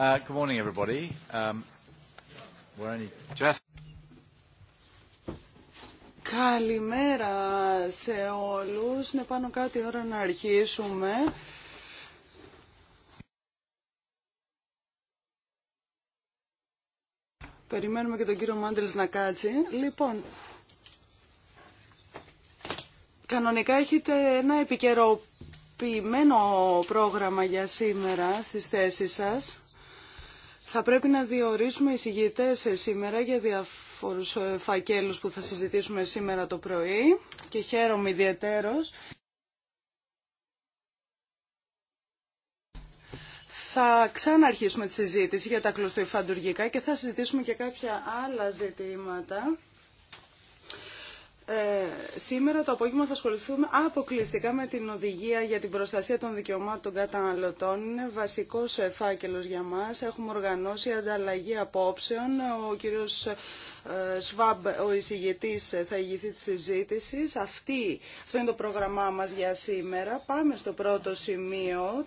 Uh, good morning, um, Καλημέρα σε όλους. Είναι πάνω κάτω η ώρα να αρχίσουμε. Περιμένουμε και τον κύριο Μάντελς να κάτσει. Λοιπόν, κανονικά έχετε ένα επικαιροποιημένο πρόγραμμα για σήμερα στις θέσεις σας. Θα πρέπει να διορίσουμε εισηγητές ε, σήμερα για διάφορους ε, φακέλους που θα συζητήσουμε σήμερα το πρωί και χαίρομαι ιδιαιτέρως. Θα ξαναρχίσουμε τη συζήτηση για τα κλωστοϊφαντουργικά και θα συζητήσουμε και κάποια άλλα ζητήματα ε, σήμερα το απόγευμα θα ασχοληθούμε αποκλειστικά με την οδηγία για την προστασία των δικαιωμάτων των καταναλωτών. Είναι βασικό ε, φάκελο για μα. Έχουμε οργανώσει ανταλλαγή απόψεων. Ο κύριος ε, ο εισηγητής, θα ηγηθεί τη συζήτηση. Αυτό είναι το πρόγραμμά μας για σήμερα. Πάμε στο πρώτο σημείο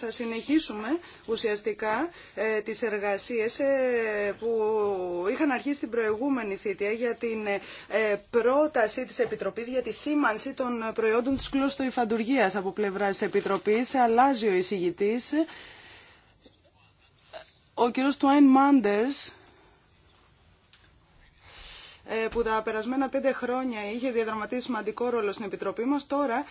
θα συνεχίσουμε ουσιαστικά ε, τις εργασίες ε, που είχαν αρχίσει την προηγούμενη θητεία για την ε, πρόταση της Επιτροπής για τη σήμανση των προϊόντων της κλωστοϊφαντουργίας από πλευρά της Επιτροπής. Αλλάζει ο εισηγητής. Ο κύριος Τουάιν Μάντερς που τα περασμένα πέντε χρόνια είχε διαδραματίσει σημαντικό ρόλο στην Επιτροπή μας, τώρα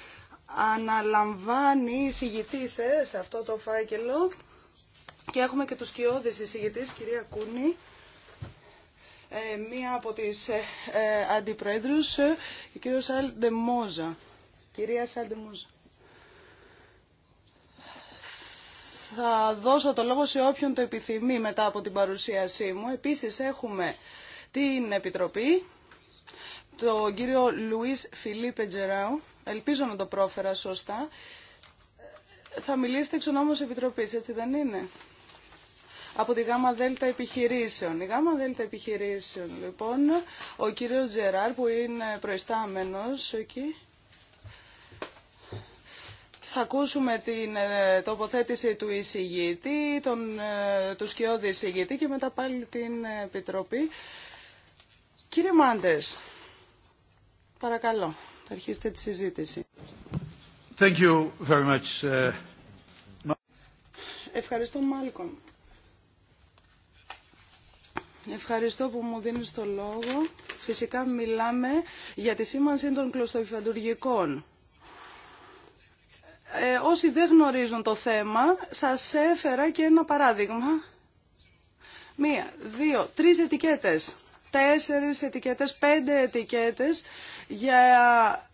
αναλαμβάνει η ε, σε αυτό το φάκελο και έχουμε και τους κοιόδες εισηγητής, κυρία Κούνη, ε, μία από τις ε, ε, αντιπρόεδρους, ε, η κυρία Σαλντεμόζα. Κυρία Σαλντεμόζα. Θα δώσω το λόγο σε όποιον το επιθυμεί μετά από την παρουσίασή μου. Επίσης έχουμε την Επιτροπή, τον κύριο Λουίς Φιλίπ Τζεράου, Ελπίζω να το πρόφερα σωστά. Θα μιλήσετε εξ ονόμως Επιτροπής, έτσι δεν είναι. Από τη ΓΑΜΑ ΔΕΛΤΑ Επιχειρήσεων. Η ΓΑΜΑ ΔΕΛΤΑ Επιχειρήσεων, λοιπόν, ο κύριος Τζεράρ που είναι προϊστάμενος εκεί. Θα ακούσουμε την ε, τοποθέτηση του εισηγητή, τον, ε, του σκιώδη εισηγητή και μετά πάλι την Επιτροπή. Κύριε Μάντες, παρακαλώ. Θα αρχίσετε τη συζήτηση. Uh, Ευχαριστώ, Μάλκομ. Ευχαριστώ που μου δίνεις το λόγο. Φυσικά μιλάμε για τη σήμανση των κλωστοϊφαντουργικών. Ε, όσοι δεν γνωρίζουν το θέμα, σας έφερα και ένα παράδειγμα. Μία, δύο, τρεις ετικέτες, τέσσερις ετικέτες, πέντε ετικέτες για...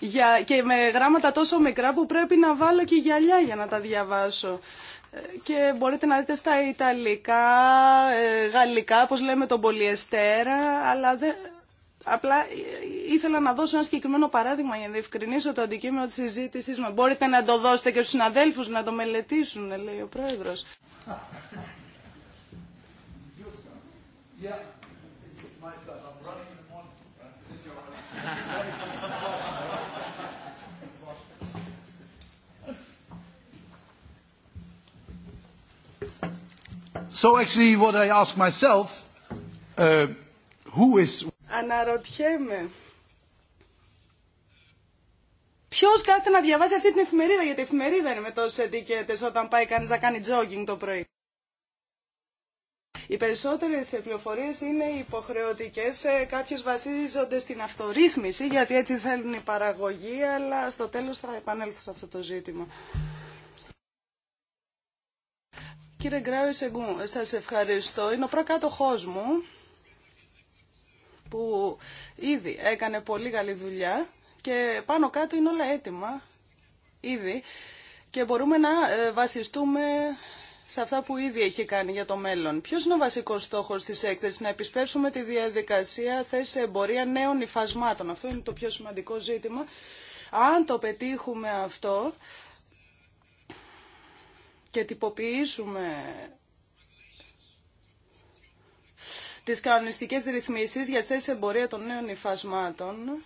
Για... και με γράμματα τόσο μικρά που πρέπει να βάλω και γυαλιά για να τα διαβάσω. Και μπορείτε να δείτε στα Ιταλικά, ε, Γαλλικά, όπως λέμε τον πολυεστέρα, αλλά δεν... Απλά ε, ήθελα να δώσω ένα συγκεκριμένο παράδειγμα για να διευκρινίσω το αντικείμενο της συζήτησή. Μπορείτε να το δώσετε και στους συναδέλφους να το μελετήσουν, λέει ο Πρόεδρος. Yeah. So actually what I ask myself, uh, who is... Αναρωτιέμαι. Ποιο κάθεται να διαβάσει αυτή την εφημερίδα, γιατί η εφημερίδα είναι με τόσε ετικέτε όταν πάει κανεί να κάνει jogging το πρωί. Οι περισσότερε πληροφορίε είναι υποχρεωτικέ. Ε, Κάποιε βασίζονται στην αυτορύθμιση, γιατί έτσι θέλουν η παραγωγή, αλλά στο τέλο θα επανέλθω σε αυτό το ζήτημα. Κύριε Γκράου, σας ευχαριστώ. Είναι ο προκάτοχός μου που ήδη έκανε πολύ καλή δουλειά και πάνω κάτω είναι όλα έτοιμα ήδη και μπορούμε να ε, βασιστούμε σε αυτά που ήδη έχει κάνει για το μέλλον. Ποιος είναι ο βασικός στόχος της έκθεσης? να επισπεύσουμε τη διαδικασία θέση εμπορία νέων υφασμάτων. Αυτό είναι το πιο σημαντικό ζήτημα. Αν το πετύχουμε αυτό, και τυποποιήσουμε τις κανονιστικές ρυθμίσεις για τη θέση εμπορία των νέων υφασμάτων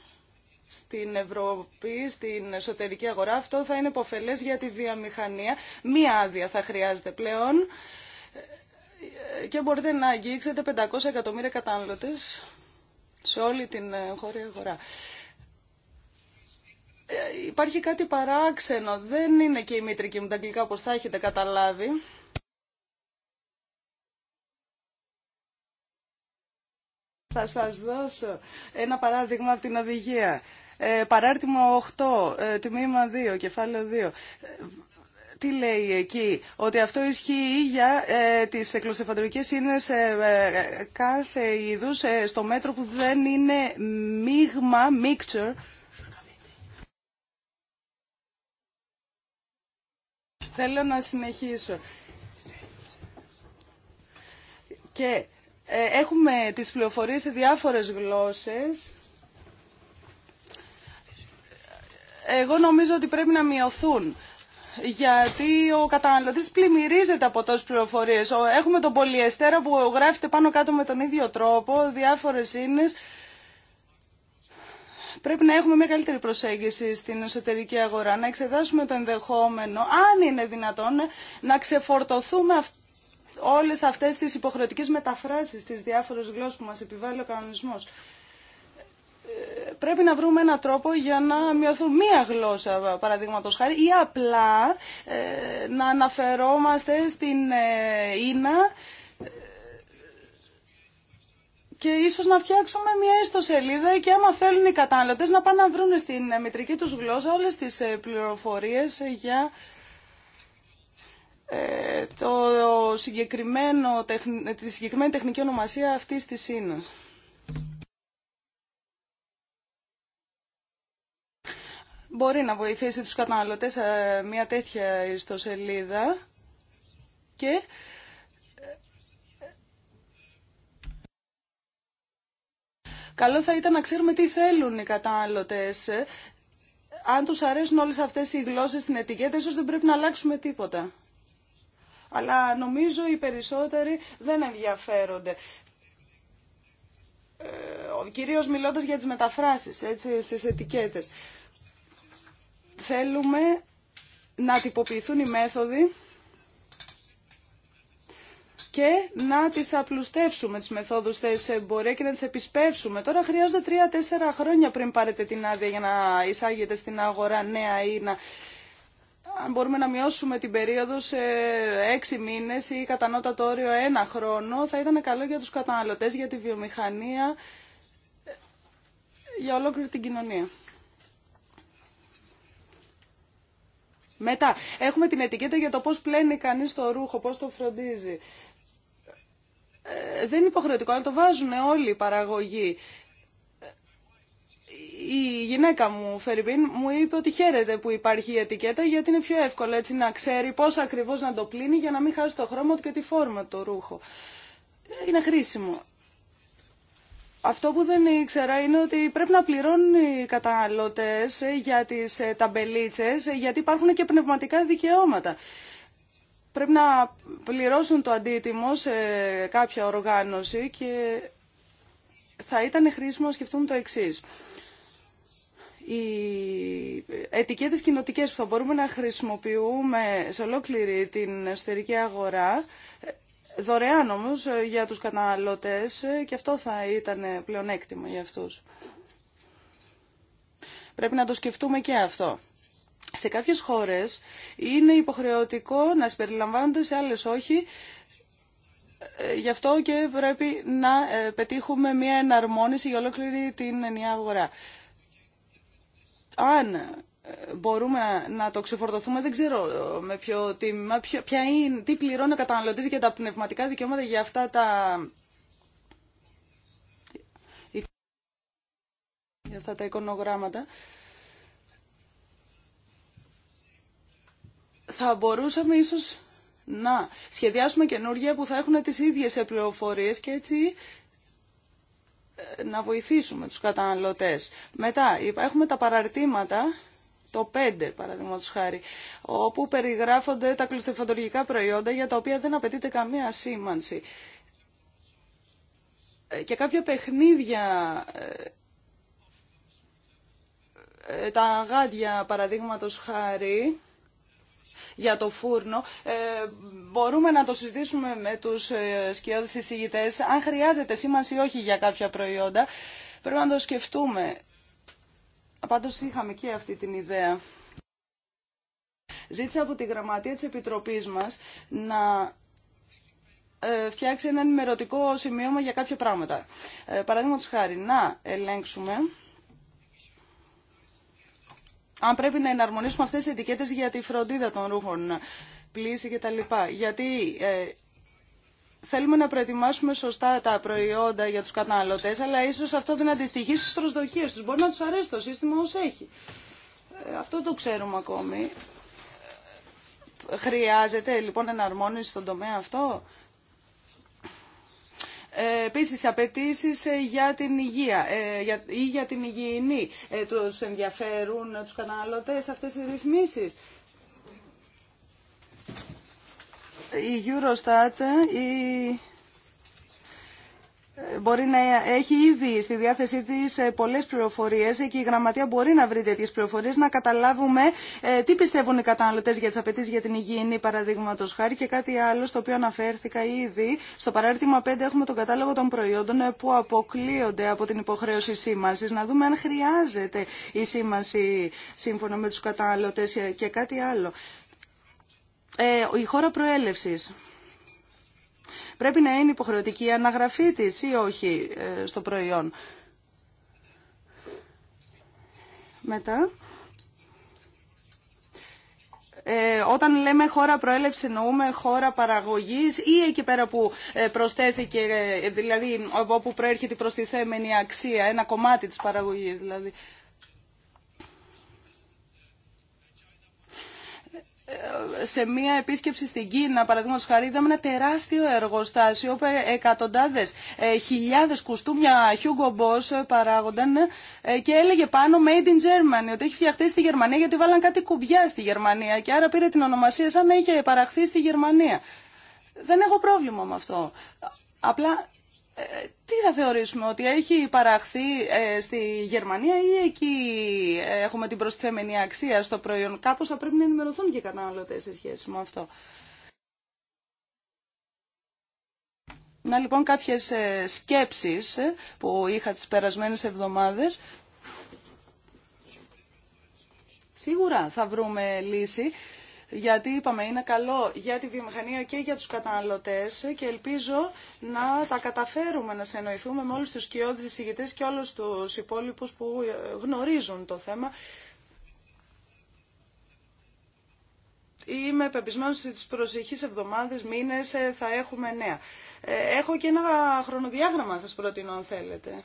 στην Ευρώπη, στην εσωτερική αγορά. Αυτό θα είναι υποφελές για τη βιομηχανία. Μία άδεια θα χρειάζεται πλέον και μπορείτε να αγγίξετε 500 εκατομμύρια καταναλωτές σε όλη την χώρια αγορά υπάρχει κάτι παράξενο. Δεν είναι και η μήτρική μου τα αγγλικά όπως θα έχετε καταλάβει. Θα σας δώσω ένα παράδειγμα από την οδηγία. Ε, παράρτημα 8, ε, τμήμα 2, κεφάλαιο 2. Ε, τι λέει εκεί, ότι αυτό ισχύει για ε, τις σε ε, κάθε είδους ε, στο μέτρο που δεν είναι μείγμα, mixture, Θέλω να συνεχίσω. Και ε, έχουμε τις πληροφορίες σε διάφορες γλώσσες. Εγώ νομίζω ότι πρέπει να μειωθούν γιατί ο καταναλωτή πλημμυρίζεται από τόσε πληροφορίε. Έχουμε τον πολυεστέρα που γράφεται πάνω κάτω με τον ίδιο τρόπο, διάφορε ίνες πρέπει να έχουμε μεγαλύτερη προσέγγιση στην εσωτερική αγορά, να εξετάσουμε το ενδεχόμενο, αν είναι δυνατόν, να ξεφορτωθούμε όλες αυτές τις υποχρεωτικές μεταφράσεις στις διάφορες γλώσσες που μας επιβάλλει ο κανονισμός. Ε, πρέπει να βρούμε έναν τρόπο για να μειωθούν μία γλώσσα, παραδείγματος χάρη, ή απλά ε, να αναφερόμαστε στην ε, Ίνα και ίσως να φτιάξουμε μια ιστοσελίδα και άμα θέλουν οι καταναλωτές να πάνε να βρουν στην ε, μητρική τους γλώσσα όλες τις ε, πληροφορίες για ε, το συγκεκριμένο, τη συγκεκριμένη τεχνική ονομασία αυτής της ίνας. Μπορεί να βοηθήσει τους καταναλωτές μια τέτοια ιστοσελίδα και Καλό θα ήταν να ξέρουμε τι θέλουν οι καταναλωτές. Αν τους αρέσουν όλες αυτές οι γλώσσες στην ετικέτα, ίσως δεν πρέπει να αλλάξουμε τίποτα. Αλλά νομίζω οι περισσότεροι δεν ενδιαφέρονται. Ε, κυρίως μιλώντας για τις μεταφράσεις, έτσι, στις ετικέτες. Θέλουμε να τυποποιηθούν οι μέθοδοι και να τις απλουστεύσουμε τις μεθόδους της εμπορία και να τις επισπεύσουμε. Τώρα χρειάζονται τρία-τέσσερα χρόνια πριν πάρετε την άδεια για να εισάγετε στην αγορά νέα ή να... Αν μπορούμε να μειώσουμε την περίοδο σε έξι μήνες ή κατανότα το όριο ένα χρόνο, θα ήταν καλό για τους καταναλωτές, για τη βιομηχανία, για ολόκληρη την κοινωνία. Μετά, έχουμε την ετικέτα για το πώς πλένει κανείς το ρούχο, πώς το φροντίζει. Ε, δεν είναι υποχρεωτικό αλλά το βάζουν όλοι οι παραγωγοί. Η γυναίκα μου, Φερρυπίν, μου είπε ότι χαίρεται που υπάρχει η ετικέτα γιατί είναι πιο εύκολο έτσι να ξέρει πώς ακριβώς να το πλύνει για να μην χάσει το χρώμα του και τη φόρμα του ρούχο. Είναι χρήσιμο. Αυτό που δεν ήξερα είναι ότι πρέπει να πληρώνουν οι καταναλωτές για τις ταμπελίτσες γιατί υπάρχουν και πνευματικά δικαιώματα πρέπει να πληρώσουν το αντίτιμο σε κάποια οργάνωση και θα ήταν χρήσιμο να σκεφτούμε το εξής οι ετικέτες κοινοτικέ που θα μπορούμε να χρησιμοποιούμε σε ολόκληρη την εσωτερική αγορά, δωρεάν όμως για τους καταναλωτές και αυτό θα ήταν πλεονέκτημα για αυτούς. Πρέπει να το σκεφτούμε και αυτό σε κάποιες χώρες είναι υποχρεωτικό να συμπεριλαμβάνονται, σε άλλες όχι. Ε, γι' αυτό και πρέπει να ε, πετύχουμε μια εναρμόνιση για ολόκληρη την ενιαία αγορά. Αν ε, μπορούμε να το ξεφορτωθούμε, δεν ξέρω με ποιο τίμημα, ποια τι πληρώνει ο καταναλωτής για τα πνευματικά δικαιώματα, για αυτά τα... Για αυτά τα εικονογράμματα. θα μπορούσαμε ίσως να σχεδιάσουμε καινούργια που θα έχουν τις ίδιες πληροφορίε και έτσι ε, να βοηθήσουμε τους καταναλωτές. Μετά έχουμε τα παραρτήματα, το 5 παραδείγματο χάρη, όπου περιγράφονται τα κλωστοφαντουργικά προϊόντα για τα οποία δεν απαιτείται καμία σήμανση. Ε, και κάποια παιχνίδια, ε, τα γάντια παραδείγματο χάρη, για το φούρνο. Ε, μπορούμε να το συζητήσουμε με τους ε, σκιώδεις εισηγητές αν χρειάζεται σήμανση ή όχι για κάποια προϊόντα. Πρέπει να το σκεφτούμε. Πάντω είχαμε και αυτή την ιδέα. Ζήτησα από τη γραμματεία της Επιτροπής μας να ε, φτιάξει ένα ενημερωτικό σημείωμα για κάποια πράγματα. Παραδείγματος χάρη, να ελέγξουμε αν πρέπει να εναρμονίσουμε αυτές τις ετικέτες για τη φροντίδα των ρούχων, πλήση λοιπά. Γιατί ε, θέλουμε να προετοιμάσουμε σωστά τα προϊόντα για τους καταναλωτές, αλλά ίσως αυτό δεν αντιστοιχεί στις προσδοκίες τους. Μπορεί να τους αρέσει το σύστημα όσο έχει. Ε, αυτό το ξέρουμε ακόμη. Ε, χρειάζεται λοιπόν εναρμόνιση στον τομέα αυτό. Επίση, απαιτήσει ε, για την υγεία ε, ή για την υγιεινή. Ε, του ενδιαφέρουν τους καταναλωτέ αυτές τις ρυθμίσει. Η Eurostat, η μπορεί να έχει ήδη στη διάθεσή της ε, πολλές πληροφορίες και η γραμματεία μπορεί να βρει τέτοιες πληροφορίες, να καταλάβουμε ε, τι πιστεύουν οι καταναλωτές για τις απαιτήσει για την υγιεινή παραδείγματο χάρη και κάτι άλλο στο οποίο αναφέρθηκα ήδη. Στο παράρτημα 5 έχουμε τον κατάλογο των προϊόντων ε, που αποκλείονται από την υποχρέωση σήμανσης, να δούμε αν χρειάζεται η σήμανση σύμφωνα με τους καταναλωτές και κάτι άλλο. η χώρα προέλευσης πρέπει να είναι υποχρεωτική η αναγραφή της ή όχι ε, στο προϊόν. Μετά, ε, όταν λέμε χώρα προέλευση εννοούμε χώρα παραγωγής ή εκεί πέρα που ε, προσθέθηκε, ε, δηλαδή όπου προέρχεται η οχι στο προιον μετα οταν λεμε αξία, ένα κομμάτι της παραγωγής δηλαδή. σε μία επίσκεψη στην Κίνα, παραδείγματο χάρη, είδαμε ένα τεράστιο εργοστάσιο όπου εκατοντάδε, ε, χιλιάδε κουστούμια Hugo Boss παράγονταν ε, και έλεγε πάνω Made in Germany, ότι έχει φτιαχτεί στη Γερμανία γιατί βάλαν κάτι κουμπιά στη Γερμανία και άρα πήρε την ονομασία σαν να είχε παραχθεί στη Γερμανία. Δεν έχω πρόβλημα με αυτό. Απλά ε, τι θα θεωρήσουμε, ότι έχει παραχθεί ε, στη Γερμανία ή εκεί ε, έχουμε την προσθέμενη αξία στο προϊόν. Κάπως θα πρέπει να ενημερωθούν και οι σε σχέση με αυτό. Να λοιπόν κάποιες σκέψεις που είχα τις περασμένες εβδομάδες. Σίγουρα θα βρούμε λύση γιατί είπαμε είναι καλό για τη βιομηχανία και για τους καταναλωτές και ελπίζω να τα καταφέρουμε να συνοηθούμε με όλους τους κοιόδης εισηγητές και όλους τους υπόλοιπους που ε, γνωρίζουν το θέμα. Είμαι πεπισμένο ότι τις προσεχεί εβδομάδες, μήνες ε, θα έχουμε νέα. Ε, έχω και ένα χρονοδιάγραμμα σας προτείνω αν θέλετε.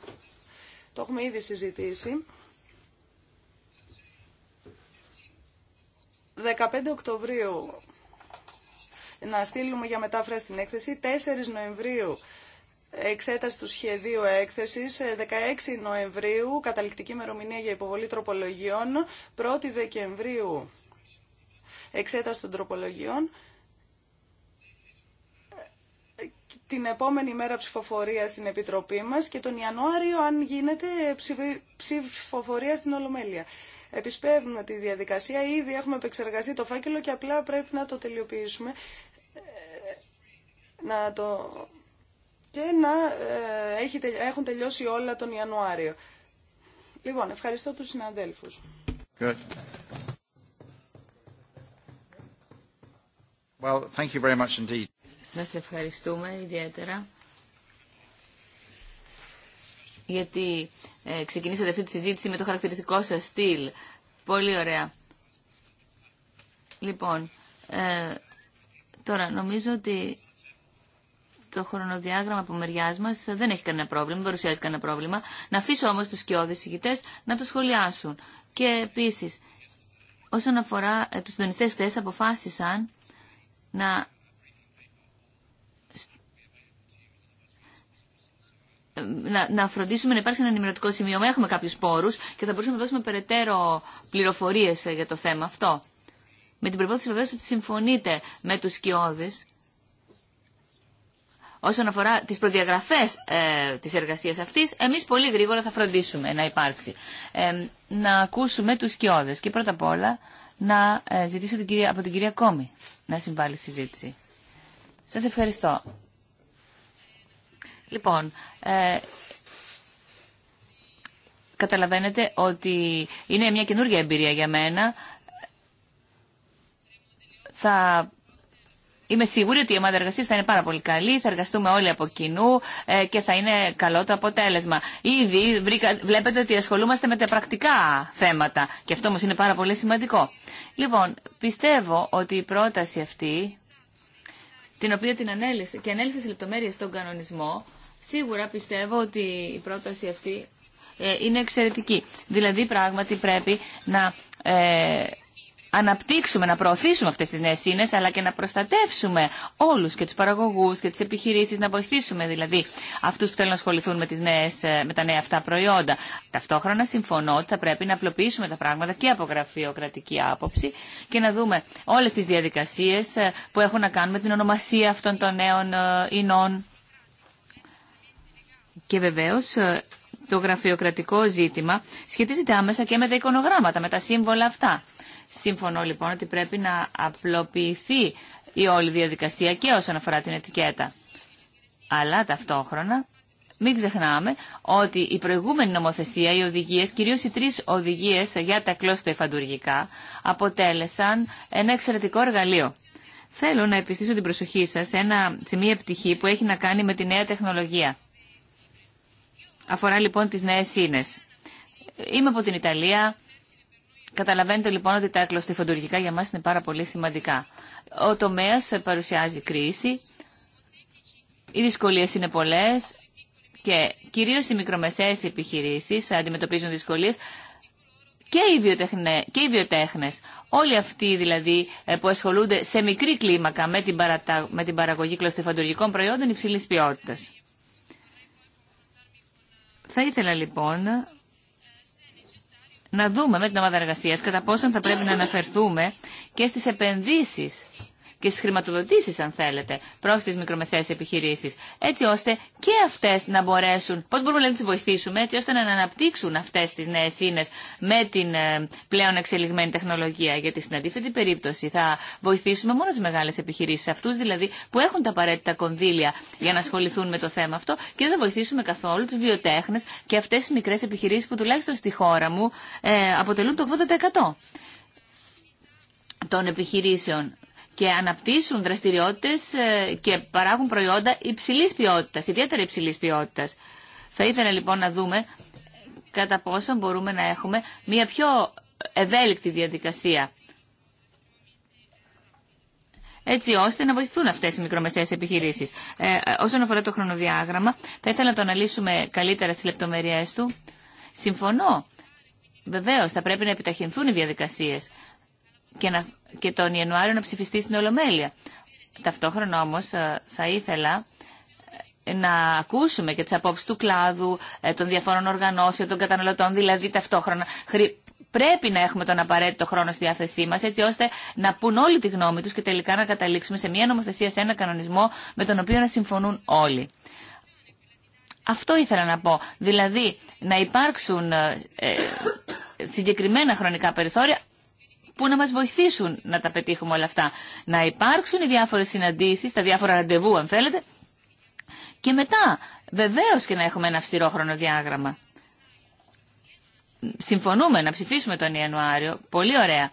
Το έχουμε ήδη συζητήσει. 15 Οκτωβρίου να στείλουμε για μετάφραση την έκθεση. 4 Νοεμβρίου εξέταση του σχεδίου έκθεσης. 16 Νοεμβρίου καταληκτική ημερομηνία για υποβολή τροπολογιών. Δεκεμβρίου εξέταση των τροπολογιών. Την επόμενη μέρα ψηφοφορία στην Επιτροπή μας και τον Ιανουάριο, αν γίνεται, ψηφοφορία στην Ολομέλεια. Επισπεύουμε τη διαδικασία. Ήδη έχουμε επεξεργαστεί το φάκελο και απλά πρέπει να το τελειοποιήσουμε. Ε, να το... Και να ε, έχουν τελειώσει όλα τον Ιανουάριο. Λοιπόν, ευχαριστώ τους συναδέλφους. Good. Σας ευχαριστούμε ιδιαίτερα γιατί ε, ξεκινήσατε αυτή τη συζήτηση με το χαρακτηριστικό σας στυλ. Πολύ ωραία. Λοιπόν, ε, τώρα νομίζω ότι το χρονοδιάγραμμα από μεριά μα δεν έχει κανένα πρόβλημα, δεν παρουσιάζει κανένα πρόβλημα. Να αφήσω όμω του σκιώδει ηγητέ να το σχολιάσουν. Και επίση, όσον αφορά ε, του συντονιστέ χθε, αποφάσισαν να να, να φροντίσουμε να υπάρξει ένα ενημερωτικό σημείο. Έχουμε κάποιου πόρου και θα μπορούσαμε να δώσουμε περαιτέρω πληροφορίε ε, για το θέμα αυτό. Με την προπόθεση βεβαίω ότι συμφωνείτε με του σκιώδει όσον αφορά τι προδιαγραφέ ε, τη εργασία αυτή, εμεί πολύ γρήγορα θα φροντίσουμε να υπάρξει. Ε, να ακούσουμε του σκιώδε και πρώτα απ' όλα να ε, ζητήσω την κυρία, από την κυρία Κόμη να συμβάλλει στη συζήτηση. Σα ευχαριστώ. Λοιπόν, ε, καταλαβαίνετε ότι είναι μια καινούργια εμπειρία για μένα. Είμαι σίγουρη ότι η ομάδα εργασία θα είναι πάρα πολύ καλή, θα εργαστούμε όλοι από κοινού ε, και θα είναι καλό το αποτέλεσμα. Ήδη βλέπετε ότι ασχολούμαστε με τα πρακτικά θέματα και αυτό όμω είναι πάρα πολύ σημαντικό. Λοιπόν, πιστεύω ότι η πρόταση αυτή, την οποία την ανέλησε και ανέλησε σε λεπτομέρειε στον κανονισμό, Σίγουρα πιστεύω ότι η πρόταση αυτή ε, είναι εξαιρετική. Δηλαδή πράγματι πρέπει να ε, αναπτύξουμε, να προωθήσουμε αυτές τις νέες σύνες, αλλά και να προστατεύσουμε όλους και τους παραγωγούς και τις επιχειρήσεις, να βοηθήσουμε δηλαδή αυτούς που θέλουν να ασχοληθούν με, τις νέες, ε, με τα νέα αυτά προϊόντα. Ταυτόχρονα συμφωνώ ότι θα πρέπει να απλοποιήσουμε τα πράγματα και από γραφειοκρατική άποψη και να δούμε όλες τις διαδικασίες ε, που έχουν να κάνουν με την ονομασία αυτών των νέων ινών και βεβαίω ε, το γραφειοκρατικό ζήτημα σχετίζεται άμεσα και με τα εικονογράμματα, με τα σύμβολα αυτά. Σύμφωνο λοιπόν ότι πρέπει να απλοποιηθεί η όλη διαδικασία και όσον αφορά την ετικέτα. Αλλά ταυτόχρονα μην ξεχνάμε ότι η προηγούμενη νομοθεσία, οι οδηγίες, κυρίως οι τρεις οδηγίες για τα κλώστα εφαντουργικά, αποτέλεσαν ένα εξαιρετικό εργαλείο. Θέλω να επιστήσω την προσοχή σας σε, ένα, σε μια επιτυχή που έχει να κάνει με τη νέα τεχνολογία. Αφορά λοιπόν τις νέες ίνες. Είμαι από την Ιταλία. Καταλαβαίνετε λοιπόν ότι τα εκλοστιφοντουργικά για μας είναι πάρα πολύ σημαντικά. Ο τομέας παρουσιάζει κρίση. Οι δυσκολίες είναι πολλές και κυρίως οι μικρομεσαίες επιχειρήσεις αντιμετωπίζουν δυσκολίες και οι, βιοτέχνε, και οι βιοτέχνες. Όλοι αυτοί δηλαδή ε, που ασχολούνται σε μικρή κλίμακα με την, με την παραγωγή κλωστεφαντουργικών προϊόντων υψηλής ποιότητας. Θα ήθελα λοιπόν να δούμε με την ομάδα εργασία κατά πόσον θα πρέπει να αναφερθούμε και στις επενδύσεις και στι χρηματοδοτήσει, αν θέλετε, προ τι μικρομεσαίε επιχειρήσει. Έτσι ώστε και αυτέ να μπορέσουν, πώ μπορούμε να τι βοηθήσουμε, έτσι ώστε να αναπτύξουν αυτέ τι νέε ίνε με την ε, πλέον εξελιγμένη τεχνολογία. Γιατί στην αντίθετη περίπτωση θα βοηθήσουμε μόνο τι μεγάλε επιχειρήσει, αυτού δηλαδή που έχουν τα απαραίτητα κονδύλια για να ασχοληθούν με το θέμα αυτό και δεν θα βοηθήσουμε καθόλου του βιοτέχνε και αυτέ τι μικρέ επιχειρήσει που τουλάχιστον στη χώρα μου ε, αποτελούν το 80% των επιχειρήσεων και αναπτύσσουν δραστηριότητες ε, και παράγουν προϊόντα υψηλής ποιότητας, ιδιαίτερα υψηλής ποιότητας. Θα ήθελα λοιπόν να δούμε κατά πόσο μπορούμε να έχουμε μια πιο ευέλικτη διαδικασία. Έτσι ώστε να βοηθούν αυτέ οι μικρομεσαίες επιχειρήσει. Ε, όσον αφορά το χρονοδιάγραμμα, θα ήθελα να το αναλύσουμε καλύτερα στι λεπτομέρειέ του. Συμφωνώ. Βεβαίω, θα πρέπει να επιταχυνθούν οι διαδικασίε και να και τον Ιανουάριο να ψηφιστεί στην Ολομέλεια. Ταυτόχρονα όμως ε, θα ήθελα ε, να ακούσουμε και τις απόψεις του κλάδου, ε, των διαφόρων οργανώσεων, των καταναλωτών, δηλαδή ταυτόχρονα πρέπει να έχουμε τον απαραίτητο χρόνο στη διάθεσή μα, έτσι ώστε να πούν όλη τη γνώμη τους και τελικά να καταλήξουμε σε μια νομοθεσία, σε ένα κανονισμό με τον οποίο να συμφωνούν όλοι. Αυτό ήθελα να πω. Δηλαδή, να υπάρξουν συγκεκριμένα χρονικά περιθώρια, που να μας βοηθήσουν να τα πετύχουμε όλα αυτά. Να υπάρξουν οι διάφορες συναντήσεις, τα διάφορα ραντεβού αν θέλετε, και μετά βεβαίως και να έχουμε ένα αυστηρό χρονοδιάγραμμα. Συμφωνούμε να ψηφίσουμε τον Ιανουάριο, πολύ ωραία.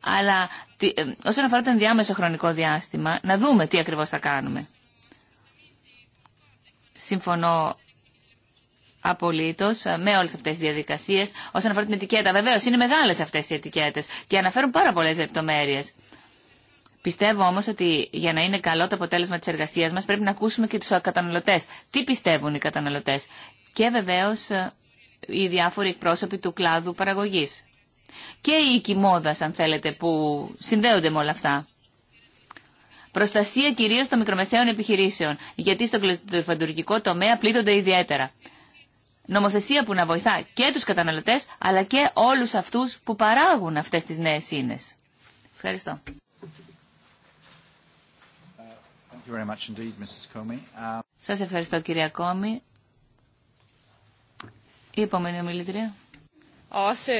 Αλλά ε, όσον αφορά το ενδιάμεσο χρονικό διάστημα, να δούμε τι ακριβώς θα κάνουμε. Συμφωνώ Απολύτω, ε, με όλε αυτέ τι διαδικασίε. Όσον αφορά την ετικέτα, βεβαίω είναι μεγάλε αυτέ οι ετικέτε και αναφέρουν πάρα πολλέ λεπτομέρειε. Πιστεύω όμω ότι για να είναι καλό το αποτέλεσμα τη εργασία μα πρέπει να ακούσουμε και του καταναλωτέ. Τι πιστεύουν οι καταναλωτέ. Και βεβαίω ε, οι διάφοροι εκπρόσωποι του κλάδου παραγωγή. Και οι μόδα, αν θέλετε, που συνδέονται με όλα αυτά. Προστασία κυρίω των μικρομεσαίων επιχειρήσεων, γιατί στον κλωτοφαντουργικό τομέα πλήττονται ιδιαίτερα νομοθεσία που να βοηθά και τους καταναλωτές, αλλά και όλους αυτούς που παράγουν αυτές τις νέες ίνες. Ευχαριστώ. Um, Σας ευχαριστώ κυρία Κόμη. Η επόμενη ομιλητρία. Ε,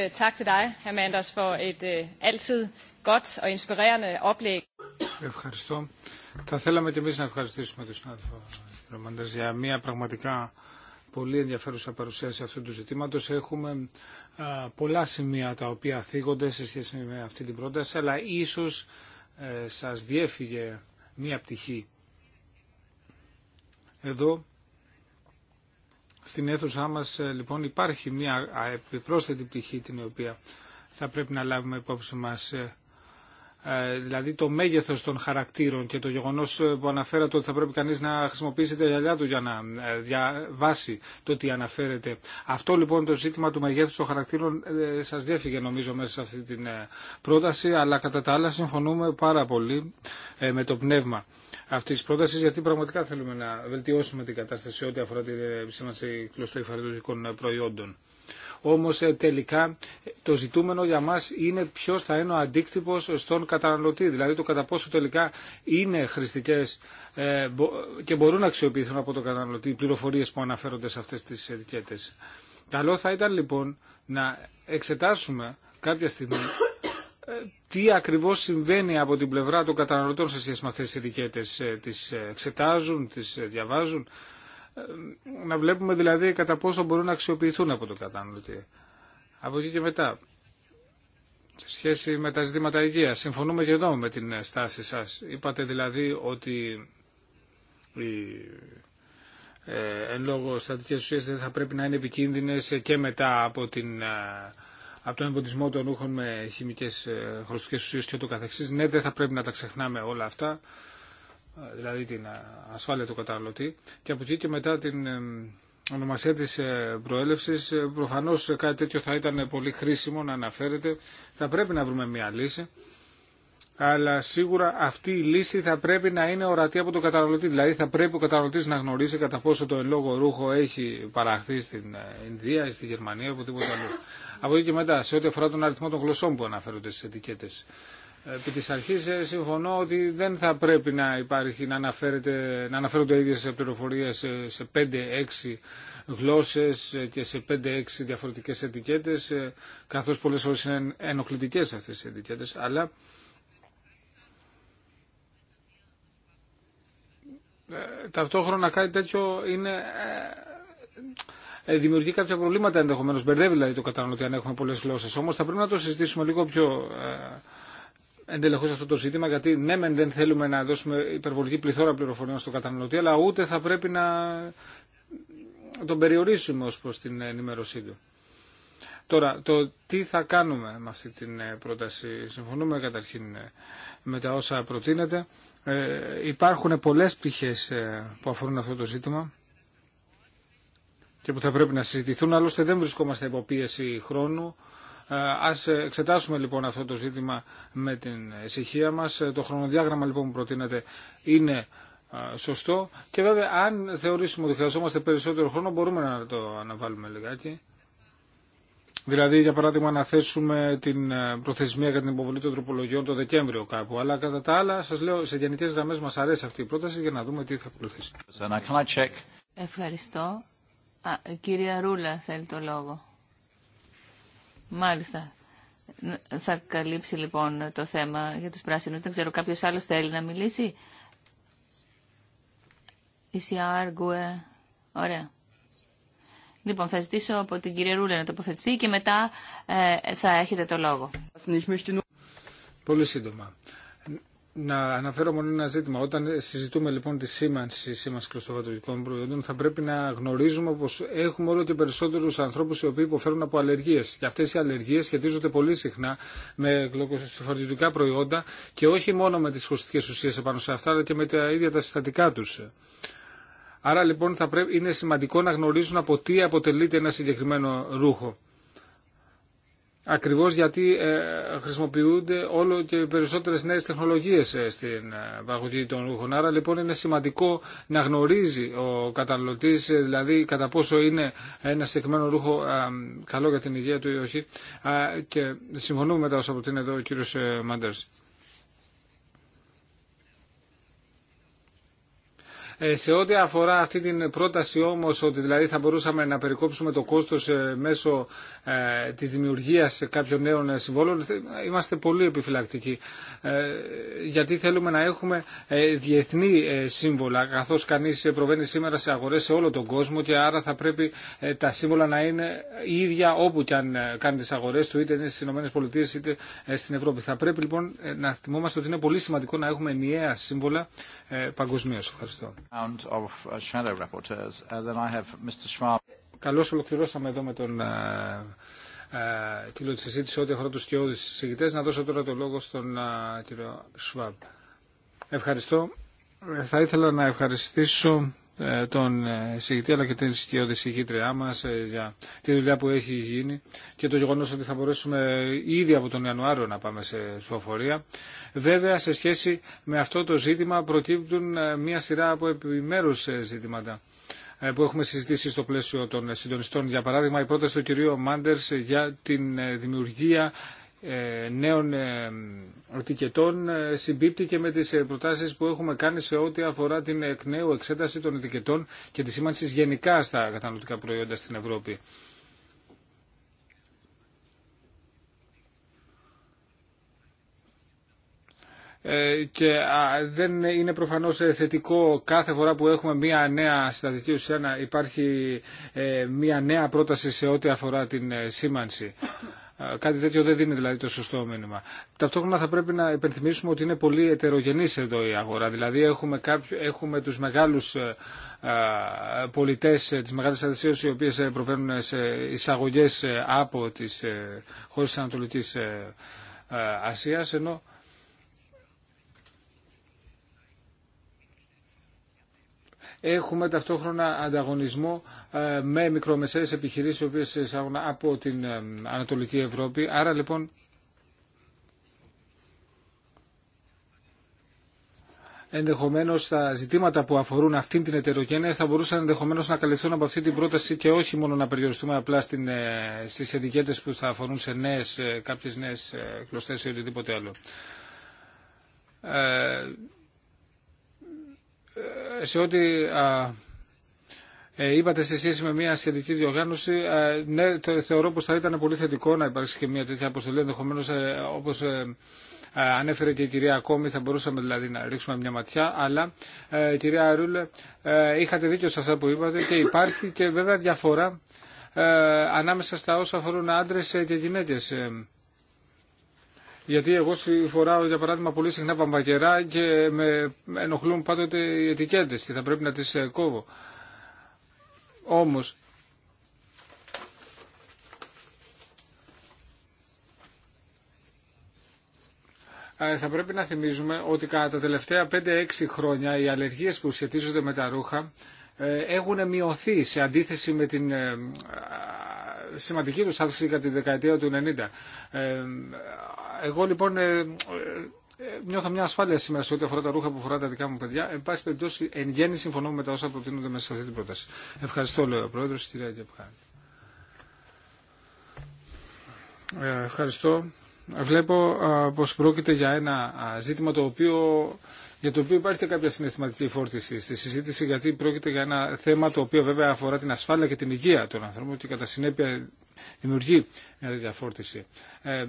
ε, ευχαριστώ. Θα θέλαμε και εμείς να ευχαριστήσουμε τον συνάδελφο Ρομάντες για μια πραγματικά πολύ ενδιαφέρουσα παρουσίαση αυτού του ζητήματος. Έχουμε πολλά σημεία τα οποία θίγονται σε σχέση με αυτή την πρόταση, αλλά ίσως ε, σας διέφυγε μία πτυχή. Εδώ στην αίθουσά μας ε, λοιπόν υπάρχει μία επιπρόσθετη πτυχή την οποία θα πρέπει να λάβουμε υπόψη μας ε, ε, δηλαδή το μέγεθος των χαρακτήρων και το γεγονός ε, που αναφέρατε ότι θα πρέπει κανείς να χρησιμοποιήσει τα γυαλιά του για να ε, διαβάσει το τι αναφέρεται. Αυτό λοιπόν το ζήτημα του μεγέθους των χαρακτήρων σας διέφυγε νομίζω μέσα σε αυτή την πρόταση, αλλά κατά τα άλλα συμφωνούμε πάρα πολύ με το πνεύμα αυτή τη πρόταση, γιατί πραγματικά θέλουμε να βελτιώσουμε την κατάσταση ό,τι αφορά τη σήμανση κλωστοϊφαριδοτικών προϊόντων. Όμως ε, τελικά το ζητούμενο για μας είναι ποιος θα είναι ο αντίκτυπος στον καταναλωτή. Δηλαδή το κατά πόσο τελικά είναι χρηστικές ε, και μπορούν να αξιοποιηθούν από τον καταναλωτή οι πληροφορίες που αναφέρονται σε αυτές τις ετικέτες. Καλό θα ήταν λοιπόν να εξετάσουμε κάποια στιγμή ε, τι ακριβώς συμβαίνει από την πλευρά των καταναλωτών σε σχέση με αυτές τις ετικέτες. Τις εξετάζουν, τις διαβάζουν ε, να βλέπουμε δηλαδή κατά πόσο μπορούν να αξιοποιηθούν από το καταναλωτή. Από εκεί και μετά, σε σχέση με τα ζητήματα υγεία, συμφωνούμε και εδώ με την στάση σας. Είπατε δηλαδή ότι ε, εν λόγω στατικές ουσίες δεν θα πρέπει να είναι επικίνδυνες και μετά από, την, ε, από τον εμποτισμό των ούχων με χημικές ε, χρωστικές ουσίες και ούτω καθεξής. Ναι, δεν θα πρέπει να τα ξεχνάμε όλα αυτά δηλαδή την ε, ασφάλεια του καταναλωτή και από εκεί και μετά την ε, ονομασία της ε, προέλευσης προφανώς κάτι τέτοιο θα ήταν πολύ χρήσιμο να αναφέρεται θα πρέπει να βρούμε μια λύση αλλά σίγουρα αυτή η λύση θα πρέπει να είναι ορατή από τον καταναλωτή. Δηλαδή θα πρέπει ο καταναλωτή να γνωρίζει κατά πόσο το εν λόγω ρούχο έχει παραχθεί στην Ινδία ή στη Γερμανία ή τίποτα άλλο. Από εκεί και μετά, σε ό,τι αφορά τον αριθμό των γλωσσών που αναφέρονται στι ετικέτε επί της αρχής ε, συμφωνώ ότι δεν θα πρέπει να υπάρχει να, αναφέρεται, να αναφέρονται ίδιες πληροφορίες ε, σε, σε 5-6 γλώσσες ε, και σε 5-6 διαφορετικές ετικέτες καθώς πολλές φορές είναι ενοχλητικές αυτές οι ετικέτες αλλά ταυτόχρονα κάτι τέτοιο είναι δημιουργεί κάποια προβλήματα ενδεχομένω. Μπερδεύει δηλαδή το καταναλωτή αν έχουμε πολλέ γλώσσε. Όμω θα πρέπει να το συζητήσουμε λίγο πιο εντελεχώ αυτό το ζήτημα, γιατί ναι μεν δεν θέλουμε να δώσουμε υπερβολική πληθώρα πληροφοριών στον καταναλωτή, αλλά ούτε θα πρέπει να τον περιορίσουμε ως προς την ενημέρωσή του. Τώρα, το τι θα κάνουμε με αυτή την ε, πρόταση. Συμφωνούμε καταρχήν ε, με τα όσα προτείνεται. Ε, υπάρχουν πολλές πτυχές ε, που αφορούν αυτό το ζήτημα και που θα πρέπει να συζητηθούν. Άλλωστε δεν βρισκόμαστε υπό πίεση χρόνου. Ε, ας εξετάσουμε λοιπόν αυτό το ζήτημα με την ησυχία μας. Ε, το χρονοδιάγραμμα λοιπόν που προτείνεται είναι ε, σωστό και βέβαια αν θεωρήσουμε ότι χρειαζόμαστε περισσότερο χρόνο μπορούμε να το αναβάλουμε λιγάκι. Δηλαδή, για παράδειγμα, να θέσουμε την προθεσμία για την υποβολή των τροπολογιών το Δεκέμβριο κάπου. Αλλά κατά τα άλλα, σα λέω, σε γενικέ γραμμέ μα αρέσει αυτή η πρόταση για να δούμε τι θα ακολουθήσει. Ευχαριστώ. Α, κυρία Ρούλα θέλει το λόγο. Μάλιστα. Θα καλύψει λοιπόν το θέμα για τους πράσινους. Δεν ξέρω, κάποιος άλλος θέλει να μιλήσει. Είσαι άργουε. Ωραία. Λοιπόν, θα ζητήσω από την κυρία Ρούλε να τοποθετηθεί και μετά ε, θα έχετε το λόγο. Πολύ σύντομα να αναφέρω μόνο ένα ζήτημα. Όταν συζητούμε λοιπόν τη σήμανση, σήμανση προϊόντων, θα πρέπει να γνωρίζουμε πω έχουμε όλο και περισσότερου ανθρώπου οι οποίοι υποφέρουν από αλλεργίε. Και αυτέ οι αλλεργίε σχετίζονται πολύ συχνά με γλυκοσυφαρτητικά προϊόντα και όχι μόνο με τι χωριστικέ ουσίε επάνω σε αυτά, αλλά και με τα ίδια τα συστατικά του. Άρα λοιπόν θα πρέπει, είναι σημαντικό να γνωρίζουν από τι αποτελείται ένα συγκεκριμένο ρούχο. Ακριβώς γιατί ε, χρησιμοποιούνται όλο και περισσότερες νέες τεχνολογίες ε, στην ε, παραγωγή των ρούχων. Άρα λοιπόν είναι σημαντικό να γνωρίζει ο καταναλωτής, δηλαδή κατά πόσο είναι ένα συγκεκριμένο ρούχο καλό για την υγεία του ή όχι. Και συμφωνούμε μετά όσο προτείνει εδώ ο κύριος Μάντερς. Ε, σε ό,τι αφορά αυτή την πρόταση όμως ότι δηλαδή θα μπορούσαμε να περικόψουμε το κόστος ε, μέσω ε, της δημιουργίας κάποιων νέων συμβόλων είμαστε πολύ επιφυλακτικοί γιατί θέλουμε να έχουμε διεθνή σύμβολα καθώς κανείς προβαίνει σήμερα σε αγορές σε όλο τον κόσμο και άρα θα πρέπει τα σύμβολα να είναι ίδια όπου και αν κάνει τις αγορές του είτε είναι στις ΗΠΑ είτε στην Ευρώπη. Θα πρέπει λοιπόν να θυμόμαστε ότι είναι πολύ σημαντικό να έχουμε ενιαία σύμβολα ε, παγκοσμίω. Ευχαριστώ. Uh, uh, Καλώς ολοκληρώσαμε εδώ με τον ε, ε, κύριο τη συζήτηση ό,τι αφορά του στιώδει συζητητέ. Να δώσω τώρα το λόγο στον κύριο Σβάμπ. Ευχαριστώ. Θα ήθελα να ευχαριστήσω ε, τον ε, συγητή αλλά και την σκιώδη συγκήτριά μα ε, για τη δουλειά που έχει γίνει και το γεγονός ότι θα μπορέσουμε ήδη από τον Ιανουάριο να πάμε σε σφοφορία. Βέβαια, σε σχέση με αυτό το ζήτημα προκύπτουν μία σειρά από επιμέρους ζητήματα που έχουμε συζητήσει στο πλαίσιο των συντονιστών. Για παράδειγμα, η πρόταση του κυρίου Μάντερ για την δημιουργία ε, νέων ε, ετικετών ε, συμπίπτει και με τις προτάσεις που έχουμε κάνει σε ό,τι αφορά την εκ νέου εξέταση των ετικετών και τη σήμανση γενικά στα καταναλωτικά προϊόντα στην Ευρώπη. και δεν είναι προφανώς θετικό κάθε φορά που έχουμε μία νέα συστατική ουσία να υπάρχει μία νέα πρόταση σε ό,τι αφορά την σήμανση. Ε, κάτι τέτοιο δεν δίνει δηλαδή το σωστό μήνυμα. Ταυτόχρονα θα πρέπει να υπενθυμίσουμε ότι είναι πολύ ετερογενής εδώ η αγορά. Δηλαδή έχουμε, κάποιο, έχουμε τους μεγάλους ε, ε, πολιτές της Μεγάλης οι οποίες προβαίνουν σε εισαγωγές από τις χώρες της Ανατολικής Ασίας ενώ έχουμε ταυτόχρονα ανταγωνισμό ε, με μικρομεσαίες επιχειρήσεις οι οποίες εισάγουν από την ε, Ανατολική Ευρώπη. Άρα λοιπόν ενδεχομένως τα ζητήματα που αφορούν αυτήν την ετερογένεια θα μπορούσαν ενδεχομένως να καλυφθούν από αυτή την πρόταση και όχι μόνο να περιοριστούμε απλά στην, ε, στις ετικέτες που θα αφορούν σε νέες, κάποιες νέες κλωστές ή οτιδήποτε άλλο σε ό,τι ε, είπατε σε σχέση με μια σχετική διοργάνωση, ναι, θεωρώ πως θα ήταν πολύ θετικό να υπάρξει και μια τέτοια αποστολή, ενδεχομένω ε, όπως ε, ανέφερε και η κυρία ακόμη, θα μπορούσαμε δηλαδή να ρίξουμε μια ματιά, αλλά ε, κυρία Ρούλε, είχατε δίκιο σε αυτά που είπατε και υπάρχει και βέβαια διαφορά ανάμεσα στα όσα αφορούν άντρες και γυναίκες. Γιατί εγώ φοράω για παράδειγμα πολύ συχνά βαμβακερά και με ενοχλούν πάντοτε οι ετικέτες και θα πρέπει να τις ε, κόβω. Όμως ε, θα πρέπει να θυμίζουμε ότι κατά τα τελευταία 5-6 χρόνια οι αλλεργίες που σχετίζονται με τα ρούχα ε, έχουν μειωθεί σε αντίθεση με την σημαντική του αύξηση κατά τη δεκαετία του 90. Ε, εγώ λοιπόν ε, ε, νιώθω μια ασφάλεια σήμερα σε ό,τι αφορά τα ρούχα που φορά τα δικά μου παιδιά. Εν πάση περιπτώσει, εν γέννη συμφωνώ με τα όσα προτείνονται μέσα σε αυτή την πρόταση. Ευχαριστώ, λέει ο Πρόεδρο, κυρία Γεπχάρη. ευχαριστώ. Βλέπω πως πρόκειται για ένα ζήτημα το οποίο για το οποίο υπάρχει κάποια συναισθηματική φόρτιση στη συζήτηση, γιατί πρόκειται για ένα θέμα το οποίο βέβαια αφορά την ασφάλεια και την υγεία των ανθρώπων και κατά συνέπεια δημιουργεί μια διαφόρτιση. φόρτιση. Ε,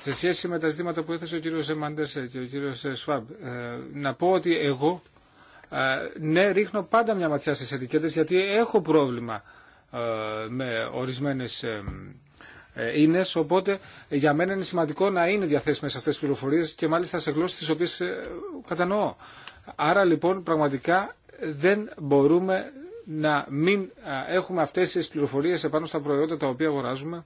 σε σχέση με τα ζητήματα που έθεσε ο κύριος Μάντερσε και ο κύριος Σφάμπ, ε, να πω ότι εγώ ε, ναι ρίχνω πάντα μια ματιά στι ετικέτε γιατί έχω πρόβλημα με ορισμένες ε, είναι, οπότε για μένα είναι σημαντικό να είναι διαθέσιμες αυτές τι πληροφορίες και μάλιστα σε γλώσσε τι οποίες ε, κατανοώ. Άρα λοιπόν πραγματικά δεν μπορούμε να μην έχουμε αυτές τις πληροφορίες επάνω στα προϊόντα τα οποία αγοράζουμε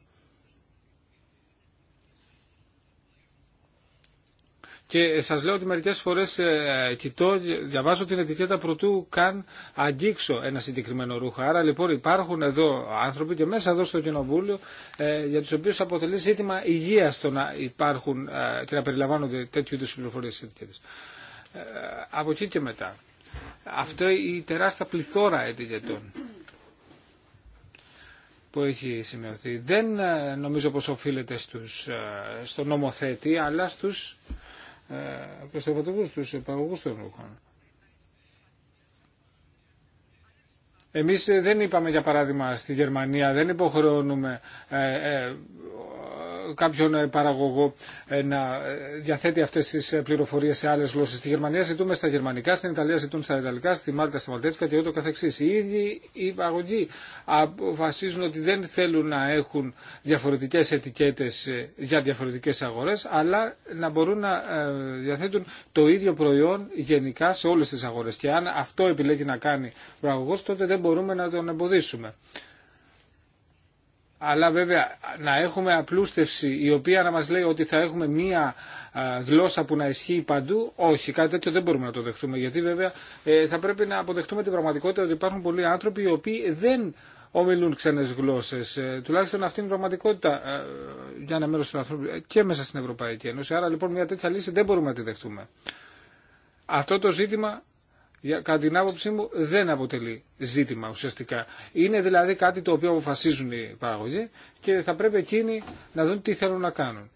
Και σα λέω ότι μερικές φορές ε, κοιτώ, διαβάζω την ετικέτα πρωτού καν αγγίξω ένα συγκεκριμένο ρούχο. Άρα λοιπόν υπάρχουν εδώ άνθρωποι και μέσα εδώ στο κοινοβούλιο ε, για του οποίου αποτελεί ζήτημα υγεία το να υπάρχουν ε, και να περιλαμβάνονται τέτοιου είδους πληροφορίε στι ε, Από εκεί και μετά. Αυτό η τεράστια πληθώρα ετικετών που έχει σημειωθεί δεν νομίζω πως οφείλεται στους, στον νομοθέτη αλλά στους ε, προς το τους τους παραγωγούς των ρούχων. Εμείς ε, δεν είπαμε για παράδειγμα στη Γερμανία δεν υποχρεώνουμε ε, κάποιον ε, παραγωγό ε, να ε, διαθέτει αυτές τις πληροφορίες σε άλλες γλώσσες. Στη Γερμανία ζητούμε στα γερμανικά, στην Ιταλία ζητούν στα ιταλικά, στη Μάλτα στα μαλτέτσικα και ούτω καθεξής. Οι ίδιοι οι παραγωγοί αποφασίζουν ότι δεν θέλουν να έχουν διαφορετικές ετικέτες για διαφορετικές αγορές, αλλά να μπορούν να διαθέτουν το ίδιο προϊόν γενικά σε όλες τις αγορές. Και αν αυτό επιλέγει να κάνει ο παραγωγός, τότε δεν μπορούμε να τον εμποδίσουμε αλλά βέβαια να έχουμε απλούστευση η οποία να μας λέει ότι θα έχουμε μία γλώσσα που να ισχύει παντού, όχι, κάτι τέτοιο δεν μπορούμε να το δεχτούμε, γιατί βέβαια ε, θα πρέπει να αποδεχτούμε την πραγματικότητα ότι υπάρχουν πολλοί άνθρωποι οι οποίοι δεν ομιλούν ξένες γλώσσες, ε, τουλάχιστον αυτή είναι η πραγματικότητα ε, για ένα μέρος των ανθρώπων και μέσα στην Ευρωπαϊκή Ένωση, άρα λοιπόν μια τέτοια λύση δεν μπορούμε να τη δεχτούμε. Αυτό το ζήτημα για, κατά την άποψή μου δεν αποτελεί ζήτημα ουσιαστικά. Είναι δηλαδή κάτι το οποίο αποφασίζουν οι παραγωγοί και θα πρέπει εκείνοι να δουν τι θέλουν να κάνουν.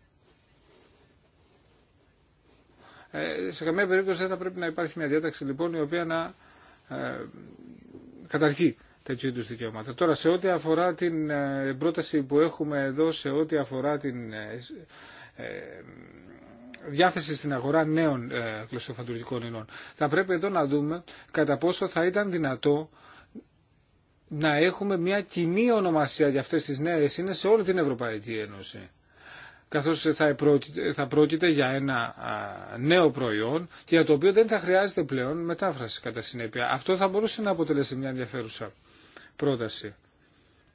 Ε, σε καμία περίπτωση δεν θα πρέπει να υπάρχει μια διάταξη λοιπόν η οποία να ε, καταργεί τέτοιου είδου δικαιώματα. Τώρα σε ό,τι αφορά την ε, πρόταση που έχουμε εδώ, σε ό,τι αφορά την ε, ε, διάθεση στην αγορά νέων ε, κλωστοφαντουργικών υλών. Θα πρέπει εδώ να δούμε κατά πόσο θα ήταν δυνατό να έχουμε μια κοινή ονομασία για αυτές τις νέες είναι σε όλη την Ευρωπαϊκή Ένωση. Καθώς θα, πρόκειται, θα για ένα νέο προϊόν για το οποίο δεν θα χρειάζεται πλέον μετάφραση κατά συνέπεια. Αυτό θα μπορούσε να αποτελέσει μια ενδιαφέρουσα πρόταση.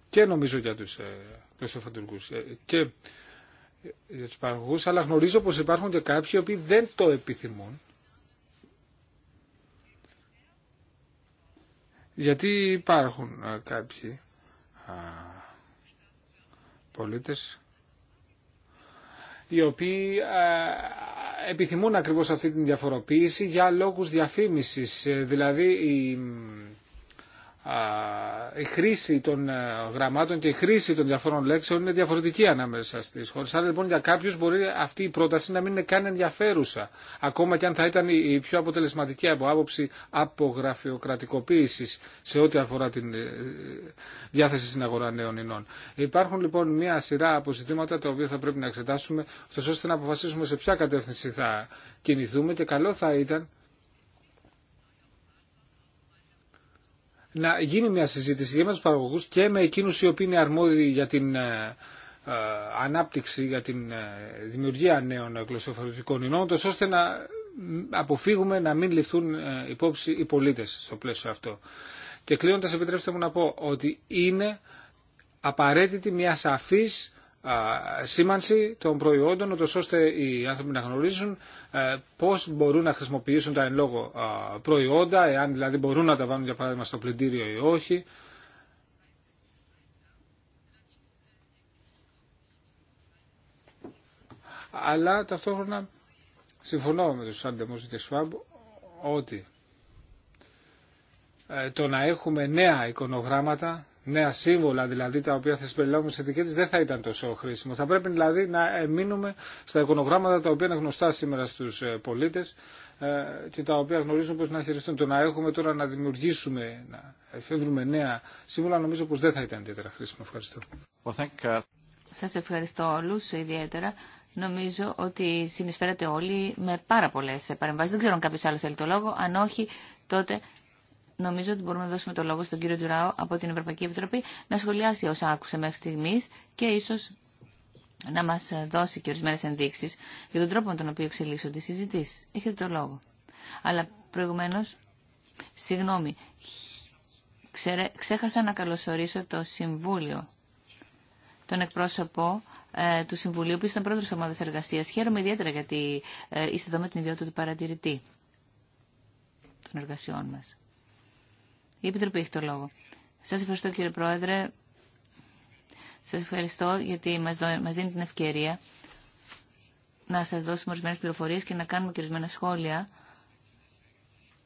Και νομίζω για τους ε, ε και για τους παραγωγούς, αλλά γνωρίζω πως υπάρχουν και κάποιοι οι οποίοι δεν το επιθυμούν. Γιατί υπάρχουν κάποιοι α, πολίτες οι οποίοι επιθυμούν ακριβώς αυτή την διαφοροποίηση για λόγους διαφήμισης. Ε, δηλαδή η η χρήση των ε, γραμμάτων και η χρήση των διαφόρων λέξεων είναι διαφορετική ανάμεσα στις χώρες. Άρα λοιπόν για κάποιους μπορεί αυτή η πρόταση να μην είναι καν ενδιαφέρουσα, ακόμα και αν θα ήταν η πιο αποτελεσματική από άποψη απογραφειοκρατικοποίησης σε ό,τι αφορά την ε, διάθεση στην αγορά νέων ινών. Υπάρχουν λοιπόν μια σειρά από τα οποία θα πρέπει να εξετάσουμε, ώστε να αποφασίσουμε σε ποια κατεύθυνση θα κινηθούμε και καλό θα ήταν να γίνει μια συζήτηση και με τους παραγωγούς και με εκείνους οι οποίοι είναι αρμόδιοι για την ε, ε, ανάπτυξη, για την ε, δημιουργία νέων γλωσσοφαλωτικών ινόντος, ώστε να αποφύγουμε να μην ληφθούν υπόψη οι πολίτες στο πλαίσιο αυτό. Και κλείνοντας επιτρέψτε μου να πω ότι είναι απαραίτητη μια σαφής σήμανση των προϊόντων, ώστε οι άνθρωποι να γνωρίζουν ε, πώς μπορούν να χρησιμοποιήσουν τα εν λόγω προϊόντα, εάν δηλαδή μπορούν να τα βάλουν για παράδειγμα στο πλυντήριο ή όχι. Αλλά ταυτόχρονα συμφωνώ με τους Σάντεμος και Σφάμπ ότι ε, το να έχουμε νέα εικονογράμματα νέα σύμβολα δηλαδή τα οποία θα συμπεριλάβουμε στι ετικέτε δεν θα ήταν τόσο χρήσιμο. Θα πρέπει δηλαδή να μείνουμε στα εικονογράμματα τα οποία είναι γνωστά σήμερα στου ε, πολίτε ε, και τα οποία γνωρίζουν πώ να χειριστούν. Το να έχουμε τώρα να δημιουργήσουμε, να εφεύρουμε νέα σύμβολα νομίζω πω δεν θα ήταν ιδιαίτερα χρήσιμο. Ευχαριστώ. Σα ευχαριστώ όλου ιδιαίτερα. Νομίζω ότι συνεισφέρατε όλοι με πάρα πολλέ παρεμβάσει. Δεν ξέρω αν κάποιο άλλο θέλει το λόγο. Αν όχι, τότε νομίζω ότι μπορούμε να δώσουμε το λόγο στον κύριο Τουράου από την Ευρωπαϊκή Επιτροπή να σχολιάσει όσα άκουσε μέχρι στιγμή και ίσω να μα δώσει και ορισμένε ενδείξει για τον τρόπο με τον οποίο εξελίσσονται οι συζητήσει. Έχετε το λόγο. Αλλά προηγουμένω, συγγνώμη, ξέχασα να καλωσορίσω το Συμβούλιο, τον εκπρόσωπο ε, του Συμβουλίου, που ήταν πρόεδρο τη ομάδα εργασία. Χαίρομαι ιδιαίτερα γιατί ε, είστε εδώ με την ιδιότητα του παρατηρητή των εργασιών μας. Η Επιτροπή έχει το λόγο. Σας ευχαριστώ κύριε Πρόεδρε. Σας ευχαριστώ γιατί μας δίνει την ευκαιρία να σας δώσουμε ορισμένε πληροφορίε και να κάνουμε και ορισμένα σχόλια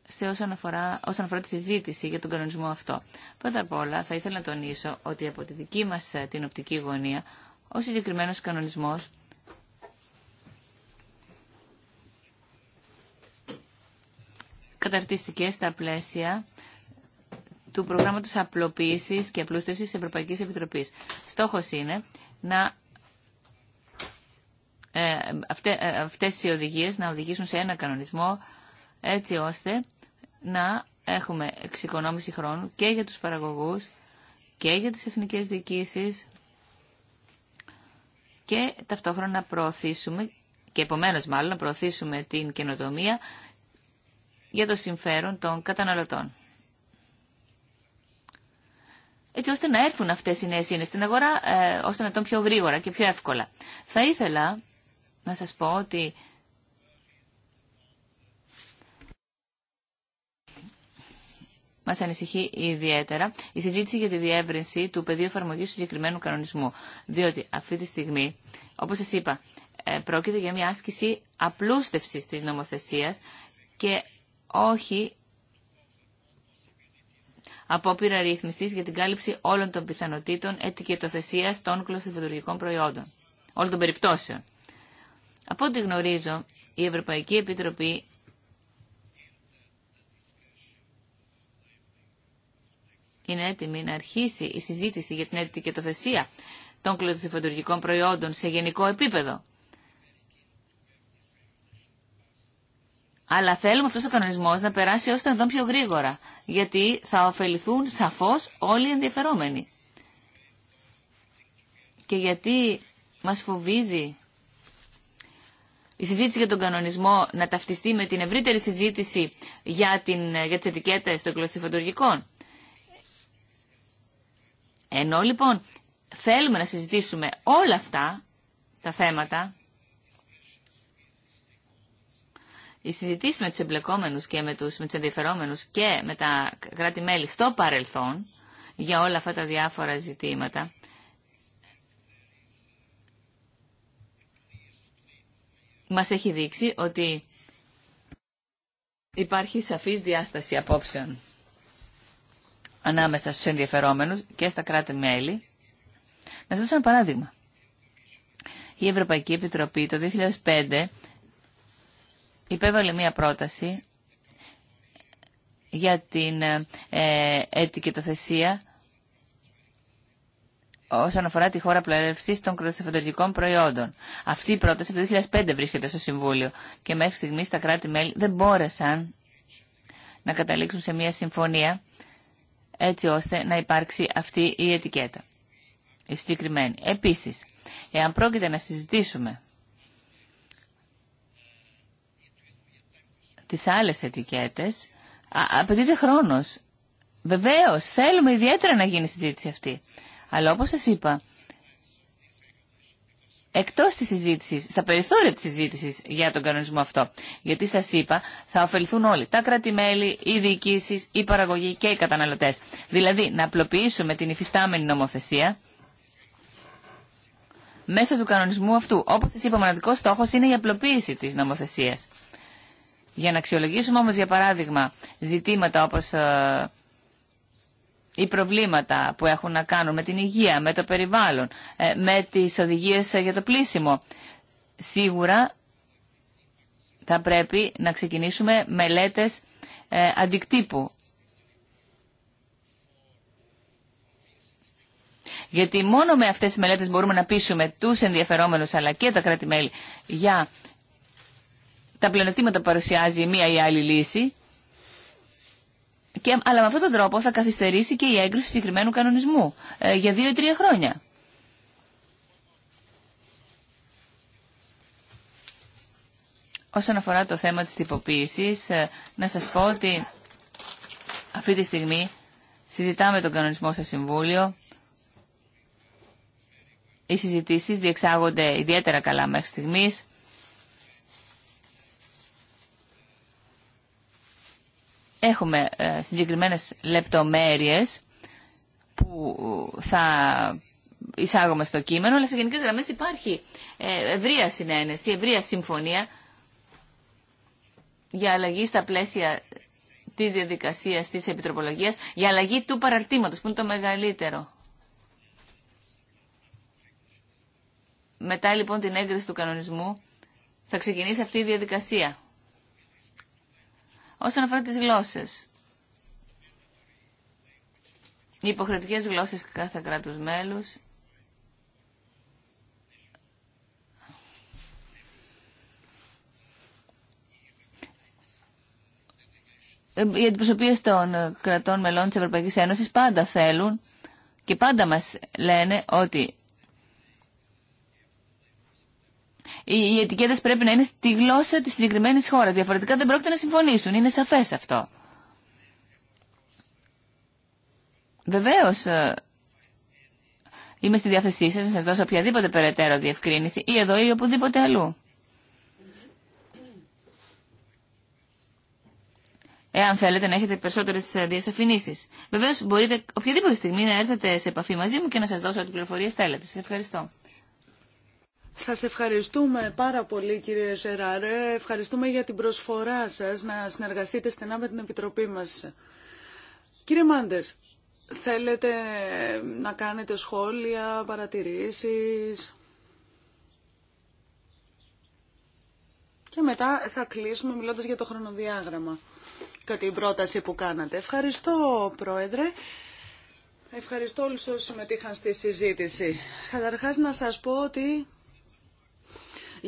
σε όσον αφορά, όσον αφορά τη συζήτηση για τον κανονισμό αυτό. Πρώτα απ' όλα θα ήθελα να τονίσω ότι από τη δική μα ε, την οπτική γωνία ο συγκεκριμένο κανονισμό καταρτίστηκε στα πλαίσια του προγράμματο απλοποίηση και απλούστευση τη Ευρωπαϊκή Επιτροπής. Στόχος είναι να ε, ε οι οδηγίες να οδηγήσουν σε ένα κανονισμό έτσι ώστε να έχουμε εξοικονόμηση χρόνου και για τους παραγωγούς και για τις εθνικές διοικήσεις και ταυτόχρονα να προωθήσουμε και επομένως μάλλον να προωθήσουμε την καινοτομία για το συμφέρον των καταναλωτών έτσι ώστε να έρθουν αυτέ οι νέες ίνε στην αγορά, ε, ώστε να τον πιο γρήγορα και πιο εύκολα. Θα ήθελα να σας πω ότι Μα ανησυχεί ιδιαίτερα η συζήτηση για τη διεύρυνση του πεδίου εφαρμογή του συγκεκριμένου κανονισμού. Διότι αυτή τη στιγμή, όπω σα είπα, ε, πρόκειται για μια άσκηση απλούστευση τη νομοθεσία και όχι απόπειρα ρύθμιση για την κάλυψη όλων των πιθανοτήτων ετικετοθεσίας των κλωστοφαντουργικών προϊόντων, όλων των περιπτώσεων. Από ό,τι γνωρίζω, η Ευρωπαϊκή Επιτροπή είναι έτοιμη να αρχίσει η συζήτηση για την ετικετοθεσία των κλωστοφαντουργικών προϊόντων σε γενικό επίπεδο. Αλλά θέλουμε αυτός ο κανονισμός να περάσει ώστε να πιο γρήγορα, γιατί θα ωφεληθούν σαφώς όλοι οι ενδιαφερόμενοι. Και γιατί μας φοβίζει η συζήτηση για τον κανονισμό να ταυτιστεί με την ευρύτερη συζήτηση για, την, για τις ετικέτες των κλωστιφαντουργικών. Ενώ λοιπόν θέλουμε να συζητήσουμε όλα αυτά τα θέματα οι συζητήσει με του εμπλεκόμενου και με του με τους ενδιαφερόμενου και με τα κράτη-μέλη στο παρελθόν για όλα αυτά τα διάφορα ζητήματα. Μας έχει δείξει ότι υπάρχει σαφής διάσταση απόψεων ανάμεσα στους ενδιαφερόμενους και στα κράτη-μέλη. Να σας δώσω ένα παράδειγμα. Η Ευρωπαϊκή Επιτροπή το 2005 υπέβαλε μία πρόταση για την ε, ε ετικετοθεσία όσον αφορά τη χώρα πλεύρευση των κροτοφαντουργικών προϊόντων. Αυτή η πρόταση από το 2005 βρίσκεται στο Συμβούλιο και μέχρι στιγμή τα κράτη-μέλη δεν μπόρεσαν να καταλήξουν σε μια συμφωνία έτσι ώστε να υπάρξει αυτή η ετικέτα. συγκεκριμένη. Επίσης, εάν πρόκειται να συζητήσουμε τις άλλες ετικέτες, απαιτείται χρόνος. Βεβαίως, θέλουμε ιδιαίτερα να γίνει η συζήτηση αυτή. Αλλά όπως σας είπα, εκτός της συζήτησης, στα περιθώρια της συζήτησης για τον κανονισμό αυτό, γιατί σας είπα, θα ωφεληθούν όλοι, τα κρατημέλη, οι διοικήσεις, οι παραγωγοί και οι καταναλωτές. Δηλαδή, να απλοποιήσουμε την υφιστάμενη νομοθεσία, μέσω του κανονισμού αυτού. Όπως σας είπα, ο μοναδικός στόχος είναι η απλοποίηση της νομοθεσίας. Για να αξιολογήσουμε όμως, για παράδειγμα, ζητήματα όπως ε, οι προβλήματα που έχουν να κάνουν με την υγεία, με το περιβάλλον, ε, με τις οδηγίες για το πλήσιμο, σίγουρα θα πρέπει να ξεκινήσουμε μελέτες ε, αντικτύπου. Γιατί μόνο με αυτές τις μελέτες μπορούμε να πείσουμε τους ενδιαφερόμενους αλλά και τα κράτη-μέλη για τα πλεονεκτήματα που παρουσιάζει η μία ή η άλλη λύση. Και, αλλά με αυτόν τον τρόπο θα καθυστερήσει και η έγκριση συγκεκριμένου κανονισμού ε, για δύο ή τρία χρόνια. Όσον αφορά το θέμα της τυποποίησης, ε, να σας πω ότι αυτή τη στιγμή συζητάμε τον κανονισμό στο Συμβούλιο. Οι συζητήσεις διεξάγονται ιδιαίτερα καλά μέχρι στιγμής. Έχουμε ε, συγκεκριμένες λεπτομέρειες που θα εισάγουμε στο κείμενο, αλλά σε γενικές γραμμές υπάρχει ε, ευρεία συνένεση, ευρεία συμφωνία για αλλαγή στα πλαίσια της διαδικασίας της επιτροπολογίας, για αλλαγή του παραρτήματος, που είναι το μεγαλύτερο. Μετά λοιπόν την έγκριση του κανονισμού θα ξεκινήσει αυτή η διαδικασία. Όσον αφορά τις γλώσσες, οι υποχρεωτικές γλώσσες κάθε κράτους μέλους ε, οι αντιπροσωπείε των ε, κρατών μελών τη Ευρωπαϊκή Ένωση πάντα θέλουν και πάντα μας λένε ότι οι ετικέτε πρέπει να είναι στη γλώσσα τη συγκεκριμένη χώρα. Διαφορετικά δεν πρόκειται να συμφωνήσουν. Είναι σαφέ αυτό. Βεβαίω, ε, είμαι στη διάθεσή σας να σας δώσω οποιαδήποτε περαιτέρω διευκρίνηση ή εδώ ή οπουδήποτε αλλού. εάν θέλετε να έχετε περισσότερε ε, διασαφηνήσει. Βεβαίως μπορείτε οποιαδήποτε στιγμή να έρθετε σε επαφή μαζί μου και να σας δώσω ό,τι πληροφορίες θέλετε. Σας ευχαριστώ. Σας ευχαριστούμε πάρα πολύ κύριε Σεράρε. Ευχαριστούμε για την προσφορά σας να συνεργαστείτε στενά με την Επιτροπή μας. Κύριε Μάντερς, θέλετε να κάνετε σχόλια, παρατηρήσεις... Και μετά θα κλείσουμε μιλώντας για το χρονοδιάγραμμα και την πρόταση που κάνατε. Ευχαριστώ, Πρόεδρε. Ευχαριστώ όλους όσοι συμμετείχαν στη συζήτηση. Καταρχάς να σας πω ότι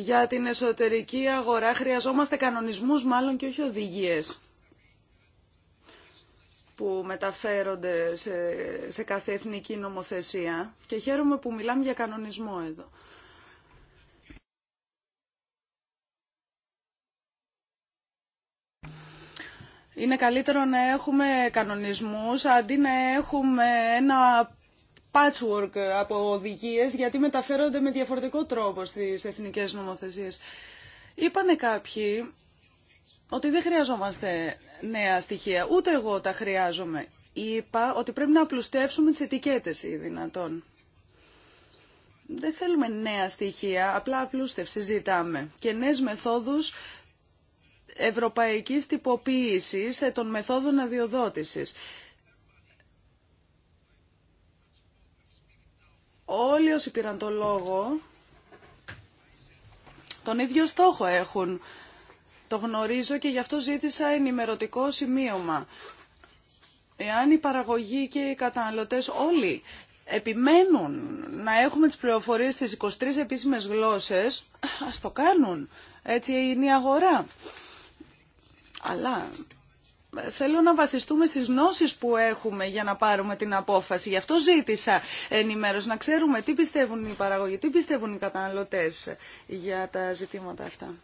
για την εσωτερική αγορά χρειαζόμαστε κανονισμούς μάλλον και όχι οδηγίες που μεταφέρονται σε, κάθε εθνική νομοθεσία και χαίρομαι που μιλάμε για κανονισμό εδώ. Είναι καλύτερο να έχουμε κανονισμούς αντί να έχουμε ένα patchwork ε, από οδηγίε, γιατί μεταφέρονται με διαφορετικό τρόπο στι εθνικές νομοθεσίες. Είπανε κάποιοι ότι δεν χρειαζόμαστε νέα στοιχεία. Ούτε εγώ τα χρειάζομαι. Είπα ότι πρέπει να απλουστεύσουμε τι ετικέτε ή δυνατόν. Δεν θέλουμε νέα στοιχεία, απλά απλούστευση ζητάμε. Και νέες μεθόδους ευρωπαϊκής τυποποίησης ε, των μεθόδων αδειοδότησης. Όλοι όσοι πήραν το λόγο, τον ίδιο στόχο έχουν. Το γνωρίζω και γι' αυτό ζήτησα ενημερωτικό σημείωμα. Εάν οι παραγωγοί και οι καταναλωτές όλοι επιμένουν να έχουμε τις πληροφορίες στις 23 επίσημες γλώσσες, ας το κάνουν. Έτσι είναι η αγορά. Αλλά Θέλω να βασιστούμε στις γνώσεις που έχουμε για να πάρουμε την απόφαση. Γι' αυτό ζήτησα ενημέρωση, να ξέρουμε τι πιστεύουν οι παραγωγοί, τι πιστεύουν οι καταναλωτές για τα ζητήματα αυτά.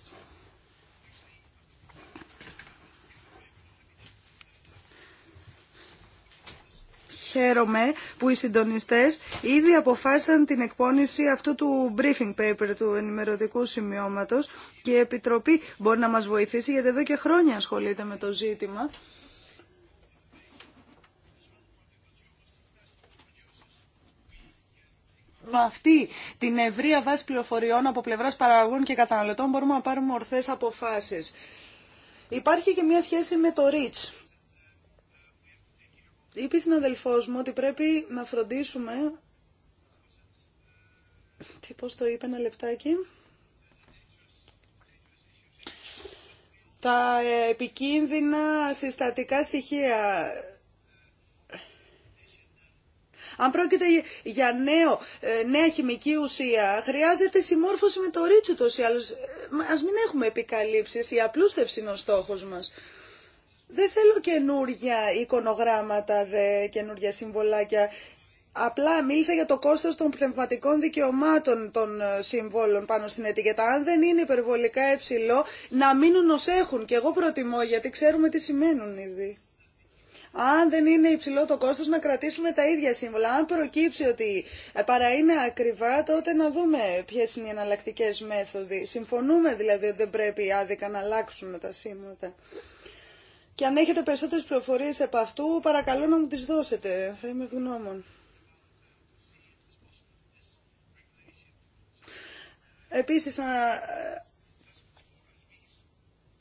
χαίρομαι που οι συντονιστές ήδη αποφάσισαν την εκπόνηση αυτού του briefing paper, του ενημερωτικού σημειώματος και η Επιτροπή μπορεί να μας βοηθήσει γιατί εδώ και χρόνια ασχολείται με το ζήτημα. με αυτή την ευρεία βάση πληροφοριών από πλευρά παραγωγών και καταναλωτών μπορούμε να πάρουμε ορθέ αποφάσει. Υπάρχει και μια σχέση με το REACH είπε στην συναδελφός μου ότι πρέπει να φροντίσουμε... Τι πώς το είπε ένα λεπτάκι... Τα επικίνδυνα συστατικά στοιχεία αν πρόκειται για νέο, ε, νέα χημική ουσία, χρειάζεται συμμόρφωση με το ρίτσο τόσο ή άλλως. Ε, ας μην έχουμε επικαλύψεις, η απλούστευση είναι ο στόχος μας. Δεν θέλω καινούργια εικονογράμματα, δε, καινούργια συμβολάκια. Απλά μίλησα για το κόστος των πνευματικών δικαιωμάτων των ε, συμβόλων πάνω στην ετικέτα. Αν δεν είναι υπερβολικά υψηλό, να μείνουν ως έχουν. Και εγώ προτιμώ, γιατί ξέρουμε τι σημαίνουν ήδη. Αν δεν είναι υψηλό το κόστος, να κρατήσουμε τα ίδια σύμβολα. Αν προκύψει ότι ε, παρά είναι ακριβά, τότε να δούμε ποιες είναι οι εναλλακτικέ μέθοδοι. Συμφωνούμε δηλαδή ότι δεν πρέπει άδικα να αλλάξουν τα σύμβολα. Και αν έχετε περισσότερες πληροφορίες από αυτού, παρακαλώ να μου τις δώσετε. Θα είμαι ευγνώμων. Επίσης, να...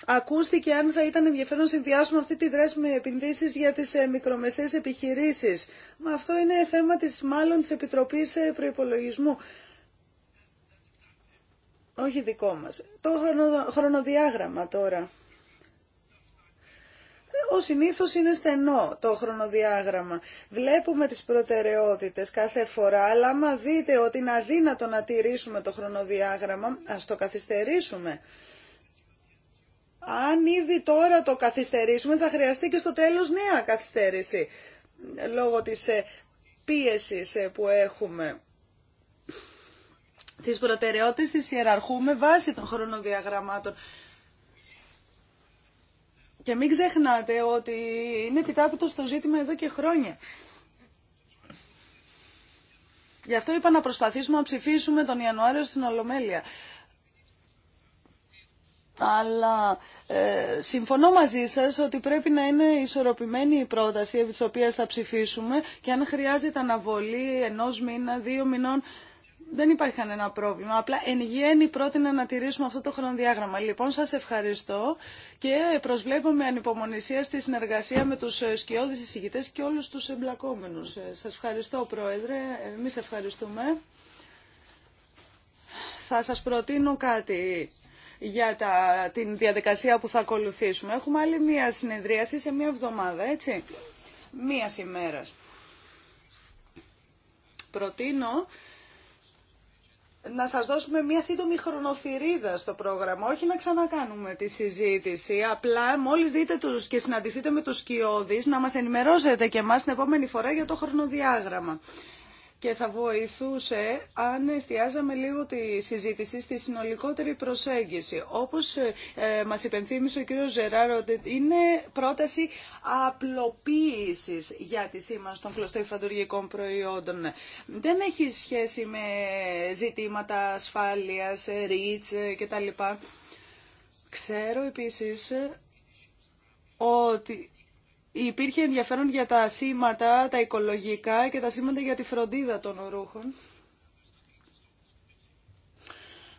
ακούστηκε αν θα ήταν ενδιαφέρον να συνδυάσουμε αυτή τη δράση με επενδύσεις για τις ε, μικρομεσαίες επιχειρήσεις. Μα αυτό είναι θέμα της, μάλλον, της Επιτροπής ε, Προϋπολογισμού. Όχι δικό μας. Το χρονοδιάγραμμα τώρα ο συνήθως είναι στενό το χρονοδιάγραμμα. Βλέπουμε τις προτεραιότητες κάθε φορά, αλλά άμα δείτε ότι είναι αδύνατο να τηρήσουμε το χρονοδιάγραμμα, ας το καθυστερήσουμε. Αν ήδη τώρα το καθυστερήσουμε, θα χρειαστεί και στο τέλος νέα καθυστέρηση, λόγω της ε, πίεσης ε, που έχουμε. Τις προτεραιότητες τις ιεραρχούμε βάσει των χρονοδιαγραμμάτων. Και μην ξεχνάτε ότι είναι επιτάπητο στο ζήτημα εδώ και χρόνια. Γι' αυτό είπα να προσπαθήσουμε να ψηφίσουμε τον Ιανουάριο στην Ολομέλεια. Αλλά ε, συμφωνώ μαζί σας ότι πρέπει να είναι ισορροπημένη η πρόταση επί της οποίας θα ψηφίσουμε και αν χρειάζεται αναβολή ενός μήνα, δύο μηνών, δεν υπάρχει κανένα πρόβλημα. Απλά εν γέννη πρότεινα να τηρήσουμε αυτό το χρονοδιάγραμμα. Λοιπόν, σας ευχαριστώ και προσβλέπω με ανυπομονησία στη συνεργασία με τους ε, σκιώδεις εισηγητέ και όλους τους εμπλακόμενους. Ε, σας ευχαριστώ, Πρόεδρε. Εμείς ευχαριστούμε. Θα σας προτείνω κάτι για τα, την διαδικασία που θα ακολουθήσουμε. Έχουμε άλλη μία συνεδρίαση σε μία εβδομάδα, έτσι. Μία ημέρα. Προτείνω να σας δώσουμε μια σύντομη χρονοθυρίδα στο πρόγραμμα, όχι να ξανακάνουμε τη συζήτηση. Απλά μόλις δείτε τους και συναντηθείτε με τους σκιώδεις, να μας ενημερώσετε και εμάς την επόμενη φορά για το χρονοδιάγραμμα και θα βοηθούσε αν εστιάζαμε λίγο τη συζήτηση στη συνολικότερη προσέγγιση. Όπως ε, μας υπενθύμισε ο κύριος Ζεράρο, είναι πρόταση απλοποίησης για τη σήμανση των φλωστόιφαντουργικών προϊόντων. Δεν έχει σχέση με ζητήματα ασφάλειας, ρίτς ε, κτλ. Ξέρω επίσης ότι υπήρχε ενδιαφέρον για τα σήματα, τα οικολογικά και τα σήματα για τη φροντίδα των ρούχων.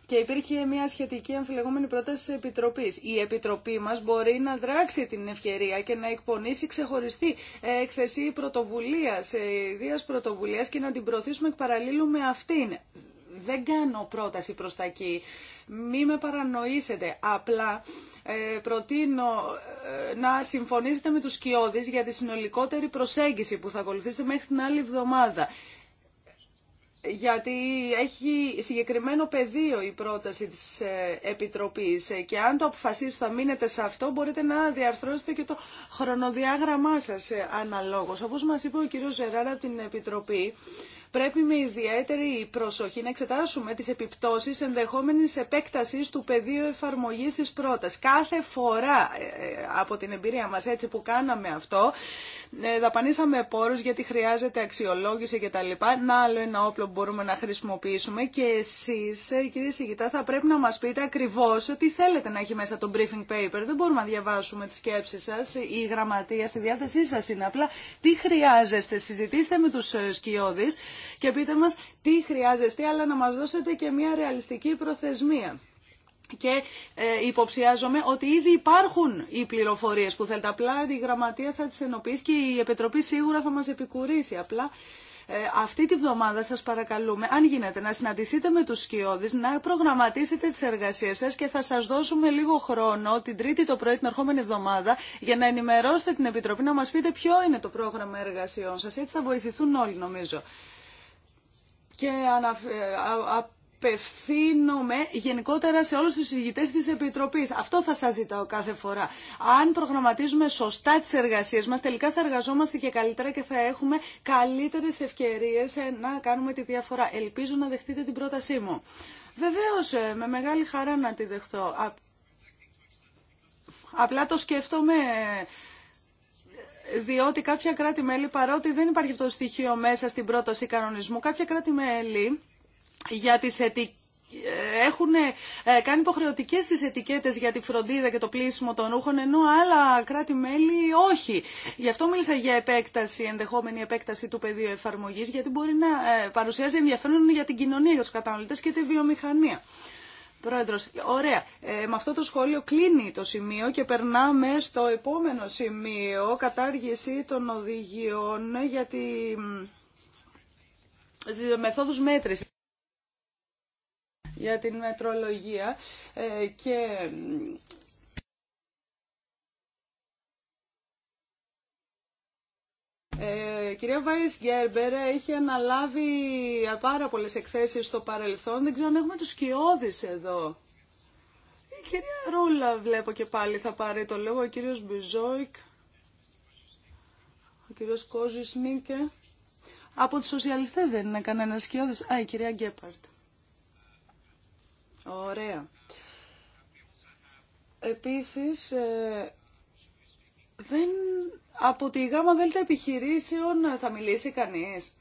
Και υπήρχε μια σχετική αμφιλεγόμενη πρόταση τη Επιτροπή. Η Επιτροπή μα μπορεί να δράξει την ευκαιρία και να εκπονήσει ξεχωριστή έκθεση πρωτοβουλία, ε, ιδέα πρωτοβουλία και να την προωθήσουμε εκ παραλίλου με αυτήν δεν κάνω πρόταση προς τα εκεί. Μη με παρανοήσετε. Απλά ε, προτείνω ε, να συμφωνήσετε με τους κοιόδης για τη συνολικότερη προσέγγιση που θα ακολουθήσετε μέχρι την άλλη εβδομάδα. Γιατί έχει συγκεκριμένο πεδίο η πρόταση της ε, Επιτροπής ε, και αν το αποφασίσετε θα μείνετε σε αυτό μπορείτε να διαρθρώσετε και το χρονοδιάγραμμά σας αναλόγως. Όπως μας είπε ο κύριος Ζεράρα από την Επιτροπή, Πρέπει με ιδιαίτερη προσοχή να εξετάσουμε τις επιπτώσεις ενδεχόμενης επέκτασης του πεδίου εφαρμογής της πρότασης. Κάθε φορά ε, ε, από την εμπειρία μας έτσι που κάναμε αυτό, ε, δαπανίσαμε πόρους γιατί χρειάζεται αξιολόγηση και λοιπά. Να άλλο ένα όπλο που μπορούμε να χρησιμοποιήσουμε και εσείς ε, κύριε Σιγητά θα πρέπει να μας πείτε ακριβώς τι θέλετε να έχει μέσα το briefing paper. Δεν μπορούμε να διαβάσουμε τις σκέψεις σας ή η γραμματεια στη διάθεσή σας είναι απλά τι χρειάζεστε. Συζητήστε με τους ε, σκιώδεις και πείτε μας τι χρειάζεστε αλλά να μας δώσετε και μια ρεαλιστική προθεσμία και ε, υποψιάζομαι ότι ήδη υπάρχουν οι πληροφορίε που θέλετε. Απλά η γραμματεία θα τι ενοποιήσει και η Επιτροπή σίγουρα θα μα επικουρήσει. Απλά ε, αυτή τη βδομάδα σας παρακαλούμε, αν γίνεται, να συναντηθείτε με τους σκιώδεις, να προγραμματίσετε τις εργασίες σας και θα σας δώσουμε λίγο χρόνο την τρίτη το πρωί την ερχόμενη εβδομάδα για να ενημερώσετε την Επιτροπή, να μας πείτε ποιο είναι το πρόγραμμα εργασιών σας. Έτσι θα βοηθηθούν όλοι νομίζω. Και ε, απευθύνομαι γενικότερα σε όλους τους συζητητές της Επιτροπής. Αυτό θα σας ζητάω κάθε φορά. Αν προγραμματίζουμε σωστά τις εργασίες μας, τελικά θα εργαζόμαστε και καλύτερα και θα έχουμε καλύτερες ευκαιρίες ε, να κάνουμε τη διαφορά. Ελπίζω να δεχτείτε την πρότασή μου. Βεβαίως, ε, με μεγάλη χαρά να τη δεχτώ. Απλά το σκέφτομαι διότι κάποια κράτη-μέλη, παρότι δεν υπάρχει αυτό το στοιχείο μέσα στην πρόταση κανονισμού, κάποια κράτη-μέλη για τις ε, έχουν ε, κάνει υποχρεωτικέ τι ετικέτε για τη φροντίδα και το πλήσιμο των ρούχων, ενώ άλλα κράτη-μέλη όχι. Γι' αυτό μίλησα για επέκταση, ενδεχόμενη επέκταση του πεδίου εφαρμογή, γιατί μπορεί να ε, παρουσιάζει ενδιαφέρον για την κοινωνία, για του καταναλωτέ και τη βιομηχανία. Πρόεδρος, ωραία. Ε, με αυτό το σχόλιο κλείνει το σημείο και περνάμε στο επόμενο σημείο, κατάργηση των οδηγιών για τη... μεθόδους μέτρηση για την μετρολογία ε, και Ε, κυρία Βάις Γκέρμπερ έχει αναλάβει πάρα πολλές εκθέσεις στο παρελθόν. Δεν ξέρω αν έχουμε τους σκιώδεις εδώ. Η κυρία Ρούλα βλέπω και πάλι θα πάρει το λόγο. Ο κύριος Μπιζόικ. Ο κύριος Κόζης Νίκε. Από τους σοσιαλιστές δεν είναι κανένας σκιώδης. Α, η κυρία Γκέπαρτ. Ωραία. Επίσης, ε, δεν... από τη γάμα δέλτα επιχειρήσεων ε, θα μιλήσει κανείς.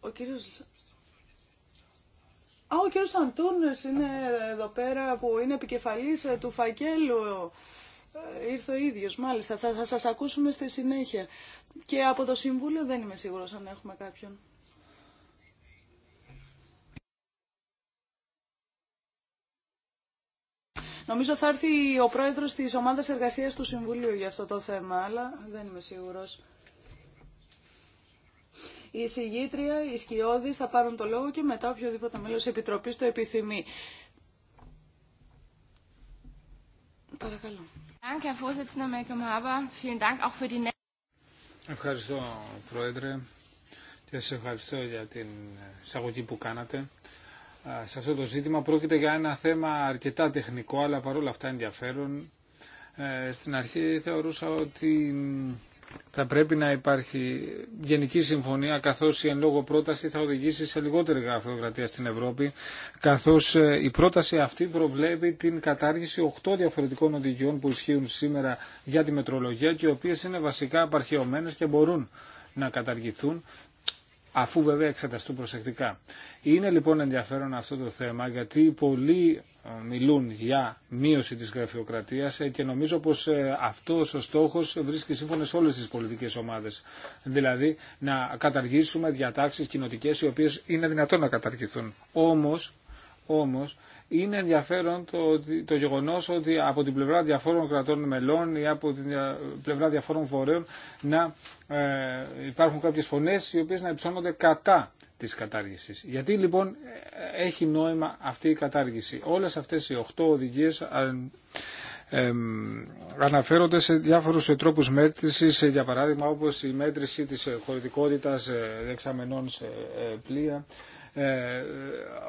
Ο κύριος... Α, ο κύριος Αντούνες είναι εδώ πέρα που είναι επικεφαλής ε, του φακέλου. Ήρθε ο ίδιος, μάλιστα. Θα, θα σας ακούσουμε στη συνέχεια. Και από το Συμβούλιο δεν είμαι σίγουρος αν έχουμε κάποιον. Νομίζω θα έρθει ο πρόεδρος της ομάδας εργασίας του Συμβουλίου για αυτό το θέμα, αλλά δεν είμαι σίγουρος. Η συγγήτρια, οι σκιώδεις θα πάρουν το λόγο και μετά οποιοδήποτε μέλος επιτροπής το επιθυμεί. Παρακαλώ. Ευχαριστώ, Πρόεδρε, και σας ευχαριστώ για την εισαγωγή που κάνατε σε αυτό το ζήτημα. Πρόκειται για ένα θέμα αρκετά τεχνικό, αλλά παρόλα αυτά ενδιαφέρον. Ε, στην αρχή θεωρούσα ότι θα πρέπει να υπάρχει γενική συμφωνία καθώς η εν λόγω πρόταση θα οδηγήσει σε λιγότερη γραφειοκρατία στην Ευρώπη καθώς ε, η πρόταση αυτή προβλέπει την κατάργηση 8 διαφορετικών οδηγιών που ισχύουν σήμερα για τη μετρολογία και οι οποίες είναι βασικά απαρχαιωμένες και μπορούν να καταργηθούν αφού βέβαια εξεταστούν προσεκτικά. Είναι λοιπόν ενδιαφέρον αυτό το θέμα γιατί πολλοί ε, μιλούν για μείωση της γραφειοκρατίας ε, και νομίζω πως ε, αυτός ο στόχος βρίσκει σύμφωνα σε όλες τις πολιτικές ομάδες. Δηλαδή να καταργήσουμε διατάξεις κοινοτικέ οι οποίες είναι δυνατόν να καταργηθούν. Όμως, όμως είναι ενδιαφέρον το, το γεγονός ότι από την πλευρά διαφόρων κρατών μελών ή από την πλευρά διαφόρων φορέων να ε, υπάρχουν κάποιες φωνές οι οποίες να υψώνονται κατά της κατάργησης. Γιατί λοιπόν ε, έχει νόημα αυτή η κατάργηση. Όλες αυτές οι οχτώ οδηγίες ε, αναφέρονται σε διάφορους τρόπους μέτρησης, για παράδειγμα όπως η μέτρηση της χωρητικότητας δεξαμενών σε πλοία, ε,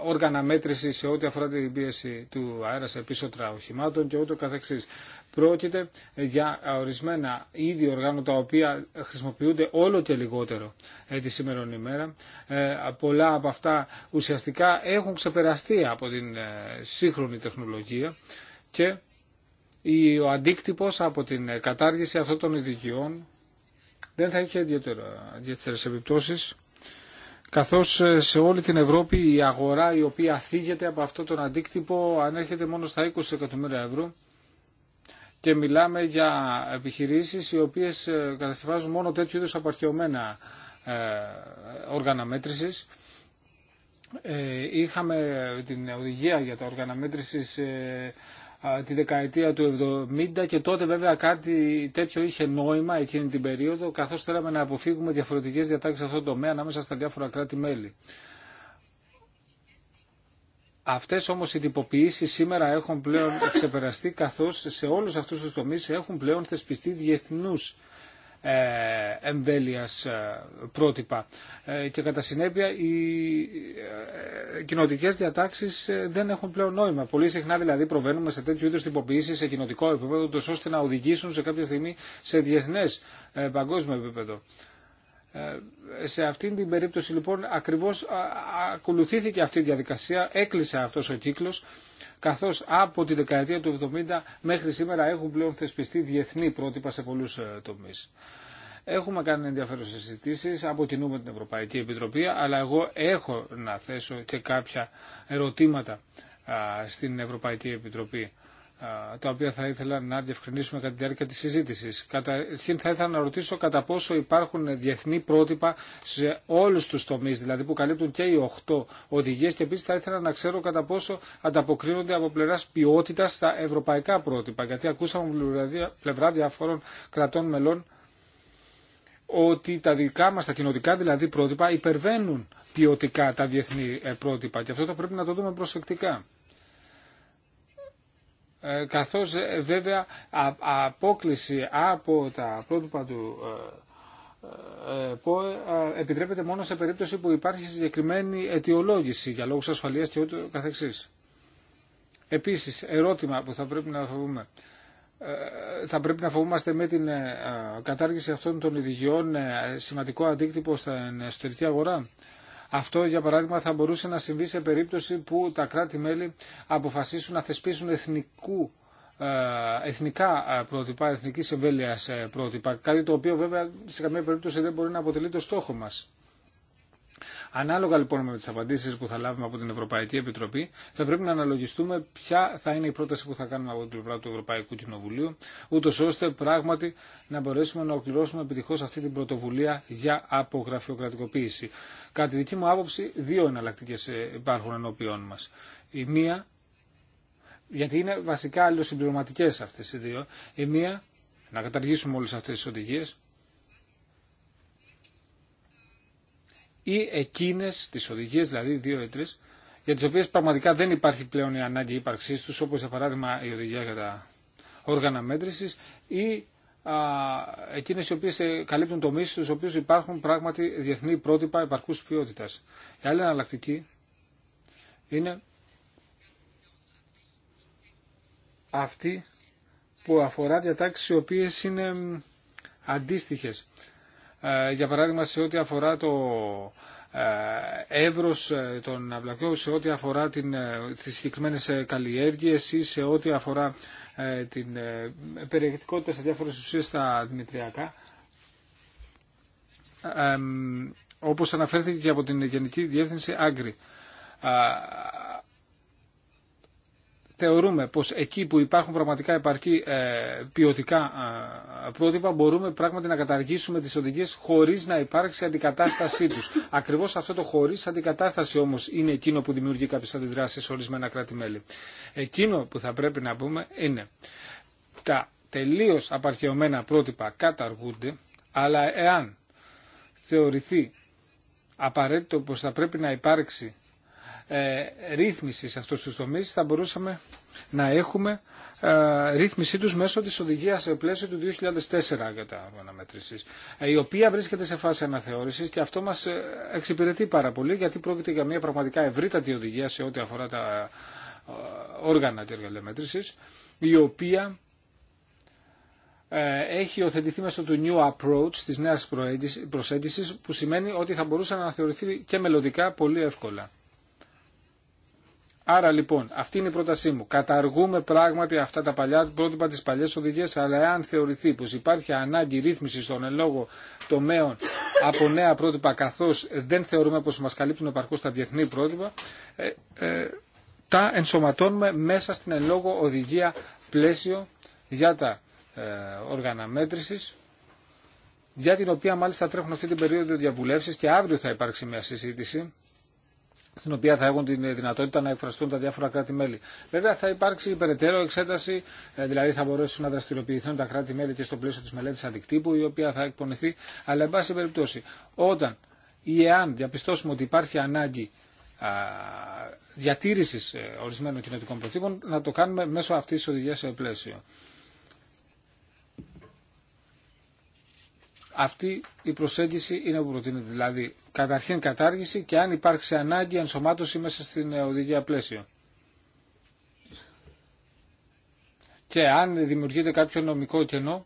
όργανα μέτρηση σε ό,τι αφορά την πίεση του αέρα σε πίσω οχημάτων και ούτω καθεξής. Πρόκειται για ορισμένα ίδια οργάνωτα, τα οποία χρησιμοποιούνται όλο και λιγότερο ε, τη σήμερα ημέρα. Ε, πολλά από αυτά ουσιαστικά έχουν ξεπεραστεί από την σύγχρονη τεχνολογία και ο αντίκτυπος από την κατάργηση αυτών των ειδικιών δεν θα είχε ιδιαίτερες επιπτώσεις καθώς ε, σε όλη την Ευρώπη η αγορά η οποία θίγεται από αυτό τον αντίκτυπο ανέρχεται μόνο στα 20 εκατομμύρια ευρώ και μιλάμε για επιχειρήσεις οι οποίες ε, κατασκευάζουν μόνο τέτοιου είδους απαρχαιωμένα ε, όργανα μέτρησης. Είχαμε την οδηγία για τα όργανα μέτρησης τη δεκαετία του 70 και τότε βέβαια κάτι τέτοιο είχε νόημα εκείνη την περίοδο καθώς θέλαμε να αποφύγουμε διαφορετικές διατάξεις σε αυτό το τομέα ανάμεσα στα διάφορα κράτη-μέλη. Αυτές όμως οι τυποποιήσεις σήμερα έχουν πλέον ξεπεραστεί καθώς σε όλους αυτούς τους τομείς έχουν πλέον θεσπιστεί διεθνούς ε, εμβέλειας ε, πρότυπα. Ε, και κατά συνέπεια οι κοινοτικές διατάξεις δεν έχουν πλέον νόημα. Πολύ συχνά δηλαδή προβαίνουμε σε τέτοιου είδους τυποποιήσεις σε κοινοτικό επίπεδο ώστε να οδηγήσουν σε κάποια στιγμή σε διεθνές παγκόσμιο επίπεδο. Ε, σε αυτήν την περίπτωση λοιπόν ακριβώς ακολουθήθηκε αυτή η διαδικασία, έκλεισε αυτός ο κύκλος καθώς από τη δεκαετία του 70 μέχρι σήμερα έχουν πλέον θεσπιστεί διεθνή πρότυπα σε πολλούς ε, τομείς. Έχουμε κάνει ενδιαφέρουσες συζητήσει από την Ευρωπαϊκή Επιτροπή, αλλά εγώ έχω να θέσω και κάποια ερωτήματα στην Ευρωπαϊκή Επιτροπή τα οποία θα ήθελα να διευκρινίσουμε κατά τη διάρκεια της συζήτησης. Καταρχήν θα ήθελα να ρωτήσω κατά πόσο υπάρχουν διεθνή πρότυπα σε όλους τους τομείς, δηλαδή που καλύπτουν και οι 8 οδηγίες και επίσης θα ήθελα να ξέρω κατά πόσο ανταποκρίνονται από πλευρά ποιότητα στα ευρωπαϊκά πρότυπα, γιατί ακούσαμε πλευρά διαφόρων κρατών μελών ότι τα δικά μας, τα κοινοτικά δηλαδή πρότυπα υπερβαίνουν ποιοτικά τα διεθνή ε, πρότυπα και αυτό θα πρέπει να το δούμε προσεκτικά. Ε, καθώς ε, βέβαια απόκληση από τα πρότυπα του ε, ΠΟΕ επιτρέπεται μόνο σε περίπτωση που υπάρχει συγκεκριμένη αιτιολόγηση για λόγους ασφαλείας και ούτω καθεξής. Επίσης, ερώτημα που θα πρέπει να φοβούμε. Θα πρέπει να φοβούμαστε με την κατάργηση αυτών των ειδηγιών σημαντικό αντίκτυπο στην εσωτερική αγορά. Αυτό, για παράδειγμα, θα μπορούσε να συμβεί σε περίπτωση που τα κράτη-μέλη αποφασίσουν να θεσπίσουν εθνικού ε, εθνικά ε, πρότυπα, εθνική εμβέλεια ε, πρότυπα, κάτι το οποίο βέβαια σε καμία περίπτωση δεν μπορεί να αποτελεί το στόχο μας. Ανάλογα λοιπόν με τι απαντήσει που θα λάβουμε από την Ευρωπαϊκή Επιτροπή, θα πρέπει να αναλογιστούμε ποια θα είναι η πρόταση που θα κάνουμε από την πλευρά του Ευρωπαϊκού Κοινοβουλίου, ούτω ώστε πράγματι να μπορέσουμε να ολοκληρώσουμε επιτυχώ αυτή την πρωτοβουλία για απογραφειοκρατικοποίηση. Κατά τη δική μου άποψη, δύο εναλλακτικέ ε, υπάρχουν ενώπιόν μα. Η μία, γιατί είναι βασικά αλληλοσυμπληρωματικέ αυτέ οι δύο, η μία να καταργήσουμε όλε αυτέ τι οδηγίε, ή εκείνε τις οδηγίες, δηλαδή δύο ή τρει, για τις οποίες πραγματικά δεν υπάρχει πλέον η ανάγκη ύπαρξής τους, όπως για παράδειγμα η οδηγία για τα όργανα μέτρησης ή α, εκείνες οι οποίες ε, καλύπτουν στου οποίου υπάρχουν πράγματι διεθνή πρότυπα επαρχού τη ποιότητα. Η άλλη αναλλακτική είναι αυτοί που αφορά διατάξει, οι οποιες καλυπτουν τομεις στου οποιου υπαρχουν πραγματι διεθνη προτυπα υπαρκους ποιοτητα η αλλη εναλλακτικη ειναι αυτη που αφορα διαταξει οι οποιε ειναι αντιστοιχε ε, για παράδειγμα σε ό,τι αφορά το ε, εύρος ε, των αυλακιών, σε ό,τι αφορά την, τις συγκεκριμένες καλλιέργειες ή σε ό,τι αφορά την περιεκτικότητα σε διάφορες ουσίες στα δημητριακά. Όπως αναφέρθηκε και από την Γενική Διεύθυνση Άγκρη θεωρούμε πως εκεί που υπάρχουν πραγματικά επαρκή ε, ποιοτικά ε, πρότυπα μπορούμε πράγματι να καταργήσουμε τις οδηγίες χωρίς να υπάρξει αντικατάστασή τους. Ακριβώς αυτό το χωρίς αντικατάσταση όμως είναι εκείνο που δημιουργεί κάποιες αντιδράσεις σε ορισμένα κράτη-μέλη. Εκείνο που θα πρέπει να πούμε είναι τα τελείως απαρχαιωμένα πρότυπα καταργούνται αλλά εάν θεωρηθεί απαραίτητο πως θα πρέπει να υπάρξει ε, ρύθμιση σε αυτούς τους τομείς θα μπορούσαμε να έχουμε ε, ρύθμισή τους μέσω της οδηγίας σε πλαίσιο του 2004 για τα αναμετρήσεις, ε, η οποία βρίσκεται σε φάση αναθεώρησης και αυτό μας εξυπηρετεί πάρα πολύ γιατί πρόκειται για μια πραγματικά ευρύτατη οδηγία σε ό,τι αφορά τα όργανα της μέτρηση, η οποία έχει οθετηθεί μέσω του New Approach, της νέας προσέγγισης, που σημαίνει ότι θα μπορούσε να θεωρηθεί και μελλοντικά πολύ εύκολα. Άρα λοιπόν, αυτή είναι η πρότασή μου. Καταργούμε πράγματι αυτά τα παλιά πρότυπα τι παλιέ οδηγίε, αλλά εάν θεωρηθεί πω υπάρχει ανάγκη ρύθμιση των ελόγω τομέων από νέα πρότυπα, καθώ δεν θεωρούμε πω μα καλύπτουν επαρκώ τα διεθνή πρότυπα, ε, ε, τα ενσωματώνουμε μέσα στην ελόγω οδηγία πλαίσιο για τα ε, όργανα μέτρηση, για την οποία μάλιστα τρέχουν αυτή την περίοδο διαβουλεύσεις και αύριο θα υπάρξει μια συζήτηση στην οποία θα έχουν τη δυνατότητα να εκφραστούν τα διάφορα κράτη-μέλη. Βέβαια θα υπάρξει περαιτέρω εξέταση, ε, δηλαδή θα μπορέσουν να δραστηριοποιηθούν τα κράτη-μέλη και στο πλαίσιο της μελέτης αντικτύπου, η οποία θα εκπονηθεί, αλλά εν πάση περιπτώσει, όταν ή εάν διαπιστώσουμε ότι υπάρχει ανάγκη διατήρησης ε, ορισμένων κοινωτικών προτύπων, να το κάνουμε μέσω αυτής της οδηγίας σε πλαίσιο. αυτή η προσέγγιση είναι που προτείνεται. Δηλαδή, καταρχήν κατάργηση και αν υπάρξει ανάγκη ενσωμάτωση μέσα στην οδηγία πλαίσιο. Και αν δημιουργείται κάποιο νομικό κενό,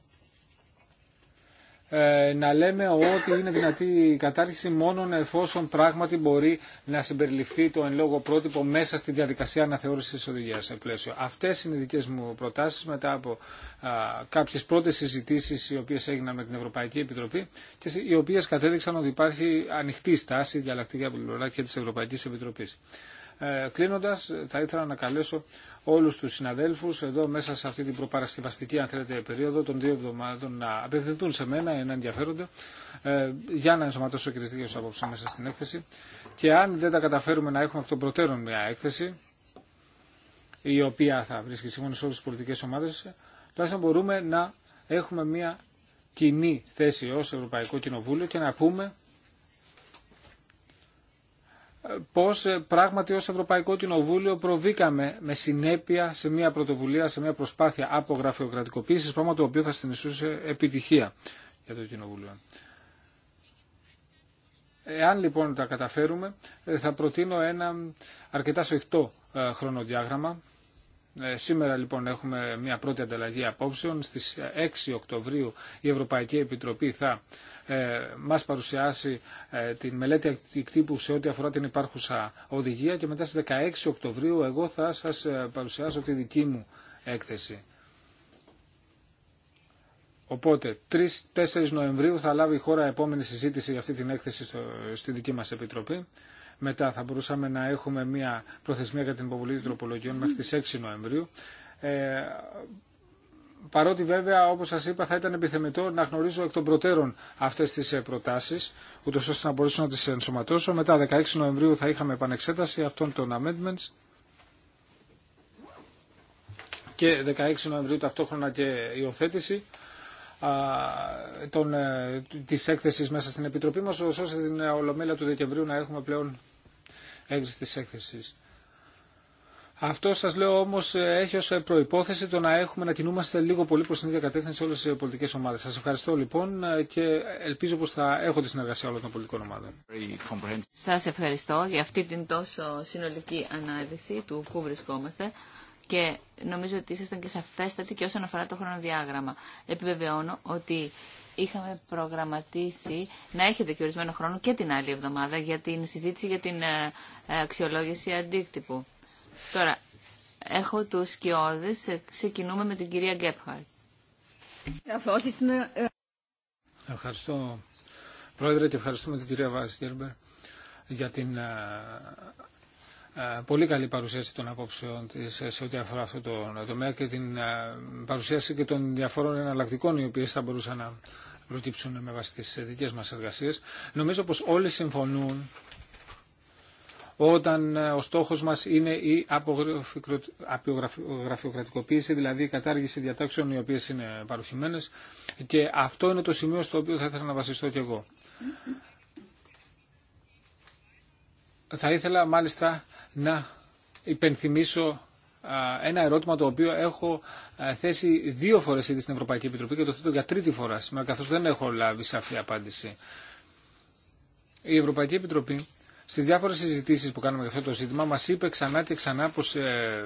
ε, να λέμε ότι είναι δυνατή η κατάρχηση μόνο εφόσον πράγματι μπορεί να συμπεριληφθεί το εν λόγω πρότυπο μέσα στη διαδικασία αναθεώρησης της οδηγίας σε πλαίσιο. Αυτές είναι οι δικές μου προτάσεις μετά από α, κάποιες πρώτες συζητήσεις οι οποίες έγιναν με την Ευρωπαϊκή Επιτροπή και οι οποίες κατέδειξαν ότι υπάρχει ανοιχτή στάση διαλλακτική από την και της Ευρωπαϊκής Επιτροπής. Ε, Κλείνοντα, θα ήθελα να καλέσω όλου του συναδέλφου εδώ μέσα σε αυτή την προπαρασκευαστική αν θέλετε περίοδο των δύο εβδομάδων να απευθυνθούν σε μένα ή να ενδιαφέρονται ε, για να ενσωματώσω και δικέ του απόψει μέσα στην έκθεση και αν δεν τα καταφέρουμε να έχουμε από τον προτέρων μια έκθεση η οποία θα βρίσκει σύμφωνα σε όλες τις πολιτικές ομάδες τουλάχιστον μπορούμε να έχουμε μια κοινή θέση ως Ευρωπαϊκό Κοινοβούλιο και να πούμε πώς ε, πράγματι ως Ευρωπαϊκό Κοινοβούλιο προβήκαμε με συνέπεια σε μια πρωτοβουλία, σε μια προσπάθεια απογραφειοκρατικοποίησης, πράγμα το οποίο θα συνιστούσε επιτυχία για το Κοινοβούλιο. Εάν λοιπόν τα καταφέρουμε, ε, θα προτείνω ένα αρκετά σφιχτό ε, χρονοδιάγραμμα ε, σήμερα λοιπόν έχουμε μια πρώτη ανταλλαγή απόψεων. Στις 6 Οκτωβρίου η Ευρωπαϊκή Επιτροπή θα ε, μας παρουσιάσει ε, την μελέτη εκτύπου σε ό,τι αφορά την υπάρχουσα οδηγία και μετά στις 16 Οκτωβρίου εγώ θα σας ε, παρουσιάσω τη δική μου έκθεση. Οπότε 3-4 Νοεμβρίου θα λάβει η χώρα επόμενη συζήτηση για αυτή την έκθεση στη δική μας Επιτροπή μετά. Θα μπορούσαμε να έχουμε μια προθεσμία για την υποβολή τροπολογιών μέχρι τις 6 Νοεμβρίου. Ε, παρότι βέβαια όπως σας είπα θα ήταν επιθεμητό να γνωρίζω εκ των προτέρων αυτές τις ε, προτάσεις ούτως ώστε να μπορέσω να τις ενσωματώσω. Μετά 16 Νοεμβρίου θα είχαμε επανεξέταση αυτών των amendments και 16 Νοεμβρίου ταυτόχρονα και υιοθέτηση ε, της έκθεσης μέσα στην Επιτροπή μας ώστε την ε, Ολομέλεια του Δεκεμβρίου να έχουμε πλέον έγκριση της έκθεσης. Αυτό σας λέω όμως ε, έχει ως ε, προϋπόθεση το να έχουμε να κινούμαστε λίγο πολύ προ την ίδια κατεύθυνση όλες τις πολιτικέ ομάδες. Σας ευχαριστώ λοιπόν ε, και ελπίζω πως θα έχω τη συνεργασία όλων των πολιτικών ομάδων. Σα ευχαριστώ για αυτή την τόσο συνολική ανάλυση του που βρισκόμαστε και νομίζω ότι ήσασταν και σαφέστατοι και όσον αφορά το χρονοδιάγραμμα. Επιβεβαιώνω ότι είχαμε προγραμματίσει να έχετε και ορισμένο χρόνο και την άλλη εβδομάδα για την συζήτηση για την ε, ε, αξιολόγηση αντίκτυπου. Τώρα, έχω του σκιώδε. Ε, ξεκινούμε με την κυρία Γκέπχαρτ. Ευχαριστώ, Πρόεδρε, και ευχαριστούμε την κυρία Βάις για την ε, πολύ καλή παρουσίαση των απόψεων της ε, σε ό,τι αφορά αυτό το τομέα και την ε, παρουσίαση και των διαφόρων εναλλακτικών οι οποίες θα μπορούσαν να προκύψουν με βάση τις δικές μας εργασίες. Νομίζω πως όλοι συμφωνούν όταν ο στόχος μας είναι η απογραφειοκρατικοποίηση, δηλαδή η κατάργηση διατάξεων οι οποίες είναι παροχημένες και αυτό είναι το σημείο στο οποίο θα ήθελα να βασιστώ κι εγώ. Θα ήθελα μάλιστα να υπενθυμίσω ένα ερώτημα το οποίο έχω θέσει δύο φορές ήδη στην Ευρωπαϊκή Επιτροπή και το θέτω για τρίτη φορά σήμερα καθώς δεν έχω λάβει σαφή απάντηση. Η Ευρωπαϊκή Επιτροπή στις διάφορες συζητήσεις που κάνουμε για αυτό το ζήτημα μας είπε ξανά και ξανά πως ε,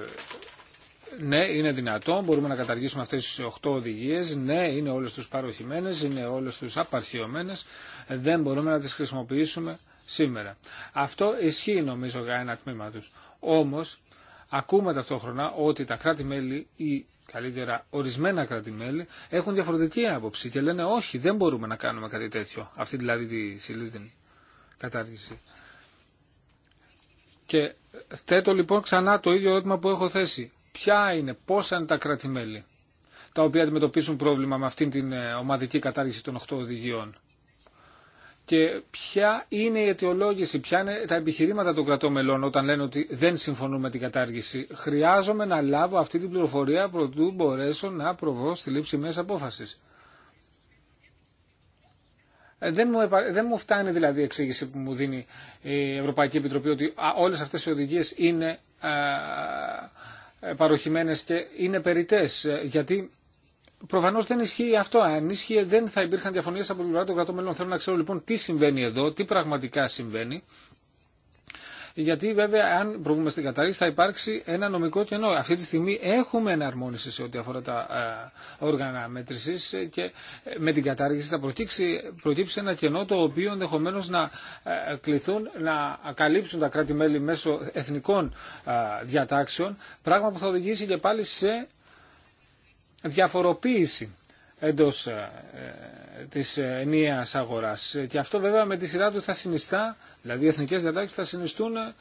ναι είναι δυνατό, μπορούμε να καταργήσουμε αυτές τις 8 οδηγίες, ναι είναι όλες τους παροχημένες, είναι όλες τους απαρχιωμένες, δεν μπορούμε να τις χρησιμοποιήσουμε σήμερα. Αυτό ισχύει νομίζω για ένα τμήμα τους. Όμως ακούμε ταυτόχρονα ότι τα κράτη-μέλη ή καλύτερα ορισμένα κράτη-μέλη έχουν διαφορετική άποψη και λένε όχι δεν μπορούμε να κάνουμε κάτι τέτοιο. Αυτή δηλαδή τη συλλήτηνη κατάργηση. Και θέτω λοιπόν ξανά το ίδιο ερώτημα που έχω θέσει. Ποια είναι, πόσα είναι τα κράτη-μέλη τα οποία αντιμετωπίζουν πρόβλημα με αυτήν την ε, ομαδική κατάργηση των 8 οδηγιών και ποια είναι η αιτιολόγηση, ποια είναι τα επιχειρήματα των κρατών μελών όταν λένε ότι δεν συμφωνούν με την κατάργηση. Χρειάζομαι να λάβω αυτή την πληροφορία προτού μπορέσω να προβώ στη λήψη μια απόφασης. Ε, δεν μου, δεν μου φτάνει δηλαδή η εξήγηση που μου δίνει η Ευρωπαϊκή Επιτροπή ότι όλες αυτές οι οδηγίες είναι παροχημένες και είναι περιτές. Ε, γιατί Προφανώ δεν ισχύει αυτό. Αν ισχύει, δεν θα υπήρχαν διαφωνίε από την πλευρά των κρατών μελών. Θέλω να ξέρω λοιπόν τι συμβαίνει εδώ, τι πραγματικά συμβαίνει. Γιατί βέβαια, αν προβούμε στην κατάργηση θα υπάρξει ένα νομικό κενό. Αυτή τη στιγμή έχουμε εναρμόνιση σε ό,τι αφορά τα ε, όργανα μέτρηση και ε, με την κατάργηση θα προκύψει ένα κενό το οποίο ενδεχομένω να ε, κληθούν να καλύψουν τα κράτη-μέλη μέσω εθνικών διατάξεων. Πράγμα που θα οδηγήσει και πάλι σε διαφοροποίηση εντός ε, της ενιαίας αγοράς. Και αυτό βέβαια με τη σειρά του θα συνιστά, δηλαδή οι εθνικές διατάξεις θα συνιστούν ε,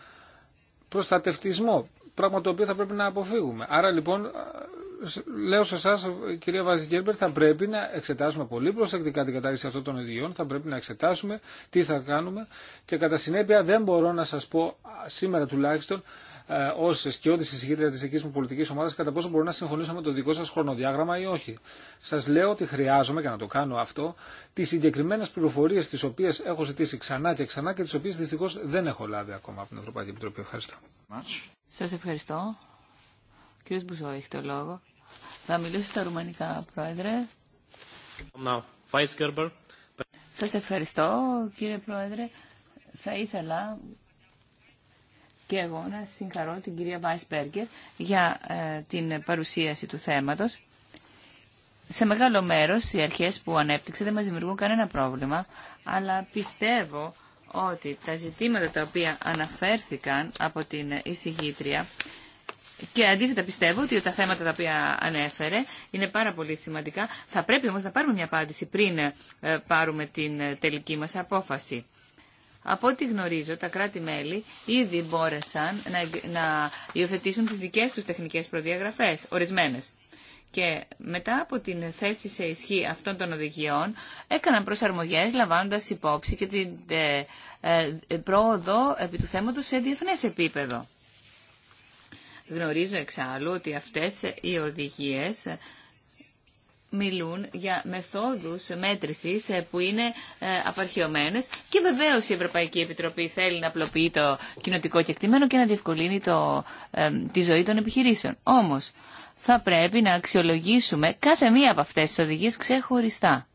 προστατευτισμό, πράγμα το οποίο θα πρέπει να αποφύγουμε. Άρα λοιπόν, ε, λέω σε εσά, κυρία Βαζικέρμπερ, θα πρέπει να εξετάσουμε πολύ προσεκτικά την κατάρριξη αυτών των ιδιών, θα πρέπει να εξετάσουμε τι θα κάνουμε και κατά συνέπεια δεν μπορώ να σας πω σήμερα τουλάχιστον ε, ω σκιώδη εισηγήτρια τη δική μου πολιτική ομάδα κατά πόσο μπορώ να συμφωνήσω με το δικό σα χρονοδιάγραμμα ή όχι. Σα λέω ότι χρειάζομαι, και να το κάνω αυτό, τι συγκεκριμένε πληροφορίε τι οποίε έχω ζητήσει ξανά και ξανά και τι οποίε δυστυχώ δεν έχω λάβει ακόμα από την Ευρωπαϊκή Επιτροπή. Ευχαριστώ. Σα ευχαριστώ. Κύριε Μπουζό, έχει το λόγο. Θα μιλήσω στα ρουμανικά, Πρόεδρε. Σας ευχαριστώ, κύριε Πρόεδρε. Θα ήθελα και εγώ να συγχαρώ την κυρία Βάισπεργκερ για ε, την παρουσίαση του θέματος. Σε μεγάλο μέρος οι αρχές που ανέπτυξε δεν μας δημιουργούν κανένα πρόβλημα, αλλά πιστεύω ότι τα ζητήματα τα οποία αναφέρθηκαν από την εισηγήτρια και αντίθετα πιστεύω ότι τα θέματα τα οποία ανέφερε είναι πάρα πολύ σημαντικά. Θα πρέπει όμως να πάρουμε μια απάντηση πριν ε, πάρουμε την ε, τελική μας απόφαση. Από ό,τι γνωρίζω, τα κράτη-μέλη ήδη μπόρεσαν να, να υιοθετήσουν τις δικές τους τεχνικές προδιαγραφές, ορισμένες. Και μετά από την θέση σε ισχύ αυτών των οδηγιών έκαναν προσαρμογές λαμβάνοντας υπόψη και την ε, ε, πρόοδο επί του θέματος σε διεθνές επίπεδο. Γνωρίζω εξάλλου ότι αυτές οι οδηγίες μιλούν για μεθόδους μέτρησης ε, που είναι ε, απαρχαιωμένες και βεβαίως η Ευρωπαϊκή Επιτροπή θέλει να απλοποιεί το κοινοτικό κεκτημένο και να διευκολύνει το, ε, τη ζωή των επιχειρήσεων. Όμως θα πρέπει να αξιολογήσουμε κάθε μία από αυτές τις οδηγίες ξεχωριστά.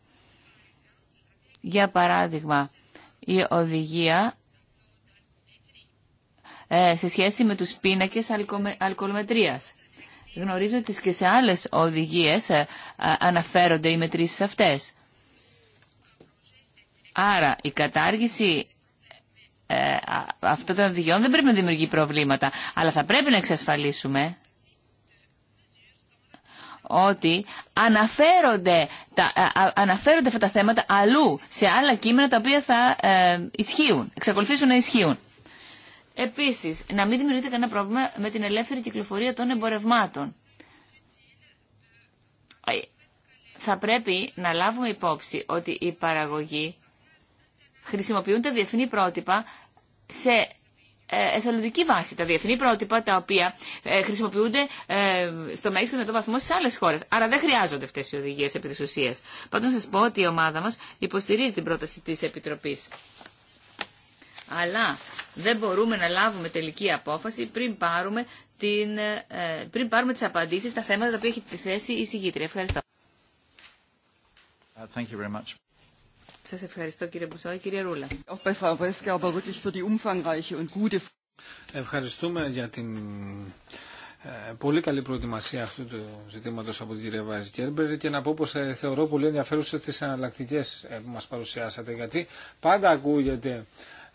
Για παράδειγμα, η οδηγία σε σχέση με τους πίνακες Γνωρίζω ότι και σε άλλες οδηγίες ε, ε, αναφέρονται οι μετρήσεις αυτές. Άρα η κατάργηση ε, αυτών των οδηγιών δεν πρέπει να δημιουργεί προβλήματα, αλλά θα πρέπει να εξασφαλίσουμε ότι αναφέρονται, τα, ε, αναφέρονται αυτά τα θέματα αλλού, σε άλλα κείμενα τα οποία θα ε, ισχύουν, εξακολουθήσουν να ισχύουν. Επίσης, να μην δημιουργείται κανένα πρόβλημα με την ελεύθερη κυκλοφορία των εμπορευμάτων. Ε, θα πρέπει να λάβουμε υπόψη ότι οι παραγωγοί χρησιμοποιούν τα διεθνή πρότυπα σε ε, εθελοντική βάση. Τα διεθνή πρότυπα τα οποία ε, χρησιμοποιούνται στο μέγιστο με το βαθμό στι άλλε χώρε. Άρα δεν χρειάζονται αυτέ οι οδηγίε επί τη ουσία. σα πω ότι η ομάδα μα υποστηρίζει την πρόταση τη Επιτροπή αλλά δεν μπορούμε να λάβουμε τελική απόφαση πριν πάρουμε, την, ε, πριν πάρουμε τις απαντήσεις στα θέματα τα οποία έχει τη θέση η συγκήτρια. Ευχαριστώ. Uh, thank Σας ευχαριστώ κύριε Μπουσόη. Κύριε Ρούλα. Ευχαριστούμε για την ε, πολύ καλή προετοιμασία αυτού του ζητήματος από την κυρία Βάζη Κέρμπερ και να πω πως ε, θεωρώ πολύ ενδιαφέρουσες τις ε, που μας παρουσιάσατε γιατί πάντα ακούγεται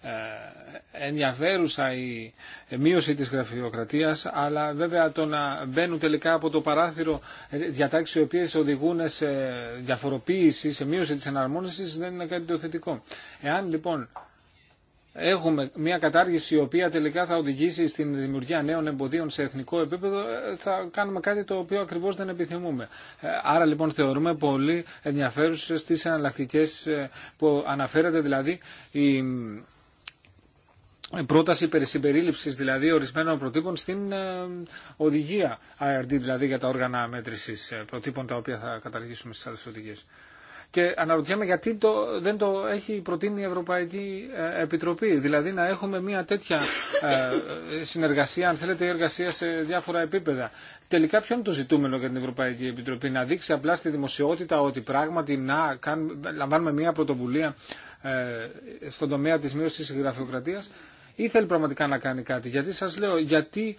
ε, ενδιαφέρουσα η μείωση της γραφειοκρατίας, αλλά βέβαια το να μπαίνουν τελικά από το παράθυρο διατάξεις οι οποίες οδηγούν σε διαφοροποίηση, σε μείωση της εναρμόνισης δεν είναι κάτι το θετικό. Εάν λοιπόν έχουμε μια κατάργηση η οποία τελικά θα οδηγήσει στην δημιουργία νέων εμποδίων σε εθνικό επίπεδο, ε, θα κάνουμε κάτι το οποίο ακριβώς δεν επιθυμούμε. Ε, άρα λοιπόν θεωρούμε πολύ ενδιαφέρουσες τις εναλλακτικέ που αναφέρατε, δηλαδή η πρόταση περί συμπερίληψης δηλαδή ορισμένων προτύπων στην ε, οδηγία IRD, δηλαδή για τα όργανα μέτρησης ε, προτύπων τα οποία θα καταργήσουμε στις άλλες οδηγίες. Και αναρωτιέμαι γιατί το, δεν το έχει προτείνει η Ευρωπαϊκή ε, Επιτροπή. Δηλαδή να έχουμε μια τέτοια συνεργασία, αν θέλετε, εργασία σε διάφορα επίπεδα. Τελικά ποιο είναι το ζητούμενο για την Ευρωπαϊκή Επιτροπή. Να δείξει απλά στη δημοσιότητα ότι πράγματι να λαμβάνουμε μια πρωτοβουλία στον τομέα της μείωσης της γραφειοκρατίας ήθελε πραγματικά να κάνει κάτι. Γιατί σας λέω, γιατί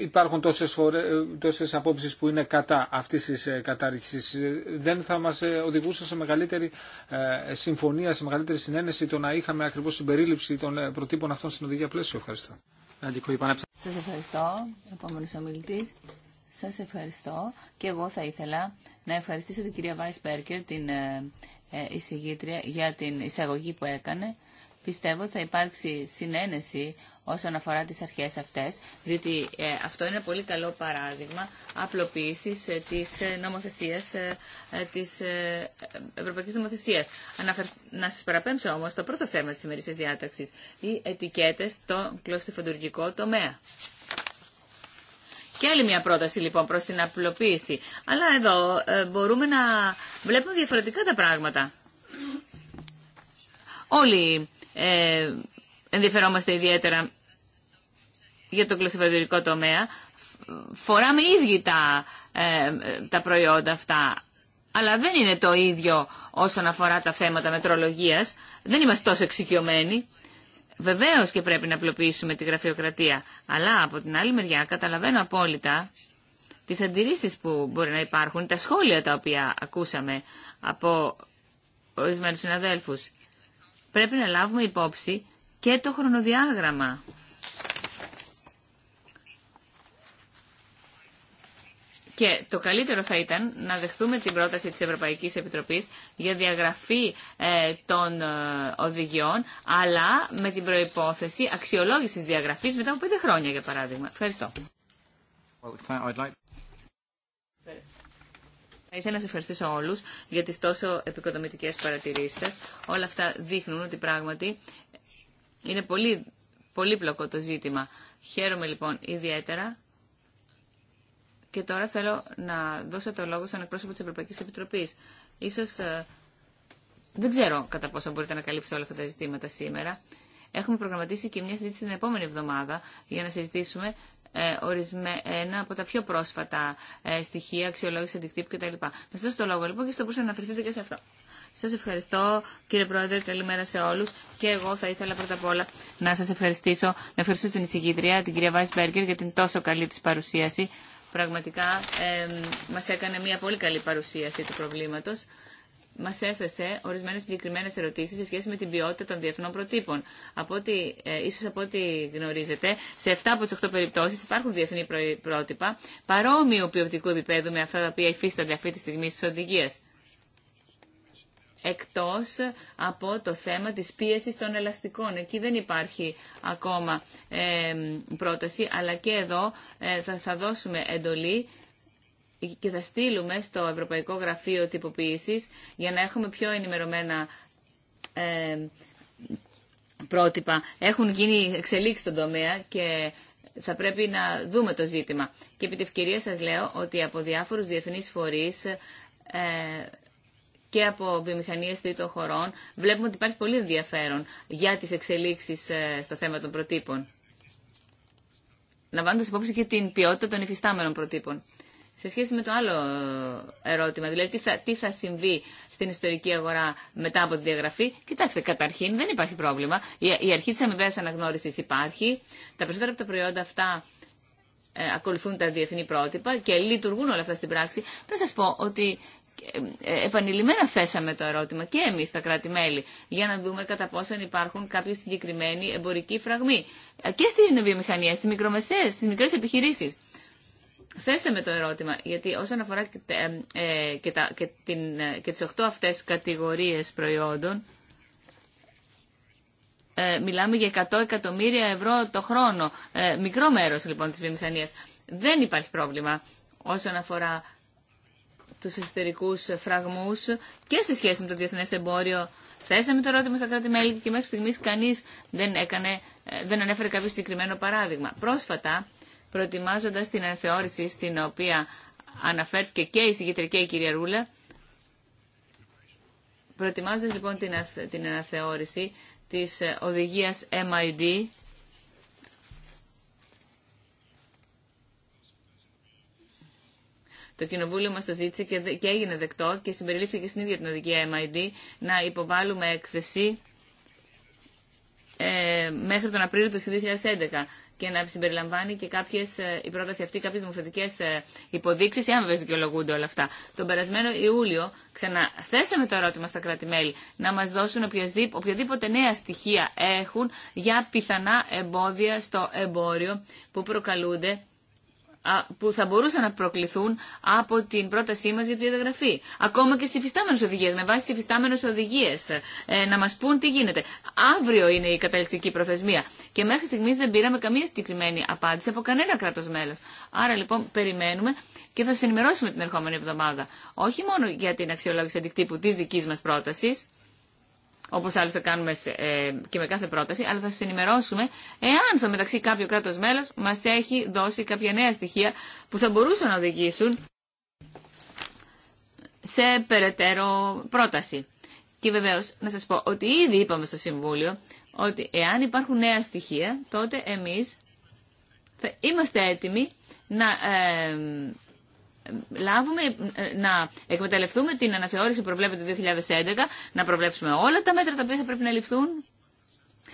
υπάρχουν τόσες, φορέ, τόσες απόψεις που είναι κατά αυτής της ε, κατάρρυξης. Δεν θα μας ε, οδηγούσε σε μεγαλύτερη ε, συμφωνία, σε μεγαλύτερη συνένεση το να είχαμε ακριβώς συμπερίληψη των προτύπων αυτών στην οδηγία πλαίσιο. Ευχαριστώ. Σας ευχαριστώ, επόμενος ομιλητής. Σας ευχαριστώ και εγώ θα ήθελα να ευχαριστήσω την κυρία Βάις Μπέρκερ, την εισηγήτρια, για την εισαγωγή που έκανε πιστεύω ότι θα υπάρξει συνένεση όσον αφορά τις αρχές αυτές, διότι ε, αυτό είναι ένα πολύ καλό παράδειγμα απλοποίησης ε, της ε, νομοθεσίας, της ευρωπαϊκής νομοθεσίας. Να σας παραπέμψω όμως το πρώτο θέμα της σημερινής διάταξης, οι ετικέτες στο κλωστιφοντουργικό τομέα. Και άλλη μια πρόταση λοιπόν προς την απλοποίηση. Αλλά εδώ μπορούμε να βλέπουμε διαφορετικά τα πράγματα. Όλοι ε, ενδιαφερόμαστε ιδιαίτερα για το κλωστοφαντουργικό τομέα. Φοράμε ίδιοι τα, ε, τα προϊόντα αυτά, αλλά δεν είναι το ίδιο όσον αφορά τα θέματα μετρολογίας. Δεν είμαστε τόσο εξοικειωμένοι. Βεβαίως και πρέπει να απλοποιήσουμε τη γραφειοκρατία, αλλά από την άλλη μεριά καταλαβαίνω απόλυτα τις αντιρρήσεις που μπορεί να υπάρχουν, τα σχόλια τα οποία ακούσαμε από ορισμένους συναδέλφους πρέπει να λάβουμε υπόψη και το χρονοδιάγραμμα. Και το καλύτερο θα ήταν να δεχτούμε την πρόταση της Ευρωπαϊκής Επιτροπής για διαγραφή ε, των ε, οδηγιών, αλλά με την προϋπόθεση αξιολόγησης διαγραφής μετά από πέντε χρόνια, για παράδειγμα. Ευχαριστώ. Θα ήθελα να σα ευχαριστήσω όλου για τι τόσο επικοδομητικέ παρατηρήσει. σα. Όλα αυτά δείχνουν ότι πράγματι είναι πολύ, πλοκό το ζήτημα. Χαίρομαι λοιπόν ιδιαίτερα. Και τώρα θέλω να δώσω το λόγο στον εκπρόσωπο της Ευρωπαϊκής Επιτροπής. Ίσως ε, δεν ξέρω κατά πόσο μπορείτε να καλύψετε όλα αυτά τα ζητήματα σήμερα. Έχουμε προγραμματίσει και μια συζήτηση την επόμενη εβδομάδα για να συζητήσουμε ε, ορισμέ, ένα από τα πιο πρόσφατα ε, στοιχεία αξιολόγηση αντικτύπου κτλ. Θα σα δώσω το λόγο λοιπόν και στο που να αναφερθείτε και σε αυτό. Σας ευχαριστώ κύριε Πρόεδρε, καλημέρα σε όλους και εγώ θα ήθελα πρώτα απ' όλα να σας ευχαριστήσω, να ευχαριστήσω την εισηγήτρια, την κυρία Μπέργκερ για την τόσο καλή τη παρουσίαση. Πραγματικά ε, μας έκανε μια πολύ καλή παρουσίαση του προβλήματο μα έθεσε ορισμένε συγκεκριμένε ερωτήσει σε σχέση με την ποιότητα των διεθνών προτύπων. Από ότι, ε, ίσως από ό,τι γνωρίζετε, σε 7 από τι 8 περιπτώσει υπάρχουν διεθνή πρότυπα παρόμοιου ποιοτικού επίπεδου με αυτά τα οποία υφίστανται αυτή τη στιγμή στι οδηγίε. Εκτό από το θέμα τη πίεση των ελαστικών. Εκεί δεν υπάρχει ακόμα ε, πρόταση, αλλά και εδώ ε, θα, θα δώσουμε εντολή και θα στείλουμε στο Ευρωπαϊκό Γραφείο Τυποποίησης για να έχουμε πιο ενημερωμένα ε, πρότυπα. Έχουν γίνει εξελίξει στον τομέα και θα πρέπει να δούμε το ζήτημα. Και επί τη ευκαιρία σας λέω ότι από διάφορους διεθνείς φορείς ε, και από βιομηχανίες τρίτων χωρών βλέπουμε ότι υπάρχει πολύ ενδιαφέρον για τις εξελίξεις ε, στο θέμα των προτύπων. Να Λαμβάνοντας υπόψη και την ποιότητα των υφιστάμενων προτύπων σε σχέση με το άλλο ε, ερώτημα, δηλαδή τι θα, τι θα συμβεί στην ιστορική αγορά μετά από τη διαγραφή, κοιτάξτε, καταρχήν δεν υπάρχει πρόβλημα. Η, αρχή τη αμοιβαία αναγνώριση υπάρχει. Τα περισσότερα από τα προϊόντα αυτά ε, ακολουθούν τα διεθνή πρότυπα και λειτουργούν όλα αυτά στην πράξη. Πρέπει να σα πω ότι ε, επανειλημμένα θέσαμε το ερώτημα και εμεί τα κράτη-μέλη για να δούμε κατά πόσον υπάρχουν κάποιοι συγκεκριμένοι εμπορικοί φραγμοί και στην βιομηχανία, στι μικρομεσαίε, στι μικρέ επιχειρήσει θέσαμε το ερώτημα, γιατί όσον αφορά και, ε, και, τα, και, την, ε, και τις 8 αυτές κατηγορίες προϊόντων, ε, μιλάμε για 100 εκατομμύρια ευρώ το χρόνο. Ε, μικρό μέρος λοιπόν της βιομηχανίας. Δεν υπάρχει πρόβλημα όσον αφορά τους εσωτερικούς φραγμούς και σε σχέση με το διεθνές εμπόριο. Θέσαμε το ερώτημα στα κράτη-μέλη και μέχρι στιγμής κανείς δεν, έκανε, ε, δεν ανέφερε κάποιο συγκεκριμένο παράδειγμα. Πρόσφατα, προετοιμάζοντας την αναθεώρηση στην οποία αναφέρθηκε και η συγκεκριμένη η κυρία Ρούλα, προετοιμάζοντας λοιπόν την αναθεώρηση της ε, οδηγίας MID, Το κοινοβούλιο μα το ζήτησε και έγινε δεκτό και συμπεριλήφθηκε στην ίδια την οδηγία MID να υποβάλουμε έκθεση ε, μέχρι τον Απρίλιο του 2011 για να συμπεριλαμβάνει και κάποιες, ε, η πρόταση αυτή κάποιε δημοθετικέ ε, υποδείξει, εάν βέβαια δικαιολογούνται όλα αυτά. Τον περασμένο Ιούλιο ξαναθέσαμε το ερώτημα στα κράτη-μέλη να μα δώσουν οποιαδήποτε νέα στοιχεία έχουν για πιθανά εμπόδια στο εμπόριο που προκαλούνται που θα μπορούσαν να προκληθούν από την πρότασή μα για τη διαγραφή. Ακόμα και στι υφιστάμενε οδηγίε, με βάση τι υφιστάμενε οδηγίε, ε, να μα πούν τι γίνεται. Αύριο είναι η καταληκτική προθεσμία. Και μέχρι στιγμή δεν πήραμε καμία συγκεκριμένη απάντηση από κανένα κράτο μέλο. Άρα λοιπόν περιμένουμε και θα σα ενημερώσουμε την ερχόμενη εβδομάδα. Όχι μόνο για την αξιολόγηση αντικτύπου τη δική μα πρόταση, όπω άλλωστε κάνουμε ε, και με κάθε πρόταση, αλλά θα σα ενημερώσουμε εάν στο μεταξύ κάποιο κράτο μέλο μα έχει δώσει κάποια νέα στοιχεία που θα μπορούσαν να οδηγήσουν σε περαιτέρω πρόταση. Και βεβαίω να σα πω ότι ήδη είπαμε στο Συμβούλιο ότι εάν υπάρχουν νέα στοιχεία, τότε εμεί θα είμαστε έτοιμοι να ε, λάβουμε, να εκμεταλλευτούμε την αναθεώρηση που προβλέπεται το 2011, να προβλέψουμε όλα τα μέτρα τα οποία θα πρέπει να ληφθούν,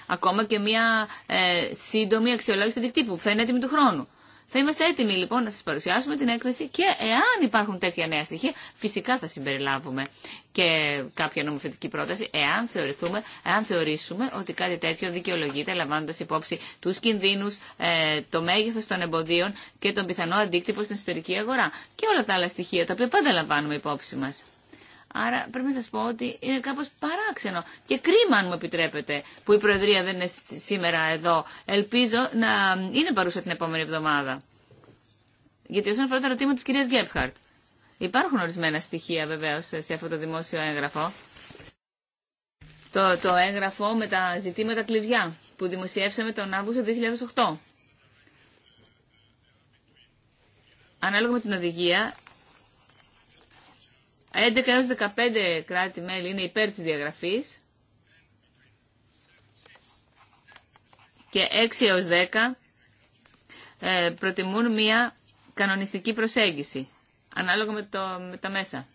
ακόμα και μια ε, σύντομη αξιολόγηση του δικτύπου που φαίνεται έτοιμη του χρόνου. Θα είμαστε έτοιμοι λοιπόν να σας παρουσιάσουμε την έκθεση και εάν υπάρχουν τέτοια νέα στοιχεία, φυσικά θα συμπεριλάβουμε και κάποια νομοθετική πρόταση, εάν, θεωρηθούμε, εάν θεωρήσουμε ότι κάτι τέτοιο δικαιολογείται, λαμβάνοντας υπόψη τους κινδύνους, ε, το μέγεθος των εμποδίων και τον πιθανό αντίκτυπο στην εσωτερική αγορά. Και όλα τα άλλα στοιχεία, τα οποία πάντα λαμβάνουμε υπόψη μας. Άρα πρέπει να σα πω ότι είναι κάπω παράξενο και κρίμα, αν μου επιτρέπετε, που η Προεδρία δεν είναι σήμερα εδώ. Ελπίζω να είναι παρούσα την επόμενη εβδομάδα. Γιατί όσον αφορά τα ερωτήματα τη κυρία Γκέπχαρτ, υπάρχουν ορισμένα στοιχεία βεβαίω σε αυτό το δημόσιο έγγραφο. Το, το έγγραφο με τα ζητήματα κλειδιά που δημοσιεύσαμε τον Αύγουστο 2008. Ανάλογα με την οδηγία, 11 έως 15 κράτη-μέλη είναι υπέρ της διαγραφής και 6 έως 10 ε, προτιμούν μια κανονιστική προσέγγιση, ανάλογα με, το, με τα μέσα.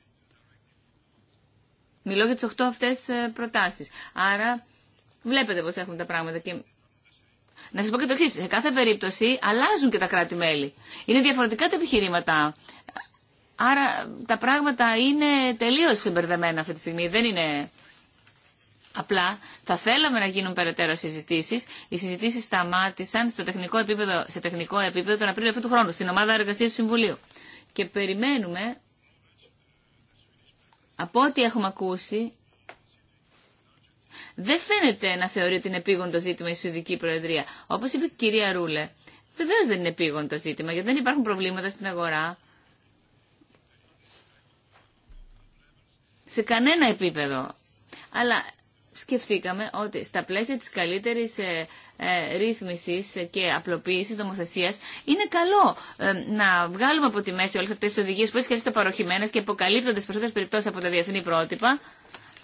Μιλώ για τις 8 αυτές ε, προτάσεις. Άρα βλέπετε πώς έχουν τα πράγματα να σας πω και το εξή. Σε κάθε περίπτωση αλλάζουν και τα κράτη-μέλη. Είναι διαφορετικά τα επιχειρήματα Άρα τα πράγματα είναι τελείως συμπερδεμένα αυτή τη στιγμή, δεν είναι απλά. Θα θέλαμε να γίνουν περαιτέρω συζητήσεις. Οι συζητήσεις σταμάτησαν στο τεχνικό επίπεδο, σε τεχνικό επίπεδο τον Απρίλιο αυτού του χρόνου, στην ομάδα εργασίας του Συμβουλίου. Και περιμένουμε, από ό,τι έχουμε ακούσει, δεν φαίνεται να θεωρεί ότι είναι επίγον ζήτημα η Σουηδική Προεδρία. Όπω είπε η κυρία Ρούλε, βεβαίω δεν είναι επίγον ζήτημα γιατί δεν υπάρχουν προβλήματα στην αγορά. σε κανένα επίπεδο. Αλλά σκεφτήκαμε ότι στα πλαίσια της καλύτερης ε, ε, ρύθμισης και απλοποίησης νομοθεσίας είναι καλό ε, να βγάλουμε από τη μέση όλες αυτές τις οδηγίες που έτσι και παροχημένες και αποκαλύπτονται σε περισσότερες περιπτώσεις από τα διεθνή πρότυπα.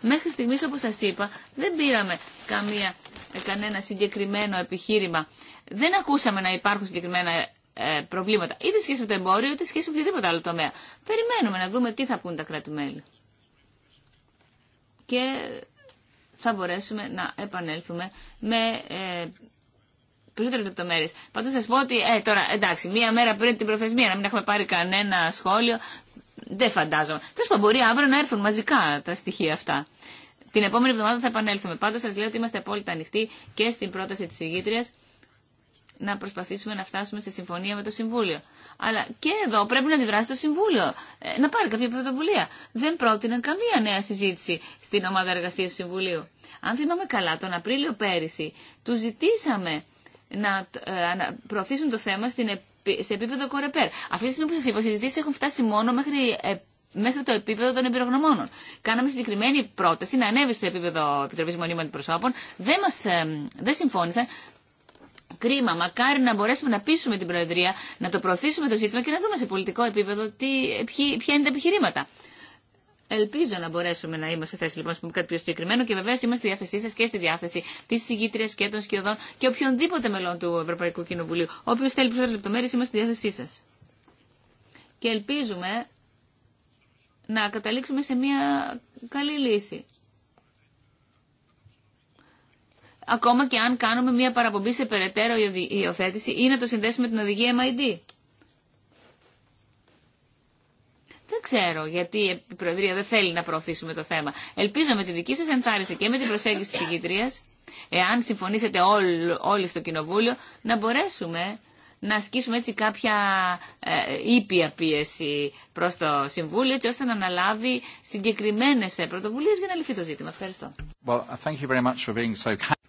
Μέχρι στιγμής, όπως σας είπα, δεν πήραμε καμία, ε, κανένα συγκεκριμένο επιχείρημα. Δεν ακούσαμε να υπάρχουν συγκεκριμένα ε, προβλήματα, είτε σχέση με το εμπόριο, είτε σχέση με οποιοδήποτε άλλο τομέα. Περιμένουμε να δούμε τι θα πούν τα κράτη-μέλη και θα μπορέσουμε να επανέλθουμε με ε, περισσότερε λεπτομέρειε. Πάντω σα πω ότι ε, τώρα εντάξει, μία μέρα πριν την προθεσμία να μην έχουμε πάρει κανένα σχόλιο. Δεν φαντάζομαι. Τέλο πάντων, μπορεί αύριο να έρθουν μαζικά τα στοιχεία αυτά. Την επόμενη εβδομάδα θα επανέλθουμε. Πάντω σα λέω ότι είμαστε απόλυτα ανοιχτοί και στην πρόταση τη ηγήτρια να προσπαθήσουμε να φτάσουμε στη συμφωνία με το Συμβούλιο. Αλλά και εδώ πρέπει να αντιδράσει το Συμβούλιο, ε, να πάρει κάποια πρωτοβουλία. Δεν πρότειναν καμία νέα συζήτηση στην ομάδα εργασία του Συμβουλίου. Αν θυμάμαι καλά, τον Απρίλιο πέρυσι του ζητήσαμε να ε, προωθήσουν το θέμα σε επίπεδο κορεπέρ. Αυτή τη στιγμή που σα είπα, οι συζητήσει έχουν φτάσει μόνο μέχρι, ε, μέχρι το επίπεδο των εμπειρογνωμόνων. Κάναμε συγκεκριμένη πρόταση να ανέβει στο επίπεδο Επιτροπή Μονίμων Αντιπροσώπων. Δεν, δεν συμφώνησαν κρίμα. Μακάρι να μπορέσουμε να πείσουμε την Προεδρία, να το προωθήσουμε το ζήτημα και να δούμε σε πολιτικό επίπεδο τι, ποια είναι τα επιχειρήματα. Ελπίζω να μπορέσουμε να είμαστε θέση λοιπόν να πούμε κάτι πιο συγκεκριμένο και βεβαίω είμαστε στη διάθεσή σα και στη διάθεση τη συγκήτρια και των σκιωδών και οποιονδήποτε μελών του Ευρωπαϊκού Κοινοβουλίου. Όποιο θέλει περισσότερε λεπτομέρειε, είμαστε στη διάθεσή σα. Και ελπίζουμε να καταλήξουμε σε μια καλή λύση. ακόμα και αν κάνουμε μια παραπομπή σε περαιτέρω υιοθέτηση ή να το συνδέσουμε με την οδηγία MID. Δεν ξέρω γιατί η Προεδρία δεν θέλει να προωθήσουμε το θέμα. Ελπίζω με τη δική σας ενθάρρυνση και με την προσέγγιση της ηγητρίας, εάν συμφωνήσετε όλοι στο Κοινοβούλιο, να μπορέσουμε να ασκήσουμε έτσι κάποια ε, ήπια πίεση προς το Συμβούλιο, έτσι ώστε να αναλάβει συγκεκριμένες πρωτοβουλίες για να λυθεί το ζήτημα. Ευχαριστώ. Well,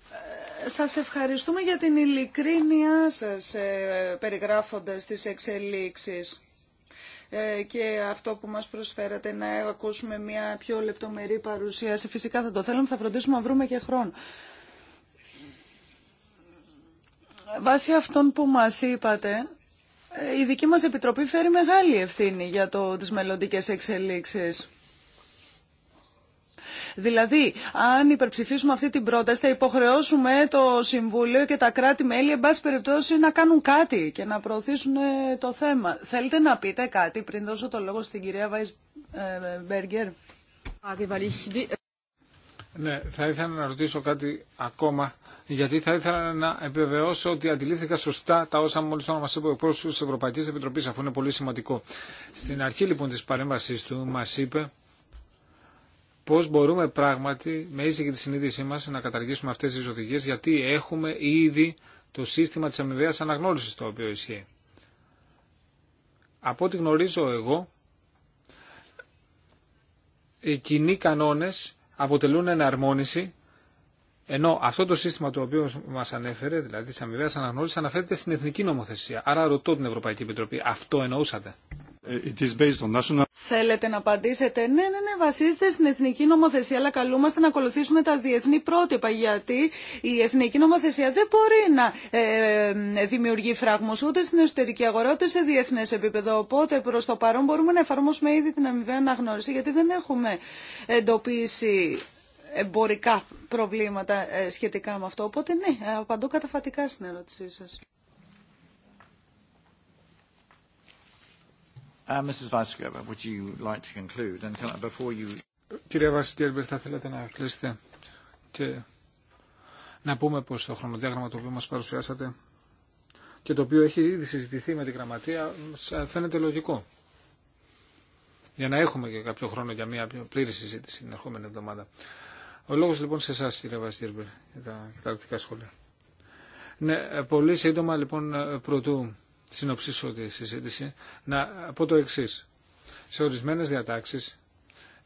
σας ευχαριστούμε για την ειλικρίνειά σας ε, περιγράφοντας τις εξελίξεις ε, και αυτό που μας προσφέρατε να ακούσουμε μια πιο λεπτομερή παρουσίαση. Φυσικά θα το θέλουμε, θα φροντίσουμε να βρούμε και χρόνο. Βάσει αυτών που μας είπατε, ε, η δική μας Επιτροπή φέρει μεγάλη ευθύνη για το, τις μελλοντικές εξελίξεις. Δηλαδή, αν υπερψηφίσουμε αυτή την πρόταση, θα υποχρεώσουμε το Συμβούλιο και τα κράτη-μέλη, εν πάση περιπτώσει, να κάνουν κάτι και να προωθήσουν ε, το θέμα. Θέλετε να πείτε κάτι πριν δώσω το λόγο στην κυρία Βάις ε, Μπέργκερ. Ναι, θα ήθελα να ρωτήσω κάτι ακόμα, γιατί θα ήθελα να επιβεβαιώσω ότι αντιλήφθηκα σωστά τα όσα μόλι τώρα μα είπε ο πρόσωπο τη Ευρωπαϊκή Επιτροπή, αφού είναι πολύ σημαντικό. Στην αρχή λοιπόν τη παρέμβασή του μα είπε Πώ μπορούμε πράγματι με ίση και τη συνείδησή μα να καταργήσουμε αυτέ τι οδηγίε γιατί έχουμε ήδη το σύστημα τη αμοιβαία αναγνώριση το οποίο ισχύει. Από ό,τι γνωρίζω εγώ, οι κοινοί κανόνε αποτελούν εναρμόνιση ενώ αυτό το σύστημα το οποίο μα ανέφερε, δηλαδή τη αμοιβαία αναγνώριση, αναφέρεται στην εθνική νομοθεσία. Άρα ρωτώ την Ευρωπαϊκή Επιτροπή, αυτό εννοούσατε. Θέλετε να απαντήσετε. Ναι, ναι, ναι, βασίζεται στην εθνική νομοθεσία, αλλά καλούμαστε να ακολουθήσουμε τα διεθνή πρότυπα, γιατί η εθνική νομοθεσία δεν μπορεί να ε, ε, δημιουργεί φράγμους ούτε στην εσωτερική αγορά, ούτε σε διεθνές επίπεδο. Οπότε προς το παρόν μπορούμε να εφαρμόσουμε ήδη την αμοιβαία αναγνώριση, γιατί δεν έχουμε εντοπίσει εμπορικά προβλήματα ε, σχετικά με αυτό. Οπότε ναι, απαντώ καταφατικά στην ερώτησή σας. Uh, Mrs. Gerber, Κυρία θα θέλατε να κλείσετε και να πούμε πως το χρονοδιάγραμμα το οποίο μας παρουσιάσατε και το οποίο έχει ήδη συζητηθεί με την γραμματεία φαίνεται λογικό. Για να έχουμε και κάποιο χρόνο για μια πλήρη συζήτηση την ερχόμενη εβδομάδα. Ο λόγος λοιπόν σε εσά, κύριε Βαστήρμπερ, για τα καταρκτικά σχόλια. Ναι, ε, πολύ σύντομα λοιπόν ε, πρωτού συνοψίσω τη συζήτηση, να πω το εξή. Σε ορισμένες διατάξεις,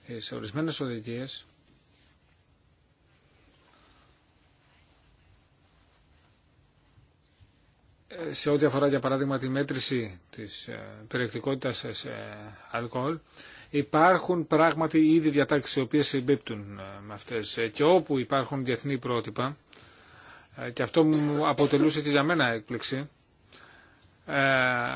ε, σε ορισμένες οδηγίες, ε, σε ό,τι αφορά για παράδειγμα τη μέτρηση της ε, περιεκτικότητας σε αλκοόλ, υπάρχουν πράγματι ήδη διατάξεις οι οποίες συμπίπτουν με αυτές και όπου υπάρχουν διεθνή πρότυπα, και αυτό μου αποτελούσε και για μένα έκπληξη, ε,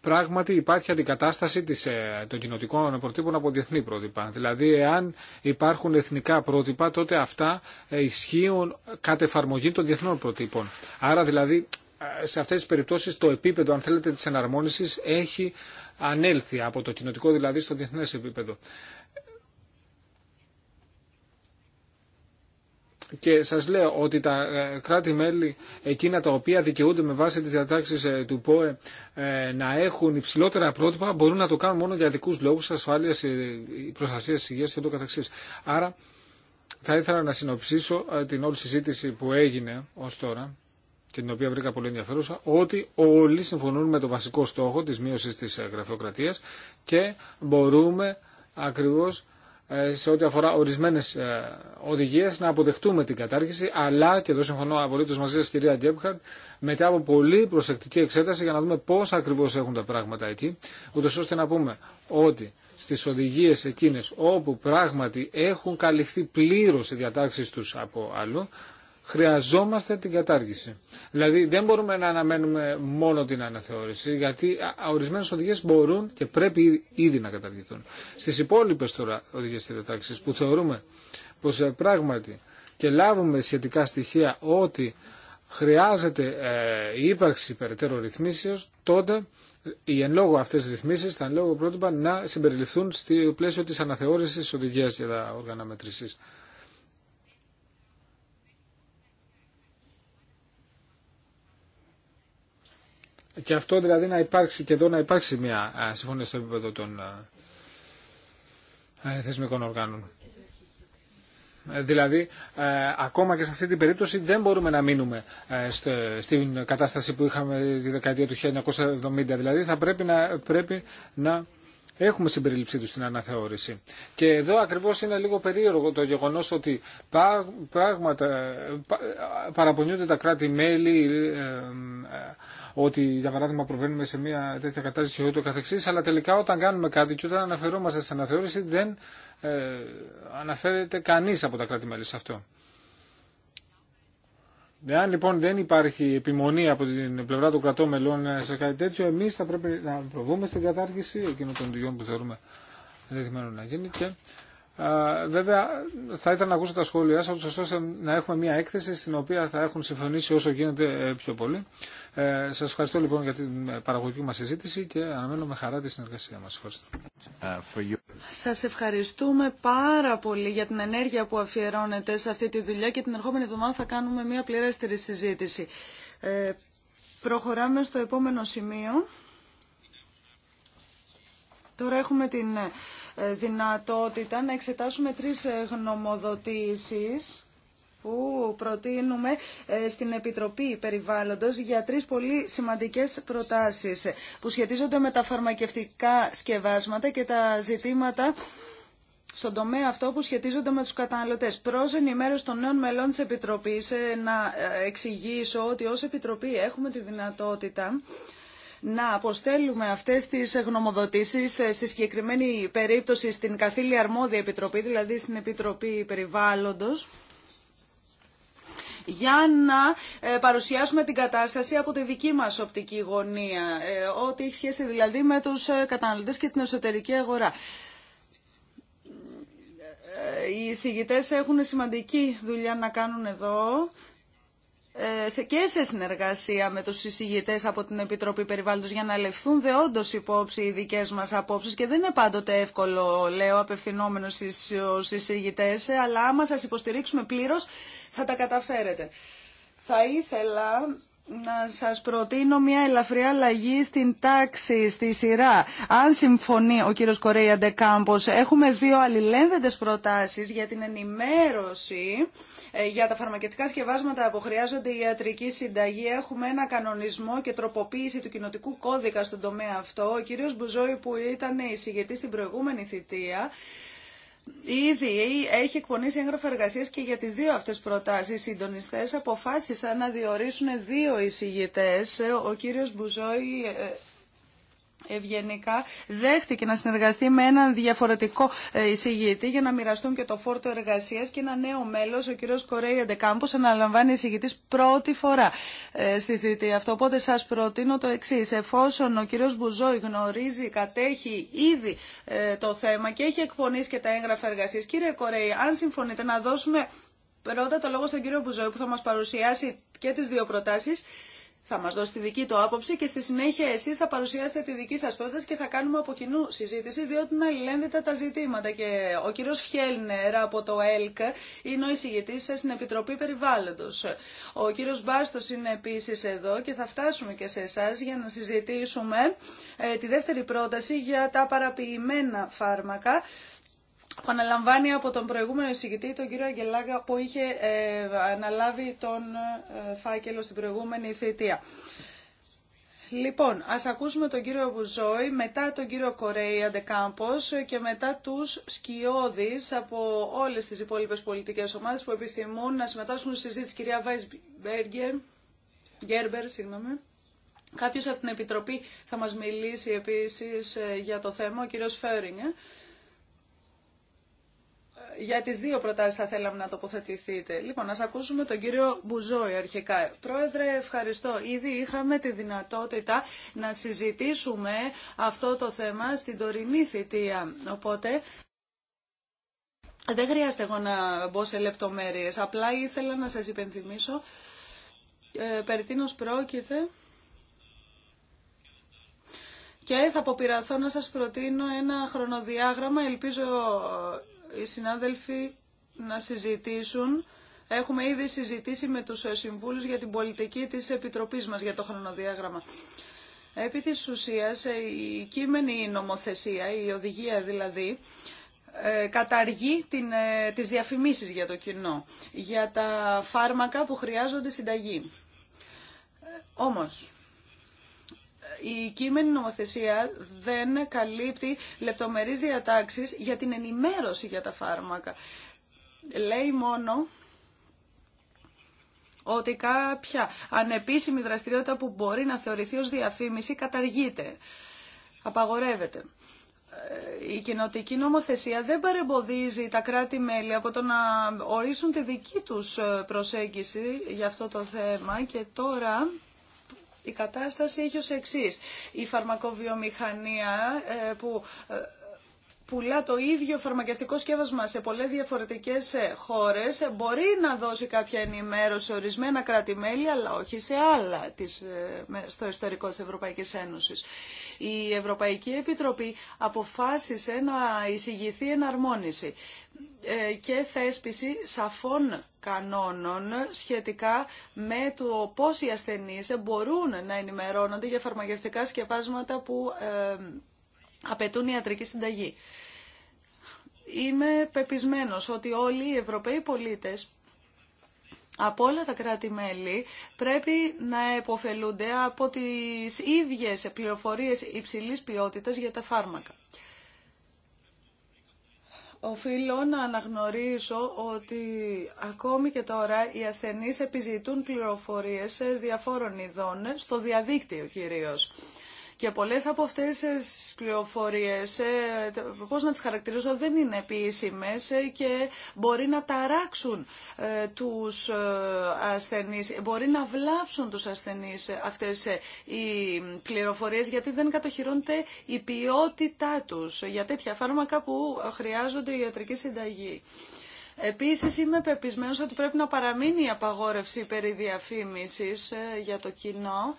πράγματι υπάρχει αντικατάσταση της, ε, των κοινοτικών προτύπων από διεθνή πρότυπα. Δηλαδή, εάν υπάρχουν εθνικά πρότυπα, τότε αυτά ε, ισχύουν κατ' εφαρμογή των διεθνών προτύπων. Άρα, δηλαδή, σε αυτές τις περιπτώσεις το επίπεδο, αν θέλετε, της εναρμόνισης έχει ανέλθει από το κοινοτικό δηλαδή στο διεθνές επίπεδο. και σας λέω ότι τα ε, κράτη-μέλη εκείνα τα οποία δικαιούνται με βάση τις διατάξεις ε, του ΠΟΕ ε, να έχουν υψηλότερα πρότυπα μπορούν να το κάνουν μόνο για δικούς λόγους ασφάλειας, προστασίας υγείας και το καταξής. Άρα θα ήθελα να συνοψίσω την όλη συζήτηση που έγινε ως τώρα και την οποία βρήκα πολύ ενδιαφέρουσα, ότι όλοι συμφωνούν με το βασικό στόχο της μείωσης της γραφειοκρατίας και μπορούμε ακριβώς ε, σε ό,τι αφορά ορισμένε ε, οδηγίε να αποδεχτούμε την κατάργηση, αλλά, και εδώ συμφωνώ απολύτω μαζί σα, κυρία Γκέμπχαρτ, μετά από πολύ προσεκτική εξέταση για να δούμε πώ ακριβώ έχουν τα πράγματα εκεί, ούτω ώστε να πούμε ότι στις οδηγίες εκείνες όπου πράγματι έχουν καλυφθεί πλήρως οι διατάξει του από άλλο, χρειαζόμαστε την κατάργηση. Δηλαδή δεν μπορούμε να αναμένουμε μόνο την αναθεώρηση, γιατί ορισμένες οδηγίες μπορούν και πρέπει ήδη να καταργηθούν. Στις υπόλοιπες τώρα οδηγίες και διατάξεις που θεωρούμε πως ε, πράγματι και λάβουμε σχετικά στοιχεία ότι χρειάζεται ε, η ύπαρξη περαιτέρω ρυθμίσεως, τότε οι εν λόγω αυτές ρυθμίσεις, τα εν λόγω πρότυπα να συμπεριληφθούν στο πλαίσιο της αναθεώρησης οδηγίας για τα όργανα μετρησής. Και αυτό δηλαδή να υπάρξει και εδώ να υπάρξει μια συμφωνία στο επίπεδο των ε, θεσμικών οργάνων. Ε, δηλαδή, ε, ακόμα και σε αυτή την περίπτωση δεν μπορούμε να μείνουμε στην κατάσταση που είχαμε τη δεκαετία του 1970. Δηλαδή, θα πρέπει να, πρέπει να Έχουμε συμπεριληψή του στην αναθεώρηση. Και εδώ ακριβώς είναι λίγο περίεργο το γεγονός ότι πράγματα, παραπονιούνται τα κράτη-μέλη ε, ε, ότι για παράδειγμα προβαίνουμε σε μια τέτοια κατάσταση και ούτω καθεξής, αλλά τελικά όταν κάνουμε κάτι και όταν αναφερόμαστε σε αναθεώρηση δεν ε, αναφέρεται κανείς από τα κράτη-μέλη σε αυτό. Εάν λοιπόν δεν υπάρχει επιμονή από την πλευρά των κρατών μελών σε κάτι τέτοιο, εμεί θα πρέπει να προβούμε στην κατάργηση εκείνων των διών που θεωρούμε δεδομένων να γίνει. Και, α, βέβαια, θα ήθελα να ακούσω τα σχόλιά σα, ώστε να έχουμε μια έκθεση στην οποία θα έχουν συμφωνήσει όσο γίνεται ε, πιο πολύ ε, σας ευχαριστώ λοιπόν για την ε, παραγωγική μας συζήτηση και αναμένω με χαρά τη συνεργασία μας. Ευχαριστώ. Ε, σας ευχαριστούμε πάρα πολύ για την ενέργεια που αφιερώνετε σε αυτή τη δουλειά και την ερχόμενη εβδομάδα θα κάνουμε μια πληρέστερη συζήτηση. Ε, προχωράμε στο επόμενο σημείο. Τώρα έχουμε την ε, δυνατότητα να εξετάσουμε τρεις γνωμοδοτήσεις που προτείνουμε ε, στην Επιτροπή Περιβάλλοντος για τρεις πολύ σημαντικές προτάσεις που σχετίζονται με τα φαρμακευτικά σκευάσματα και τα ζητήματα στον τομέα αυτό που σχετίζονται με τους καταναλωτές. Προς ενημέρωση των νέων μελών της Επιτροπής ε, να ε, εξηγήσω ότι ως Επιτροπή έχουμε τη δυνατότητα να αποστέλουμε αυτές τις γνωμοδοτήσεις στη συγκεκριμένη περίπτωση στην καθήλια αρμόδια Επιτροπή, δηλαδή στην Επιτροπή Περιβάλλοντος για να ε, παρουσιάσουμε την κατάσταση από τη δική μας οπτική γωνία, ε, ό,τι έχει σχέση δηλαδή με τους ε, καταναλωτές και την εσωτερική αγορά. Οι συγητές έχουν σημαντική δουλειά να κάνουν εδώ ε, και σε συνεργασία με τους συζητητές από την Επιτροπή Περιβάλλοντος για να λεφθούν δεόντως υπόψη οι δικές μας απόψεις και δεν είναι πάντοτε εύκολο, λέω, απευθυνόμενος στους συζητητές, αλλά άμα σας υποστηρίξουμε πλήρως θα τα καταφέρετε. Θα ήθελα να σας προτείνω μια ελαφριά αλλαγή στην τάξη, στη σειρά. Αν συμφωνεί ο κύριος Κορέια Ντεκάμπος, έχουμε δύο αλληλένδετες προτάσεις για την ενημέρωση ε, για τα φαρμακευτικά σκευάσματα που χρειάζονται η ιατρική συνταγή. Έχουμε ένα κανονισμό και τροποποίηση του κοινοτικού κώδικα στον τομέα αυτό. Ο κύριος Μπουζόη που ήταν εισηγητή στην προηγούμενη θητεία Ήδη έχει εκπονήσει έγγραφα εργασία και για τι δύο αυτέ προτάσει. Οι συντονιστέ αποφάσισαν να διορίσουν δύο εισηγητέ. Ο κύριο Μπουζόη ε, ευγενικά δέχτηκε να συνεργαστεί με έναν διαφορετικό ε, εισηγητή για να μοιραστούν και το φόρτο εργασία και ένα νέο μέλο, ο κύριο Κορέι Αντεκάμπο, αναλαμβάνει εισηγητή πρώτη φορά ε, στη θητή αυτό. Οπότε σα προτείνω το εξή. Εφόσον ο κύριο Μπουζόη γνωρίζει, κατέχει ήδη ε, το θέμα και έχει εκπονήσει και τα έγγραφα εργασία, κύριε Κορέι, αν συμφωνείτε να δώσουμε πρώτα το λόγο στον κύριο Μπουζόη που θα μα παρουσιάσει και τι δύο προτάσει θα μας δώσει τη δική του άποψη και στη συνέχεια εσείς θα παρουσιάσετε τη δική σας πρόταση και θα κάνουμε από κοινού συζήτηση διότι να αλληλένδετα τα ζητήματα και ο κύριος Φιέλνερ από το ΕΛΚ είναι ο εισηγητής σας στην Επιτροπή Περιβάλλοντος. Ο κύριος Μπάστος είναι επίσης εδώ και θα φτάσουμε και σε εσά για να συζητήσουμε ε, τη δεύτερη πρόταση για τα παραποιημένα φάρμακα που αναλαμβάνει από τον προηγούμενο εισηγητή, τον κύριο Αγγελάκα, που είχε ε, αναλάβει τον ε, φάκελο στην προηγούμενη θητεία. Λοιπόν, ας ακούσουμε τον κύριο Μπουζόη, μετά τον κύριο Κορέι Ντεκάμπος και μετά τους σκιώδεις από όλες τις υπόλοιπες πολιτικές ομάδες που επιθυμούν να συμμετάσχουν στη συζήτηση. Κυρία Βάις Γκέρμπερ, συγγνώμη. Κάποιος από την Επιτροπή θα μας μιλήσει επίσης ε, για το θέμα, ο κύριος Φέρινγκ για τις δύο προτάσεις θα θέλαμε να τοποθετηθείτε. Λοιπόν, ας ακούσουμε τον κύριο Μπουζόη αρχικά. Πρόεδρε, ευχαριστώ. Ήδη είχαμε τη δυνατότητα να συζητήσουμε αυτό το θέμα στην τωρινή θητεία. Οπότε... Δεν χρειάζεται εγώ να μπω σε λεπτομέρειες. Απλά ήθελα να σας υπενθυμίσω ε, περί τίνος πρόκειται και θα αποπειραθώ να σας προτείνω ένα χρονοδιάγραμμα. Ελπίζω οι συνάδελφοι να συζητήσουν. Έχουμε ήδη συζητήσει με τους συμβούλους για την πολιτική της Επιτροπής μας για το χρονοδιάγραμμα. Επί της ουσίας, η κείμενη νομοθεσία, η οδηγία δηλαδή, ε, καταργεί την, ε, τις διαφημίσεις για το κοινό, για τα φάρμακα που χρειάζονται συνταγή. Ε, όμως, η κείμενη νομοθεσία δεν καλύπτει λεπτομερείς διατάξεις για την ενημέρωση για τα φάρμακα. Λέει μόνο ότι κάποια ανεπίσημη δραστηριότητα που μπορεί να θεωρηθεί ως διαφήμιση καταργείται, απαγορεύεται. Ε, η κοινοτική νομοθεσία δεν παρεμποδίζει τα κράτη-μέλη από το να ορίσουν τη δική τους ε, προσέγγιση για αυτό το θέμα και τώρα η κατάσταση έχει ως εξής. Η φαρμακοβιομηχανία ε, που ε, πουλά το ίδιο φαρμακευτικό σκεύασμα σε πολλές διαφορετικές ε, χώρες μπορεί να δώσει κάποια ενημέρωση σε ορισμένα κράτη-μέλη αλλά όχι σε άλλα στο ιστορικό της Ευρωπαϊκής Ένωσης η Ευρωπαϊκή Επιτροπή αποφάσισε να εισηγηθεί εναρμόνιση ε, και θέσπιση σαφών κανόνων σχετικά με το πώς οι ασθενείς μπορούν να ενημερώνονται για φαρμακευτικά σκευάσματα που ε, απαιτούν ιατρική συνταγή. Είμαι πεπισμένος ότι όλοι οι Ευρωπαίοι πολίτες από όλα τα κράτη-μέλη πρέπει να επωφελούνται από τις ίδιες πληροφορίες υψηλής ποιότητας για τα φάρμακα. Οφείλω να αναγνωρίσω ότι ακόμη και τώρα οι ασθενείς επιζητούν πληροφορίες διαφόρων ειδών, στο διαδίκτυο κυρίως. Και πολλές από αυτές τις πληροφορίες, ε, πώς να τις χαρακτηρίζω, δεν είναι επίσημες ε, και μπορεί να ταράξουν ε, τους ασθενείς, μπορεί να βλάψουν τους ασθενείς αυτές οι πληροφορίες γιατί δεν κατοχυρώνεται η ποιότητά τους για τέτοια φάρμακα που χρειάζονται ιατρική συνταγή. Επίσης είμαι πεπισμένος ότι πρέπει να παραμείνει η απαγόρευση περί διαφήμισης για το κοινό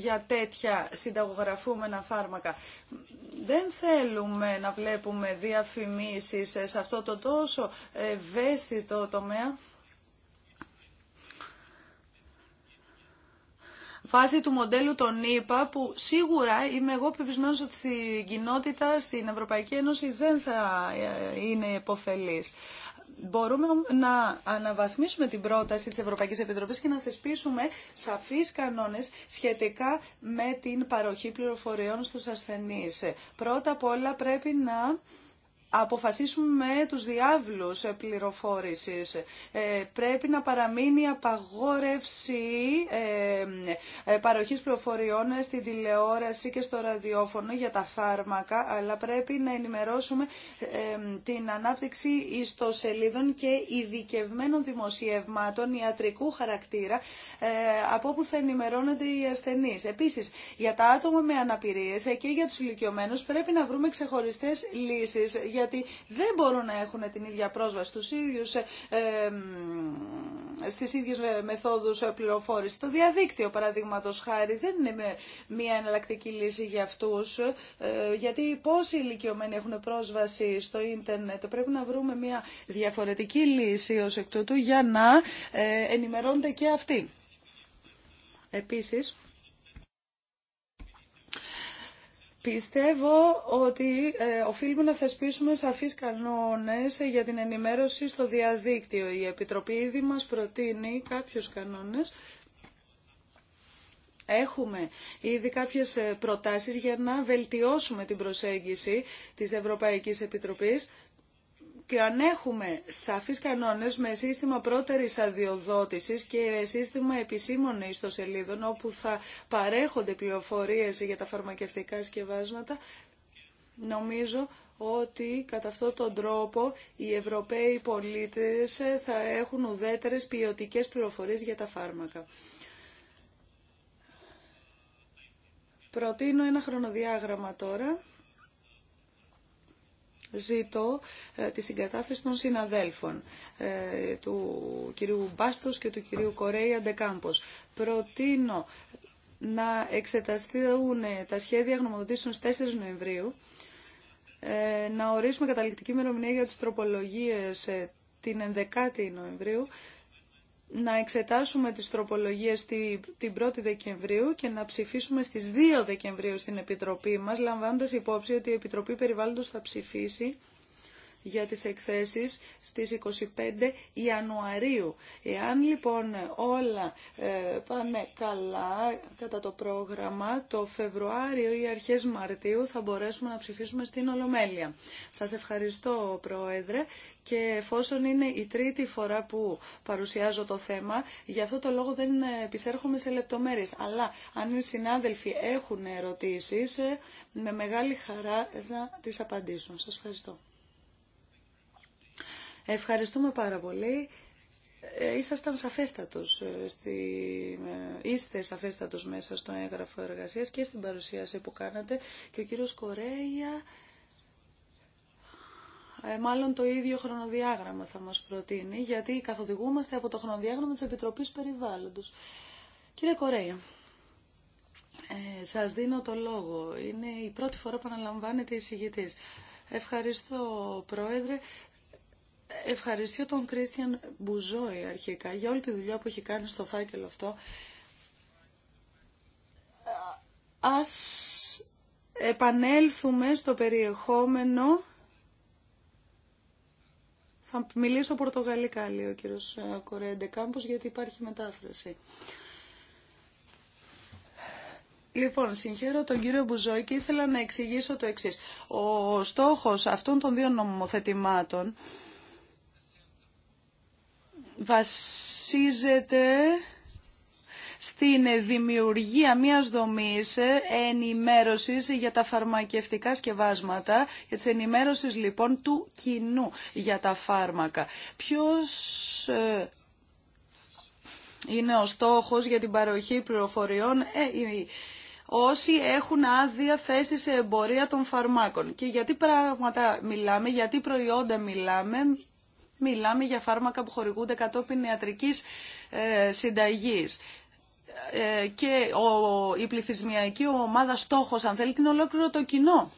για τέτοια συνταγογραφούμενα φάρμακα. Δεν θέλουμε να βλέπουμε διαφημίσεις σε αυτό το τόσο ευαίσθητο τομέα. βάσει του μοντέλου των ΗΠΑ που σίγουρα είμαι εγώ πεπισμένος ότι στην κοινότητα στην Ευρωπαϊκή Ένωση δεν θα ε, είναι υποφελής μπορούμε να αναβαθμίσουμε την πρόταση της Ευρωπαϊκής Επιτροπής και να θεσπίσουμε σαφείς κανόνες σχετικά με την παροχή πληροφοριών στους ασθενείς. Πρώτα απ' όλα πρέπει να αποφασίσουμε τους διάβλους πληροφόρησης. Ε, πρέπει να παραμείνει απαγόρευση ε, ε, παροχής πληροφοριών στην τηλεόραση και στο ραδιόφωνο για τα φάρμακα, αλλά πρέπει να ενημερώσουμε την ανάπτυξη ιστοσελίδων και ειδικευμένων δημοσιευμάτων ιατρικού χαρακτήρα, από όπου θα ενημερώνονται οι ασθενείς. Επίσης, για τα άτομα με αναπηρίες και για τους ηλικιωμένους πρέπει να βρούμε ξεχωριστές λύσεις γιατί δεν μπορούν να έχουν την ίδια πρόσβαση στους ίδιους, ε, στις ίδιες μεθόδους πληροφόρηση. Το διαδίκτυο, παραδείγματο χάρη, δεν είναι μια εναλλακτική λύση για αυτούς, ε, γιατί πόσοι ηλικιωμένοι έχουν πρόσβαση στο ίντερνετ. Πρέπει να βρούμε μια διαφορετική λύση ως εκ τούτου για να ε, ενημερώνεται και αυτοί. Επίσης, Πιστεύω ότι ε, οφείλουμε να θεσπίσουμε σαφείς κανόνες για την ενημέρωση στο διαδίκτυο. Η Επιτροπή ήδη μας προτείνει κάποιους κανόνες Έχουμε ήδη κάποιες ε, προτάσεις για να βελτιώσουμε την προσέγγιση της Ευρωπαϊκής Επιτροπής και αν έχουμε σαφείς κανόνες με σύστημα πρώτερης αδειοδότησης και σύστημα επισήμων ιστοσελίδων όπου θα παρέχονται πληροφορίες για τα φαρμακευτικά σκευάσματα, νομίζω ότι κατά αυτόν τον τρόπο οι Ευρωπαίοι πολίτες θα έχουν ουδέτερες ποιοτικές πληροφορίες για τα φάρμακα. Προτείνω ένα χρονοδιάγραμμα τώρα ζητώ ε, τη συγκατάθεση των συναδέλφων ε, του κυρίου Μπάστος και του κυρίου Κορέια Αντεκάμπος. Προτείνω να εξεταστούν τα σχέδια γνωμοδοτήσεων στις 4 Νοεμβρίου, ε, να ορίσουμε καταληκτική ημερομηνία για τις τροπολογίες την 11η Νοεμβρίου να εξετάσουμε τις τροπολογίες την 1η Δεκεμβρίου και να ψηφίσουμε στις 2 Δεκεμβρίου στην Επιτροπή μας, λαμβάνοντας υπόψη ότι η Επιτροπή Περιβάλλοντος θα ψηφίσει για τις εκθέσεις στις 25 Ιανουαρίου. Εάν λοιπόν όλα ε, πάνε καλά κατά το πρόγραμμα, το Φεβρουάριο ή αρχές Μαρτίου θα μπορέσουμε να ψηφίσουμε στην Ολομέλεια. Σας ευχαριστώ Πρόεδρε και εφόσον είναι η τρίτη φορά που παρουσιάζω το θέμα, γι' αυτό το λόγο δεν ε, επισέρχομαι σε λεπτομέρειες. Αλλά αν οι συνάδελφοι έχουν ερωτήσεις, ε, με μεγάλη χαρά θα τις απαντήσουν. Σας ευχαριστώ. Ευχαριστούμε πάρα πολύ. Ε, ήσασταν σαφέστατος, ε, στη... Ε, είστε σαφέστατος μέσα στο έγγραφο εργασίας και στην παρουσίαση που κάνατε και ο κύριος Κορέια μάλλον το ίδιο χρονοδιάγραμμα θα μας προτείνει γιατί καθοδηγούμαστε από το χρονοδιάγραμμα της Επιτροπής Περιβάλλοντος. Κύριε Κορέια, ε, σας δίνω το λόγο. Είναι η πρώτη φορά που αναλαμβάνετε εισηγητής. Ευχαριστώ, Πρόεδρε ευχαριστώ τον Κρίστιαν Μπουζόη αρχικά για όλη τη δουλειά που έχει κάνει στο φάκελο αυτό. Ας επανέλθουμε στο περιεχόμενο. Θα μιλήσω πορτογαλικά, λέει ο κύριος ε, Κορέντε Κάμπος, γιατί υπάρχει μετάφραση. Λοιπόν, συγχαίρω τον κύριο Μπουζόη και ήθελα να εξηγήσω το εξής. Ο στόχος αυτών των δύο νομοθετημάτων βασίζεται στην δημιουργία μιας δομής ενημέρωσης για τα φαρμακευτικά σκευάσματα, για τις ενημέρωσης λοιπόν του κοινού για τα φάρμακα. Ποιος ε, είναι ο στόχος για την παροχή πληροφοριών ε, όσοι έχουν άδεια θέση σε εμπορία των φαρμάκων. Και γιατί πράγματα μιλάμε, γιατί προϊόντα μιλάμε, Μιλάμε για φάρμακα που χορηγούνται κατόπιν ιατρικής ε, συνταγής ε, και ο, η πληθυσμιακή ομάδα στόχος, αν θέλει, είναι ολόκληρο το κοινό.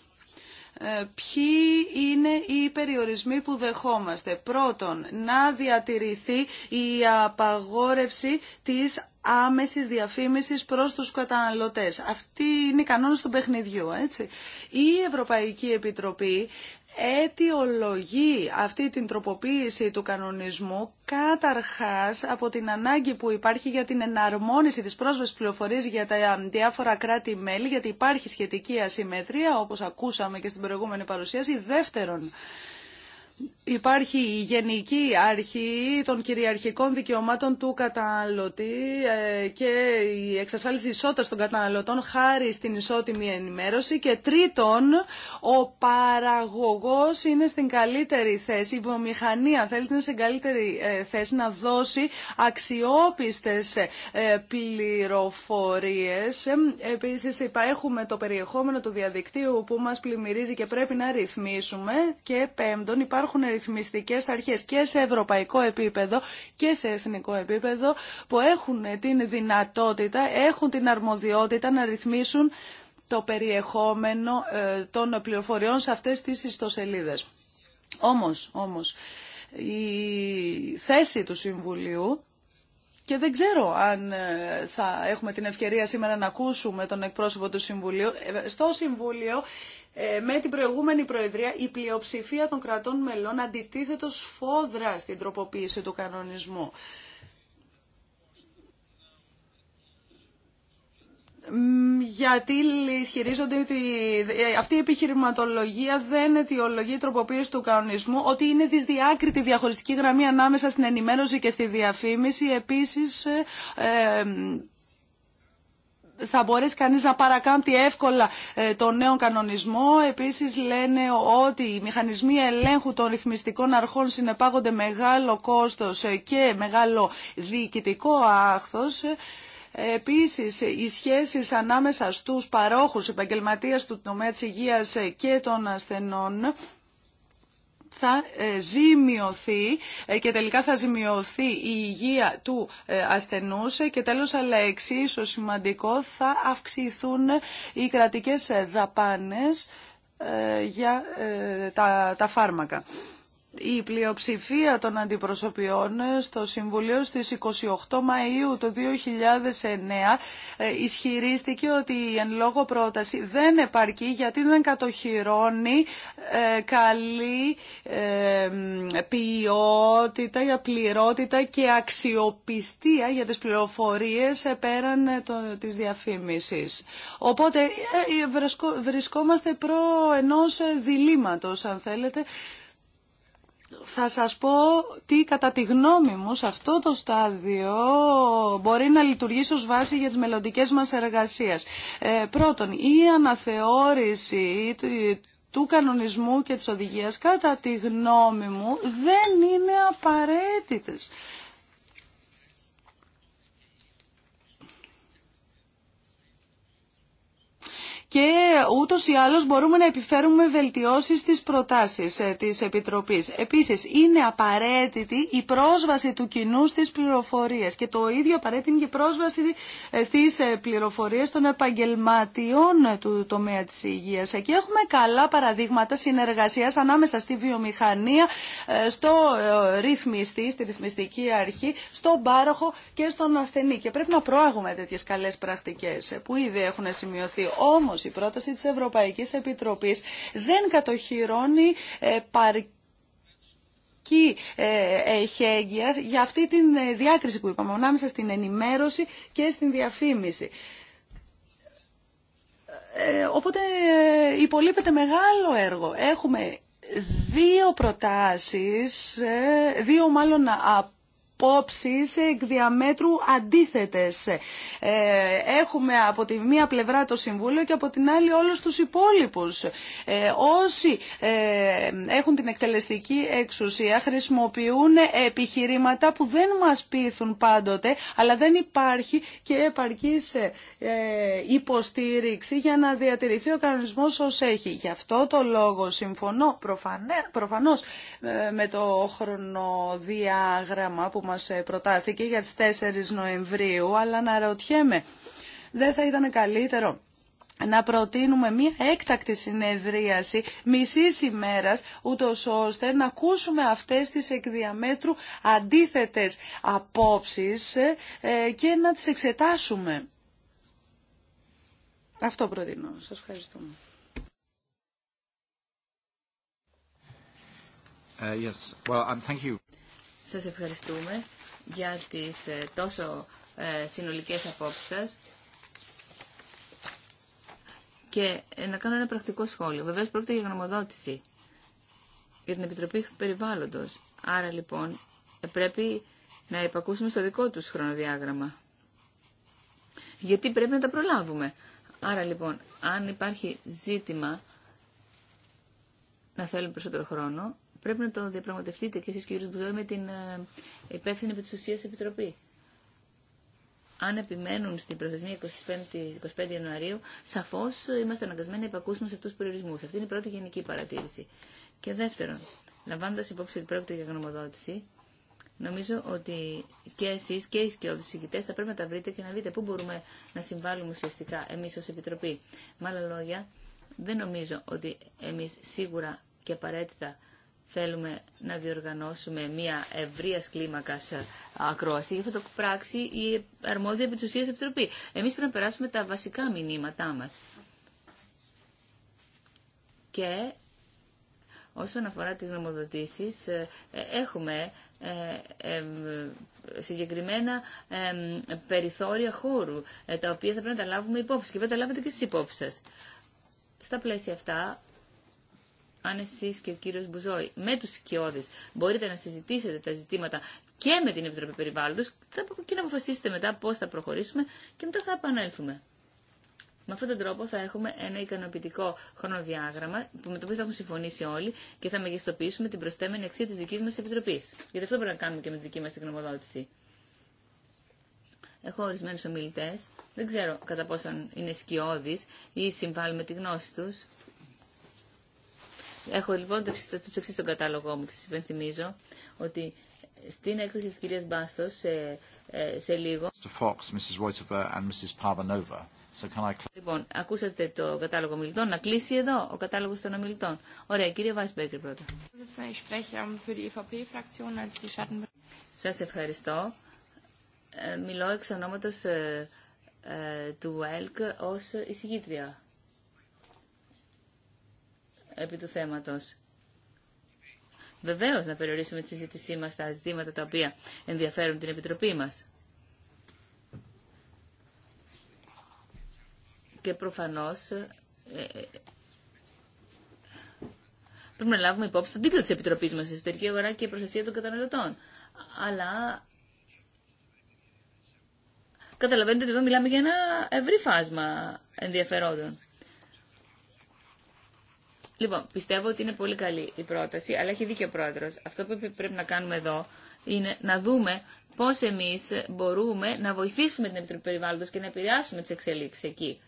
Ε, ποιοι είναι οι περιορισμοί που δεχόμαστε. Πρώτον, να διατηρηθεί η απαγόρευση της άμεσης διαφήμισης προς τους καταναλωτές. Αυτή είναι η κανόνες του παιχνιδιού, έτσι. Η Ευρωπαϊκή Επιτροπή αιτιολογεί αυτή την τροποποίηση του κανονισμού καταρχάς από την ανάγκη που υπάρχει για την εναρμόνιση της πρόσβασης πληροφορίας για τα διάφορα κράτη-μέλη, γιατί υπάρχει σχετική ασυμμετρία, όπως ακούσαμε και στην προηγούμενη παρουσίαση. Δεύτερον, Υπάρχει η Γενική Αρχή των Κυριαρχικών Δικαιωμάτων του Καταναλωτή ε, και η εξασφάλιση ισότητας των καταναλωτών χάρη στην ισότιμη ενημέρωση και τρίτον, ο παραγωγός είναι στην καλύτερη θέση, η βιομηχανία θέλει είναι στην καλύτερη ε, θέση να δώσει αξιόπιστες ε, πληροφορίες. Επίσης, έχουμε το περιεχόμενο του διαδικτύου που μας πλημμυρίζει και πρέπει να ρυθμίσουμε και πέμπτον, υπάρχουν αρχέ αρχές και σε ευρωπαϊκό επίπεδο και σε εθνικό επίπεδο που έχουν την δυνατότητα, έχουν την αρμοδιότητα να ρυθμίσουν το περιεχόμενο ε, των πληροφοριών σε αυτές τις ιστοσελίδες. Όμως, όμως, η θέση του Συμβουλίου και δεν ξέρω αν ε, θα έχουμε την ευκαιρία σήμερα να ακούσουμε τον εκπρόσωπο του Συμβουλίου. Ε, στο Συμβούλιο ε, με την προηγούμενη Προεδρία η πλειοψηφία των κρατών μελών αντιτίθετο σφόδρα στην τροποποίηση του κανονισμού. γιατί ισχυρίζονται ότι ε, αυτή η επιχειρηματολογία δεν αιτιολογεί τροποποίηση του κανονισμού, ότι είναι δυσδιάκριτη διαχωριστική γραμμή ανάμεσα στην ενημέρωση και στη διαφήμιση. Επίσης, ε, θα μπορέσει κανείς να παρακάμπτει εύκολα ε, τον νέο κανονισμό. Επίσης λένε ότι οι μηχανισμοί ελέγχου των ρυθμιστικών αρχών συνεπάγονται μεγάλο κόστος και μεγάλο διοικητικό άχθος. Επίσης, οι σχέσεις ανάμεσα στους παρόχους επαγγελματίας του τομέα της υγείας και των ασθενών θα ε, ζημιωθεί ε, και τελικά θα ζημιωθεί η υγεία του ε, ασθενούς και τέλος αλλά εξίσου σημαντικό θα αυξηθούν οι κρατικές δαπάνες για τα, τα φάρμακα η πλειοψηφία των αντιπροσωπιών στο Συμβουλίο στις 28 Μαΐου του 2009 ε, ισχυρίστηκε ότι η εν λόγω πρόταση δεν επαρκεί γιατί δεν κατοχυρώνει ε, καλή ποιότητα, για πληρότητα και αξιοπιστία για τις πληροφορίες πέραν ε, της διαφήμισης. Οπότε βρισκόμαστε προ ενός διλήμματος αν θέλετε θα σας πω τι κατά τη γνώμη μου σε αυτό το στάδιο μπορεί να λειτουργήσει ως βάση για τις μελλοντικέ μας εργασίες. Ε, πρώτον, η αναθεώρηση του κανονισμού και της οδηγίας κατά τη γνώμη μου δεν είναι απαραίτητες. και ούτως ή άλλως μπορούμε να επιφέρουμε βελτιώσεις στις προτάσεις ε, της Επιτροπής. Επίσης, είναι απαραίτητη η άλλω μπορουμε του κοινού στις προτασεις τη επιτροπη επιση ειναι απαραιτητη η προσβαση του κοινου στις πληροφοριε και το ίδιο απαραίτητη είναι και η πρόσβαση ε, στις ε, πληροφορίε των επαγγελματιών του τομέα της υγείας. Και έχουμε καλά παραδείγματα συνεργασία ανάμεσα στη βιομηχανία, στο ρυθμιστή, στη ρυθμιστική αρχή, στον πάροχο και στον ασθενή. Και πρέπει να προάγουμε τέτοιες καλέ πρακτικέ που ήδη έχουν σημειωθεί. όμω η πρόταση της Ευρωπαϊκής Επιτροπής δεν κατοχυρώνει ε, παρκή η ε, εχέγγυα για αυτή την ε, διάκριση που είπαμε ανάμεσα στην ενημέρωση και στην διαφήμιση. οπότε υπολείπεται μεγάλο έργο. Έχουμε δύο προτάσεις, δύο μάλλον από απόψεις εκ διαμέτρου αντίθετες. Ε, έχουμε από τη μία πλευρά το Συμβούλιο και από την άλλη όλους τους υπόλοιπους. Ε, όσοι ε, έχουν την εκτελεστική εξουσία χρησιμοποιούν επιχειρήματα που δεν μας πείθουν πάντοτε, αλλά δεν υπάρχει και επαρκής υποστήριξη για να διατηρηθεί ο κανονισμός ως έχει. Γι' αυτό το λόγο συμφωνώ προφανώς με το χρονοδιάγραμμα που μας ε, προτάθηκε για τις 4 Νοεμβρίου, αλλά να ρωτιέμαι, δεν θα ήταν καλύτερο να προτείνουμε μία έκτακτη συνεδρίαση μισή ημέρα, ούτω ώστε να ακούσουμε αυτέ τι εκδιαμέτρου αντίθετε απόψει ε, ε, και να τι εξετάσουμε. Αυτό προτείνω. Σα ευχαριστούμε. Uh, yes. well, um, thank you. Σας ευχαριστούμε για τις ε, τόσο ε, συνολικές απόψεις σας. Και ε, να κάνω ένα πρακτικό σχόλιο. Βεβαίως πρόκειται για γνωμοδότηση για την Επιτροπή Περιβάλλοντος. Άρα λοιπόν πρέπει να υπακούσουμε στο δικό τους χρονοδιάγραμμα. Γιατί πρέπει να τα προλάβουμε. Άρα λοιπόν, αν υπάρχει ζήτημα να θέλουμε περισσότερο χρόνο, Πρέπει να το διαπραγματευτείτε και εσείς κύριε Μπουδόη με την ε, υπεύθυνη επί της ουσίας επιτροπή. Αν επιμένουν στην προθεσμία 25, 25 Ιανουαρίου, σαφώς είμαστε αναγκασμένοι να υπακούσουμε σε αυτούς τους περιορισμούς. Αυτή είναι η πρώτη γενική παρατήρηση. Και δεύτερον, λαμβάνοντας υπόψη ότι πρόκειται για γνωμοδότηση, Νομίζω ότι και εσεί και οι σκιώδει θα πρέπει να τα βρείτε και να δείτε πού μπορούμε να συμβάλλουμε ουσιαστικά εμεί ω Επιτροπή. Με άλλα λόγια, δεν νομίζω ότι εμεί σίγουρα και απαραίτητα θέλουμε να διοργανώσουμε μια ευρεία κλίμακα ε, ακρόαση, για αυτό το πράξει η αρμόδια επί Επιτροπή. Εμείς πρέπει να περάσουμε τα βασικά μηνύματά μας. Και όσον αφορά τις νομοδοτήσεις, ε, έχουμε ε, συγκεκριμένα περιθώρια χώρου, τα οποία θα πρέπει να τα λάβουμε υπόψη και πρέπει να τα λάβετε και στις υπόψεις σας. Στα πλαίσια αυτά, αν εσείς και ο κύριος Μπουζόη με τους σκιώδεις μπορείτε να συζητήσετε τα ζητήματα και με την Επιτροπή Περιβάλλοντος και να αποφασίσετε μετά πώς θα προχωρήσουμε και μετά θα επανέλθουμε. Με αυτόν τον τρόπο θα έχουμε ένα ικανοποιητικό χρονοδιάγραμμα με το οποίο θα έχουν συμφωνήσει όλοι και θα μεγιστοποιήσουμε την προστέμενη αξία τη δική μα επιτροπή. Γιατί αυτό πρέπει να κάνουμε και με τη δική μα την γνωμοδότηση. Έχω ορισμένου ομιλητέ. Δεν ξέρω κατά πόσον είναι σκιώδη ή συμβάλλουν με τη γνώση του. Έχω λοιπόν το εξή στον κατάλογό μου και σα υπενθυμίζω ότι στην έκθεση τη κυρία Μπάστο σε, ε, σε λίγο. Fox, So I... Λοιπόν, ακούσατε το κατάλογο μιλητών. Να κλείσει εδώ ο κατάλογο των ομιλητών. Ωραία, κύριε Βάισμπέκερ πρώτα. Σα ευχαριστώ. Ε, μιλώ εξ ονόματο ε, του ΕΛΚ ω εισηγήτρια επί του θέματος. Βεβαίως να περιορίσουμε τη συζήτησή μας στα ζητήματα τα οποία ενδιαφέρουν την Επιτροπή μας. Και προφανώς ε, ε πρέπει να λάβουμε υπόψη τον τίτλο της Επιτροπής μας, εσωτερική αγορά και η προστασία των καταναλωτών. Αλλά καταλαβαίνετε ότι εδώ μιλάμε για ένα ευρύ φάσμα ενδιαφερόντων. Λοιπόν, πιστεύω ότι είναι πολύ καλή η πρόταση, αλλά έχει δίκιο ο πρόεδρο. Αυτό που πρέπει να κάνουμε εδώ είναι να δούμε πώ εμεί μπορούμε να βοηθήσουμε την Επιτροπή Περιβάλλοντο και να επηρεάσουμε τι εξελίξει εκεί.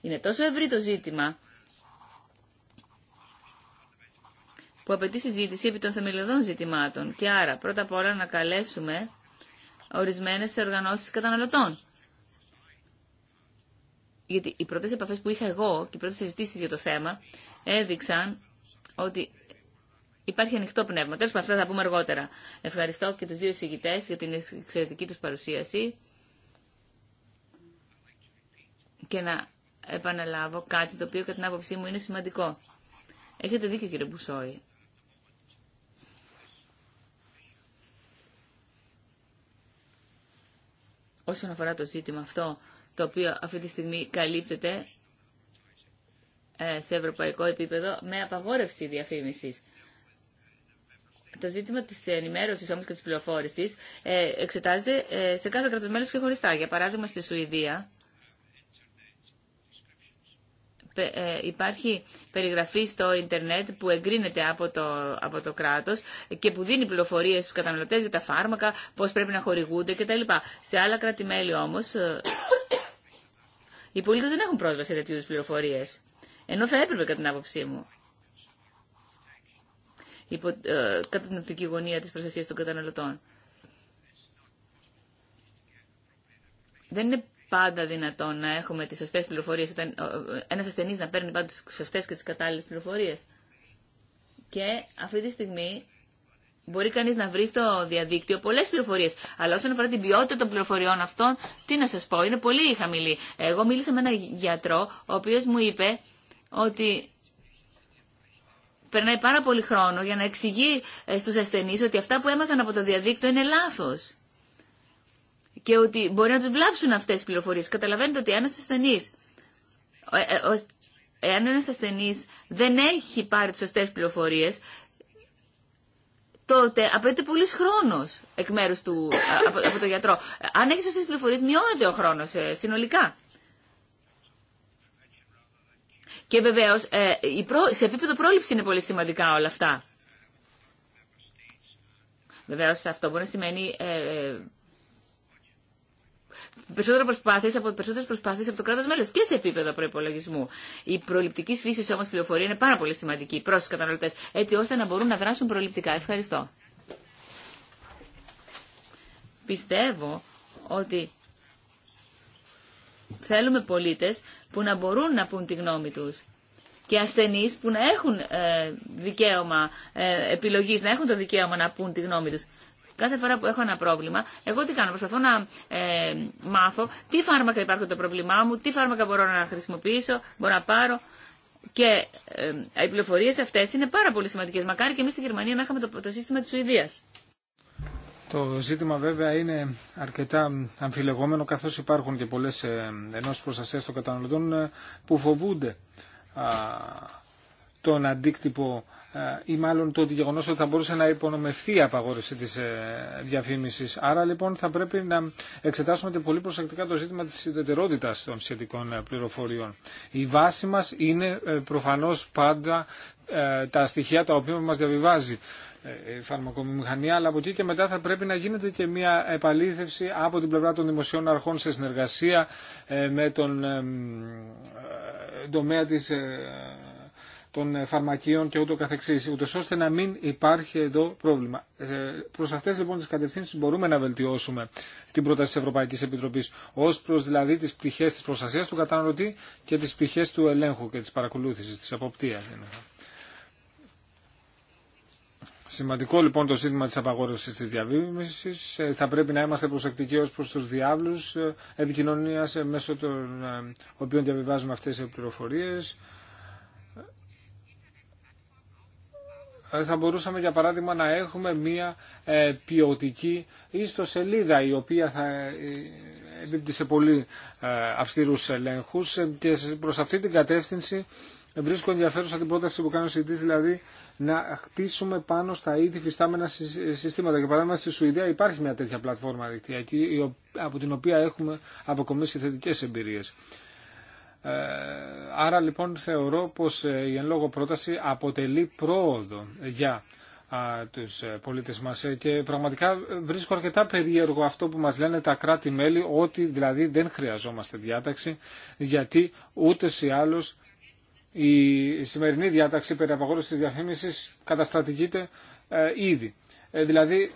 Είναι τόσο ευρύ το ζήτημα που απαιτεί συζήτηση επί των θεμελιωδών ζητημάτων. Και άρα, πρώτα απ' όλα να καλέσουμε ορισμένες οργανώσεις καταναλωτών γιατί οι πρώτες επαφές που είχα εγώ και οι πρώτες συζητήσεις για το θέμα έδειξαν ότι υπάρχει ανοιχτό πνεύμα. Τέλος αυτά θα πούμε αργότερα. Ευχαριστώ και τους δύο συγητές για την εξαιρετική τους παρουσίαση και να επαναλάβω κάτι το οποίο κατά την άποψή μου είναι σημαντικό. Έχετε δίκιο κύριε Μπουσόη. Όσον αφορά το ζήτημα αυτό το οποίο αυτή τη στιγμή καλύπτεται ε, σε ευρωπαϊκό επίπεδο με απαγόρευση διαφήμισης. Το ζήτημα τη ενημέρωση όμω και τη πληροφόρηση ε, εξετάζεται ε, σε κάθε και χωριστά. Για παράδειγμα, στη Σουηδία υπάρχει περιγραφή στο ίντερνετ που εγκρίνεται από το, από το κράτος και που δίνει πληροφορίες στου καταναλωτές για τα φάρμακα, πώς πρέπει να χορηγούνται κτλ. Σε άλλα κράτη-μέλη όμως οι πολίτε δεν έχουν πρόσβαση σε τέτοιου πληροφορίε. Ενώ θα έπρεπε κατά την άποψή μου. Υπό, ε, κατά την οπτική γωνία της προστασία των καταναλωτών. Δεν είναι πάντα δυνατόν να έχουμε τι σωστέ πληροφορίε. όταν ε, ε, ένας ασθενής να παίρνει πάντα τι σωστέ και τι κατάλληλε πληροφορίε. Και αυτή τη στιγμή Μπορεί κανεί να βρει στο διαδίκτυο πολλέ πληροφορίε. Αλλά όσον αφορά την ποιότητα των πληροφοριών αυτών, τι να σα πω, είναι πολύ χαμηλή. Εγώ μίλησα με έναν γιατρό, ο οποίο μου είπε ότι περνάει πάρα πολύ χρόνο για να εξηγεί ε, στου ασθενεί ότι αυτά που έμαθαν από το διαδίκτυο είναι λάθο. Και ότι μπορεί να του βλάψουν αυτέ τι πληροφορίε. Καταλαβαίνετε ότι ένα ασθενή. Εάν ένα ασθενή ε, ε, δεν έχει πάρει τι σωστέ πληροφορίε, τότε απαιτείται πολύ χρόνο εκ μέρου του από, από γιατρό. Αν έχει σωστέ πληροφορίε, μειώνεται ο χρόνο ε, συνολικά. Και βεβαίω, ε, σε επίπεδο πρόληψη είναι πολύ σημαντικά όλα αυτά. Βεβαίω, αυτό μπορεί να σημαίνει ε, περισσότερο προσπάθειε από περισσότερε προσπάθειε από το κράτο μέλο και σε επίπεδο προπολογισμού. Η προληπτική φύση όμω πληροφορία είναι πάρα πολύ σημαντική προ του καταναλωτέ, έτσι ώστε να μπορούν να δράσουν προληπτικά. Ευχαριστώ. Πιστεύω ότι θέλουμε πολίτε που να μπορούν να πούν τη γνώμη του και ασθενείς που να έχουν ε, δικαίωμα ε, επιλογής, να έχουν το δικαίωμα να πούν τη γνώμη τους. Κάθε φορά που έχω ένα πρόβλημα, εγώ τι κάνω, προσπαθώ να ε, μάθω τι φάρμακα υπάρχουν το πρόβλημά μου, τι φάρμακα μπορώ να χρησιμοποιήσω, μπορώ να πάρω. Και ε, οι πληροφορίε αυτέ είναι πάρα πολύ σημαντικέ. Μακάρι και εμεί στη Γερμανία να είχαμε το, το σύστημα τη Σουηδία. Το ζήτημα βέβαια είναι αρκετά αμφιλεγόμενο καθώς υπάρχουν και πολλές ε, ενώσεις προστασίας των καταναλωτών που φοβούνται τον αντίκτυπο ή μάλλον το γεγονό ότι θα μπορούσε να υπονομευθεί η απαγόρευση τη ε, διαφήμιση. Άρα λοιπόν θα πρέπει να εξετάσουμε και πολύ προσεκτικά το ζήτημα τη ιδιαιτερότητα των σχετικών ε, πληροφοριών. Η βάση μα είναι ε, προφανώ πάντα τα στοιχεία τα οποία μα διαβιβάζει η φαρμακομηχανία, αλλά από εκεί και μετά θα πρέπει να γίνεται και μια επαλήθευση από την πλευρά των δημοσίων αρχών σε συνεργασία με τον τομέα της των ε, φαρμακείων και ούτω καθεξής, ούτως ώστε να μην υπάρχει εδώ πρόβλημα. Ε, προς αυτές λοιπόν τις κατευθύνσεις μπορούμε να βελτιώσουμε την πρόταση της Ευρωπαϊκής Επιτροπής, ως προς δηλαδή τις πτυχές της προστασίας του καταναλωτή και τις πτυχές του ελέγχου και της παρακολούθησης, της αποπτίας. Σημαντικό λοιπόν το ζήτημα της απαγόρευσης της διαβίβασης. Ε, θα πρέπει να είμαστε προσεκτικοί ως προς τους διάβλους ε, επικοινωνίας μέσω των οποίων διαβιβάζουμε αυτές τις πληροφορίες. Ε, θα μπορούσαμε για παράδειγμα να έχουμε μία ε, ποιοτική ιστοσελίδα η οποία θα ε, εμπίπτει σε πολύ αυστηρούς ελέγχους και προς αυτή την κατεύθυνση βρίσκω ενδιαφέρουσα την πρόταση που κάνω συζητής, δηλαδή να χτίσουμε πάνω στα ήδη φυστάμενα συστήματα. Και παράδειγμα, στη Σουηδία υπάρχει μια τέτοια πλατφόρμα δικτυακή από την οποία έχουμε αποκομίσει θετικέ εμπειρίε. Ε, άρα λοιπόν θεωρώ πως ε, η εν λόγω πρόταση αποτελεί πρόοδο για τους ε, πολίτες μας και πραγματικά βρίσκω αρκετά περίεργο αυτό που μας λένε τα κράτη-μέλη ότι δηλαδή δεν χρειαζόμαστε διάταξη γιατί ούτε ή άλλως η σημερινή διάταξη περί απαγόρευσης της διαφήμισης καταστρατηγείται ήδη. Ε, δηλαδή ε,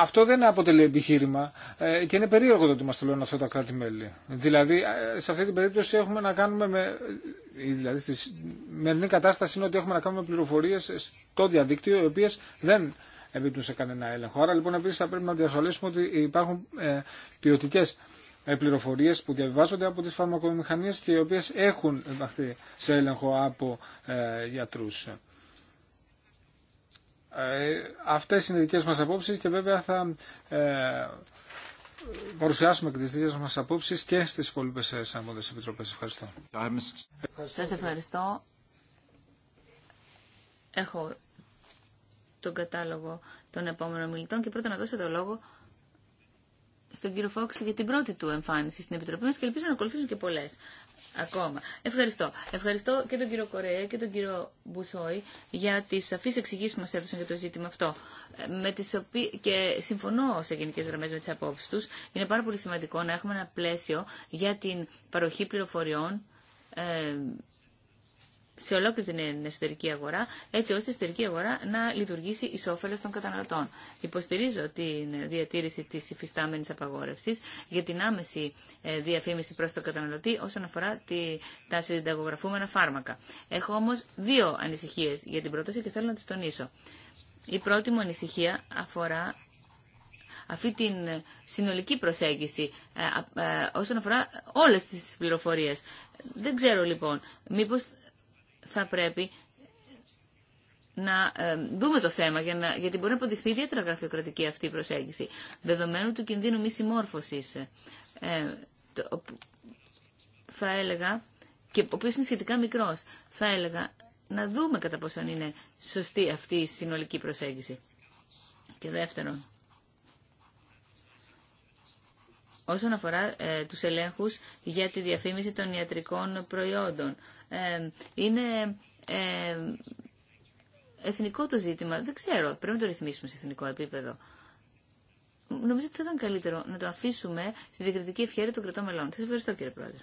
αυτό δεν αποτελεί επιχείρημα ε, και είναι περίεργο το ότι μα το λένε αυτά τα κράτη-μέλη. Δηλαδή σε αυτή την περίπτωση έχουμε να κάνουμε με... Δηλαδή στη κατάσταση είναι ότι έχουμε να κάνουμε πληροφορίες στο διαδίκτυο οι οποίε δεν επίπτουν σε κανένα έλεγχο. Άρα λοιπόν επίση θα πρέπει να διασφαλίσουμε ότι υπάρχουν ποιοτικέ πληροφορίε που διαβιβάζονται από τι φαρμακοβιομηχανίε και οι οποίε έχουν βαχθεί σε έλεγχο από ε, γιατρού. Ε, αυτές είναι οι δικές μας απόψεις και βέβαια θα ε, παρουσιάσουμε και τις δικές μας απόψεις και στις υπόλοιπες σαμβόντες ε, επιτροπές. Ευχαριστώ. Σας ευχαριστώ. Έχω τον κατάλογο των επόμενων μιλητών και πρώτα να δώσω το λόγο στον κύριο Φόξ για την πρώτη του εμφάνιση στην Επιτροπή μα και ελπίζω να ακολουθήσουν και πολλέ ακόμα. Ευχαριστώ. Ευχαριστώ και τον κύριο Κορέα και τον κύριο Μπουσόη για τι σαφεί εξηγήσει που μα έδωσαν για το ζήτημα αυτό. Ε, με τις οποί... Και συμφωνώ σε γενικέ γραμμέ με τι απόψεις του. Είναι πάρα πολύ σημαντικό να έχουμε ένα πλαίσιο για την παροχή πληροφοριών ε, σε ολόκληρη την εσωτερική αγορά, έτσι ώστε η εσωτερική αγορά να λειτουργήσει ει όφελο των καταναλωτών. Υποστηρίζω την διατήρηση τη υφιστάμενη απαγόρευση για την άμεση ε, διαφήμιση προ τον καταναλωτή όσον αφορά τη, τα συνταγογραφούμενα φάρμακα. Έχω όμω δύο ανησυχίε για την πρόταση και θέλω να τι τονίσω. Η πρώτη μου ανησυχία αφορά αυτή την συνολική προσέγγιση ε, ε, όσον αφορά όλες τις πληροφορίες. Δεν ξέρω λοιπόν, μήπως θα πρέπει να ε, δούμε το θέμα, για να, γιατί μπορεί να αποδειχθεί ιδιαίτερα γραφειοκρατική αυτή η προσέγγιση, δεδομένου του κινδύνου μη συμμόρφωσης. Ε, θα έλεγα, και ο οποίο είναι σχετικά μικρός, θα έλεγα να δούμε κατά πόσο είναι σωστή αυτή η συνολική προσέγγιση. Και δεύτερον, όσον αφορά ε, τους ελέγχους για τη διαφήμιση των ιατρικών προϊόντων. Ε, είναι ε, εθνικό το ζήτημα. Δεν ξέρω. Πρέπει να το ρυθμίσουμε σε εθνικό επίπεδο. Νομίζω ότι θα ήταν καλύτερο να το αφήσουμε στη διακριτική ευχαίρεια των κρατών μελών. Σας ευχαριστώ κύριε Πρόεδρε.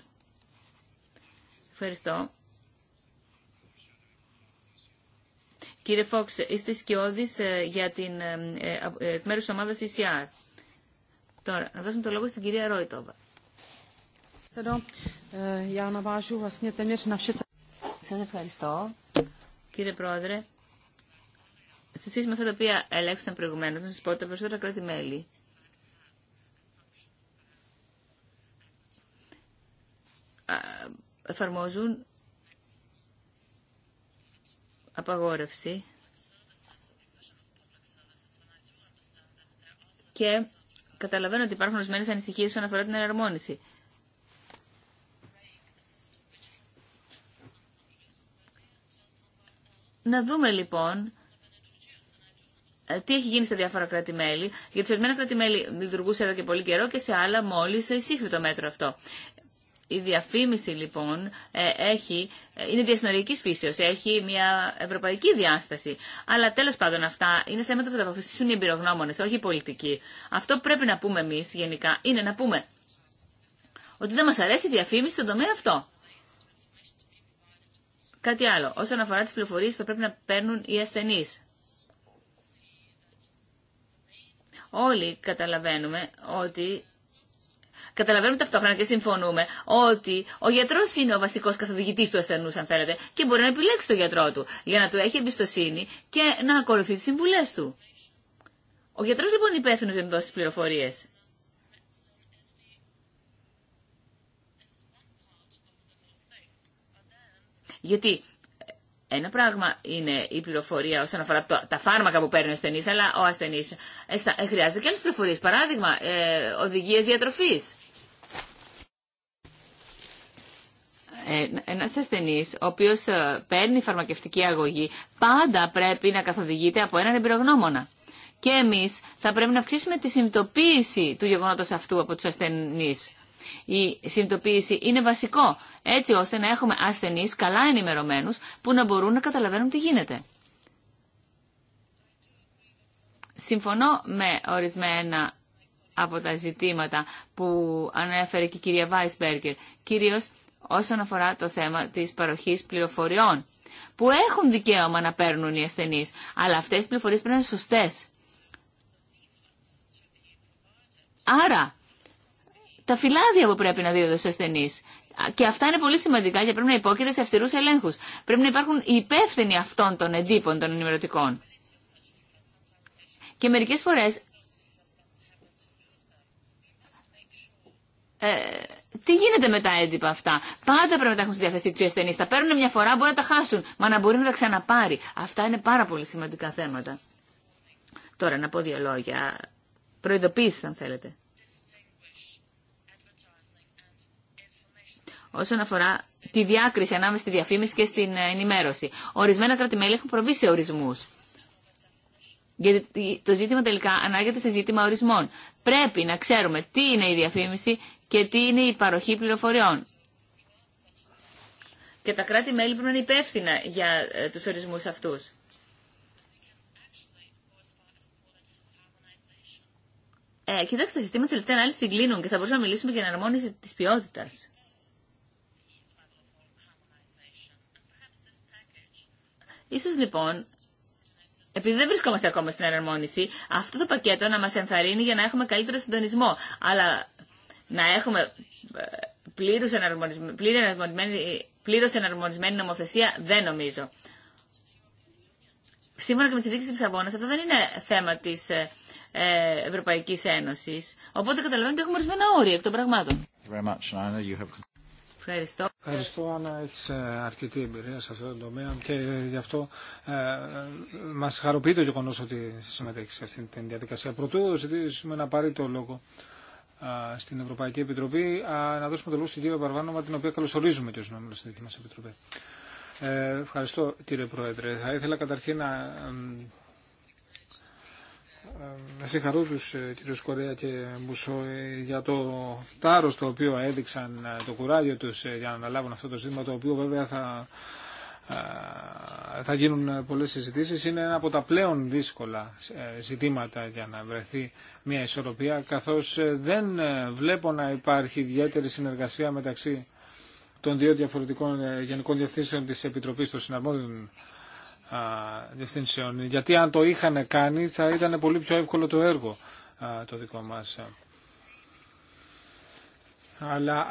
Ευχαριστώ. Κύριε Φόξ, είστε σκιώδης ε, για την ε, εκ μέρους ομάδας ECR. Τώρα, να δώσουμε το λόγο στην κυρία Ρόιτοβα. Eh, σας ευχαριστώ. Κύριε Πρόεδρε, στη σχέση με αυτά τα οποία ελέγξαν προηγουμένως, να σας πω τα περισσότερα κράτη-μέλη εφαρμόζουν απαγόρευση και Καταλαβαίνω ότι υπάρχουν ορισμένε ανησυχίε όσον αφορά την εναρμόνιση. Να δούμε λοιπόν τι έχει γίνει στα διάφορα κράτη-μέλη. Γιατί σε ορισμένα κράτη-μέλη λειτουργούσε εδώ και πολύ καιρό και σε άλλα μόλι εισήχθη το μέτρο αυτό. Η διαφήμιση λοιπόν ε, έχει, ε, είναι διασυνορική φύσεως, έχει μια ευρωπαϊκή διάσταση. Αλλά τέλος πάντων αυτά είναι θέματα που θα αποφασίσουν οι εμπειρογνώμονε, όχι οι πολιτικοί. Αυτό που πρέπει να πούμε εμείς γενικά είναι να πούμε ότι δεν μας αρέσει η διαφήμιση στον τομέα αυτό. Κάτι άλλο, όσον αφορά τι πληροφορίες που πρέπει να παίρνουν οι ασθενεί. Όλοι καταλαβαίνουμε ότι Καταλαβαίνουμε ταυτόχρονα και συμφωνούμε ότι ο γιατρό είναι ο βασικό καθοδηγητή του ασθενού, αν θέλετε, και μπορεί να επιλέξει τον γιατρό του για να του έχει εμπιστοσύνη και να ακολουθεί τι συμβουλέ του. Ο γιατρό λοιπόν είναι υπεύθυνο για να δώσει πληροφορίε. Γιατί ένα πράγμα είναι η πληροφορία όσον αφορά τα φάρμακα που παίρνει ο ασθενή, αλλά ο ασθενή ε, χρειάζεται και άλλε πληροφορίε. Παράδειγμα, ε, οδηγίε διατροφή. Ε, Ένα ασθενή ο οποίο ε, παίρνει φαρμακευτική αγωγή πάντα πρέπει να καθοδηγείται από έναν εμπειρογνώμονα. Και εμείς θα πρέπει να αυξήσουμε τη συνειδητοποίηση του γεγονότο αυτού από του ασθενεί η συνειδητοποίηση είναι βασικό, έτσι ώστε να έχουμε ασθενείς καλά ενημερωμένους που να μπορούν να καταλαβαίνουν τι γίνεται. Συμφωνώ με ορισμένα από τα ζητήματα που ανέφερε και η κυρία Βάισμπεργκερ, κυρίως όσον αφορά το θέμα της παροχής πληροφοριών, που έχουν δικαίωμα να παίρνουν οι ασθενείς, αλλά αυτές οι πληροφορίες πρέπει να είναι σωστές. Άρα, τα φυλάδια που πρέπει να δίδονται στου ασθενεί. Και αυτά είναι πολύ σημαντικά και πρέπει να υπόκειται σε αυστηρού ελέγχου. Πρέπει να υπάρχουν οι υπεύθυνοι αυτών των εντύπων των ενημερωτικών. Και μερικέ φορέ. Ε, τι γίνεται με τα έντυπα αυτά. Πάντα πρέπει να τα έχουν στη διάθεση του ασθενεί. Τα παίρνουν μια φορά, μπορεί να τα χάσουν, μα να μπορεί να τα ξαναπάρει. Αυτά είναι πάρα πολύ σημαντικά θέματα. Τώρα να πω δύο λόγια. Προειδοποίηση, αν θέλετε. όσον αφορά τη διάκριση ανάμεσα στη διαφήμιση και στην ε, ενημέρωση. Ορισμένα κράτη-μέλη έχουν προβεί σε ορισμούς. Γιατί το ζήτημα τελικά ανάγεται σε ζήτημα ορισμών. Πρέπει να ξέρουμε τι είναι η διαφήμιση και τι είναι η παροχή πληροφοριών. Και τα κράτη-μέλη πρέπει να είναι υπεύθυνα για ε, τους ορισμούς αυτού Ε, κοιτάξτε, τα συστήματα τελευταία ανάλυση συγκλίνουν και θα μπορούσαμε να μιλήσουμε για εναρμόνιση της ποιότητας. Ίσως λοιπόν, επειδή δεν βρισκόμαστε ακόμα στην εναρμόνιση, αυτό το πακέτο να μας ενθαρρύνει για να έχουμε καλύτερο συντονισμό. Αλλά να έχουμε ε, πλήρως εναρμονισμένη, πλήρως εναρμονισμένη νομοθεσία δεν νομίζω. Σύμφωνα και με τις ειδίκες της Λισαβόνας, αυτό δεν είναι θέμα της ε, ε, Ευρωπαϊκής Ένωσης. Οπότε καταλαβαίνετε ότι έχουμε ορισμένα όρια εκ των πραγμάτων. Ευχαριστώ. Ευχαριστώ, Άννα. Έχει ε, αρκετή εμπειρία σε αυτό το τομέα και γι' αυτό ε, μα χαροποιεί το γεγονό ότι συμμετέχει σε αυτή την διαδικασία. Πρωτού ζητήσουμε να πάρει το λόγο ε, στην Ευρωπαϊκή Επιτροπή, να δώσουμε το λόγο στην κυρία Παρβάνομα, την οποία καλωσορίζουμε και ω νόμιμο στην δική Επιτροπή. Ε, ευχαριστώ, κύριε Πρόεδρε. Θα ήθελα καταρχήν να ε, να συγχαρώ τους ε, κύριους Κορέα και Μπουσό ε, για το τάρος το οποίο έδειξαν το κουράγιο τους για να αναλάβουν αυτό το ζήτημα το οποίο βέβαια θα, θα γίνουν πολλές συζητήσεις είναι ένα από τα πλέον δύσκολα ζητήματα για να βρεθεί μια ισορροπία καθώς δεν βλέπω να υπάρχει ιδιαίτερη συνεργασία μεταξύ των δύο διαφορετικών γενικών διευθύνσεων της Επιτροπής των Συναρμόδιων διευθύνσεων. Γιατί αν το είχαν κάνει θα ήταν πολύ πιο εύκολο το έργο το δικό μας. Αλλά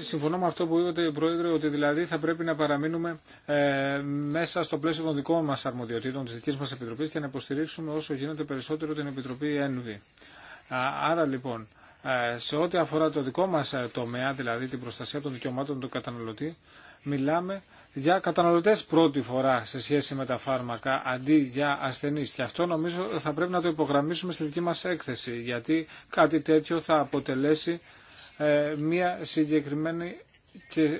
συμφωνώ με αυτό που είπατε, Πρόεδρε, ότι δηλαδή θα πρέπει να παραμείνουμε ε, μέσα στο πλαίσιο των δικών μας αρμοδιοτήτων, της δικής μας Επιτροπής και να υποστηρίξουμε όσο γίνεται περισσότερο την Επιτροπή ΕΝΒΗ. Άρα λοιπόν, ε, σε ό,τι αφορά το δικό μας ε, τομέα, δηλαδή την προστασία των δικαιωμάτων του καταναλωτή, μιλάμε για καταναλωτές πρώτη φορά σε σχέση με τα φάρμακα αντί για ασθενείς. Και αυτό νομίζω θα πρέπει να το υπογραμμίσουμε στη δική μας έκθεση γιατί κάτι τέτοιο θα αποτελέσει ε, μια συγκεκριμένη και ε,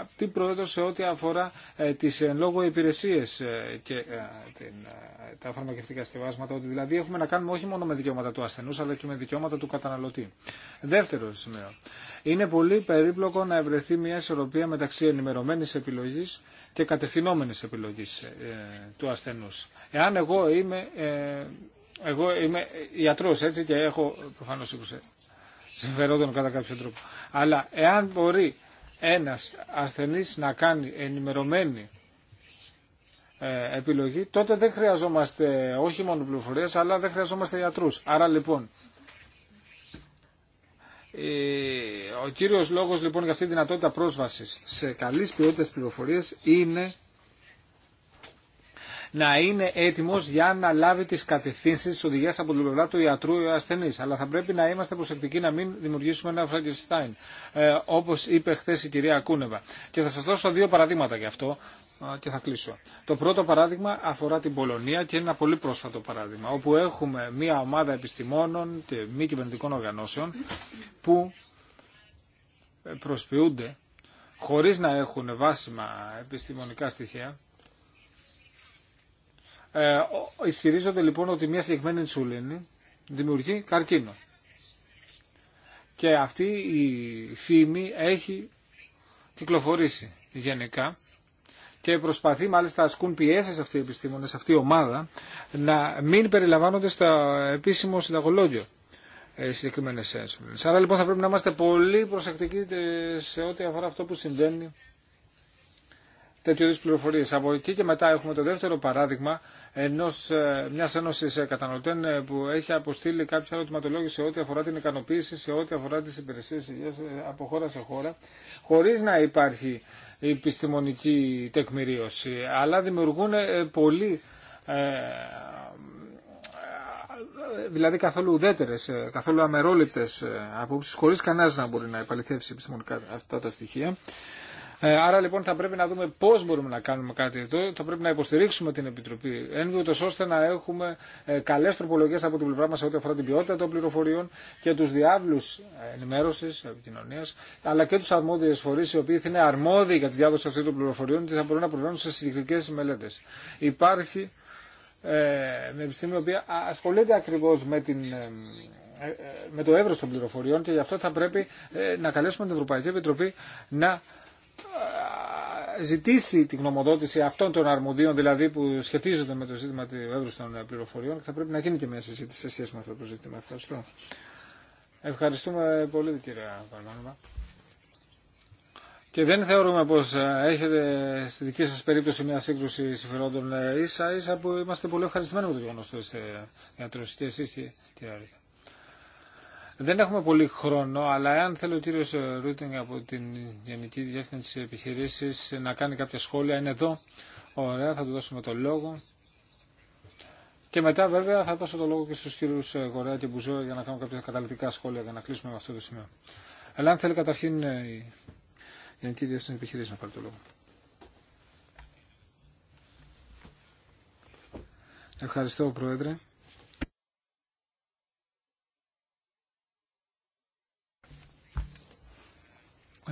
αυτή προέδωσε σε ό,τι αφορά ε, τις εν λόγω υπηρεσίες ε, και τα φαρμακευτικά σκευάσματα, ότι δηλαδή έχουμε να κάνουμε όχι μόνο με δικαιώματα του ασθενούς, αλλά και με δικαιώματα του καταναλωτή. Δεύτερο σημείο. Είναι πολύ περίπλοκο να ευρεθεί μια ισορροπία μεταξύ ενημερωμένης επιλογής και κατευθυνόμενης επιλογής του ασθενούς. Εάν εγώ είμαι, εγώ είμαι ιατρός έτσι και έχω προφανώς συμφερόντων κατά κάποιο τρόπο. Αλλά εάν μπορεί ένας ασθενής να κάνει ενημερωμένη ε, επιλογή, τότε δεν χρειαζόμαστε όχι μόνο πληροφορίες, αλλά δεν χρειαζόμαστε γιατρούς. Άρα λοιπόν, ο κύριος λόγος λοιπόν για αυτή τη δυνατότητα πρόσβασης σε καλής ποιότητας πληροφορίες είναι να είναι έτοιμο για να λάβει τι κατευθύνσει τη οδηγία από την πλευρά του ιατρού ή ασθενή. Αλλά θα πρέπει να είμαστε προσεκτικοί να μην δημιουργήσουμε ένα Φραγκενστάιν, όπω είπε χθε η κυρία Κούνεβα. Και θα σα δώσω δύο παραδείγματα γι' αυτό και θα κλείσω. Το πρώτο παράδειγμα αφορά την Πολωνία και είναι ένα πολύ πρόσφατο παράδειγμα, όπου έχουμε μια ομάδα επιστημόνων και μη κυβερνητικών οργανώσεων που προσποιούνται χωρίς να έχουν βάσιμα επιστημονικά στοιχεία ε, ισχυρίζονται λοιπόν ότι μια συγκεκριμένη ενσούλινη δημιουργεί καρκίνο. Και αυτή η φήμη έχει κυκλοφορήσει γενικά και προσπαθεί μάλιστα ασκούν πιέσει αυτή οι επιστήμονε αυτή η ομάδα να μην περιλαμβάνονται στο επίσημο συνταγολόγιο ε, συγκεκριμένε ένσουλε. Άρα λοιπόν θα πρέπει να είμαστε πολύ προσεκτικοί ε, σε ό,τι αφορά αυτό που συμβαίνει τέτοιου είδου πληροφορίε. Από εκεί και μετά έχουμε το δεύτερο παράδειγμα μια ε, μιας ένωσης ε, ε, που έχει αποστείλει κάποια ερωτηματολόγηση σε ό,τι αφορά την ικανοποίηση, σε ό,τι αφορά τι υπηρεσίες υγεία από χώρα σε χώρα, χωρί να υπάρχει επιστημονική τεκμηρίωση. Αλλά δημιουργούν πολύ δηλαδή καθόλου ουδέτερε, καθόλου αμερόληπτε απόψει, χωρί κανένα να μπορεί να επαληθεύσει επιστημονικά αυτά τα στοιχεία. Ε, άρα λοιπόν θα πρέπει να δούμε πώ μπορούμε να κάνουμε κάτι εδώ. Θα πρέπει να υποστηρίξουμε την Επιτροπή Ένδυοτο ώστε να έχουμε ε, καλέ τροπολογίε από την πλευρά μα σε ό,τι αφορά την ποιότητα των πληροφοριών και του διάβλου ενημέρωση, επικοινωνία, αλλά και του αρμόδιε φορεί οι οποίοι θα είναι αρμόδιοι για τη διάδοση αυτών των πληροφοριών και θα μπορούν να προβάλλουν σε συγκεκριμένε μελέτε. Υπάρχει ε, μια επιστήμη η οποία ασχολείται ακριβώ με την με το έβρο των πληροφοριών και γι' αυτό θα πρέπει να καλέσουμε την Ευρωπαϊκή Επιτροπή να ζητήσει την γνωμοδότηση αυτών των αρμοδίων, δηλαδή που σχετίζονται με το ζήτημα του εύρου των ε, πληροφοριών, και θα πρέπει να γίνει και μια συζήτηση σε σχέση με αυτό το ζήτημα. Ευχαριστώ. Ευχαριστούμε πολύ, κυρία Παρμάνοβα. Και δεν θεωρούμε πω ε, έχετε στη δική σα περίπτωση μια σύγκρουση συμφερόντων ε, ίσα ίσα που είμαστε πολύ ευχαριστημένοι με το γεγονό ότι είστε γιατρό και εσείς και κυρία δεν έχουμε πολύ χρόνο, αλλά αν θέλει ο κύριος Ρούτινγκ από την Γενική Διεύθυνση Επιχειρήσεις να κάνει κάποια σχόλια, είναι εδώ. Ωραία, θα του δώσουμε το λόγο. Και μετά βέβαια θα δώσω το λόγο και στους κύριους Γορέα και Μπουζό για να κάνουμε κάποια καταληκτικά σχόλια για να κλείσουμε με αυτό το σημείο. Αλλά αν θέλει καταρχήν ε, η Γενική Διεύθυνση Επιχειρήσης να πάρει το λόγο. Ευχαριστώ Πρόεδρε.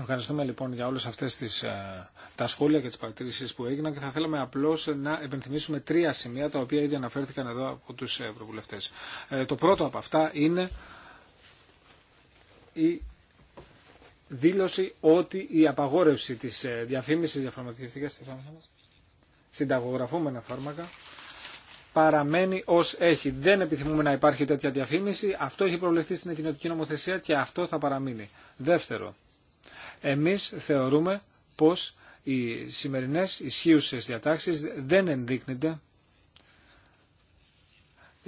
Ευχαριστούμε λοιπόν για όλες αυτές τις, ε, τα σχόλια και τις παρατηρήσεις που έγιναν και θα θέλαμε απλώς να επενθυμίσουμε τρία σημεία τα οποία ήδη αναφέρθηκαν εδώ από τους ευρωβουλευτές. Ε, το πρώτο από αυτά είναι η δήλωση ότι η απαγόρευση της ε, διαφήμισης για φαρμακευτικές συνταγογραφούμενα φάρμακα παραμένει ω έχει. Δεν επιθυμούμε να υπάρχει τέτοια διαφήμιση. Αυτό έχει προβλεφθεί στην κοινωτική νομοθεσία και αυτό θα παραμείνει. Δεύτερο, εμείς θεωρούμε πως οι σημερινές ισχύουσες διατάξεις δεν ενδείκνυνται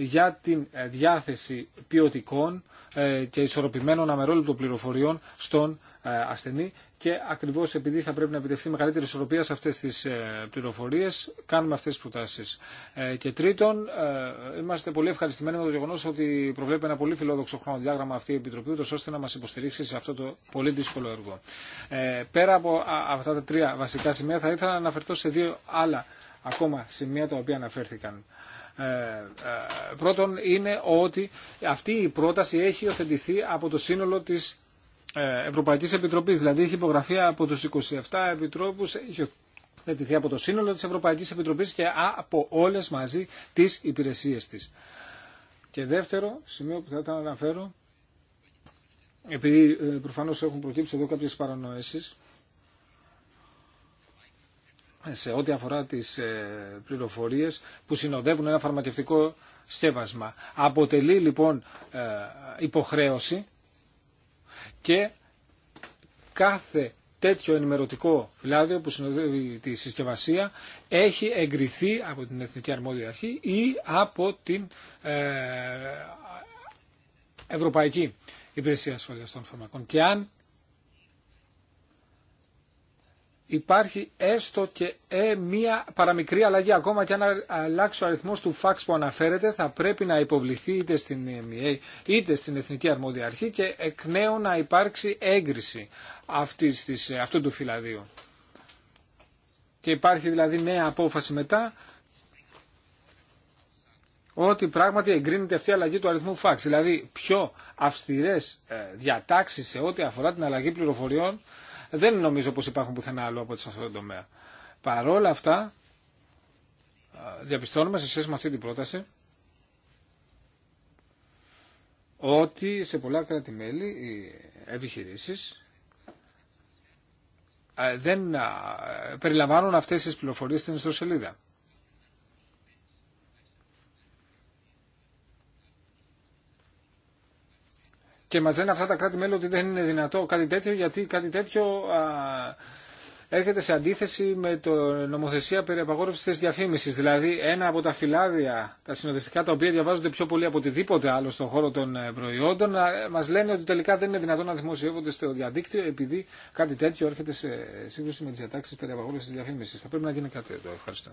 για την ε, διάθεση ποιοτικών ε, και ισορροπημένων αμερόληπτων πληροφοριών στον ε, ασθενή και ακριβώς επειδή θα πρέπει να επιτευχθεί μεγαλύτερη ισορροπία σε αυτές τις πληροφορίες κάνουμε αυτές τις προτάσεις. Και τρίτον, είμαστε πολύ ευχαριστημένοι με το γεγονός ότι προβλέπει ένα πολύ φιλόδοξο χρονοδιάγραμμα αυτή η Επιτροπή ώστε να μας υποστηρίξει σε αυτό το πολύ δύσκολο έργο. Πέρα από αυτά τα τρία βασικά σημεία θα ήθελα να αναφερθώ σε δύο άλλα ακόμα σημεία τα οποία αναφέρθηκαν. Ε, ε, πρώτον είναι ότι αυτή η πρόταση έχει οθετηθεί από το σύνολο της ε, Ευρωπαϊκής Επιτροπής, δηλαδή έχει υπογραφεί από τους 27 επιτρόπους, έχει οθετηθεί από το σύνολο της Ευρωπαϊκής Επιτροπής και από όλες μαζί τις υπηρεσίες της. Και δεύτερο σημείο που θα ήθελα να αναφέρω, επειδή προφανώς έχουν προκύψει εδώ κάποιες παρανοήσεις, σε ό,τι αφορά τις ε, πληροφορίες που συνοδεύουν ένα φαρμακευτικό σκεύασμα. Αποτελεί λοιπόν ε, υποχρέωση και κάθε τέτοιο ενημερωτικό φυλάδιο που συνοδεύει τη συσκευασία έχει εγκριθεί από την Εθνική Αρμόδια Αρχή ή από την ε, Ευρωπαϊκή Υπηρεσία Ασφαλείας των Φαρμακών. Και αν υπάρχει έστω και ε, μία παραμικρή αλλαγή. Ακόμα και αν αλλάξει ο αριθμό του φαξ που αναφέρεται, θα πρέπει να υποβληθεί είτε στην EMEA ε είτε στην Εθνική Αρμόδια Αρχή και εκ νέου να υπάρξει έγκριση αυτής της, ε, αυτού του φυλαδίου. Και υπάρχει δηλαδή νέα απόφαση μετά ότι πράγματι εγκρίνεται αυτή η αλλαγή του αριθμού φαξ. Δηλαδή πιο αυστηρές ε, διατάξεις σε ό,τι αφορά την αλλαγή πληροφοριών δεν νομίζω πως υπάρχουν πουθενά άλλο από σε αυτό το τομέα. Παρόλα αυτά, διαπιστώνουμε σε σχέση με αυτή την πρόταση ότι σε πολλά κράτη-μέλη οι επιχειρήσεις δεν περιλαμβάνουν αυτές τις πληροφορίες στην ιστοσελίδα. και μας λένε αυτά τα κράτη-μέλη ότι δεν είναι δυνατό κάτι τέτοιο γιατί κάτι τέτοιο α, έρχεται σε αντίθεση με το νομοθεσία περί απαγόρευσης τη διαφήμιση. Δηλαδή ένα από τα φυλάδια, τα συνοδευτικά τα οποία διαβάζονται πιο πολύ από οτιδήποτε άλλο στον χώρο των ε, προϊόντων μα λένε ότι τελικά δεν είναι δυνατό να δημοσιεύονται στο διαδίκτυο επειδή κάτι τέτοιο έρχεται σε σύγκρουση με τι διατάξει περί απαγόρευσης τη διαφήμιση. Θα πρέπει να γίνει κάτι εδώ. Ευχαριστώ.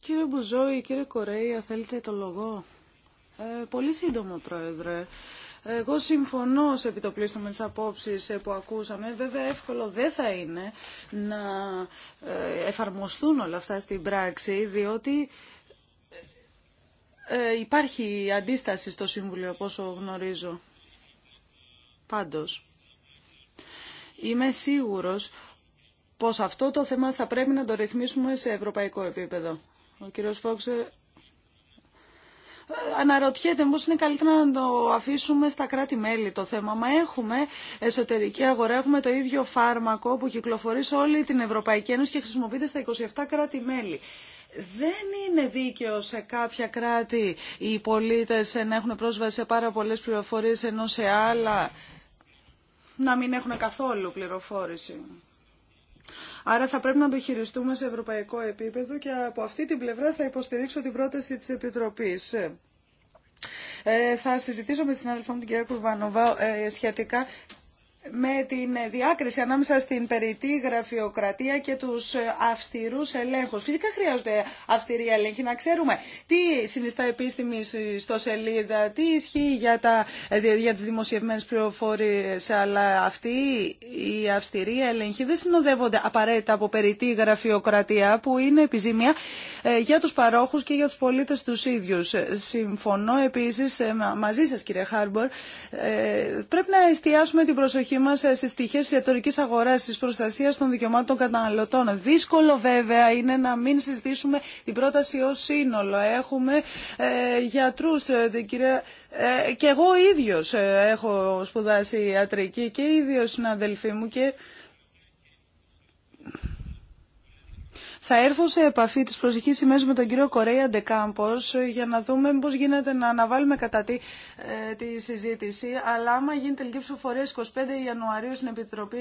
Κύριε Μπουζόη, κύριε Κορέα, θέλετε το λόγο. Ε, πολύ σύντομα, Πρόεδρε. Εγώ συμφωνώ σε επιτοπλίστων με τις απόψεις ε, που ακούσαμε. Βέβαια εύκολο δεν θα είναι να ε, εφαρμοστούν όλα αυτά στην πράξη, διότι ε, υπάρχει αντίσταση στο Συμβουλίο, πόσο γνωρίζω. Πάντως, είμαι σίγουρος πως αυτό το θέμα θα πρέπει να το ρυθμίσουμε σε ευρωπαϊκό επίπεδο. Ο κύριος Φόξε αναρωτιέται πώ είναι καλύτερα να το αφήσουμε στα κράτη-μέλη το θέμα. Μα έχουμε εσωτερική αγορά, έχουμε το ίδιο φάρμακο που κυκλοφορεί σε όλη την Ευρωπαϊκή Ένωση και χρησιμοποιείται στα 27 κράτη-μέλη. Δεν είναι δίκαιο σε κάποια κράτη οι πολίτες να έχουν πρόσβαση σε πάρα πολλέ πληροφορίε ενώ σε άλλα να μην έχουν καθόλου πληροφόρηση. Άρα θα πρέπει να το χειριστούμε σε ευρωπαϊκό επίπεδο και από αυτή την πλευρά θα υποστηρίξω την πρόταση της Επιτροπής. Ε, θα συζητήσω με τη συνάδελφό μου την κυρία Κουρβανοβά ε, σχετικά με την διάκριση ανάμεσα στην περιττή γραφειοκρατία και τους αυστηρούς ελέγχους. Φυσικά χρειάζονται αυστηρή ελέγχη να ξέρουμε τι συνιστά επίστημη στο σελίδα, τι ισχύει για, τα, για τις δημοσιευμένες πληροφορίες, αλλά αυτοί οι αυστηροί ελέγχοι δεν συνοδεύονται απαραίτητα από περιττή γραφειοκρατία που είναι επιζήμια ε, για τους παρόχους και για τους πολίτες τους ίδιους. Συμφωνώ επίσης ε, μαζί σας κύριε Χάρμπορ, ε, πρέπει να εστιάσουμε την προσοχή και μα ε, στι πτυχέ τη ιατρική αγορά, τη προστασία των δικαιωμάτων καταναλωτών. Δύσκολο βέβαια είναι να μην συζητήσουμε την πρόταση ω σύνολο. Έχουμε ε, γιατρού, ε, ε, και εγώ ίδιο ε, έχω σπουδάσει ιατρική και οι δύο συναδελφοί μου και Θα έρθω σε επαφή τη προσεχή ημέρα με τον κύριο Κορέα Ντεκάμπο ε, για να δούμε πώ γίνεται να αναβάλουμε κατά τη, ε, τη συζήτηση. Αλλά άμα γίνει τελική ψηφοφορία 25 Ιανουαρίου στην Επιτροπή,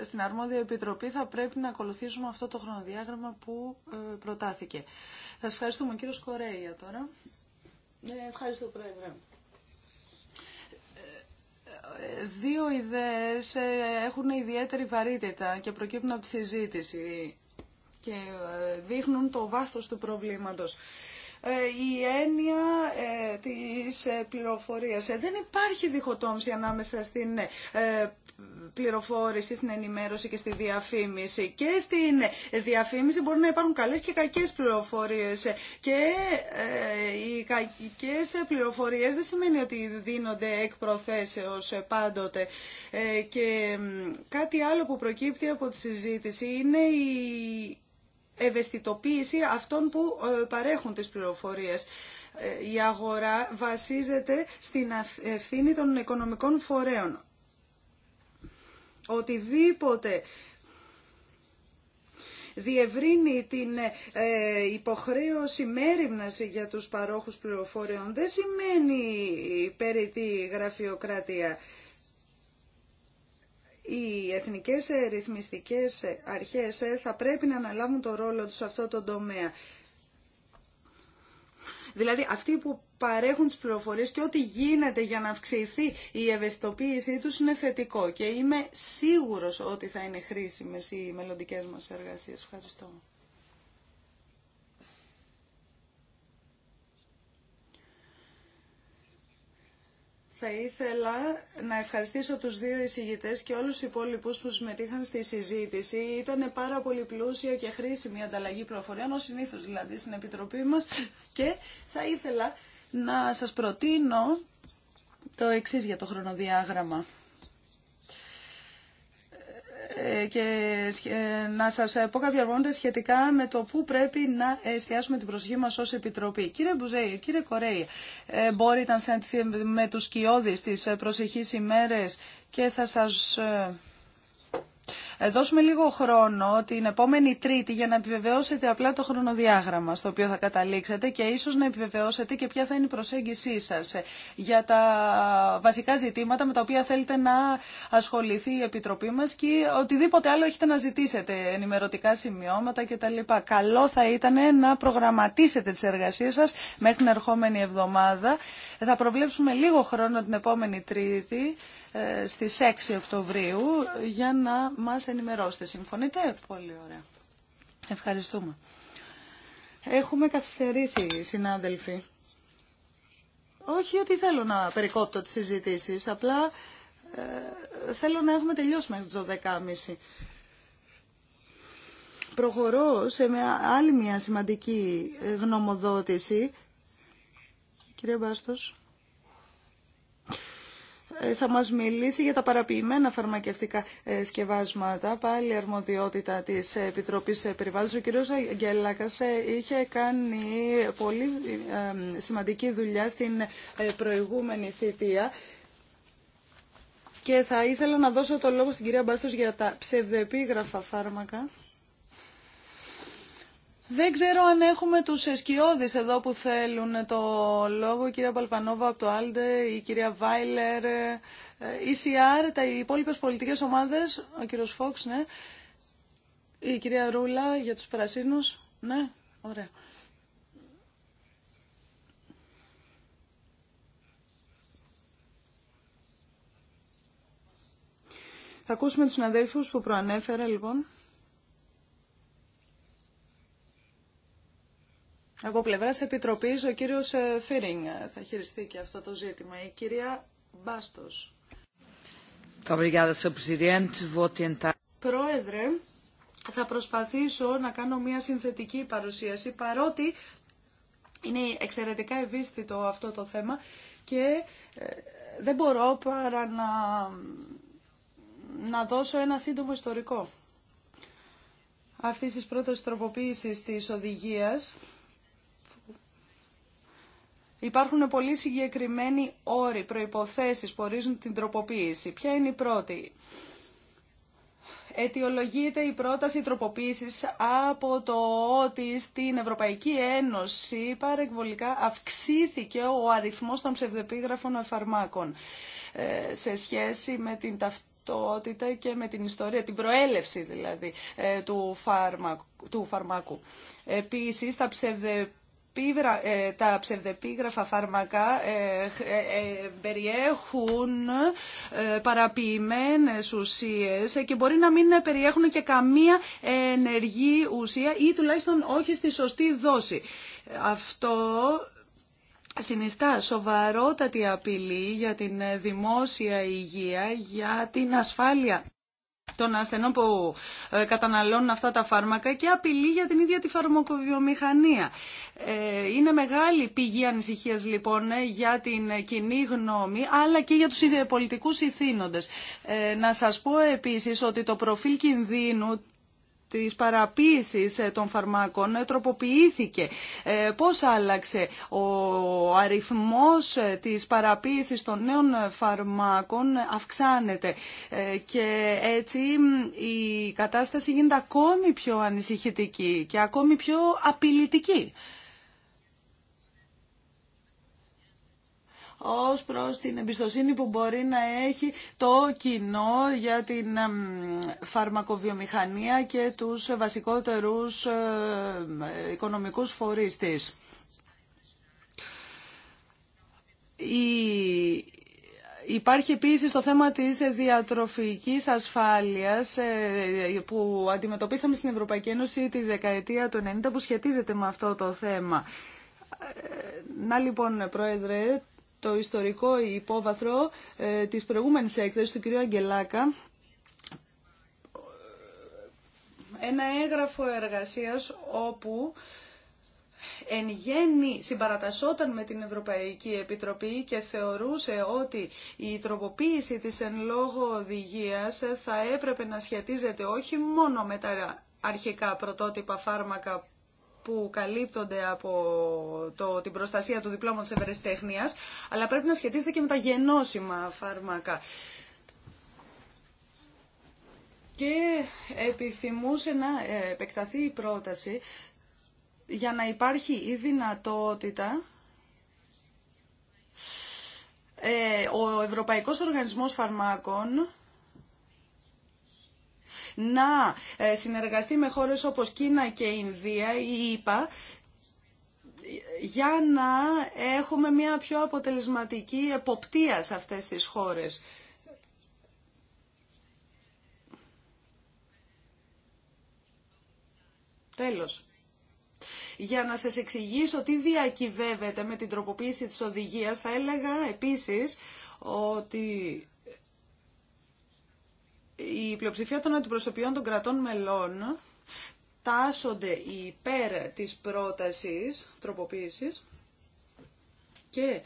ε, στην αρμόδια επιτροπή θα πρέπει να ακολουθήσουμε αυτό το χρονοδιάγραμμα που προτάθηκε. Σα ευχαριστούμε κύριο Κορέα, τώρα. Ναι, ευχαριστώ πρόεδρε. Δύο ιδέες έχουν ιδιαίτερη βαρύτητα και προκύπτουν από τη συζήτηση και ε, δείχνουν το βάθος του προβλήματος. Ε, η έννοια ε, της πληροφορίας. Δεν υπάρχει διχοτόμηση ανάμεσα στην πληροφόρηση, στην ενημέρωση και στη διαφήμιση. Και στην διαφήμιση μπορεί να υπάρχουν καλές και κακές πληροφορίες. Και οι κακές πληροφορίες δεν σημαίνει ότι δίνονται εκ προθέσεως πάντοτε. Και κάτι άλλο που προκύπτει από τη συζήτηση είναι η ευαισθητοποίηση αυτών που ε, παρέχουν τις πληροφορίες. Ε, η αγορά βασίζεται στην ευθύνη των οικονομικών φορέων. Οτιδήποτε διευρύνει την ε, υποχρέωση μέρημνας για τους παρόχους πληροφοριών δεν σημαίνει περί τη γραφειοκρατία. Οι εθνικές ρυθμιστικές αρχές ε, θα πρέπει να αναλάβουν το ρόλο τους σε αυτό το τομέα. Δηλαδή αυτοί που παρέχουν τις πληροφορίες και ό,τι γίνεται για να αυξηθεί η ευαισθητοποίησή τους είναι θετικό και είμαι σίγουρος ότι θα είναι χρήσιμες οι μελλοντικές μας εργασίες. Ευχαριστώ. Θα ήθελα να ευχαριστήσω τους δύο εισηγητές και όλους τους υπόλοιπους που συμμετείχαν στη συζήτηση. Ήταν πάρα πολύ πλούσια και χρήσιμη ανταλλαγή προφοριών, ως συνήθως δηλαδή στην Επιτροπή μας. Και θα ήθελα να σας προτείνω το εξής για το χρονοδιάγραμμα. Ε, και ε, να σας πω κάποια πράγματα σχετικά με το πού πρέπει να εστιάσουμε την προσοχή μας ως Επιτροπή. Κύριε Μπουζέη, κύριε Κορέη, ε, μπορείτε να με τους κοιόδης της προσεχείς ημέρες και θα σας ε, δώσουμε λίγο χρόνο την επόμενη Τρίτη για να επιβεβαιώσετε απλά το χρονοδιάγραμμα στο οποίο θα καταλήξετε και ίσως να επιβεβαιώσετε και ποια θα είναι η προσέγγισή σας ε, για τα βασικά ζητήματα με τα οποία θέλετε να ασχοληθεί η Επιτροπή μας και οτιδήποτε άλλο έχετε να ζητήσετε, ενημερωτικά σημειώματα κτλ. Καλό θα ήταν να προγραμματίσετε τις εργασίες σας μέχρι την ερχόμενη εβδομάδα. Θα προβλέψουμε λίγο χρόνο την επόμενη Τρίτη. Ε, στις 6 Οκτωβρίου για να μας ενημερώσετε. Συμφωνείτε? Πολύ ωραία. Ευχαριστούμε. Έχουμε καθυστερήσει, συνάδελφοι. Όχι ότι θέλω να περικόπτω τις συζητήσεις, απλά ε, θέλω να έχουμε τελειώσει μέχρι τις 12.30. Προχωρώ σε άλλη μια σημαντική ε, γνωμοδότηση. Κύριε Μπάστος. Ε, θα μας μιλήσει για τα παραποιημένα φαρμακευτικά ε, σκευάσματα, πάλι αρμοδιότητα της Επιτροπής Περιβάλλοντος. Ο κ. Αγγελάκας ε, είχε κάνει πολύ σημαντική δουλειά στην προηγούμενη θητεία και θα ήθελα να δώσω το λόγο στην κυρία Μπάστος για τα ψευδεπίγραφα φάρμακα. Δεν ξέρω αν έχουμε τους εσκιώδεις εδώ που θέλουν το λόγο, η κυρία Παλπανόβα από το Άλντε, η κυρία Βάιλερ, ε, η ΣΥΑΡ, τα υπόλοιπε πολιτικές ομάδες, ο κύριος Φόξ, ναι, η κυρία Ρούλα για τους Πρασίνους, ναι, ωραία. Θα ακούσουμε τους συναδέλφους που προανέφερα λοιπόν. Από πλευρά Επιτροπή, ο κύριο ε, Φίρινγκ ε, θα χειριστεί και αυτό το ζήτημα. Η κυρία Μπάστο. Πρόεδρε, θα προσπαθήσω να κάνω μια συνθετική παρουσίαση, παρότι είναι εξαιρετικά ευίσθητο αυτό το θέμα και ε, δεν μπορώ παρά να, να δώσω ένα σύντομο ιστορικό αυτής της πρώτης τροποποίησης της οδηγίας Υπάρχουν πολύ συγκεκριμένοι όροι, προϋποθέσεις που ορίζουν την τροποποίηση. Ποια είναι η πρώτη. Αιτιολογείται η πρόταση τροποποίησης από το ότι στην Ευρωπαϊκή Ένωση παρεκβολικά αυξήθηκε ο αριθμός των ψευδεπίγραφων φαρμάκων ε, σε σχέση με την ταυτότητα και με την ιστορία, την προέλευση δηλαδή ε, του φαρμάκου. Επίσης, τα ψευδεπίγραφα ε, τα ψευδεπίγραφα φάρμακα ε, ε, περιέχουν παραποιημένες ουσίες και μπορεί να μην περιέχουν και καμία ενεργή ουσία ή τουλάχιστον όχι στη σωστή δόση. Αυτό συνιστά σοβαρότατη απειλή για την δημόσια υγεία, για την ασφάλεια των ασθενών που ε, καταναλώνουν αυτά τα φάρμακα και απειλεί για την ίδια τη φαρμακοβιομηχανία. Ε, είναι μεγάλη πηγή ανησυχίας λοιπόν ε, για την κοινή γνώμη αλλά και για τους ιδεοπολιτικούς ηθήνοντες. Να σας πω επίσης ότι το προφίλ κινδύνου της παραποίησης ε, των φαρμάκων ε, τροποποιήθηκε. Ε, πώς άλλαξε ο αριθμός της παραποίησης των νέων φαρμάκων αυξάνεται και έτσι η κατάσταση γίνεται ακόμη πιο ανησυχητική και ακόμη πιο απειλητική. ως προς την εμπιστοσύνη που μπορεί να έχει το κοινό για την φαρμακοβιομηχανία και τους βασικότερους ε, οικονομικούς φορείς της. Υπάρχει επίσης το θέμα της διατροφικής ασφάλειας ε, που αντιμετωπίσαμε στην Ευρωπαϊκή Ένωση τη δεκαετία του 90 που σχετίζεται με αυτό το θέμα. Ε, να λοιπόν, Πρόεδρε, το ιστορικό υπόβαθρο ε, της προηγούμενης έκθεσης του κυρίου Αγγελάκα ένα έγγραφο εργασίας όπου εν γέννη συμπαρατασσόταν με την Ευρωπαϊκή Επιτροπή και θεωρούσε ότι η τροποποίηση της εν λόγω οδηγίας θα έπρεπε να σχετίζεται όχι μόνο με τα αρχικά πρωτότυπα φάρμακα που καλύπτονται από το, την προστασία του διπλώματος ευρεσιτεχνίας, αλλά πρέπει να σχετίζεται και με τα γενώσιμα φάρμακα. Και επιθυμούσε να ε, επεκταθεί η πρόταση για να υπάρχει η δυνατότητα ε, ο Ευρωπαϊκός Οργανισμός Φαρμάκων να ε, συνεργαστεί με χώρες όπως Κίνα και Ινδία ή ΙΠΑ για να έχουμε μια πιο αποτελεσματική εποπτεία σε αυτές τις χώρες. Τέλος. Για να σας εξηγήσω τι διακυβεύεται με την τροποποίηση της οδηγίας, θα έλεγα επίσης ότι η πλειοψηφία των αντιπροσωπιών των κρατών μελών τάσσονται υπέρ της πρότασης τροποποίησης και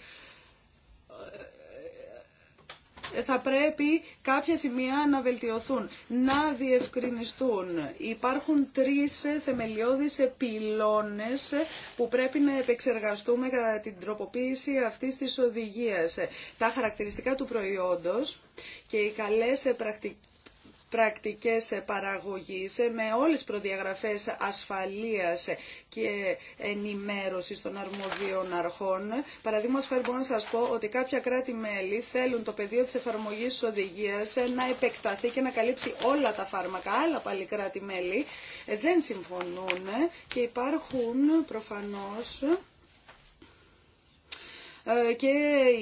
ε, θα πρέπει κάποια σημεία να βελτιωθούν, να διευκρινιστούν. Υπάρχουν τρεις θεμελιώδεις επιλώνες που πρέπει να επεξεργαστούμε κατά την τροποποίηση αυτής της οδηγίας. Τα χαρακτηριστικά του προϊόντος και οι καλές πρακτικές πρακτικές παραγωγής ε, με όλες τις προδιαγραφές ασφαλείας και ενημέρωσης των αρμοδίων αρχών. Παραδείγματος χάρη μπορώ να σας πω ότι κάποια κράτη-μέλη θέλουν το πεδίο της εφαρμογής της οδηγίας ε, να επεκταθεί και να καλύψει όλα τα φάρμακα. Άλλα πάλι κράτη-μέλη ε, δεν συμφωνούν και υπάρχουν προφανώς ε, και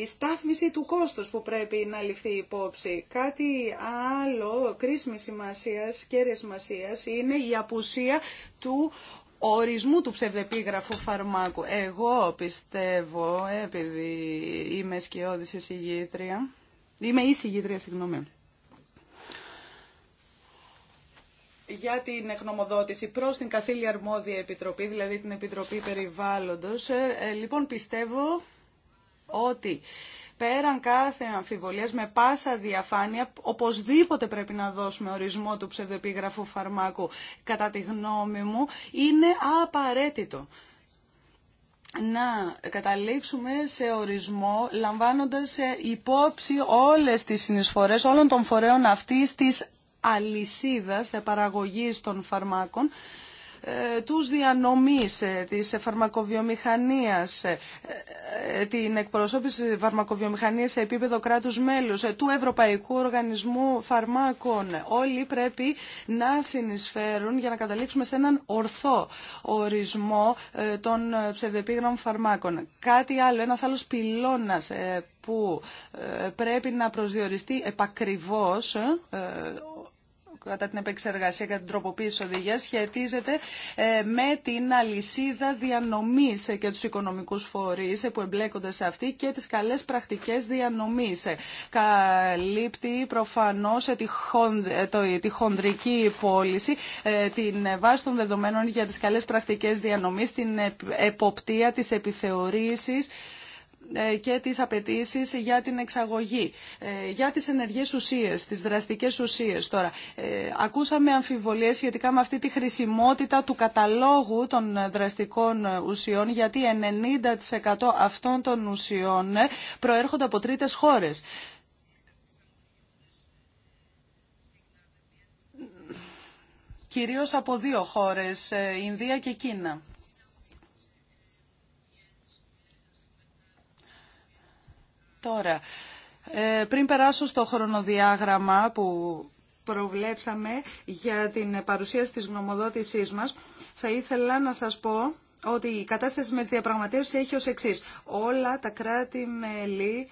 η στάθμιση του κόστους που πρέπει να ληφθεί υπόψη. Κάτι άλλο κρίσιμη σημασία και σημασίας, είναι η απουσία του ορισμού του ψευδεπίγραφου φαρμάκου. Εγώ πιστεύω, ε, επειδή είμαι σκιώδης εισηγήτρια, είμαι εισηγήτρια, συγγνώμη, για την εκνομοδότηση προς την καθήλια αρμόδια επιτροπή, δηλαδή την Επιτροπή Περιβάλλοντος. Ε, λοιπόν, πιστεύω ότι πέραν κάθε αμφιβολίας με πάσα διαφάνεια οπωσδήποτε πρέπει να δώσουμε ορισμό του ψευδεπίγραφου φαρμάκου κατά τη γνώμη μου είναι απαραίτητο να καταλήξουμε σε ορισμό λαμβάνοντας υπόψη όλες τις συνεισφορές όλων των φορέων αυτής της αλυσίδας παραγωγής των φαρμάκων τους διανομής ε, της φαρμακοβιομηχανίας, ε, ε, την εκπροσώπηση φαρμακοβιομηχανίας σε επίπεδο κράτους μέλους, του Ευρωπαϊκού Οργανισμού Φαρμάκων. Όλοι πρέπει να συνεισφέρουν για να καταλήξουμε σε έναν ορθό ορισμό των ψευδεπίγραμμων φαρμάκων. Κάτι άλλο, ένας άλλος πυλώνας που πρέπει να προσδιοριστεί επακριβώς κατά την επεξεργασία και την τροποποίηση οδηγία σχετίζεται ε, με την αλυσίδα διανομής ε, και τους οικονομικούς φορείς ε, που εμπλέκονται σε αυτή και τις καλές πρακτικές διανομής. Καλύπτει προφανώς τη χονδρική πώληση, την βάση των δεδομένων για τις καλές πρακτικές διανομής, την εποπτεία της επιθεωρήσης. Ε, και τις απαιτήσει για την εξαγωγή, ε, για τις ενεργές ουσίες, τις δραστικές ουσίες τώρα. Ε, ακούσαμε αμφιβολίες σχετικά με αυτή τη χρησιμότητα του καταλόγου των δραστικών ουσιών, γιατί 90% αυτών των ουσιών προέρχονται από τρίτες χώρες. Κυρίως από δύο χώρες, Ινδία και Κίνα. Τώρα, ε, πριν περάσω στο χρονοδιάγραμμα που προβλέψαμε για την παρουσίαση της γνωμοδότησής μας, θα ήθελα να σας πω ότι η κατάσταση με τη διαπραγματεύση έχει ως εξής. Όλα τα κράτη-μέλη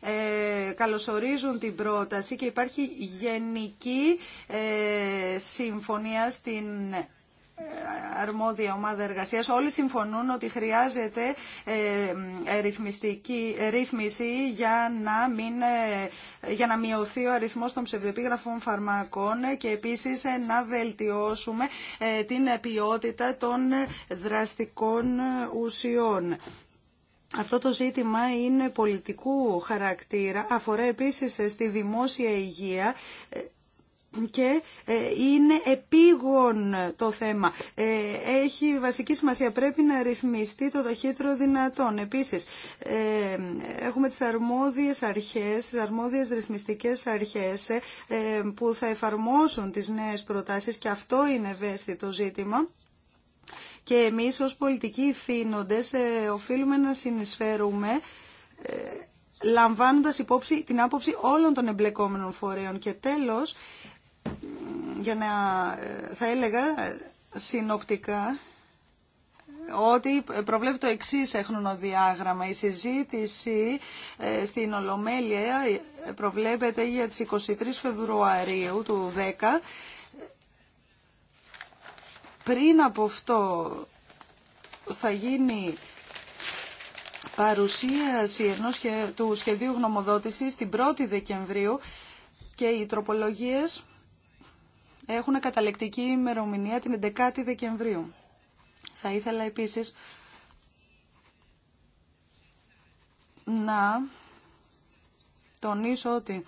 ε, καλωσορίζουν την πρόταση και υπάρχει γενική ε, συμφωνία στην αρμόδια ομάδα εργασίας. Όλοι συμφωνούν ότι χρειάζεται ε, ε, ρυθμιστική, ρύθμιση για να, μην, ε, για να μειωθεί ο αριθμός των ψευδεπίγραφων φαρμακών και επίσης να βελτιώσουμε την ποιότητα των δραστικών ουσιών. Αυτό το ζήτημα είναι πολιτικού χαρακτήρα, αφορά επίσης στη δημόσια υγεία και ε, είναι επίγον το θέμα. Ε, έχει βασική σημασία. Πρέπει να ρυθμιστεί το ταχύτερο δυνατόν. Επίσης, ε, έχουμε τις αρμόδιες αρχές, τις αρμόδιες ρυθμιστικές αρχές που θα εφαρμόσουν τις νέες προτάσεις και αυτό είναι ευαίσθητο ζήτημα. Και εμείς ως πολιτικοί θύνοντες οφείλουμε να συνεισφέρουμε λαμβάνοντας υπόψη την άποψη όλων των εμπλεκόμενων φορέων. Και τέλος, για να ε, θα έλεγα συνοπτικά ότι προβλέπει το εξή εχνονοδιάγραμμα. Η συζήτηση ε, στην Ολομέλεια ε, προβλέπεται για τις 23 Φεβρουαρίου του 10. Πριν από αυτό θα γίνει παρουσίαση ενός του σχεδίου γνωμοδότησης την 1η Δεκεμβρίου και οι τροπολογίες έχουν καταλεκτική ημερομηνία την 11η Δεκεμβρίου. Θα ήθελα επίσης να τονίσω ότι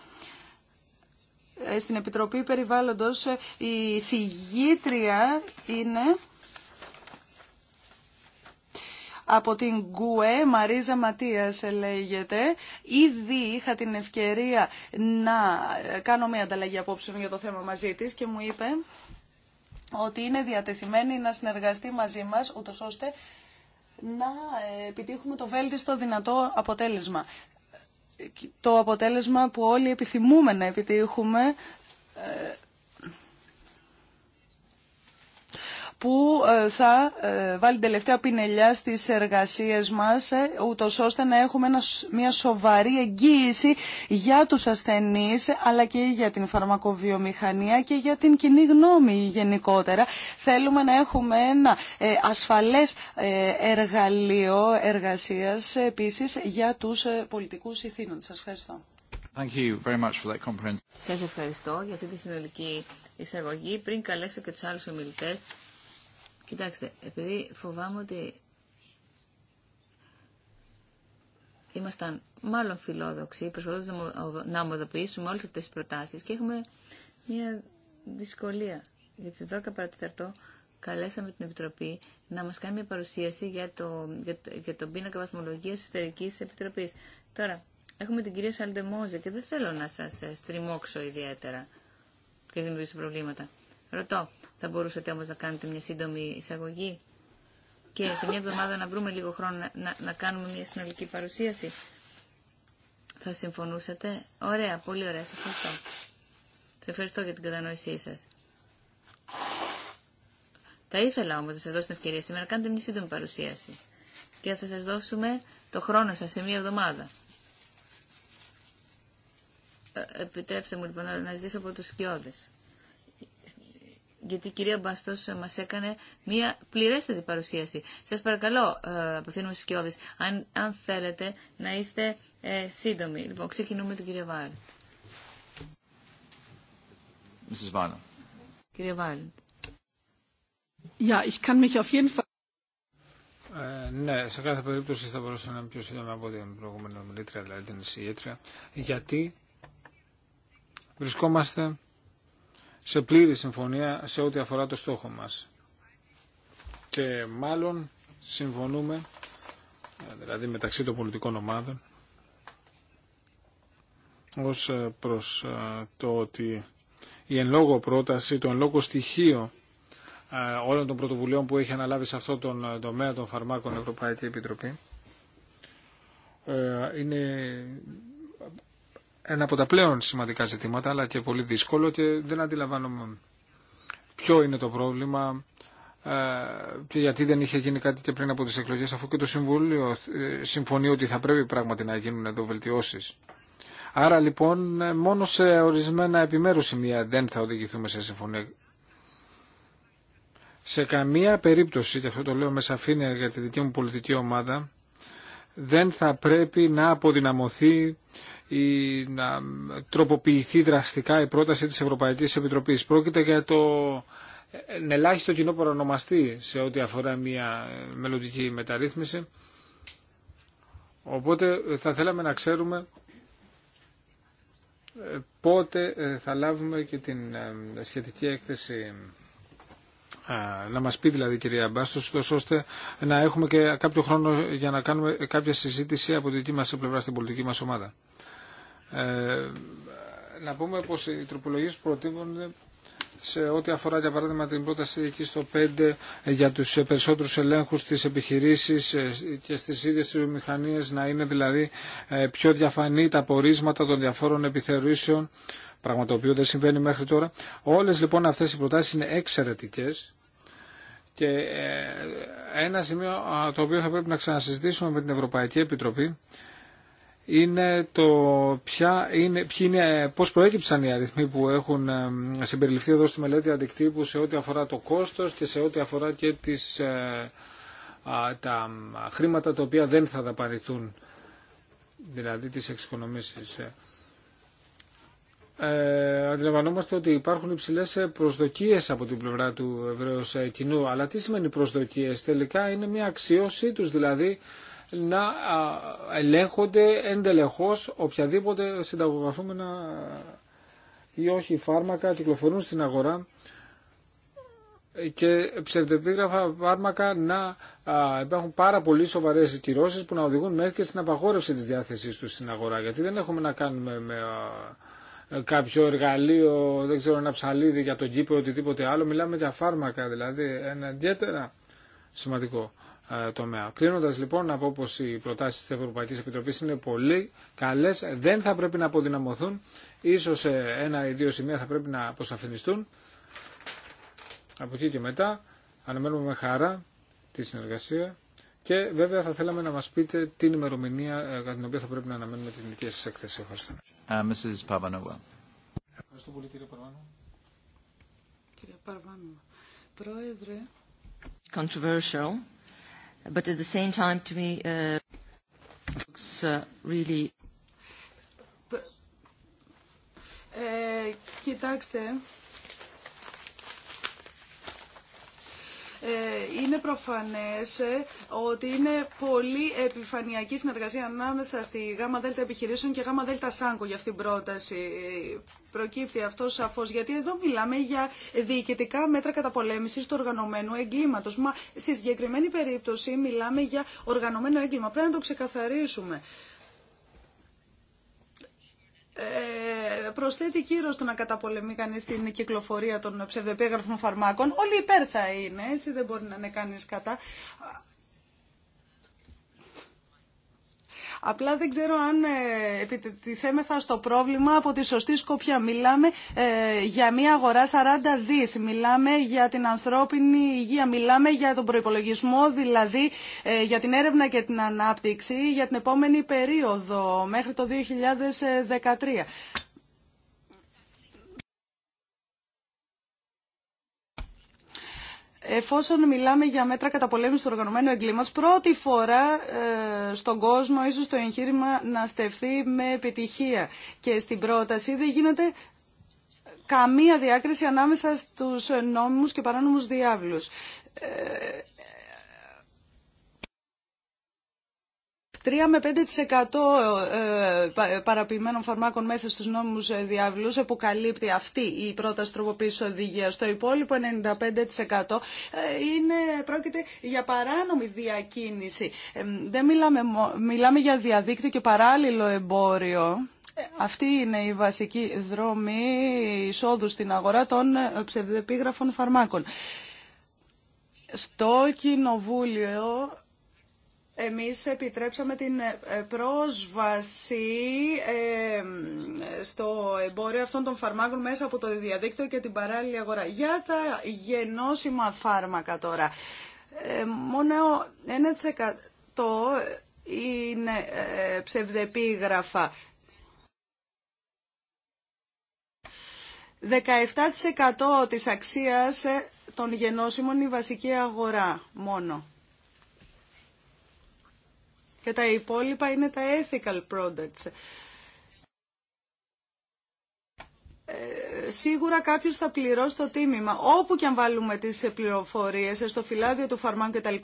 ε, στην Επιτροπή Περιβάλλοντος ε, η συγγήτρια είναι από την Γκουέ Μαρίζα Ματίας λέγεται. Ήδη είχα την ευκαιρία να κάνω μια ανταλλαγή απόψεων για το θέμα μαζί της και μου είπε ότι είναι διατεθειμένη να συνεργαστεί μαζί μας, ούτως ώστε να ε, επιτύχουμε το βέλτιστο δυνατό αποτέλεσμα. Το αποτέλεσμα που όλοι επιθυμούμε να επιτύχουμε ε, που ε, θα ε, βάλει την τελευταία πινελιά στις εργασίες μας, ε, ούτως ώστε να έχουμε μια σοβαρή εγγύηση για τους ασθενείς, αλλά και για την φαρμακοβιομηχανία και για την κοινή γνώμη γενικότερα. Θέλουμε να έχουμε ένα ασφαλές εργαλείο εργασίας, επίσης, για τους πολιτικούς ηθήνων. Σας ευχαριστώ. Thank you very much for that Σας ευχαριστώ για αυτή τη συνολική εισαγωγή. Πριν καλέσω και τους άλλους ομιλητές, Κοιτάξτε, επειδή φοβάμαι ότι ήμασταν μάλλον φιλόδοξοι, προσπαθούσαμε να ομοδοποιήσουμε όλες αυτές τις προτάσεις και έχουμε μια δυσκολία. γιατί τις 12 παρατέταρτο καλέσαμε την Επιτροπή να μας κάνει μια παρουσίαση για, το, για, για τον πίνακα βαθμολογίας της Επιτροπής. Τώρα, έχουμε την κυρία Σαλντεμόζε και δεν θέλω να σας ε, στριμώξω ιδιαίτερα και δημιουργήσω προβλήματα. Ρωτώ, θα μπορούσατε όμως να κάνετε μια σύντομη εισαγωγή και σε μια εβδομάδα να βρούμε λίγο χρόνο να, κάνουμε μια συνολική παρουσίαση. Θα συμφωνούσατε. Ωραία, πολύ ωραία. Σε ευχαριστώ. Σε ευχαριστώ για την κατανόησή σας. Θα ήθελα όμως να σας δώσω την ευκαιρία σήμερα να κάνετε μια σύντομη παρουσίαση. Και θα σας δώσουμε το χρόνο σας σε μια εβδομάδα. Ε, επιτρέψτε μου λοιπόν να ζητήσω από τους σκιώδες γιατί η κυρία Μπαστό μα έκανε μία πληρέστατη παρουσίαση. Σα παρακαλώ, ε, απευθύνουμε στου κοιόδε, αν, αν θέλετε να είστε ε, σύντομοι. Λοιπόν, ξεκινούμε την κυρία Βάρντ. Κυρία Βάρντ. Ja, ναι, σε κάθε περίπτωση θα μπορούσα να είμαι πιο σύντομη από την προηγούμενη ομιλήτρια, δηλαδή την εισηγήτρια, γιατί βρισκόμαστε σε πλήρη συμφωνία σε ό,τι αφορά το στόχο μας. Και μάλλον συμφωνούμε, δηλαδή μεταξύ των πολιτικών ομάδων, ως ε, προς ε, το ότι η εν λόγω πρόταση, το εν λόγω στοιχείο ε, όλων των πρωτοβουλειών που έχει αναλάβει σε αυτό τον τομέα των φαρμάκων Ευρωπαϊκή Επιτροπή είναι ένα από τα πλέον σημαντικά ζητήματα, αλλά και πολύ δύσκολο και δεν αντιλαμβάνομαι ποιο είναι το πρόβλημα ε, και γιατί δεν είχε γίνει κάτι και πριν από τις εκλογές, αφού και το Συμβούλιο ε, συμφωνεί ότι θα πρέπει πράγματι να γίνουν εδώ βελτιώσεις. Άρα λοιπόν ε, μόνο σε ορισμένα επιμέρους σημεία δεν θα οδηγηθούμε σε συμφωνία. Σε καμία περίπτωση, και αυτό το λέω με σαφήνεια για τη δική μου πολιτική ομάδα, δεν θα πρέπει να αποδυναμωθεί ή να τροποποιηθεί δραστικά η πρόταση της Ευρωπαϊκής Επιτροπής. Πρόκειται για το ε, ελάχιστο κοινό παρονομαστή σε ό,τι αφορά μια μελλοντική μεταρρύθμιση. Οπότε ε, θα θέλαμε να ξέρουμε ε, πότε θα λάβουμε και την σχετική έκθεση να μας πει δηλαδή κυρία Μπάστος, τόσο ώστε να έχουμε και κάποιο χρόνο για να κάνουμε κάποια συζήτηση από τη δική μας πλευρά στην πολιτική μας ομάδα. Ε, να πούμε πως οι τροπολογίες προτείνονται σε ό,τι αφορά για παράδειγμα την πρόταση εκεί στο 5 για τους περισσότερους ελέγχους στις επιχειρήσεις ε, και στις ίδιες τις μηχανίες να είναι δηλαδή ε, πιο διαφανή τα πορίσματα των διαφόρων επιθεωρήσεων πράγμα το οποίο δεν συμβαίνει μέχρι τώρα. Όλες λοιπόν αυτές οι προτάσεις είναι εξαιρετικές και ένα σημείο το οποίο θα πρέπει να ξανασυζητήσουμε με την Ευρωπαϊκή Επιτροπή είναι το ποια είναι, είναι, πώς προέκυψαν οι αριθμοί που έχουν συμπεριληφθεί εδώ στη μελέτη αντικτύπου σε ό,τι αφορά το κόστος και σε ό,τι αφορά και τις, ε, τα χρήματα τα οποία δεν θα δαπανηθούν, δηλαδή τις εξοικονομήσεις. Ε, ε αντιλαμβανόμαστε ότι υπάρχουν υψηλέ προσδοκίε από την πλευρά του ευρέω ε, κοινού. Αλλά τι σημαίνει προσδοκίε, τελικά είναι μια αξίωσή του, δηλαδή να ελέγχονται εντελεχώς οποιαδήποτε συνταγογραφούμενα ή όχι φάρμακα κυκλοφορούν στην αγορά και ψευδεπίγραφα φάρμακα να υπάρχουν πάρα πολύ σοβαρέ κυρώσει που να οδηγούν μέχρι και στην απαγόρευση τη διάθεσή του στην αγορά. Γιατί δεν έχουμε να κάνουμε με κάποιο εργαλείο, δεν ξέρω, ένα ψαλίδι για τον κήπο ή οτιδήποτε άλλο. Μιλάμε για φάρμακα δηλαδή, ένα ιδιαίτερα σημαντικό ε, τομέα. Κλείνοντα λοιπόν να πω πω οι προτάσει τη Ευρωπαϊκή Επιτροπή είναι πολύ καλέ, δεν θα πρέπει να αποδυναμωθούν, ίσω ένα ή δύο σημεία θα πρέπει να αποσαφινιστούν. Από εκεί και μετά αναμένουμε με χαρά τη συνεργασία και βέβαια θα θέλαμε να μας πείτε την ημερομηνία ε, κατά την οποία θα πρέπει να αναμένουμε την ειδική σας έκθεση. Ευχαριστώ. Ε, Ευχαριστώ πολύ κύριε Παρβάνο. Κύριε Παρβάνο, πρόεδρε. Controversial. But at the same time, to me, uh, looks uh, really. Ε, κοιτάξτε, Ε, είναι προφανές ε, ότι είναι πολύ επιφανειακή συνεργασία ανάμεσα στη ΓΑΜΑ ΔΕΛΤΑ επιχειρήσεων και ΓΑΜΑ ΔΕΛΤΑ ΣΑΝΚΟ για αυτήν την πρόταση. Προκύπτει αυτό σαφώ, γιατί εδώ μιλάμε για διοικητικά μέτρα καταπολέμηση του οργανωμένου εγκλήματο. Μα στη συγκεκριμένη περίπτωση μιλάμε για οργανωμένο έγκλημα. Πρέπει να το ξεκαθαρίσουμε. Ε, προσθέτει κύρο στο να καταπολεμεί κανεί την κυκλοφορία των ψευδεπίγραφων φαρμάκων. Όλοι υπέρ θα είναι, έτσι δεν μπορεί να είναι κανεί κατά. Απλά δεν ξέρω αν ε, επιτιθέμεθα στο πρόβλημα από τη σωστή σκοπιά. Μιλάμε ε, για μια αγορά 40 δις, μιλάμε για την ανθρώπινη υγεία, μιλάμε για τον προϋπολογισμό, δηλαδή ε, για την έρευνα και την ανάπτυξη για την επόμενη περίοδο μέχρι το 2013. Εφόσον μιλάμε για μέτρα καταπολέμησης του οργανωμένου εγκλήματος, πρώτη φορά ε, στον κόσμο ίσως το εγχείρημα να στεφθεί με επιτυχία. Και στην πρόταση δεν γίνεται καμία διάκριση ανάμεσα στους νόμιμους και παράνομους διάβλους. Ε, 3 με 5% ε, παραποιημένων φαρμάκων μέσα στους νόμους ε, διάβλους που αυτή η πρώτα τροποποίησης οδηγίας. Το υπόλοιπο 95% ε, είναι, πρόκειται για παράνομη διακίνηση. Δεν μιλάμε, μιλάμε για διαδίκτυο και παράλληλο εμπόριο. Αυτή είναι η βασική δρόμη εισόδου στην αγορά των ψευδεπίγραφων φαρμάκων. Στο Κοινοβούλιο εμείς επιτρέψαμε την ε, πρόσβαση ε, στο εμπόριο αυτών των φαρμάκων μέσα από το διαδίκτυο και την παράλληλη αγορά. Για τα γενώσιμα φάρμακα τώρα, ε, μόνο 1% είναι ψευδεπίγραφα. 17% της αξίας των γενώσιμων είναι η βασική αγορά μόνο και τα υπόλοιπα είναι τα ethical products. Ε, σίγουρα κάποιο θα πληρώσει το τίμημα. Όπου και αν βάλουμε τι πληροφορίε, στο φυλάδιο του φαρμάκου κτλ.,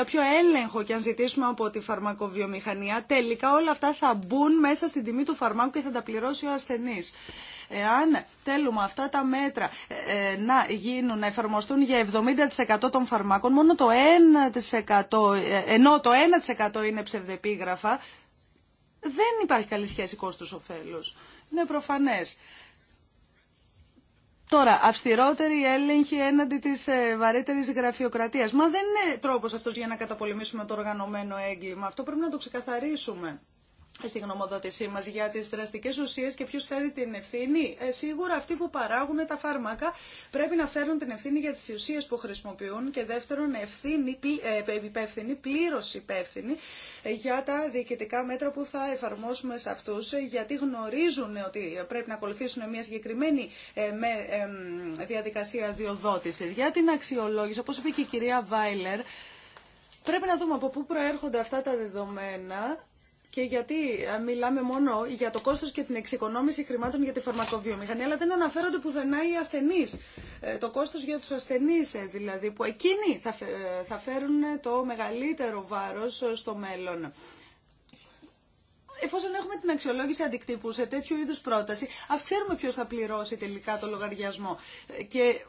όποιο έλεγχο και αν ζητήσουμε από τη φαρμακοβιομηχανία, τελικά όλα αυτά θα μπουν μέσα στην τιμή του φαρμάκου και θα τα πληρώσει ο ασθενή. Εάν θέλουμε αυτά τα μέτρα ε, να γίνουν, να εφαρμοστούν για 70% των φαρμάκων, μόνο το 1%, ε, ενώ το 1% είναι ψευδεπίγραφα, δεν υπάρχει καλή σχέση κόστους-οφέλους. Είναι προφανές. Τώρα, αυστηρότερη έλεγχη έναντι της ε, βαρύτερη γραφειοκρατίας. Μα δεν είναι τρόπος αυτός για να καταπολεμήσουμε το οργανωμένο έγκλημα. Αυτό πρέπει να το ξεκαθαρίσουμε στη γνωμοδότησή μα για τι δραστικέ ουσίε και ποιο φέρει την ευθύνη. Ε, σίγουρα αυτοί που παράγουν τα φάρμακα πρέπει να φέρουν την ευθύνη για τι ουσίε που χρησιμοποιούν και δεύτερον ευθύνη, ε, υπεύθυνη, πλήρω υπεύθυνη ε, για τα διοικητικά μέτρα που θα εφαρμόσουμε σε αυτούς γιατί γνωρίζουν ότι πρέπει να ακολουθήσουν μια συγκεκριμένη διαδικασία διοδότηση. Για την αξιολόγηση, όπω είπε και η κυρία Βάιλερ, Πρέπει να δούμε από πού προέρχονται αυτά τα δεδομένα και γιατί ε, μιλάμε μόνο για το κόστος και την εξοικονόμηση χρημάτων για τη φαρμακοβιομηχανία, αλλά δεν αναφέρονται πουθενά οι ασθενεί. Ε, το κόστος για τους ασθενείς ε, δηλαδή, που εκείνοι θα φέρουν το μεγαλύτερο βάρος στο μέλλον. Εφόσον έχουμε την αξιολόγηση αντικτύπου σε τέτοιου είδους πρόταση, ας ξέρουμε ποιος θα πληρώσει τελικά το λογαριασμό. Και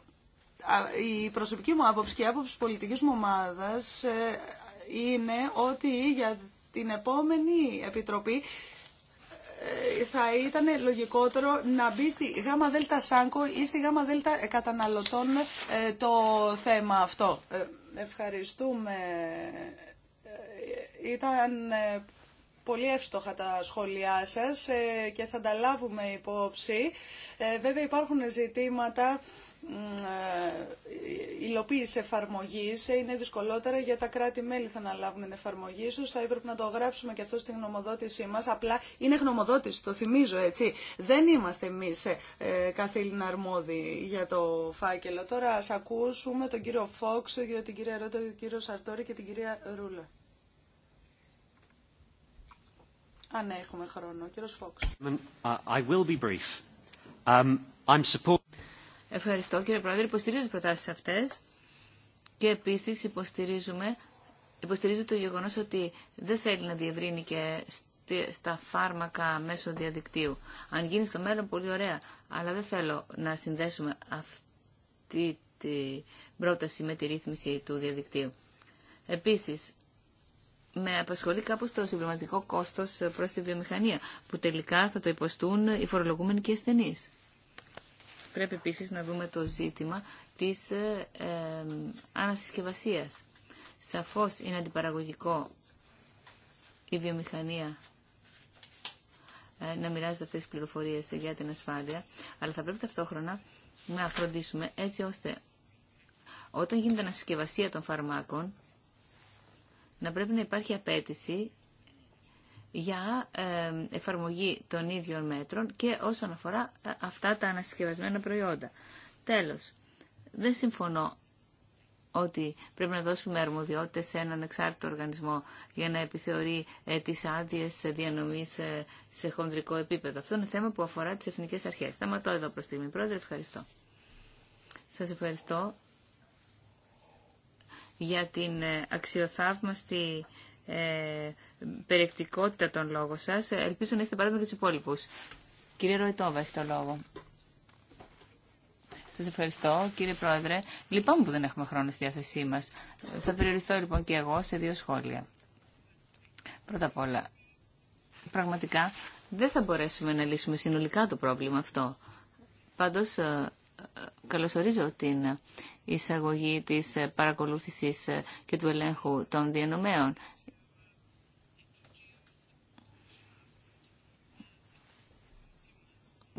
η προσωπική μου άποψη και η άποψη πολιτικής μου ομάδας είναι ότι για την επόμενη επιτροπή ε, θα ήταν λογικότερο να μπει στη ΓΑΜΑ ΔΕΛΤΑ ΣΑΝΚΟ ή στη ΓΑΜΑ ΔΕΛΤΑ καταναλωτών ε, το θέμα αυτό. Ε, ευχαριστούμε. Ήταν πολύ εύστοχα τα σχόλιά σας και θα τα λάβουμε υπόψη. Βέβαια υπάρχουν ζητήματα ε, υλοποίηση εφαρμογή είναι δυσκολότερα για τα κράτη-μέλη θα αναλάβουν την εφαρμογή. σου. θα έπρεπε να το γράψουμε και αυτό στην γνωμοδότησή μας. Απλά είναι γνωμοδότηση, το θυμίζω έτσι. Δεν είμαστε εμεί ε, καθήλυνα αρμόδιοι για το φάκελο. Τώρα ας ακούσουμε τον κύριο Φόξ, την κυρία Ρότα, τον κύριο Σαρτόρη και την κυρία Ρούλα. Αν ναι, έχουμε χρόνο. Κύριος Φόξ. I will be brief. Um, I'm Ευχαριστώ κύριε Πρόεδρε, υποστηρίζω τις προτάσει αυτέ και επίση υποστηρίζουμε, υποστηρίζω το γεγονό ότι δεν θέλει να διευρύνει και στα φάρμακα μέσω διαδικτύου. Αν γίνει στο μέλλον πολύ ωραία, αλλά δεν θέλω να συνδέσουμε αυτή την πρόταση με τη ρύθμιση του διαδικτύου. Επίση, με απασχολεί κάπω το συμπληρωματικό κόστο προ τη βιομηχανία, που τελικά θα το υποστούν οι φορολογούμενοι και οι πρέπει επίσης να δούμε το ζήτημα της ε, ε, Σαφώς είναι αντιπαραγωγικό η βιομηχανία ε, να μοιράζεται αυτές τις πληροφορίες για την ασφάλεια, αλλά θα πρέπει ταυτόχρονα να φροντίσουμε έτσι ώστε όταν γίνεται ανασυσκευασία των φαρμάκων, να πρέπει να υπάρχει απέτηση για ε, εφαρμογή των ίδιων μέτρων και όσον αφορά ε, αυτά τα ανασυσκευασμένα προϊόντα. Τέλος, δεν συμφωνώ ότι πρέπει να δώσουμε αρμοδιότητες σε έναν εξάρτητο οργανισμό για να επιθεωρεί ε, τις άδειες διανομής σε χοντρικό επίπεδο. Αυτό είναι θέμα που αφορά τις εθνικές αρχές. Σταματώ εδώ προς μη Πρόεδρε, ευχαριστώ. Σας ευχαριστώ για την αξιοθαύμαστη ε, περιεκτικότητα τον λόγο σας. Ελπίζω να είστε παράδειγμα και τους υπόλοιπους. Κύριε Ροϊτόβα, έχει το λόγο. Σα ευχαριστώ, κύριε Πρόεδρε. Λυπάμαι που δεν έχουμε χρόνο στη διάθεσή μα. Θα περιοριστώ λοιπόν και εγώ σε δύο σχόλια. Πρώτα απ' όλα, πραγματικά δεν θα μπορέσουμε να λύσουμε συνολικά το πρόβλημα αυτό. Πάντως, ε, ε, καλωσορίζω την εισαγωγή της παρακολούθησης και του ελέγχου των διανομέων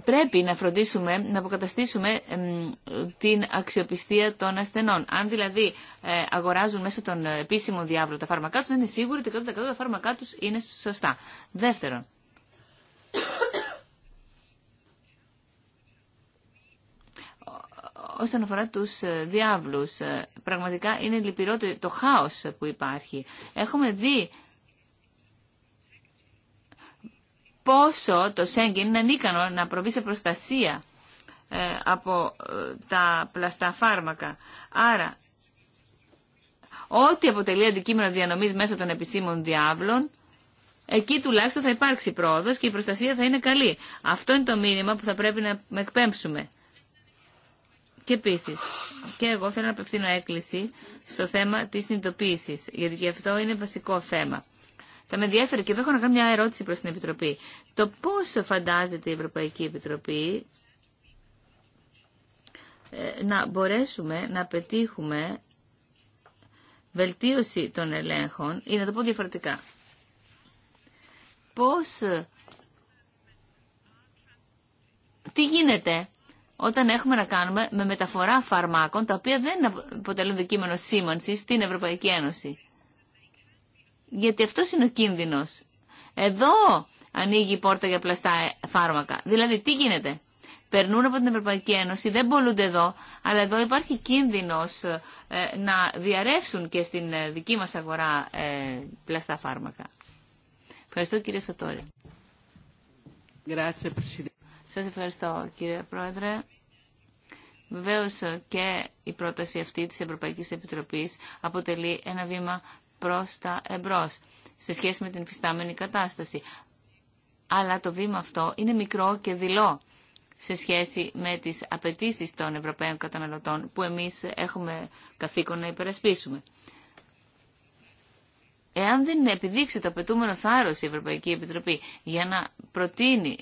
πρέπει να φροντίσουμε να αποκαταστήσουμε την αξιοπιστία των ασθενών. Αν δηλαδή ε, αγοράζουν μέσω των επίσημων διάβλων τα φάρμακά τους, να είναι σίγουροι ότι 100% τα φάρμακά τους είναι σωστά. Δεύτερον, όσον αφορά τους ε, διάβλους, ε, πραγματικά είναι λυπηρό το χάος που υπάρχει. Έχουμε δει πόσο το Σέγγεν είναι ανίκανο να προβεί σε προστασία ε, από ε, τα πλαστά φάρμακα. Άρα, ό,τι αποτελεί αντικείμενο διανομής μέσω των επισήμων διάβλων, εκεί τουλάχιστον θα υπάρξει πρόοδος και η προστασία θα είναι καλή. Αυτό είναι το μήνυμα που θα πρέπει να εκπέμψουμε. Και επίση, και εγώ θέλω να απευθύνω έκκληση στο θέμα της συνειδητοποίηση, γιατί και αυτό είναι βασικό θέμα. Θα με ενδιαφέρει και εδώ έχω να κάνω μια ερώτηση προς την Επιτροπή. Το πώς φαντάζεται η Ευρωπαϊκή Επιτροπή ε, να μπορέσουμε να πετύχουμε βελτίωση των ελέγχων ή να το πω διαφορετικά. Πώς... Ε, τι γίνεται όταν έχουμε να κάνουμε με μεταφορά φαρμάκων τα οποία δεν αποτελούν το σήμανση στην Ευρωπαϊκή Ένωση. Γιατί αυτό είναι ο κίνδυνος. Εδώ ανοίγει η πόρτα για πλαστά φάρμακα. Δηλαδή τι γίνεται. Περνούν από την Ευρωπαϊκή Ένωση, δεν πολλούνται εδώ, αλλά εδώ υπάρχει κίνδυνος ε, να διαρρεύσουν και στην ε, δική μας αγορά ε, πλαστά φάρμακα. Ευχαριστώ κύριε Σατόρη. Σα ευχαριστώ κύριε Πρόεδρε. Βεβαίω και η πρόταση αυτή τη Ευρωπαϊκή Επιτροπή αποτελεί ένα βήμα προς τα εμπρός σε σχέση με την φυστάμενη κατάσταση. Αλλά το βήμα αυτό είναι μικρό και δειλό σε σχέση με τις απαιτήσει των Ευρωπαίων καταναλωτών που εμείς έχουμε καθήκον να υπερασπίσουμε. Εάν δεν επιδείξει το απαιτούμενο θάρρος η Ευρωπαϊκή Επιτροπή για να προτείνει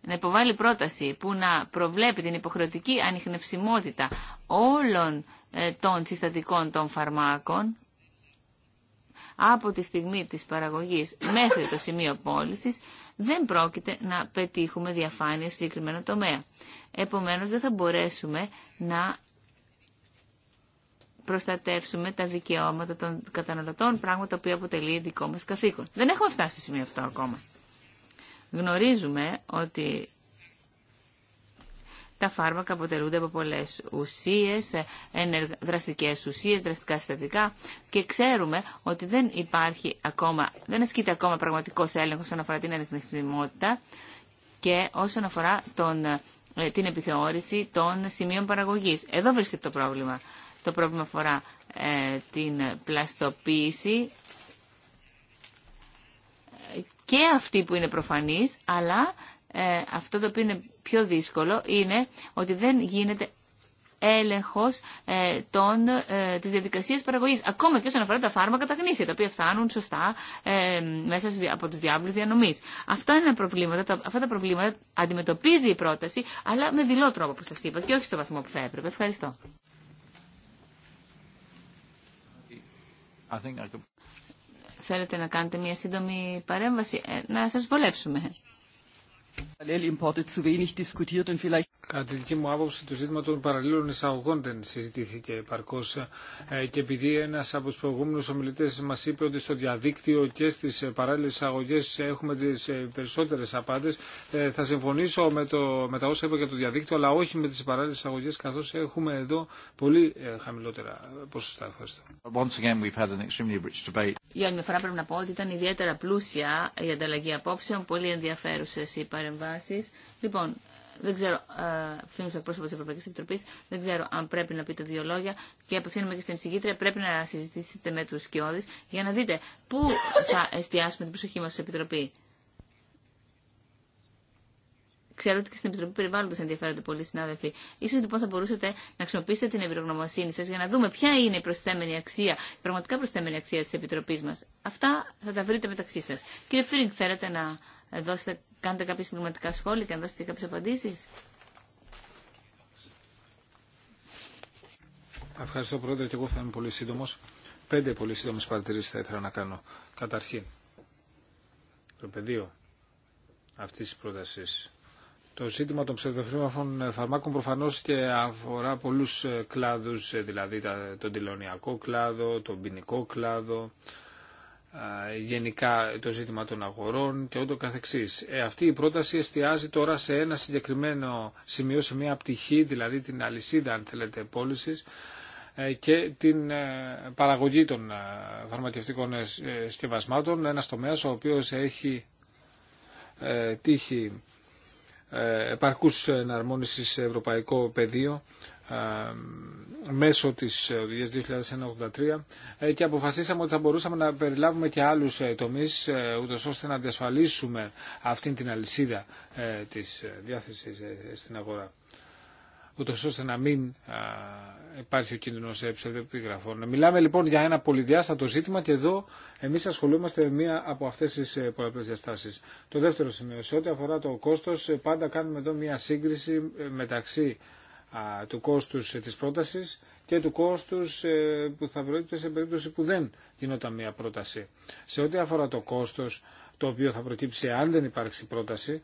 να υποβάλει πρόταση που να προβλέπει την υποχρεωτική ανιχνευσιμότητα όλων ε, των συστατικών των φαρμάκων από τη στιγμή της παραγωγής μέχρι το σημείο πώλησης δεν πρόκειται να πετύχουμε διαφάνεια σε συγκεκριμένο τομέα. Επομένως δεν θα μπορέσουμε να προστατεύσουμε τα δικαιώματα των καταναλωτών, πράγμα το οποίο αποτελεί δικό μας καθήκον. Δεν έχουμε φτάσει στο σημείο αυτό ακόμα. Γνωρίζουμε ότι τα φάρμακα αποτελούνται από πολλέ ουσίες, δραστικές ουσίες, δραστικά συστατικά και ξέρουμε ότι δεν υπάρχει ακόμα, δεν ασκείται ακόμα πραγματικός έλεγχος όσον αφορά την ανεχνησιμότητα και όσον αφορά τον, ε, την επιθεώρηση των σημείων παραγωγής. Εδώ βρίσκεται το πρόβλημα. Το πρόβλημα αφορά ε, την πλαστοποίηση ε, και αυτή που είναι προφανής, αλλά αυτό το οποίο είναι πιο δύσκολο είναι ότι δεν γίνεται έλεγχος ε, των, ε, της διαδικασίας παραγωγής. Ακόμα και όσον αφορά τα φάρμακα τα γνήσια, τα οποία φτάνουν σωστά ε, μέσα από τους διάβλους διανομής. Αυτά, είναι προβλήματα, τα, αυτά τα προβλήματα αντιμετωπίζει η πρόταση, αλλά με δειλό τρόπο, όπως σας είπα, και όχι στο βαθμό που θα έπρεπε. Ευχαριστώ. Θέλετε να κάνετε μια σύντομη παρέμβαση, ε, να σας βολέψουμε parallelimporte importe zu wenig diskutiert und vielleicht Κατά τη δική μου άποψη, το ζήτημα των παραλλήλων εισαγωγών δεν συζητήθηκε επαρκώ. Ε, και επειδή ένα από του προηγούμενου ομιλητέ μα είπε ότι στο διαδίκτυο και στι παράλληλε εισαγωγέ έχουμε τι ε, περισσότερε απάντε, ε, θα συμφωνήσω με, το, με τα όσα είπα για το διαδίκτυο, αλλά όχι με τι παράλληλε εισαγωγέ, καθώ έχουμε εδώ πολύ χαμηλότερα ποσοστά. Ευχαριστώ. Για άλλη μια φορά πρέπει να πω ότι ήταν ιδιαίτερα πλούσια η ανταλλαγή απόψεων, πολύ ενδιαφέρουσε οι παρεμβάσει. Λοιπόν, δεν ξέρω, ε, πρόσωπο τη Ευρωπαϊκή Επιτροπή, δεν ξέρω αν πρέπει να πείτε δύο λόγια και απευθύνομαι και στην εισηγήτρια. Πρέπει να συζητήσετε με του σκιώδει για να δείτε πού θα εστιάσουμε την προσοχή μα στην Επιτροπή. Ξέρω ότι και στην Επιτροπή Περιβάλλοντο ενδιαφέρονται πολλοί συνάδελφοι. σω λοιπόν θα μπορούσατε να χρησιμοποιήσετε την ευρωγνωμοσύνη σα για να δούμε ποια είναι η προσθέμενη αξία, η πραγματικά προσθέμενη αξία τη Επιτροπή μα. Αυτά θα τα βρείτε μεταξύ σα. Κύριε Φίρινγκ, θέλετε να ε, δώσετε, κάνετε κάποια συγκεκριμένα σχόλια και να δώσετε κάποιες απαντήσεις. Ευχαριστώ Πρόεδρε και εγώ θα είμαι πολύ σύντομο. Πέντε πολύ σύντομε παρατηρήσει θα ήθελα να κάνω. Καταρχήν, το πεδίο αυτή τη πρόταση. Το ζήτημα των ψευδοφάρμακων φαρμάκων προφανώ και αφορά πολλού ε, κλάδου, ε, δηλαδή τον τηλεωνιακό κλάδο, τον ποινικό κλάδο, γενικά το ζήτημα των αγορών και ούτω καθεξής. Ε, αυτή η πρόταση εστιάζει τώρα σε ένα συγκεκριμένο σημείο, σε μια πτυχή, δηλαδή την αλυσίδα αν θέλετε πώληση ε, και την ε, παραγωγή των φαρμακευτικών συσκευασμάτων, ένα τομέα ο οποίος έχει τύχει επαρκούς εναρμόνισης σε ευρωπαϊκό πεδίο ε, μέσω της οδηγίας 2083 ε, και αποφασίσαμε ότι θα μπορούσαμε να περιλάβουμε και άλλους ε, τομείς ούτως ώστε να διασφαλίσουμε αυτήν την αλυσίδα της διάθεσης στην αγορά ούτως ώστε να μην υπάρχει ο κίνδυνο ψευδεπίγραφων. Μιλάμε λοιπόν για ένα πολυδιάστατο ζήτημα και εδώ εμείς ασχολούμαστε με μία από αυτές τις πολλαπλέ διαστάσεις. Το δεύτερο σημείο, σε ό,τι αφορά το κόστος, πάντα κάνουμε εδώ μία σύγκριση μεταξύ του κόστους ε, της πρότασης και του κόστους ε, που θα προέκυπτε σε περίπτωση που δεν γινόταν μια πρόταση. Σε ό,τι αφορά το κόστος το οποίο θα προκύψει αν δεν υπάρξει πρόταση,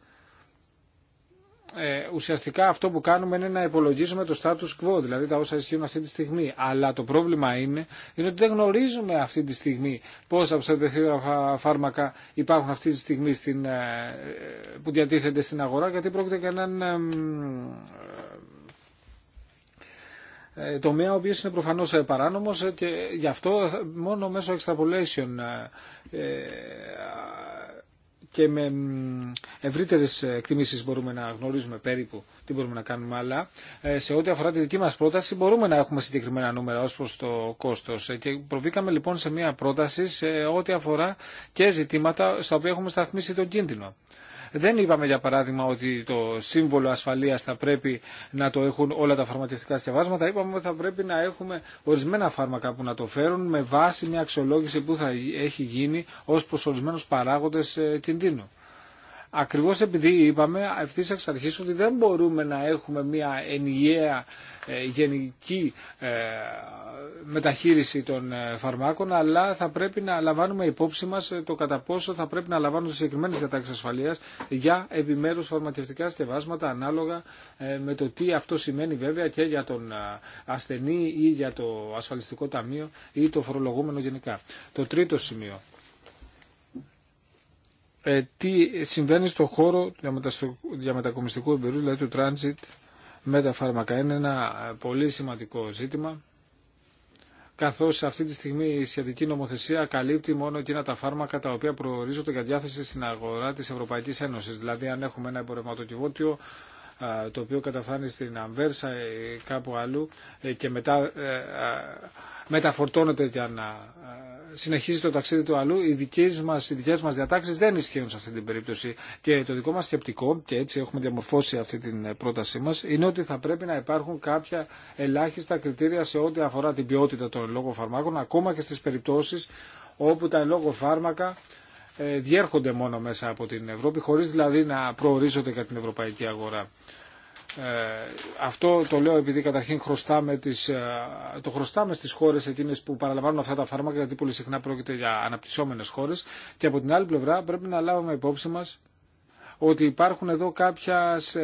ε, ουσιαστικά αυτό που κάνουμε είναι να υπολογίζουμε το status quo, δηλαδή τα όσα ισχύουν αυτή τη στιγμή. Αλλά το πρόβλημα είναι, είναι ότι δεν γνωρίζουμε αυτή τη στιγμή πόσα ψευδεθήρα φάρμακα υπάρχουν αυτή τη στιγμή στην, ε, που διατίθενται στην αγορά, γιατί πρόκειται για έναν ε, τομέα ο οποίος είναι προφανώς ε, παράνομος ε, και γι' αυτό μόνο μέσω extrapolation και με ευρύτερε εκτιμήσεις μπορούμε να γνωρίζουμε περίπου τι μπορούμε να κάνουμε. Αλλά σε ό,τι αφορά τη δική μας πρόταση, μπορούμε να έχουμε συγκεκριμένα νούμερα ως προς το κόστος Και προβήκαμε λοιπόν σε μια πρόταση σε ό,τι αφορά και ζητήματα στα οποία έχουμε σταθμίσει τον κίνδυνο. Δεν είπαμε για παράδειγμα ότι το σύμβολο ασφαλείας θα πρέπει να το έχουν όλα τα φαρμακευτικά σκευάσματα. Είπαμε ότι θα πρέπει να έχουμε ορισμένα φάρμακα που να το φέρουν με βάση μια αξιολόγηση που θα έχει γίνει ως προς ορισμένους παράγοντες ε, κινδύνου. Ακριβώς επειδή είπαμε ευθύς εξ αρχής ότι δεν μπορούμε να έχουμε μια ενιαία ε, γενική ε, μεταχείριση των ε, φαρμάκων, αλλά θα πρέπει να λαμβάνουμε υπόψη μας το κατά πόσο θα πρέπει να λαμβάνονται συγκεκριμένες διατάξεις ασφαλείας για επιμέρους φαρμακευτικά σκευάσματα ανάλογα με το τι αυτό σημαίνει βέβαια και για τον ασθενή ή για το ασφαλιστικό ταμείο ή το φορολογούμενο γενικά. Το τρίτο σημείο τι συμβαίνει στον χώρο διαμετακομιστικού εμπειρίου, δηλαδή του transit με τα φάρμακα. Είναι ένα πολύ σημαντικό ζήτημα καθώς αυτή τη στιγμή η σχετική νομοθεσία καλύπτει μόνο εκείνα τα φάρμακα τα οποία προορίζονται για διάθεση στην αγορά της Ευρωπαϊκής Ένωσης. Δηλαδή αν έχουμε ένα εμπορευματοκιβώτιο το οποίο καταφθάνει στην Αμβέρσα ή κάπου αλλού ε, και μετά ε, μεταφορτώνεται για να συνεχίζει το ταξίδι του αλλού, οι δικέ μα οι μας διατάξεις δεν ισχύουν σε αυτή την περίπτωση. Και το δικό μα σκεπτικό, και έτσι έχουμε διαμορφώσει αυτή την ε, πρότασή μας, είναι ότι θα πρέπει να υπάρχουν κάποια ελάχιστα κριτήρια σε ό,τι αφορά την ποιότητα των λόγων φαρμάκων, ακόμα και στις περιπτώσει όπου τα λόγω φάρμακα ε, διέρχονται μόνο μέσα από την Ευρώπη, χωρίς δηλαδή να προορίζονται για την ευρωπαϊκή αγορά. Ε, αυτό το λέω επειδή καταρχήν χρωστάμε τις, ε, το χρωστάμε στις χώρες εκείνες που παραλαμβάνουν αυτά τα φάρμακα γιατί πολύ συχνά πρόκειται για αναπτυσσόμενες χώρες και από την άλλη πλευρά πρέπει να λάβουμε υπόψη μας ότι υπάρχουν εδώ κάποια, σε,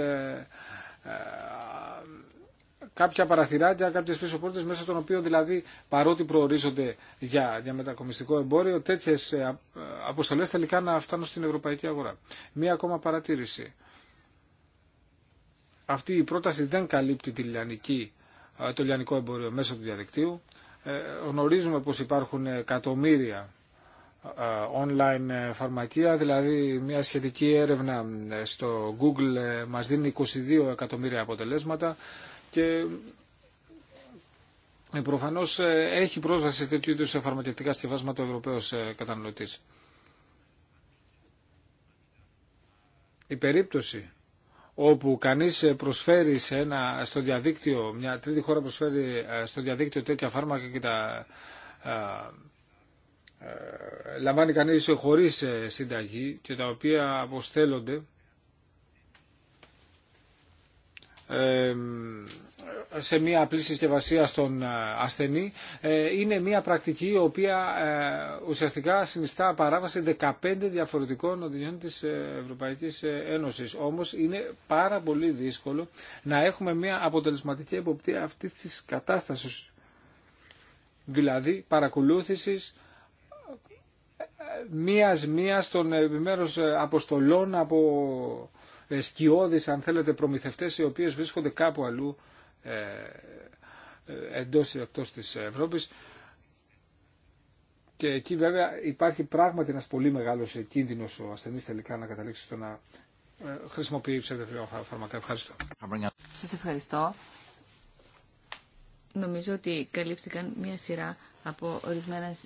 ε, παραθυράκια, κάποιες πίσω πόρτες μέσα των οποίων δηλαδή παρότι προορίζονται για, για μετακομιστικό εμπόριο τέτοιες ε, αποστολές τελικά να φτάνουν στην ευρωπαϊκή αγορά. Μία ακόμα παρατήρηση αυτή η πρόταση δεν καλύπτει ε, το λιανικό εμπόριο μέσω του διαδικτύου. Ε, γνωρίζουμε πως υπάρχουν εκατομμύρια ε, online φαρμακεία, δηλαδή μια σχετική έρευνα στο Google μας δίνει 22 εκατομμύρια αποτελέσματα και προφανώς έχει πρόσβαση σε τέτοιου είδους φαρμακευτικά σκευάσματα ο Ευρωπαίος καταναλωτής. Η περίπτωση όπου κανείς ε, προσφέρει σε ένα, στο διαδίκτυο, μια τρίτη χώρα προσφέρει ε, στο διαδίκτυο τέτοια φάρμακα και τα ε, λαμβάνει κανείς χωρίς συνταγή και τα οποία αποστέλλονται σε μια απλή συσκευασία στον ε, ασθενή ε, είναι μια πρακτική η οποία ε, ουσιαστικά συνιστά παράβαση 15 διαφορετικών οδηγιών της Ευρωπαϊκής Ένωσης. Όμως είναι πάρα πολύ δύσκολο να έχουμε μια αποτελεσματική εποπτεία αυτής της κατάστασης. Δηλαδή παρακολούθησης μίας-μίας των επιμέρους αποστολών από σκιώδεις αν θέλετε προμηθευτές οι οποίες βρίσκονται κάπου αλλού ε, ε, εντός ή εκτός της Ευρώπης. Και εκεί βέβαια υπάρχει πράγματι ένας πολύ μεγάλος κίνδυνος ο ασθενής τελικά να καταλήξει στο να ε, χρησιμοποιεί ψευδευτικά φάρμακα. Ευχαριστώ. Σας ευχαριστώ. Νομίζω ότι καλύφθηκαν μια σειρά από ορισμένα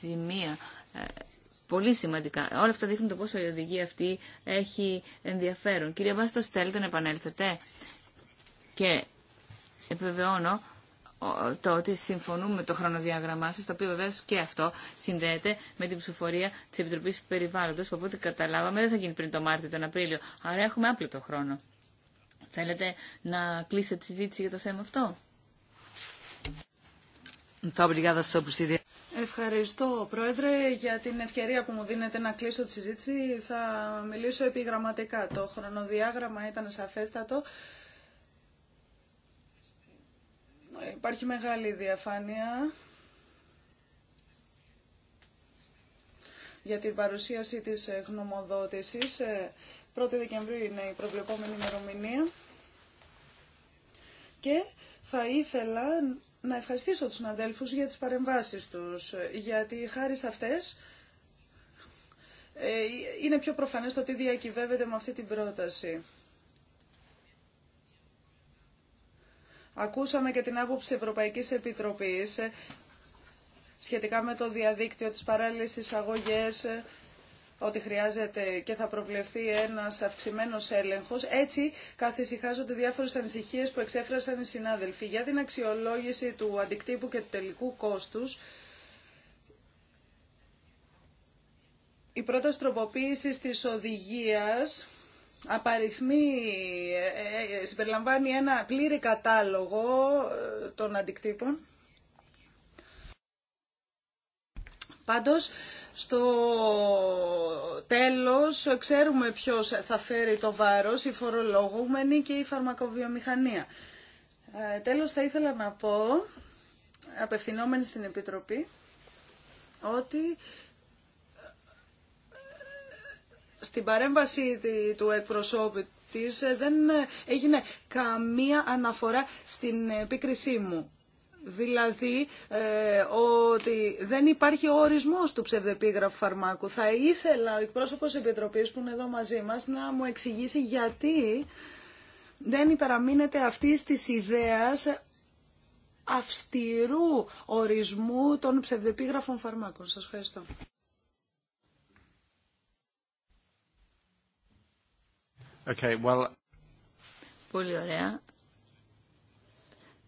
σημεία πολύ σημαντικά. Όλα αυτά δείχνουν το πόσο η οδηγία αυτή έχει ενδιαφέρον. Κύριε Βάστος, θέλετε να επανέλθετε. Και επιβεβαιώνω το ότι συμφωνούμε με το χρονοδιάγραμμά σα, το οποίο βεβαίω και αυτό συνδέεται με την ψηφοφορία τη Επιτροπή Περιβάλλοντο, που από ό,τι καταλάβαμε δεν θα γίνει πριν το Μάρτιο τον Απρίλιο. Άρα έχουμε άπλητο χρόνο. Θέλετε να κλείσετε τη συζήτηση για το θέμα αυτό. Ευχαριστώ, Πρόεδρε, για την ευκαιρία που μου δίνετε να κλείσω τη συζήτηση. Θα μιλήσω επιγραμματικά. Το χρονοδιάγραμμα ήταν σαφέστατο. Υπάρχει μεγάλη διαφάνεια για την παρουσίαση της ε, γνωμοδότησης. 1η ε, Δεκεμβρίου είναι η προβλεπόμενη ημερομηνία. Και θα ήθελα να ευχαριστήσω τους αδέλφους για τις παρεμβάσεις τους, ε, γιατί χάρη σε αυτές είναι πιο προφανές το τι διακυβεύεται με αυτή την πρόταση. Ακούσαμε και την άποψη Ευρωπαϊκής Επιτροπής ε, σχετικά με το διαδίκτυο, της παράλληλης εισαγωγής ε, ότι χρειάζεται και θα προβλεφθεί ένας αυξημένος έλεγχος. Έτσι καθησυχάζονται διάφορες ανησυχίες που εξέφρασαν οι συνάδελφοι. Για την αξιολόγηση του αντικτύπου και του τελικού κόστους, η πρώτη τροποποίηση της οδηγίας απαριθμεί, ε, ε, συμπεριλαμβάνει ένα πλήρη κατάλογο ε, των αντικτύπων. Πάντως, στο τέλος ξέρουμε ποιος θα φέρει το βάρος, η φορολογούμενη και η φαρμακοβιομηχανία. Τέλος, θα ήθελα να πω, απευθυνόμενη στην Επιτροπή, ότι στην παρέμβαση του εκπροσώπου ε, δεν ε, έγινε καμία αναφορά στην επίκρισή μου. Δηλαδή ε, ότι δεν υπάρχει ο ορισμός του ψευδεπίγραφου φαρμάκου. Θα ήθελα ο εκπρόσωπος Επιτροπής που είναι εδώ μαζί μας να μου εξηγήσει γιατί δεν υπεραμείνεται αυτή της ιδέας αυστηρού ορισμού των ψευδεπίγραφων φαρμάκων. Σας ευχαριστώ. Okay, well... Πολύ ωραία.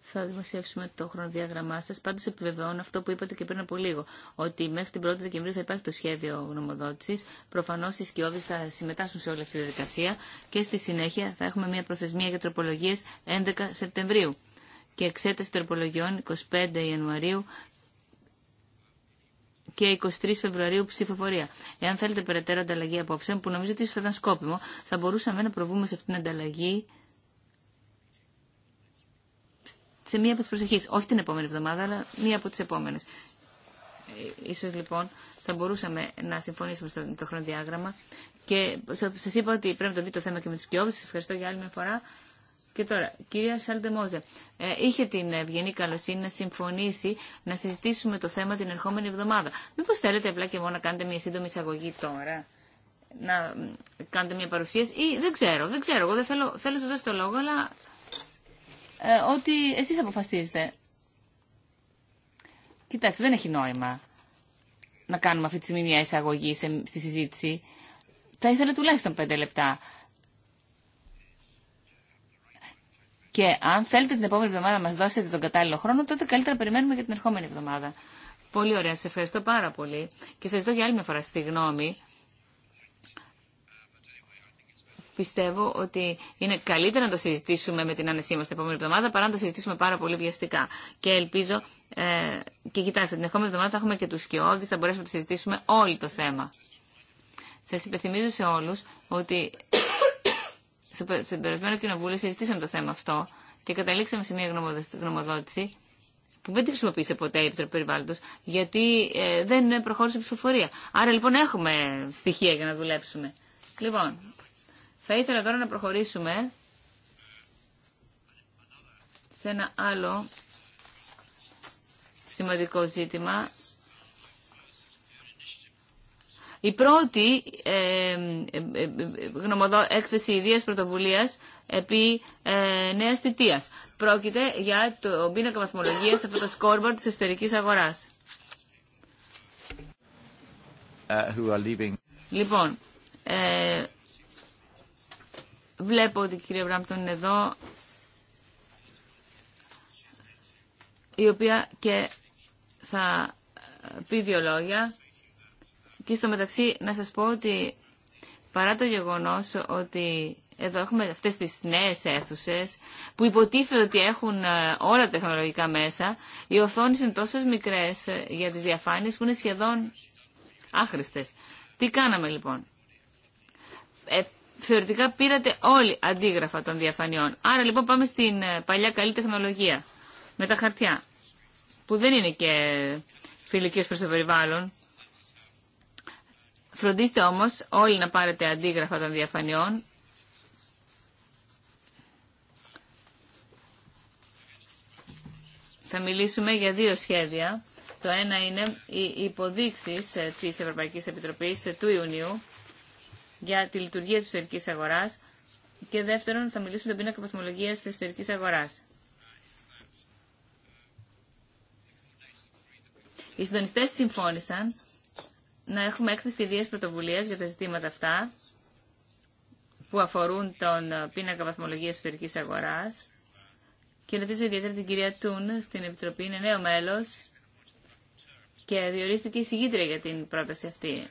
Θα δημοσιεύσουμε το χρονοδιάγραμμά σα. Πάντω επιβεβαιώνω αυτό που είπατε και πριν από λίγο, ότι μέχρι την 1η Δεκεμβρίου θα υπάρχει το σχέδιο γνωμοδότηση. Προφανώ οι σκιώδει θα συμμετάσχουν σε όλη αυτή τη διαδικασία και στη συνέχεια θα έχουμε μια προθεσμία για τροπολογίε 11 Σεπτεμβρίου και εξέταση τροπολογιών 25 Ιανουαρίου και 23 Φεβρουαρίου ψηφοφορία. Εάν θέλετε περαιτέρω ανταλλαγή απόψε, που νομίζω ότι ίσω θα ήταν σκόπιμο, θα μπορούσαμε να προβούμε σε αυτήν την ανταλλαγή σε μία από τι προσεχεί. Όχι την επόμενη εβδομάδα, αλλά μία από τι επόμενε. Ε, ίσως λοιπόν θα μπορούσαμε να συμφωνήσουμε στο το χρονοδιάγραμμα και σας είπα ότι πρέπει να το δείτε το θέμα και με τις κοιόβε. Σα ευχαριστώ για άλλη μια φορά. Και τώρα, κυρία Σαλτεμόζε, ε, είχε την ευγενή καλοσύνη να συμφωνήσει να συζητήσουμε το θέμα την ερχόμενη εβδομάδα. Μήπω θέλετε απλά και μόνο να κάνετε μια σύντομη εισαγωγή τώρα, να κάνετε μια παρουσίαση, ή δεν ξέρω, δεν ξέρω. Εγώ δεν θέλω, θέλω να σα δώσω το λόγο, αλλά ε, ότι εσεί αποφασίζετε. Κοιτάξτε, δεν έχει νόημα να κάνουμε αυτή τη στιγμή μια εισαγωγή στη συζήτηση. Θα ήθελα τουλάχιστον πέντε λεπτά. Και αν θέλετε την επόμενη εβδομάδα να μας δώσετε τον κατάλληλο χρόνο, τότε καλύτερα περιμένουμε για την ερχόμενη εβδομάδα. Πολύ ωραία, σα ευχαριστώ πάρα πολύ και σα ζητώ για άλλη μια φορά στη γνώμη. Πιστεύω ότι είναι καλύτερα να το συζητήσουμε με την άνεσή μα την επόμενη εβδομάδα παρά να το συζητήσουμε πάρα πολύ βιαστικά. Και ελπίζω, ε, και κοιτάξτε, την επόμενη εβδομάδα θα έχουμε και του σκιώδει, θα μπορέσουμε να το συζητήσουμε όλο το θέμα. Σα υπενθυμίζω σε όλου ότι στην περασμένη Κοινοβούλια συζητήσαμε το θέμα αυτό και καταλήξαμε σε μια γνωμοδότηση που δεν τη χρησιμοποίησε ποτέ η Επιτροπή Περιβάλλοντο, γιατί ε, δεν προχώρησε η ψηφοφορία. Άρα λοιπόν έχουμε στοιχεία για να δουλέψουμε. Λοιπόν, θα ήθελα τώρα να προχωρήσουμε σε ένα άλλο σημαντικό ζήτημα η πρώτη ε, ε, ε, έκθεση ιδίας πρωτοβουλίας επί νέας θητείας. Πρόκειται για το πίνακα βαθμολογίας από το σκόρμπορ της εσωτερικής αγοράς. Uh, λοιπόν, ε, βλέπω ότι η κυρία Μπράμπτον είναι εδώ, η οποία και θα πει δύο λόγια. Και στο μεταξύ να σας πω ότι παρά το γεγονός ότι εδώ έχουμε αυτές τις νέες αίθουσε που υποτίθεται ότι έχουν ε, όλα τα τεχνολογικά μέσα. Οι οθόνες είναι τόσες μικρές ε, για τις διαφάνειες που είναι σχεδόν άχρηστες. Τι κάναμε λοιπόν. Ε, θεωρητικά πήρατε όλοι αντίγραφα των διαφανειών. Άρα λοιπόν πάμε στην παλιά καλή τεχνολογία με τα χαρτιά που δεν είναι και φιλικές προς το περιβάλλον Φροντίστε όμως όλοι να πάρετε αντίγραφα των διαφανειών. Θα μιλήσουμε για δύο σχέδια. Το ένα είναι οι υποδείξεις ε, της Ευρωπαϊκής Επιτροπής ε, του Ιουνίου για τη λειτουργία της εσωτερικής αγοράς και δεύτερον θα μιλήσουμε την πίνακα βαθμολογίας της εσωτερικής αγοράς. Οι συντονιστές συμφώνησαν να έχουμε έκθεση ιδίας πρωτοβουλία για τα ζητήματα αυτά που αφορούν τον πίνακα βαθμολογίας εσωτερικής αγοράς και ρωτήσω ιδιαίτερα την κυρία Τούν στην Επιτροπή, είναι νέο μέλος και διορίστηκε εισηγήτρια για την πρόταση αυτή.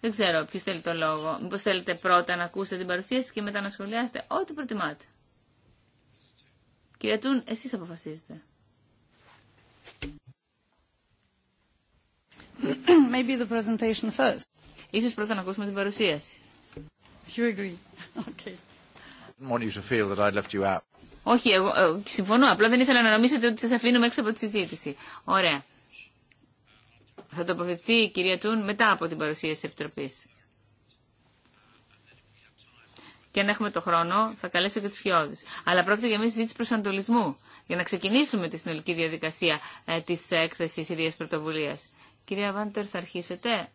Δεν ξέρω ποιο θέλει το λόγο. Μήπω θέλετε πρώτα να ακούσετε την παρουσίαση και μετά να σχολιάσετε. Ό,τι προτιμάτε. Κυρία Τούν, εσεί αποφασίζετε. Maybe the presentation first. Ίσως πρώτα να ακούσουμε την παρουσίαση. You agree. Okay. Όχι, εγώ ε, συμφωνώ. Απλά δεν ήθελα να νομίσετε ότι σας αφήνουμε έξω από τη συζήτηση. Ωραία. Θα τοποθετηθεί η κυρία Τούν μετά από την παρουσίαση της Επιτροπής. Και αν έχουμε το χρόνο, θα καλέσω και του χειώδει. Αλλά πρόκειται για μια συζήτηση προσανατολισμού, για να ξεκινήσουμε τη συνολική διαδικασία ε, τη έκθεση ιδίας πρωτοβουλία. Κυρία Βάντερ, θα αρχίσετε.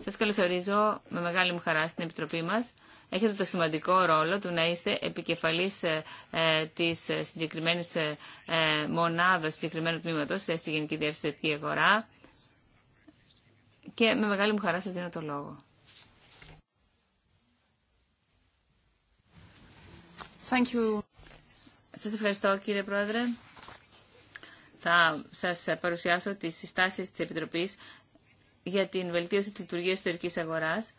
Σας καλωσορίζω με μεγάλη μου χαρά στην Επιτροπή μας. Έχετε το σημαντικό ρόλο του να είστε επικεφαλής ε, ε της συγκεκριμένης ε, ε, μονάδας, συγκεκριμένου τμήματος, στη Γενική Διευθυντική Αγορά. Και με μεγάλη μου χαρά σα δίνω το λόγο. Σα Σας ευχαριστώ κύριε Πρόεδρε θα σας παρουσιάσω τις συστάσεις της Επιτροπής για την βελτίωση της λειτουργίας ιστορικής αγοράς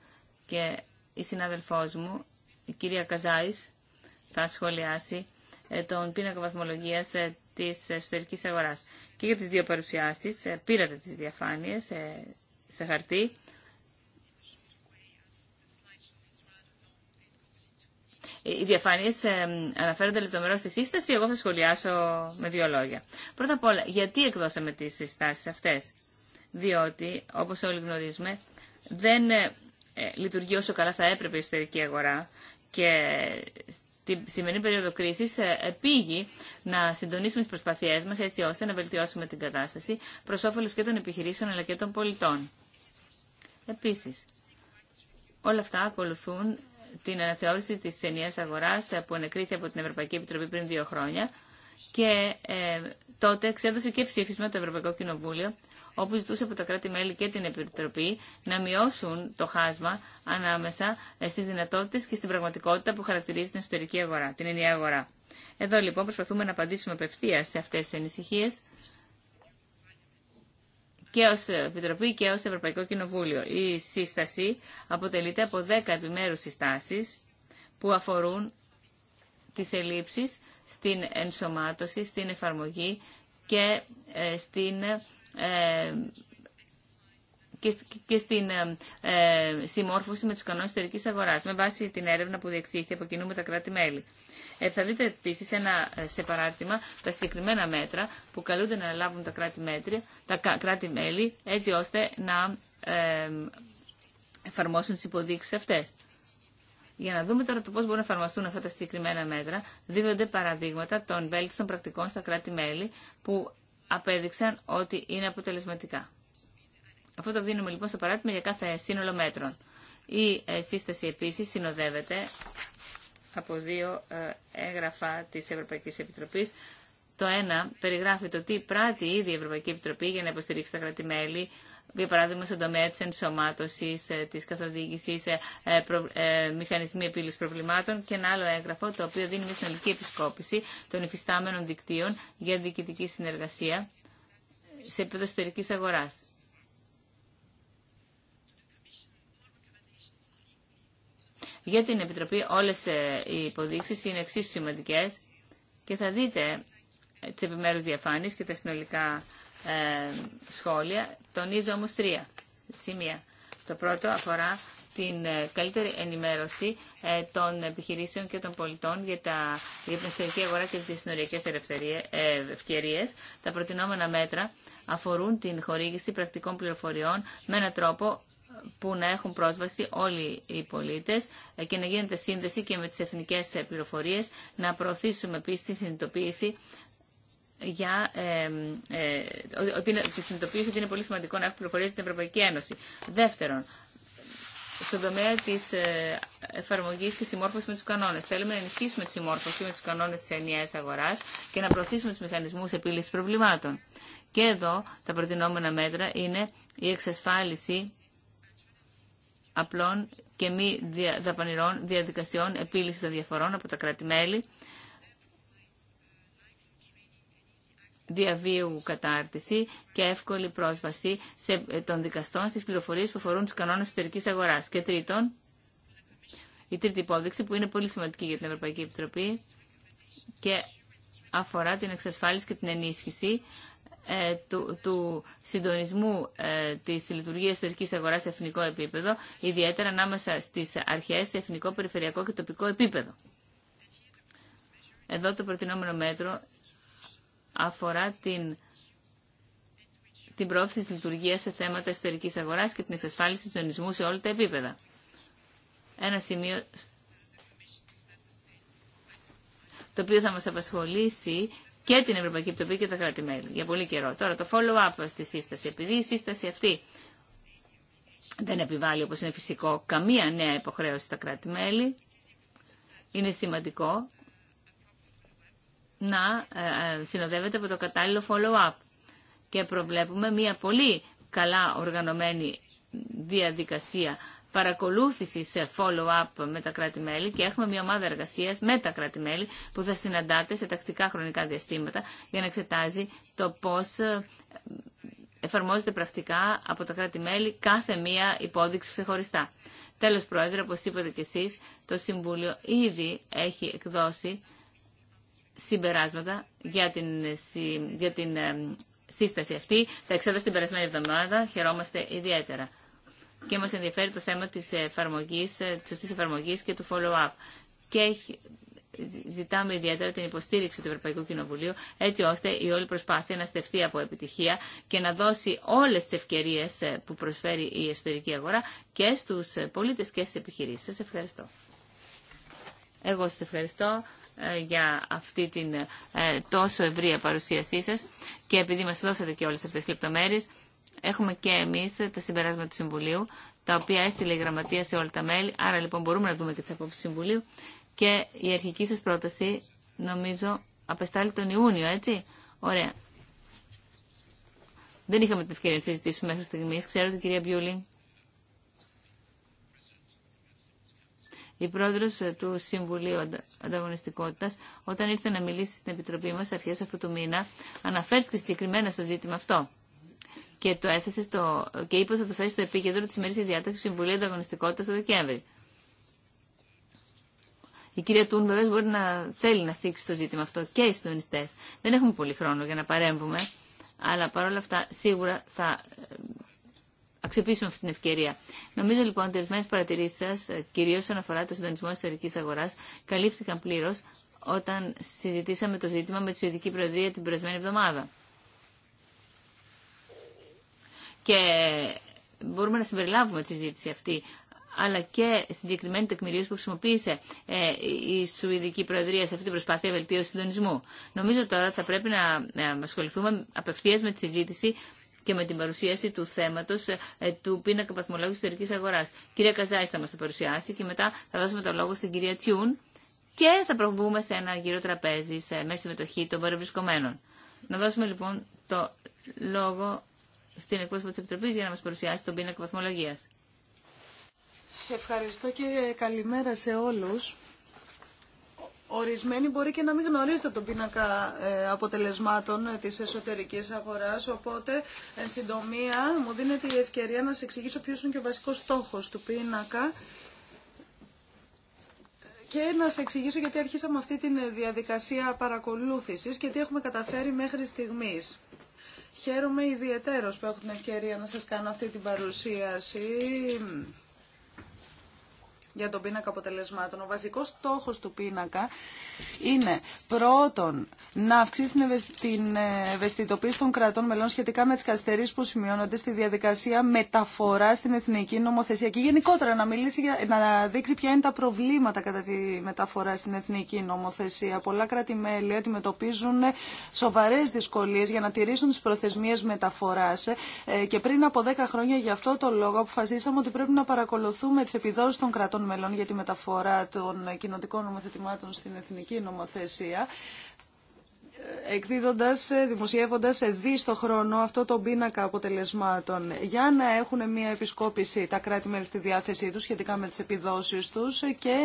και η συνάδελφός μου, η κυρία Καζάης, θα σχολιάσει ε, τον πίνακα βαθμολογίας ε, της ιστορικής αγοράς. Και για τις δύο παρουσιάσεις, ε, πήρατε τις διαφάνειες σε χαρτί. Ε, οι διαφάνειε ε, αναφέρονται λεπτομερώ στη σύσταση. Εγώ θα σχολιάσω με δύο λόγια. Πρώτα απ' όλα, γιατί εκδώσαμε τι συστάσει αυτέ. Διότι, όπω όλοι γνωρίζουμε, δεν ε, λειτουργεί όσο καλά θα έπρεπε η εσωτερική αγορά και στη σημερινή περίοδο κρίση επήγει να συντονίσουμε τι προσπαθίε μα έτσι ώστε να βελτιώσουμε την κατάσταση προ όφελο και των επιχειρήσεων αλλά και των πολιτών. Επίση, όλα αυτά ακολουθούν την αναθεώρηση της ενιαίας αγοράς ε, που ανεκρίθη από την Ευρωπαϊκή Επιτροπή πριν δύο χρόνια και ε, τότε εξέδωσε και ψήφισμα το Ευρωπαϊκό Κοινοβούλιο όπου ζητούσε από τα κράτη-μέλη και την Επιτροπή να μειώσουν το χάσμα ανάμεσα ε, στις δυνατότητες και στην πραγματικότητα που χαρακτηρίζει την εσωτερική αγορά, την ενιαία αγορά. Εδώ λοιπόν προσπαθούμε να απαντήσουμε απευθεία σε αυτές τις ανησυχίες και ως Επιτροπή και ως Ευρωπαϊκό Κοινοβούλιο. Η σύσταση αποτελείται από 10 επιμέρους συστάσεις που αφορούν τις ελλείψεις στην ενσωμάτωση, στην εφαρμογή και ε, στην ε, και στην ε, ε, συμμόρφωση με του κανόνε ιστορικής αγορά, με βάση την έρευνα που διεξήχθη από κοινού με τα κράτη-μέλη. Ε, θα δείτε επίση ε, σε παράρτημα τα συγκεκριμένα μέτρα που καλούνται να λάβουν τα κράτη-μέλη κράτη έτσι ώστε να ε, εφαρμόσουν τι υποδείξει αυτέ. Για να δούμε τώρα το πώ μπορούν να εφαρμοστούν αυτά τα συγκεκριμένα μέτρα, δίδονται παραδείγματα των βέλτιστων πρακτικών στα κράτη-μέλη που απέδειξαν ότι είναι αποτελεσματικά. Αυτό το δίνουμε λοιπόν στο παράδειγμα για κάθε σύνολο μέτρων. Η ε, σύσταση επίσης συνοδεύεται από δύο ε, έγγραφα της Ευρωπαϊκής Επιτροπής. Το ένα περιγράφει το τι πράττει ήδη η Ευρωπαϊκή Επιτροπή για να υποστηρίξει τα κράτη-μέλη, για παράδειγμα στον τομέα της ενσωμάτωσης, ε, της καθοδήγησης, μηχανισμοί επίλυση προβλημάτων και ένα άλλο έγγραφο το οποίο δίνει μια συνολική επισκόπηση των υφιστάμενων δικτύων για διοικητική συνεργασία σε επίπεδο εσωτερική αγορά. Για την Επιτροπή όλες ε, οι υποδείξεις είναι εξίσου σημαντικές και θα δείτε ε, τι επιμέρους διαφάνειες και τα συνολικά ε, σχόλια. Τονίζω όμως τρία σημεία. Το πρώτο αφορά την καλύτερη ενημέρωση των επιχειρήσεων και των πολιτών για, τα, για την εσωτερική αγορά και τις συνοριακές ευκαιρίες. Τα προτινόμενα μέτρα αφορούν την χορήγηση πρακτικών πληροφοριών με έναν τρόπο που να έχουν πρόσβαση όλοι οι πολίτες ε, και να γίνεται σύνδεση και με τις εθνικές ε, πληροφορίες, να προωθήσουμε επίση τη συνειδητοποίηση για ε, ε, ότι είναι, τη συνειδητοποίηση ότι είναι πολύ σημαντικό να έχουμε πληροφορίες στην Ευρωπαϊκή Ένωση. Δεύτερον, στον τομέα τη ε, εφαρμογή και συμμόρφωση με του κανόνε. Θέλουμε να ενισχύσουμε τη συμμόρφωση με του κανόνε τη ενιαία αγορά και να προωθήσουμε του μηχανισμού επίλυση προβλημάτων. Και εδώ τα προτινόμενα μέτρα είναι η εξασφάλιση απλών και μη δαπανηρών διαδικασιών επίλυσης των διαφορών από τα κράτη-μέλη, διαβίου κατάρτιση και εύκολη πρόσβαση σε, ε, των δικαστών στις πληροφορίες που αφορούν τους κανόνες εσωτερικής αγοράς. Και τρίτον, η τρίτη υπόδειξη που είναι πολύ σημαντική για την Ευρωπαϊκή Επιτροπή και αφορά την εξασφάλιση και την ενίσχυση ε, του, του συντονισμού ε, της λειτουργίας εσωτερικής αγοράς σε εθνικό επίπεδο, ιδιαίτερα ανάμεσα στις αρχές σε εθνικό, περιφερειακό και τοπικό επίπεδο. Εδώ το προτινόμενο μέτρο αφορά την, την πρόθεση της λειτουργίας σε θέματα εσωτερικής αγοράς και την εξασφάλιση του συντονισμού σε όλα τα επίπεδα. Ένα σημείο το οποίο θα μας απασχολήσει και την Ευρωπαϊκή Επιτροπή και τα κράτη-μέλη για πολύ καιρό. Τώρα το follow-up στη σύσταση, επειδή η σύσταση αυτή δεν επιβάλλει όπως είναι φυσικό καμία νέα υποχρέωση στα κράτη-μέλη, είναι σημαντικό να ε, ε, συνοδεύεται από το κατάλληλο follow-up. Και προβλέπουμε μια πολύ καλά οργανωμένη διαδικασία παρακολούθηση σε follow follow-up με τα κράτη-μέλη και έχουμε μια ομάδα εργασία με τα κράτη-μέλη που θα συναντάται σε τακτικά χρονικά διαστήματα για να εξετάζει το πώ ε, εφαρμόζεται πρακτικά από τα κράτη-μέλη κάθε μία υπόδειξη ξεχωριστά. Τέλο Πρόεδρε, όπω είπατε και εσεί, το Συμβούλιο ήδη έχει εκδώσει συμπεράσματα για την, ε, σύσταση αυτή. Τα εξέδωσε την περασμένη εβδομάδα. Χαιρόμαστε ιδιαίτερα και μας ενδιαφέρει το θέμα της εφαρμογής, ε, της σωστής εφαρμογής και του follow-up. Και ζητάμε ιδιαίτερα την υποστήριξη του Ευρωπαϊκού Κοινοβουλίου, έτσι ώστε η όλη προσπάθεια να στεφθεί από επιτυχία και να δώσει όλες τις ευκαιρίες ε, που προσφέρει η εσωτερική αγορά και στους ε, πολίτες και στις επιχειρήσεις. Σας ευχαριστώ. Εγώ σας ευχαριστώ για αυτή την τόσο ευρία παρουσίασή σας και επειδή μας δώσατε και όλες αυτές τις λεπτομέρειες, Έχουμε και εμεί τα συμπεράσματα του Συμβουλίου, τα οποία έστειλε η Γραμματεία σε όλα τα μέλη, άρα λοιπόν μπορούμε να δούμε και τι απόψει του Συμβουλίου. Και η αρχική σα πρόταση, νομίζω, απεστάλλει τον Ιούνιο, έτσι. Ωραία. Δεν είχαμε την ευκαιρία να συζητήσουμε μέχρι στιγμή. Ξέρω την κυρία Μπιούλη. Η πρόεδρο του Συμβουλίου Ανταγωνιστικότητα, όταν ήρθε να μιλήσει στην Επιτροπή μα αρχέ αυτού του μήνα, αναφέρθηκε συγκεκριμένα στο ζήτημα αυτό και, το έθεσε στο, και είπε ότι θα το θέσει στο επίκεντρο τη ημέρης τη διάταξης του Συμβουλίου Ανταγωνιστικότητα το Δεκέμβρη. Η κυρία Τούν βεβαίω μπορεί να θέλει να θίξει το ζήτημα αυτό και οι συντονιστέ. Δεν έχουμε πολύ χρόνο για να παρέμβουμε, αλλά παρόλα αυτά σίγουρα θα ε, αξιοποιήσουμε αυτή την ευκαιρία. Νομίζω λοιπόν ότι ορισμένε παρατηρήσει σα, ε, κυρίω όσον αφορά το συντονισμό εσωτερική αγορά, καλύφθηκαν πλήρω όταν συζητήσαμε το ζήτημα με τη Σουηδική Προεδρία την περασμένη εβδομάδα και μπορούμε να συμπεριλάβουμε τη συζήτηση αυτή αλλά και συγκεκριμένη τεκμηρίωση που χρησιμοποίησε ε, η Σουηδική Προεδρία σε αυτή την προσπάθεια βελτίωση συντονισμού. Νομίζω τώρα θα πρέπει να ε, ασχοληθούμε απευθεία με τη συζήτηση και με την παρουσίαση του θέματο ε, του πίνακα τη εσωτερική αγορά. Κυρία Καζάη θα μα το παρουσιάσει και μετά θα δώσουμε το λόγο στην κυρία Τιούν και θα προβούμε σε ένα γύρο τραπέζι με συμμετοχή των παρευρισκομένων. Να δώσουμε λοιπόν το λόγο στην εκπρόσωπο της Επιτροπής για να μας παρουσιάσει τον πίνακα βαθμολογίας. Ευχαριστώ και καλημέρα σε όλους. Ορισμένοι μπορεί και να μην γνωρίζετε τον πίνακα ε, αποτελεσμάτων ε, της εσωτερικής αγοράς, οπότε, εν συντομία, μου δίνεται η ευκαιρία να σε εξηγήσω ποιος είναι και ο βασικός στόχος του πίνακα και να σε εξηγήσω γιατί αρχίσαμε αυτή τη διαδικασία παρακολούθησης και τι έχουμε καταφέρει μέχρι στιγμής. Χαίρομαι ιδιαίτερος που έχω την ευκαιρία να σας κάνω αυτή την παρουσίαση για τον πίνακα αποτελεσμάτων. Ο βασικός στόχος του πίνακα είναι πρώτον να αυξήσει την ε, ευαισθητοποίηση των κρατών μελών σχετικά με τις καθυστερήσεις που σημειώνονται στη διαδικασία μεταφορά στην εθνική νομοθεσία και γενικότερα να, μιλήσει, να δείξει ποια είναι τα προβλήματα κατά τη μεταφορά στην εθνική νομοθεσία. Πολλά κράτη-μέλη αντιμετωπίζουν σοβαρές δυσκολίες για να τηρήσουν τις προθεσμίες μεταφοράς ε, και πριν από 10 χρόνια γι' αυτό το λόγο αποφασίσαμε ότι πρέπει να παρακολουθούμε τις επιδόσεις των κρατών μελών για τη μεταφορά των κοινοτικών νομοθετημάτων στην εθνική νομοθεσία εκδίδοντας, ε, δημοσιεύοντας ε, δει στο χρόνο αυτό το πίνακα αποτελεσμάτων για να έχουν μια επισκόπηση τα κράτη-μέλη στη διάθεσή τους σχετικά με τις επιδόσεις τους και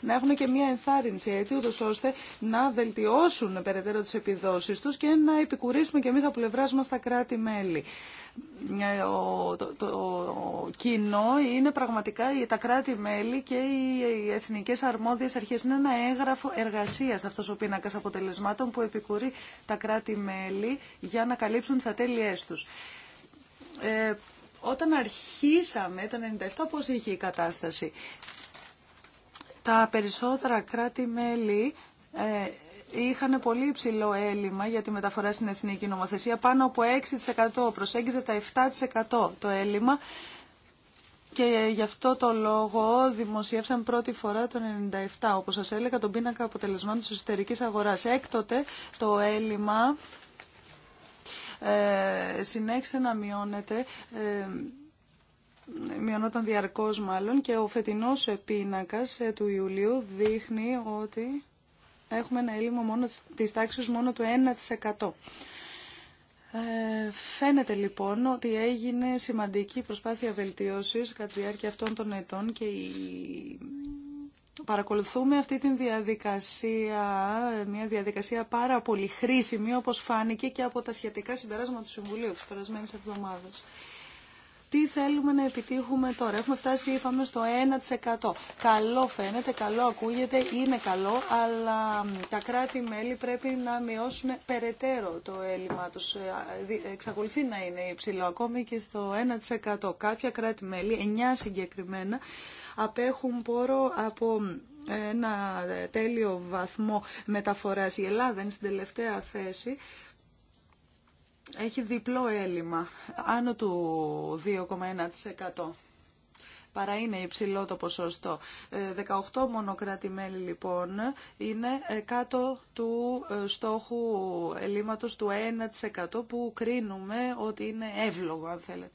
να έχουν και μια ενθάρρυνση έτσι ώστε να βελτιώσουν περαιτέρω τις επιδόσεις τους και να επικουρήσουμε και εμείς από πλευρά μας τα κράτη-μέλη. Ε, το, το, κοινό είναι πραγματικά τα κράτη-μέλη και οι, οι εθνικές αρμόδιες αρχές. Είναι ένα έγγραφο εργασίας αυτός ο πίνακας αποτελεσμάτων που τα κράτη-μέλη για να καλύψουν τις ατέλειές τους. Ε, όταν αρχίσαμε το 97 πώς είχε η κατάσταση. Τα περισσότερα κράτη-μέλη ε, είχαν πολύ υψηλό έλλειμμα για τη μεταφορά στην εθνική νομοθεσία, πάνω από 6% προσέγγιζε τα 7% το έλλειμμα και γι' αυτό το λόγο δημοσιεύσαν πρώτη φορά το 1997, όπως σας έλεγα, τον πίνακα αποτελεσμάτων της εσωτερικής αγοράς. Έκτοτε το έλλειμμα ε, συνέχισε να μειώνεται, ε, μειωνόταν διαρκώς μάλλον και ο φετινός πίνακας ε, του Ιουλίου δείχνει ότι έχουμε ένα έλλειμμα μόνο της τάξης μόνο του 1%. Ε, φαίνεται λοιπόν ότι έγινε σημαντική προσπάθεια βελτίωσης κατά τη διάρκεια αυτών των ετών και παρακολουθούμε αυτή τη διαδικασία, μια διαδικασία πάρα πολύ χρήσιμη όπως φάνηκε και από τα σχετικά συμπεράσματα του Συμβουλίου της περασμένης εβδομάδας. Τι θέλουμε να επιτύχουμε τώρα. Έχουμε φτάσει, είπαμε, στο 1%. Καλό φαίνεται, καλό ακούγεται, είναι καλό, αλλά τα κράτη-μέλη πρέπει να μειώσουν περαιτέρω το έλλειμμα του. Ε, εξακολουθεί να είναι υψηλό, ακόμη και στο 1%. Κάποια κράτη-μέλη, 9 συγκεκριμένα, απέχουν πόρο από ένα τέλειο βαθμό μεταφοράς. Η Ελλάδα είναι στην τελευταία θέση έχει διπλό έλλειμμα, άνω του 2,1%. Παρά είναι υψηλό το ποσοστό. 18 ε, μονοκράτη λοιπόν είναι ε, κάτω του ε, στόχου ελλείμματος του 1% που κρίνουμε ότι είναι εύλογο αν θέλετε.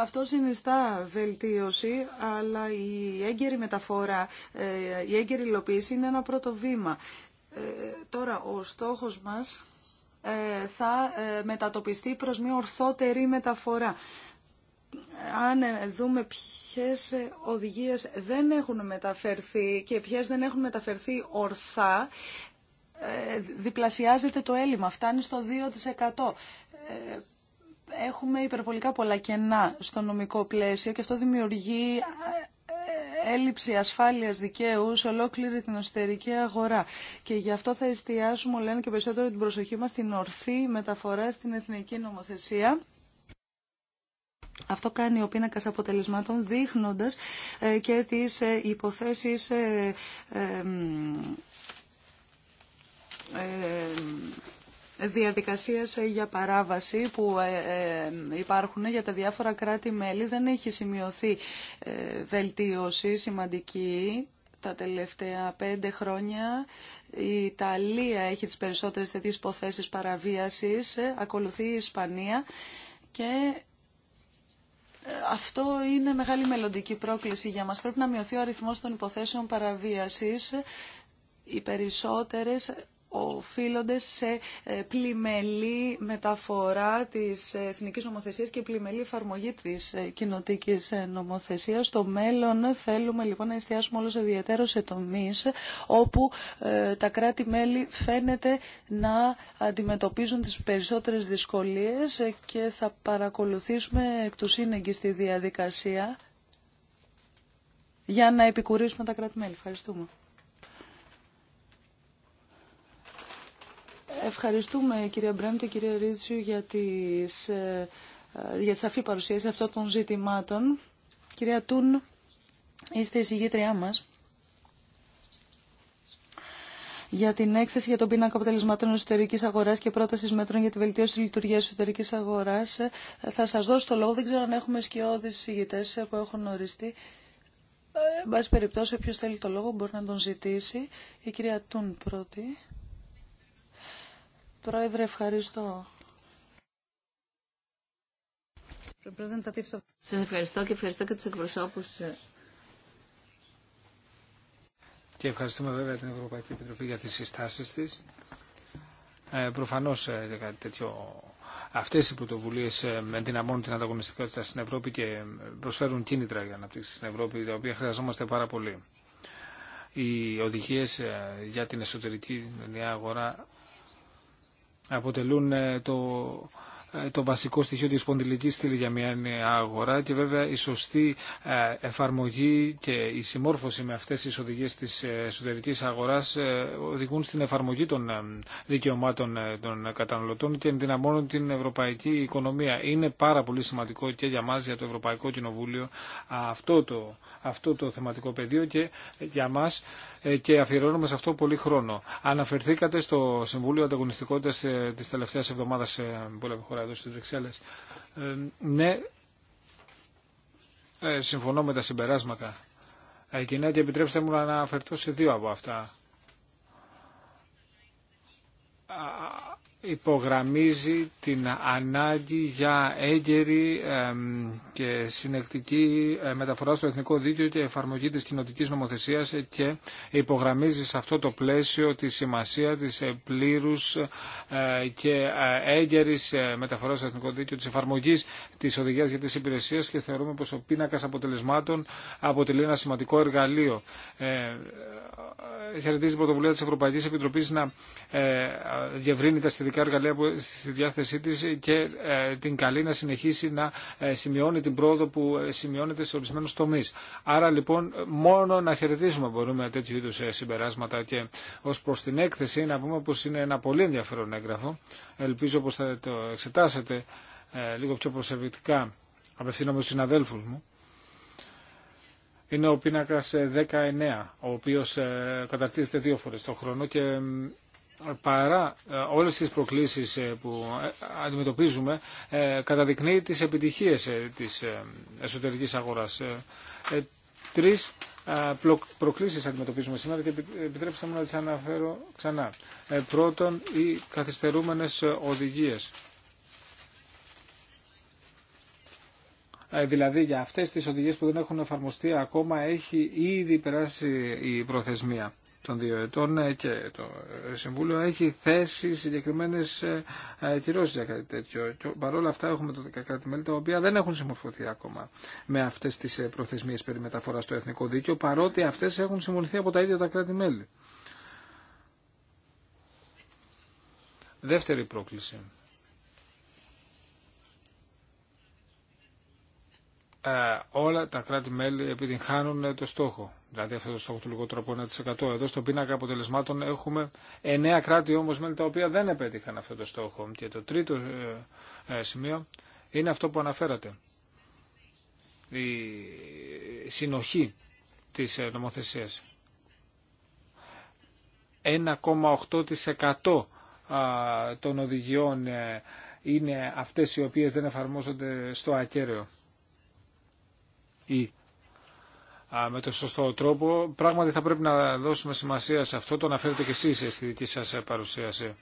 Αυτό συνιστά βελτίωση, αλλά η έγκαιρη μεταφορά, η έγκαιρη υλοποίηση είναι ένα πρώτο βήμα. Ε, τώρα ο στόχος μας ε, θα ε, μετατοπιστεί προς μια ορθότερη μεταφορά. Αν δούμε ποιες οδηγίες δεν έχουν μεταφερθεί και ποιες δεν έχουν μεταφερθεί ορθά, διπλασιάζεται το έλλειμμα, φτάνει στο 2%. Έχουμε υπερβολικά πολλά κενά στο νομικό πλαίσιο και αυτό δημιουργεί έλλειψη ασφάλειας δικαίου σε ολόκληρη την εσωτερική αγορά. Και γι' αυτό θα εστιάσουμε, λένε και περισσότερο, την προσοχή μας στην ορθή μεταφορά στην εθνική νομοθεσία. Αυτό κάνει ο πίνακα αποτελεσμάτων δείχνοντας ε, και τις ε, υποθέσεις ε, Διαδικασία για παράβαση που ε, ε, υπάρχουν για τα διάφορα κράτη-μέλη δεν έχει σημειωθεί ε, βελτίωση σημαντική τα τελευταία πέντε χρόνια. Η Ιταλία έχει τις περισσότερες τέτοιες υποθέσεις παραβίασης, ακολουθεί η Ισπανία και αυτό είναι μεγάλη μελλοντική πρόκληση για μας. Πρέπει να μειωθεί ο αριθμός των υποθέσεων παραβίασης. Οι περισσότερες οφείλονται σε ε, πλημελή μεταφορά της εθνικής νομοθεσίας και πλημελή εφαρμογή της ε, κοινοτικής ε, νομοθεσίας. Στο μέλλον θέλουμε λοιπόν να εστιάσουμε όλους ιδιαίτερο σε τομείς όπου τα κράτη-μέλη φαίνεται να αντιμετωπίζουν τις περισσότερες δυσκολίες και θα παρακολουθήσουμε εκ του σύνεγγι στη διαδικασία για να επικουρήσουμε τα κράτη-μέλη. Ευχαριστούμε. Ευχαριστούμε κυρία Μπρέμτη και κυρία Ρίτσιου για, τις, ε, ε, για τη σαφή παρουσίαση αυτών των ζητημάτων. Κυρία Τούν, είστε η συγγήτριά μας για την έκθεση για τον πίνακα αποτελεσμάτων εσωτερική αγορά και πρόταση μέτρων για τη βελτίωση τη λειτουργία εσωτερική αγορά. Ε, θα σα δώσω το λόγο. Δεν ξέρω αν έχουμε σκιώδει συγγητέ που έχουν οριστεί. Εν πάση περιπτώσει, όποιο θέλει το λόγο μπορεί να τον ζητήσει. Η κυρία Τούν πρώτη. Πρόεδρε, ευχαριστώ. Σας ευχαριστώ και ευχαριστώ και τους εκπροσώπους. Και ευχαριστούμε βέβαια την Ευρωπαϊκή Επιτροπή για τις συστάσεις της. Ε, προφανώς ε, για κάτι τέτοιο αυτές οι πρωτοβουλίε ε, ενδυναμώνουν την ανταγωνιστικότητα στην Ευρώπη και ε, προσφέρουν κίνητρα για αναπτύξει στην Ευρώπη, τα οποία χρειαζόμαστε πάρα πολύ. Οι οδηγίε για την εσωτερική αγορά αποτελούν ε, το, ε, το βασικό στοιχείο της σπονδυλικής στήλη για μια αγορά και βέβαια η σωστή ε, εφαρμογή και η συμμόρφωση με αυτές τις οδηγίες της εσωτερικής αγοράς οδηγούν στην εφαρμογή των δικαιωμάτων των καταναλωτών και ενδυναμώνουν την ευρωπαϊκή οικονομία. Είναι πάρα πολύ σημαντικό και για μας, για το Ευρωπαϊκό Κοινοβούλιο αυτό το, αυτό θεματικό πεδίο και για μας ε, και αφιερώνουμε σε αυτό πολύ χρόνο. Αναφερθήκατε στο Συμβούλιο Ανταγωνιστικότητας ε, της τελευταίας εβδομάδας ε, που έλαβε χώρα εδώ στις Βρυξέλλες. Ναι, συμφωνώ με τα συμπεράσματα. Εκείνα και επιτρέψτε μου να αναφερθώ σε δύο από αυτά υπογραμμίζει την ανάγκη για έγκαιρη και συνεκτική ε, μεταφορά στο εθνικό δίκαιο και εφαρμογή της κοινοτικής νομοθεσίας και υπογραμμίζει σε αυτό το πλαίσιο τη σημασία της πλήρους ε, και ε, έγκαιρης μεταφοράς στο εθνικό δίκαιο της εφαρμογής της οδηγίας για τις υπηρεσίες και θεωρούμε πως ο πίνακας αποτελεσμάτων αποτελεί ένα σημαντικό εργαλείο. Χαιρετίζει την πρωτοβουλία της Ευρωπαϊκής Επιτροπής να διευρύνει και εργαλεία στη διάθεσή τη και ε, την καλή να συνεχίσει να ε, σημειώνει την πρόοδο που ε, σημειώνεται σε ορισμένου τομεί. Άρα λοιπόν μόνο να χαιρετίζουμε μπορούμε τέτοιου είδου συμπεράσματα και ω προ την έκθεση να πούμε πω είναι ένα πολύ ενδιαφέρον έγγραφο. Ελπίζω πω θα το εξετάσετε λίγο πιο προσεκτικά. Απευθύνομαι στου συναδέλφου μου. Είναι ο πίνακα 19, ο οποίο καταρτίζεται δύο φορέ το χρόνο και παρά ε, όλες τις προκλήσεις ε, που ε, αντιμετωπίζουμε καταδεικνύει τις επιτυχίες της εσωτερικής αγοράς. Τρεις προκλήσεις αντιμετωπίζουμε σήμερα και επιτρέψτε μου να τις αναφέρω ξανά. Πρώτον, οι καθυστερούμενες οδηγίες. δηλαδή για αυτές τις οδηγίες που δεν έχουν εφαρμοστεί ακόμα έχει ήδη περάσει η προθεσμία των δύο ετών ε, και το Συμβούλιο έχει θέσει συγκεκριμένε ε, ε, κυρώσει για κάτι τέτοιο. Και παρόλα αυτά έχουμε τα κράτη-μέλη τα οποία δεν έχουν συμμορφωθεί ακόμα με αυτέ τι προθεσμίε περί μεταφορά στο εθνικό δίκαιο, παρότι αυτέ έχουν συμμορφωθεί από τα ίδια τα κράτη-μέλη. Δεύτερη πρόκληση Ε, όλα τα κράτη-μέλη επιτυγχάνουν ε, το στόχο. Δηλαδή αυτό το στόχο του λιγότερου από 1%. Εδώ στο πίνακα αποτελεσμάτων έχουμε 9 κράτη όμως μέλη τα οποία δεν επέτυχαν αυτό το στόχο. Και το τρίτο ε, σημείο είναι αυτό που αναφέρατε. Η συνοχή της νομοθεσίας. 1,8% των οδηγιών είναι αυτές οι οποίες δεν εφαρμόζονται στο ακέραιο ή με τον σωστό τρόπο. Πράγματι θα πρέπει να δώσουμε σημασία σε αυτό, το αναφέρετε και εσείς στη δική σας παρουσίαση.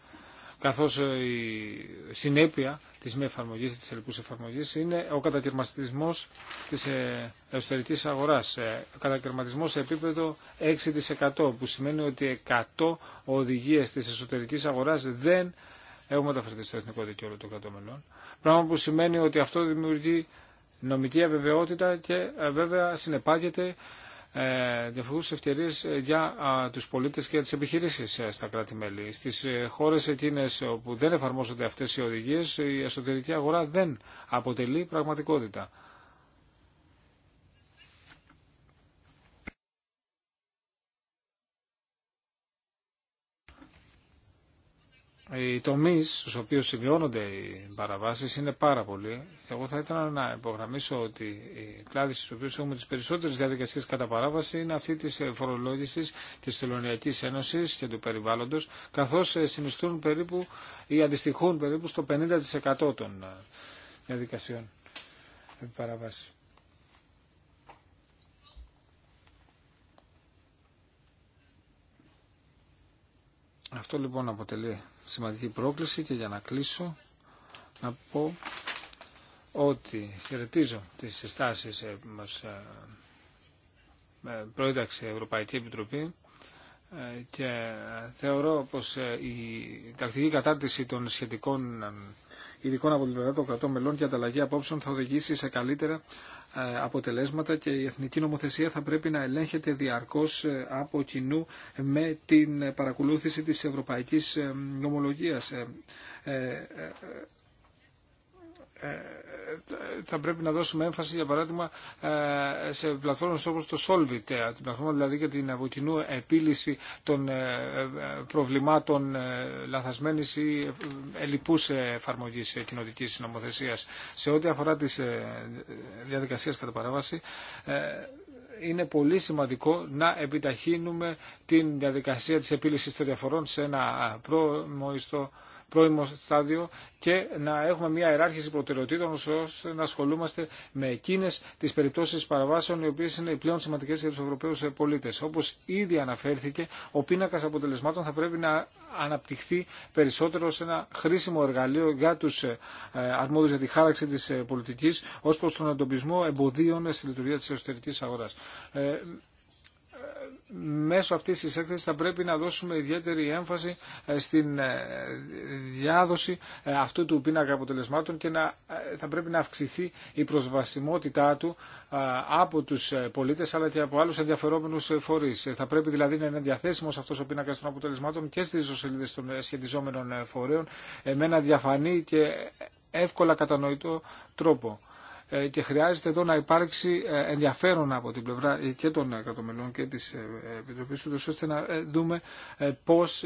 Καθώς ε, η συνέπεια της μη εφαρμογής, της ελπούς εφαρμογής, είναι ο κατακαιρματισμός της ε, εσωτερικής αγοράς. Ε, κατακαιρματισμός σε επίπεδο 6% που σημαίνει ότι 100 οδηγίες της εσωτερικής αγοράς δεν έχουν μεταφερθεί στο εθνικό δικαίωμα των Κρατωμενών Πράγμα που σημαίνει ότι αυτό δημιουργεί νομική αβεβαιότητα και ε, βέβαια συνεπάγεται ε, διαφορετικούς ευκαιρίες ε, για τους πολίτες και για τις επιχειρήσεις στα κράτη-μέλη. Στις χώρες εκείνες όπου δεν εφαρμόζονται αυτές οι οδηγίες η εσωτερική αγορά δεν αποτελεί πραγματικότητα. Οι τομεί στου οποίου σημειώνονται οι παραβάσει είναι πάρα πολλοί. Εγώ θα ήθελα να υπογραμμίσω ότι οι κλάδοι στου οποίου έχουμε τι περισσότερε διαδικασίε κατά παράβαση είναι αυτή τη φορολόγηση τη Τελωνιακή Ένωση και του περιβάλλοντο, καθώ ε, συνιστούν περίπου ή αντιστοιχούν περίπου στο 50% των ε, διαδικασιών παραβάση. Αυτό λοιπόν αποτελεί σημαντική πρόκληση και για να κλείσω να πω ότι χαιρετίζω τις συστάσεις που ε, μας ε, ε, προέταξε η Ευρωπαϊκή Επιτροπή και θεωρώ πως η τακτική κατάρτιση των σχετικών ειδικών από την των κρατών μελών και ανταλλαγή απόψεων θα οδηγήσει σε καλύτερα ε, αποτελέσματα και η εθνική νομοθεσία θα πρέπει να ελέγχεται διαρκώς ε, από κοινού με την ε, παρακολούθηση της ευρωπαϊκής νομολογίας θα πρέπει να δώσουμε έμφαση, για παράδειγμα, ε, σε πλατφόρμες όπως το Solvit, ε, την πλατφόρμα δηλαδή για την αποκοινού επίλυση των ε, προβλημάτων λαθασμένης ή ελλειπούς εφαρμογής κοινοτικής νομοθεσίας. Σε ό,τι αφορά τις διαδικασίες κατά παράβαση, είναι πολύ σημαντικό να επιταχύνουμε την διαδικασία της επίλυσης των διαφορών σε ένα πρόμοιστο πρώιμο στάδιο και να έχουμε μια ιεράρχηση προτεραιοτήτων ώστε να ασχολούμαστε με εκείνε τι περιπτώσει παραβάσεων οι οποίε είναι οι πλέον σημαντικέ για του Ευρωπαίου πολίτε. Όπω ήδη αναφέρθηκε, ο πίνακα αποτελεσμάτων θα πρέπει να αναπτυχθεί περισσότερο σε ένα χρήσιμο εργαλείο για του ε, αρμόδιου για τη χάραξη τη ε, πολιτική ω προ τον εντοπισμό εμποδίων στη λειτουργία τη εσωτερική αγορά. Ε, μέσω αυτής της έκθεσης θα πρέπει να δώσουμε ιδιαίτερη έμφαση ε, στην ε, διάδοση ε, αυτού του πίνακα αποτελεσμάτων και να, θα πρέπει να αυξηθεί η προσβασιμότητά του από τους πολίτες αλλά και από άλλους ενδιαφερόμενους φορείς. Θα πρέπει δηλαδή να είναι διαθέσιμος αυτός ο πίνακας των αποτελεσμάτων και στις ισοσελίδες των σχετιζόμενων φορέων με ένα διαφανή και εύκολα κατανοητό τρόπο. Ε, και χρειάζεται εδώ να υπάρξει ε, ενδιαφέρον από την πλευρά ε, και των εκατομελών και της Επιτροπής ούτως ώστε να δούμε πώς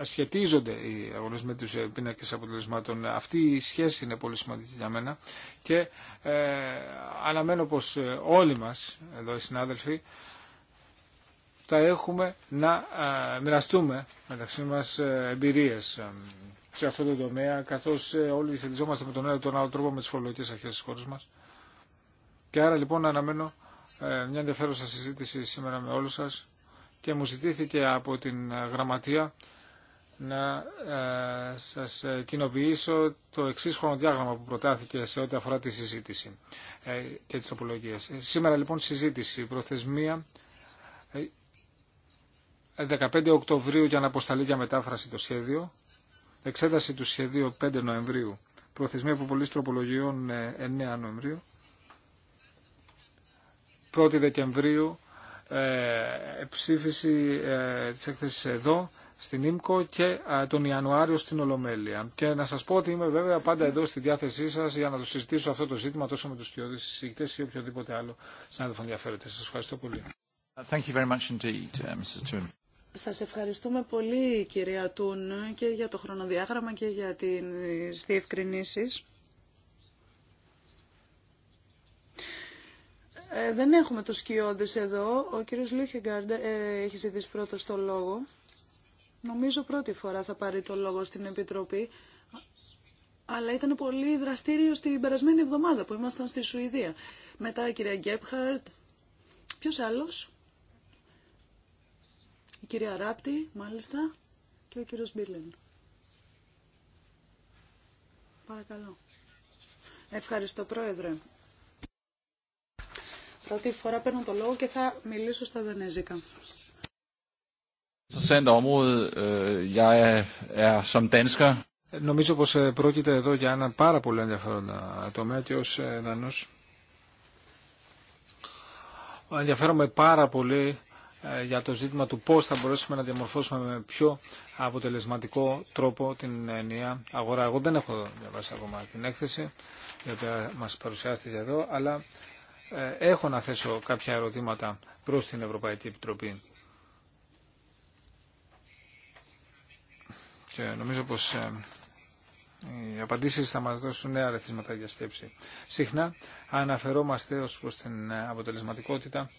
σχετίζονται οι αγωνισμοί με τους πίνακες αποτελεσμάτων. Αυτή η σχέση είναι πολύ σημαντική για μένα και αναμένω πως όλοι μας εδώ οι συνάδελφοι θα έχουμε να μοιραστούμε μεταξύ μας εμπειρίες σε αυτό το τομέα, καθώ ε, όλοι σχετιζόμαστε με τον ένα τον άλλο τρόπο με τι φορολογικέ αρχέ τη χώρα μα. Και άρα λοιπόν αναμένω ε, μια ενδιαφέρουσα συζήτηση σήμερα με όλου σα και μου ζητήθηκε από την ε, γραμματεία να σας κοινοποιήσω το εξής χρονοδιάγραμμα που προτάθηκε σε ό,τι αφορά τη συζήτηση και τις τροπολογίες. Σήμερα λοιπόν συζήτηση, προθεσμία 15 Οκτωβρίου για να αποσταλεί για μετάφραση το σχέδιο εξέταση του σχεδίου 5 Νοεμβρίου, προθεσμία αποβολή τροπολογιών 9 ε, Νοεμβρίου, 1η Δεκεμβρίου, ε, ψήφιση ε, της έκθεσης εδώ, στην ΙΜΚΟ και ε, τον Ιανουάριο στην Ολομέλεια. Και να σας πω ότι είμαι βέβαια πάντα εδώ στη διάθεσή σας για να το συζητήσω αυτό το ζήτημα τόσο με τους κοιόδης συζητητές ή οποιοδήποτε άλλο συνάδελφο ενδιαφέρεται. Σας ευχαριστώ πολύ. Uh, σας ευχαριστούμε πολύ κυρία Τούν και για το χρονοδιάγραμμα και για τις διευκρινήσεις. Ε, δεν έχουμε τους σκιώδες εδώ. Ο κύριος Λούχεγκαρντ ε, έχει ζητήσει πρώτο το λόγο. Νομίζω πρώτη φορά θα πάρει το λόγο στην Επιτροπή. Αλλά ήταν πολύ δραστήριο την περασμένη εβδομάδα που ήμασταν στη Σουηδία. Μετά η κυρία Γκέπχαρτ. Ποιος άλλος? Η κυρία Ράπτη, μάλιστα, και ο κύριος Μπίλεν. Παρακαλώ. Ευχαριστώ, Πρόεδρε. Πρώτη φορά παίρνω το λόγο και θα μιλήσω στα δανέζικα. Øh, er, er Νομίζω πως ε, πρόκειται εδώ για ένα πάρα πολύ ενδιαφέρον ε, τομέα και ως ε, Δανός ενδιαφέρομαι πάρα πολύ ε, για το ζήτημα του πώς θα μπορέσουμε να διαμορφώσουμε με πιο αποτελεσματικό τρόπο την ενιαία αγορά. Εγώ δεν έχω διαβάσει ακόμα την έκθεση, η οποία μας παρουσιάστηκε εδώ, αλλά ε, έχω να θέσω κάποια ερωτήματα προς την Ευρωπαϊκή Επιτροπή. Και νομίζω πως ε, οι απαντήσεις θα μας δώσουν νέα ρεθίσματα για σκέψη. Συχνά αναφερόμαστε ως προς την αποτελεσματικότητα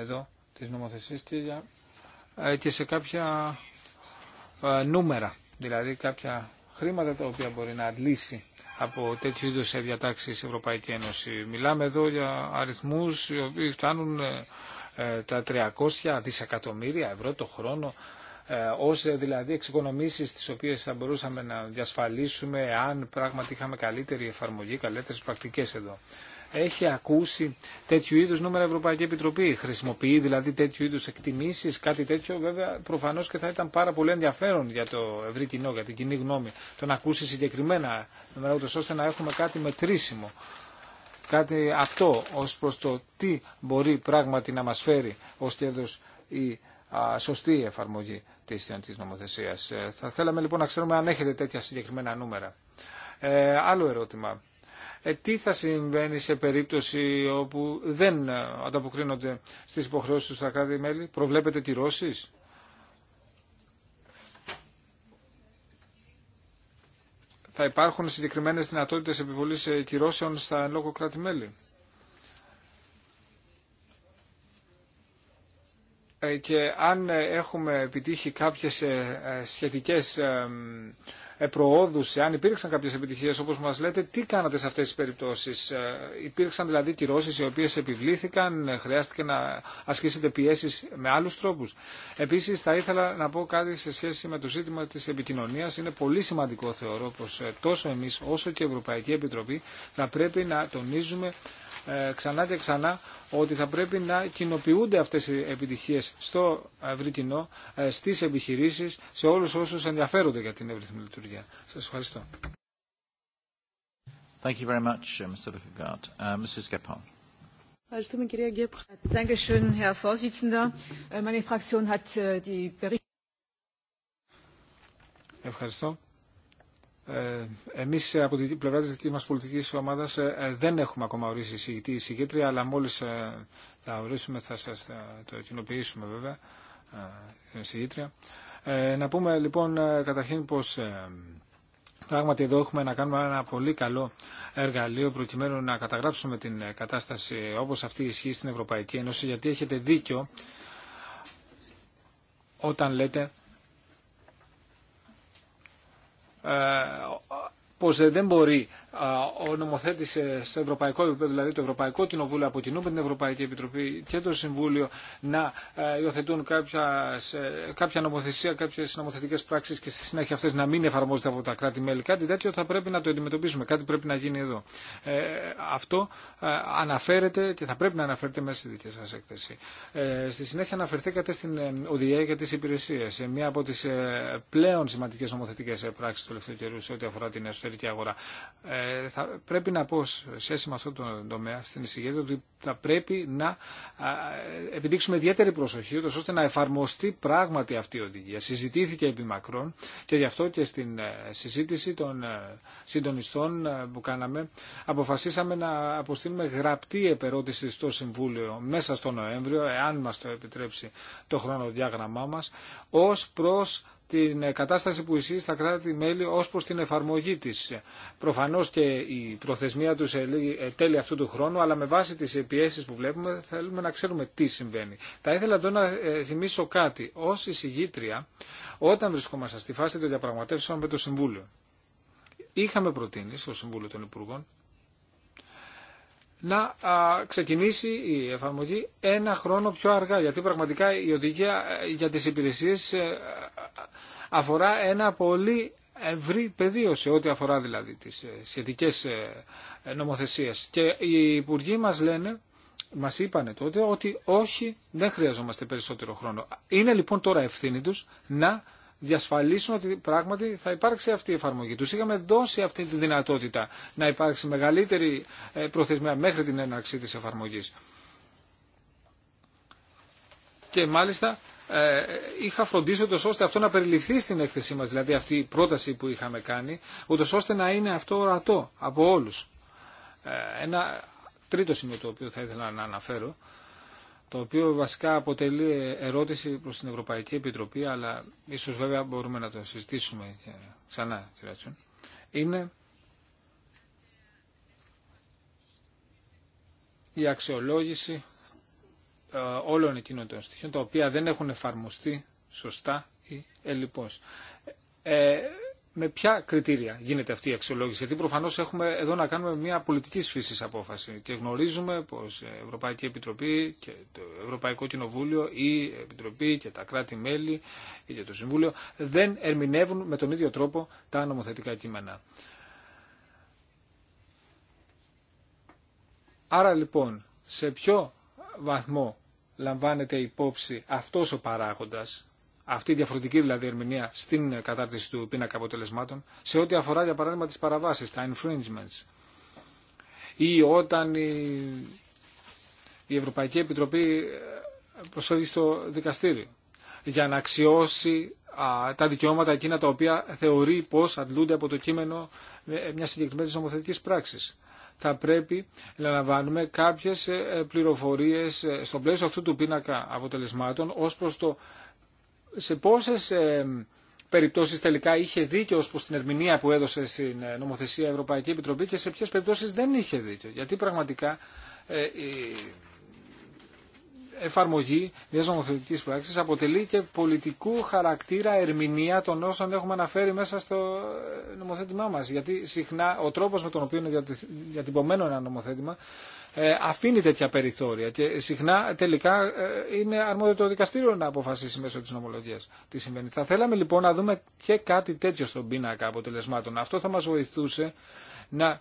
εδώ της νομοθεσίας και ε, σε κάποια ε, νούμερα, δηλαδή κάποια χρήματα τα οποία μπορεί να αντλήσει από τέτοιου είδους διατάξεις η Ευρωπαϊκή Ένωση. Μιλάμε εδώ για αριθμούς οι οποίοι φτάνουν ε, τα 300 δισεκατομμύρια ευρώ το χρόνο ως δηλαδή εξοικονομήσεις τις οποίες θα μπορούσαμε να διασφαλίσουμε αν πράγματι είχαμε καλύτερη εφαρμογή, καλύτερες πρακτικές εδώ έχει ακούσει τέτοιου είδους νούμερα Ευρωπαϊκή Επιτροπή. Χρησιμοποιεί δηλαδή τέτοιου είδους εκτιμήσεις, κάτι τέτοιο βέβαια προφανώς και θα ήταν πάρα πολύ ενδιαφέρον για το ευρύ κοινό, για την κοινή γνώμη, το να ακούσει συγκεκριμένα νούμερα, ούτως ώστε να έχουμε κάτι μετρήσιμο. Κάτι αυτό ως προς το τι μπορεί πράγματι να μας φέρει ως κέρδος η σωστή εφαρμογή της νομοθεσίας. Ε, θα θέλαμε λοιπόν να ξέρουμε αν έχετε τέτοια συγκεκριμένα νούμερα. Ε, άλλο ερώτημα. Ε, τι θα συμβαίνει σε περίπτωση όπου δεν ε, ανταποκρίνονται στις υποχρεώσεις του στα κράτη-μέλη. Προβλέπετε Θα υπάρχουν συγκεκριμένες δυνατότητες επιβολής ε, κυρώσεων στα εν λόγω κράτη-μέλη. Και αν έχουμε επιτύχει κάποιες σχετικές προόδους, αν υπήρξαν κάποιες επιτυχίες όπως μας λέτε, τι κάνατε σε αυτές τις περιπτώσεις. Ε, υπήρξαν δηλαδή κυρώσεις οι οποίες επιβλήθηκαν, ε, χρειάστηκε να ασκήσετε πιέσεις με άλλους τρόπους. Επίσης θα ήθελα να πω κάτι σε σχέση με το ζήτημα της επικοινωνίας. Είναι πολύ σημαντικό θεωρώ πως ε, τόσο εμείς όσο και η Ευρωπαϊκή Επιτροπή θα πρέπει να τονίζουμε ε, ξανά και ξανά ότι θα πρέπει να κοινοποιούνται αυτές οι επιτυχίες στο ευρύ κοινό, ε, στις επιχειρήσεις, σε όλους όσους ενδιαφέρονται για την εύρυθμη λειτουργία. Σας ευχαριστώ. Thank you very much, uh, Mr. Uh, Mrs. Ευχαριστούμε, κυρία äh, äh, Ευχαριστώ. Ε, εμείς από την πλευρά της δικής μας πολιτικής ομάδας ε, ε, δεν έχουμε ακόμα ορίσει εισηγητή ή εισηγήτρια, αλλά μόλις θα ορίσουμε θα σας το κοινοποιήσουμε βέβαια, την εισηγήτρια. Να πούμε λοιπόν καταρχήν πως πράγματι εδώ έχουμε να κάνουμε ένα πολύ καλό εργαλείο προκειμένου να καταγράψουμε την κατάσταση όπως αυτή ισχύει στην Ευρωπαϊκή Ένωση, γιατί έχετε δίκιο όταν λέτε ε, πως δεν μπορεί ο νομοθέτης ε, στο ευρωπαϊκό επίπεδο, δηλαδή το Ευρωπαϊκό Κοινοβούλιο από κοινού με την Ευρωπαϊκή Επιτροπή και το Συμβούλιο να ε, υιοθετούν κάποια, ε, κάποια νομοθεσία, κάποιε νομοθετικέ πράξει και στη συνέχεια αυτέ να μην εφαρμόζονται από τα κράτη-μέλη. Κάτι τέτοιο θα πρέπει να το αντιμετωπίσουμε, κάτι πρέπει να γίνει εδώ. αυτό αναφέρεται και θα πρέπει να αναφέρεται μέσα στη δική σα έκθεση. στη συνέχεια αναφερθήκατε στην ΟΔΙΕ για τις υπηρεσίες, μια από τι πλέον σημαντικέ νομοθετικέ πράξει του τελευταίου καιρού σε ό,τι αφορά την εσωτερική αγορά. Ε, θα πρέπει να πω σε σχέση με αυτό το τομέα στην εισηγήτρια ότι θα πρέπει να επιδείξουμε ιδιαίτερη προσοχή ώστε να εφαρμοστεί πράγματι αυτή η οδηγία. Συζητήθηκε επί μακρόν και γι' αυτό και στην ε, συζήτηση των ε, συντονιστών που κάναμε αποφασίσαμε να αποστείλουμε γραπτή επερώτηση στο Συμβούλιο μέσα στο Νοέμβριο, εάν μας το επιτρέψει το χρονοδιάγραμμά μας, ως προς την κατάσταση που ισχύει στα κράτη-μέλη ως προς την εφαρμογή της. Προφανώς και η προθεσμία τους ε, τέλει αυτού του χρόνου, αλλά με βάση τις πιέσεις που βλέπουμε θέλουμε να ξέρουμε τι συμβαίνει. Θα ήθελα εδώ να ε, θυμίσω κάτι. Ως εισηγήτρια, όταν βρισκόμαστε στη φάση των διαπραγματεύσεων με το Συμβούλιο, είχαμε προτείνει στο Συμβούλιο των Υπουργών να ξεκινήσει η εφαρμογή ένα χρόνο πιο αργά. Γιατί πραγματικά η οδηγία ε, για τις υπηρεσίες ε, αφορά ένα πολύ ευρύ πεδίο σε ό,τι αφορά δηλαδή τις ε, σχετικές νομοθεσίες. Και οι υπουργοί μας λένε, μας είπανε τότε ότι όχι, δεν χρειαζόμαστε περισσότερο χρόνο. Είναι λοιπόν τώρα ευθύνη τους να διασφαλίσουν ότι πράγματι θα υπάρξει αυτή η εφαρμογή. του είχαμε δώσει αυτή τη δυνατότητα να υπάρξει μεγαλύτερη ε, προθεσμία μέχρι την έναρξη της εφαρμογή. Και μάλιστα ε, είχα φροντίσει ούτως ώστε αυτό να περιληφθεί στην έκθεσή μας, δηλαδή αυτή η πρόταση που είχαμε κάνει, ούτως ώστε να είναι αυτό ορατό από όλους. Ε, ένα τρίτο σημείο το οποίο θα ήθελα να αναφέρω το οποίο βασικά αποτελεί ερώτηση προς την Ευρωπαϊκή Επιτροπή, αλλά ίσως βέβαια μπορούμε να το συζητήσουμε ξανά, κυρία είναι η αξιολόγηση ε, όλων εκείνων των στοιχείων, τα οποία δεν έχουν εφαρμοστεί σωστά ή ελλιπώς. Ε, με ποια κριτήρια γίνεται αυτή η αξιολόγηση. Γιατί προφανώ έχουμε εδώ να κάνουμε μια πολιτική φύση απόφαση και γνωρίζουμε πω η Ευρωπαϊκή Επιτροπή και το Ευρωπαϊκό Κοινοβούλιο ή η Επιτροπή και τα κράτη-μέλη ή και το Συμβούλιο δεν ερμηνεύουν με τον ίδιο τρόπο τα νομοθετικά κείμενα. Άρα λοιπόν, σε ποιο βαθμό λαμβάνεται υπόψη αυτός ο παράγοντας αυτή η διαφορετική δηλαδή ερμηνεία στην κατάρτιση του πίνακα αποτελεσμάτων σε ό,τι αφορά για παράδειγμα τις παραβάσεις, τα infringements ή όταν η, Ευρωπαϊκή Επιτροπή ε, προσφέρει στο δικαστήριο για να αξιώσει τα δικαιώματα εκείνα τα οποία θεωρεί πως αντλούνται από το κείμενο ε, μια συγκεκριμένη νομοθετικής πράξης. Θα πρέπει να λαμβάνουμε κάποιες ε, πληροφορίες στο πλαίσιο αυτού του πίνακα αποτελεσμάτων ως προς το σε πόσες ε, περιπτώσεις τελικά είχε δίκιο ως προς την ερμηνεία που έδωσε στην ε, νομοθεσία Ευρωπαϊκή Επιτροπή και σε ποιες περιπτώσεις δεν είχε δίκιο. Γιατί πραγματικά ε, η εφαρμογή μιας νομοθετικής πράξης αποτελεί και πολιτικού χαρακτήρα ερμηνεία των όσων έχουμε αναφέρει μέσα στο νομοθέτημά μας. Γιατί συχνά ο τρόπος με τον οποίο είναι διατυπωμένο ένα νομοθέτημα ε, αφήνει τέτοια περιθώρια και συχνά τελικά ε, είναι αρμόδιο το δικαστήριο να αποφασίσει μέσω της νομολογίας τι συμβαίνει. Θα θέλαμε λοιπόν να δούμε και κάτι τέτοιο στον πίνακα αποτελεσμάτων. Αυτό θα μας βοηθούσε να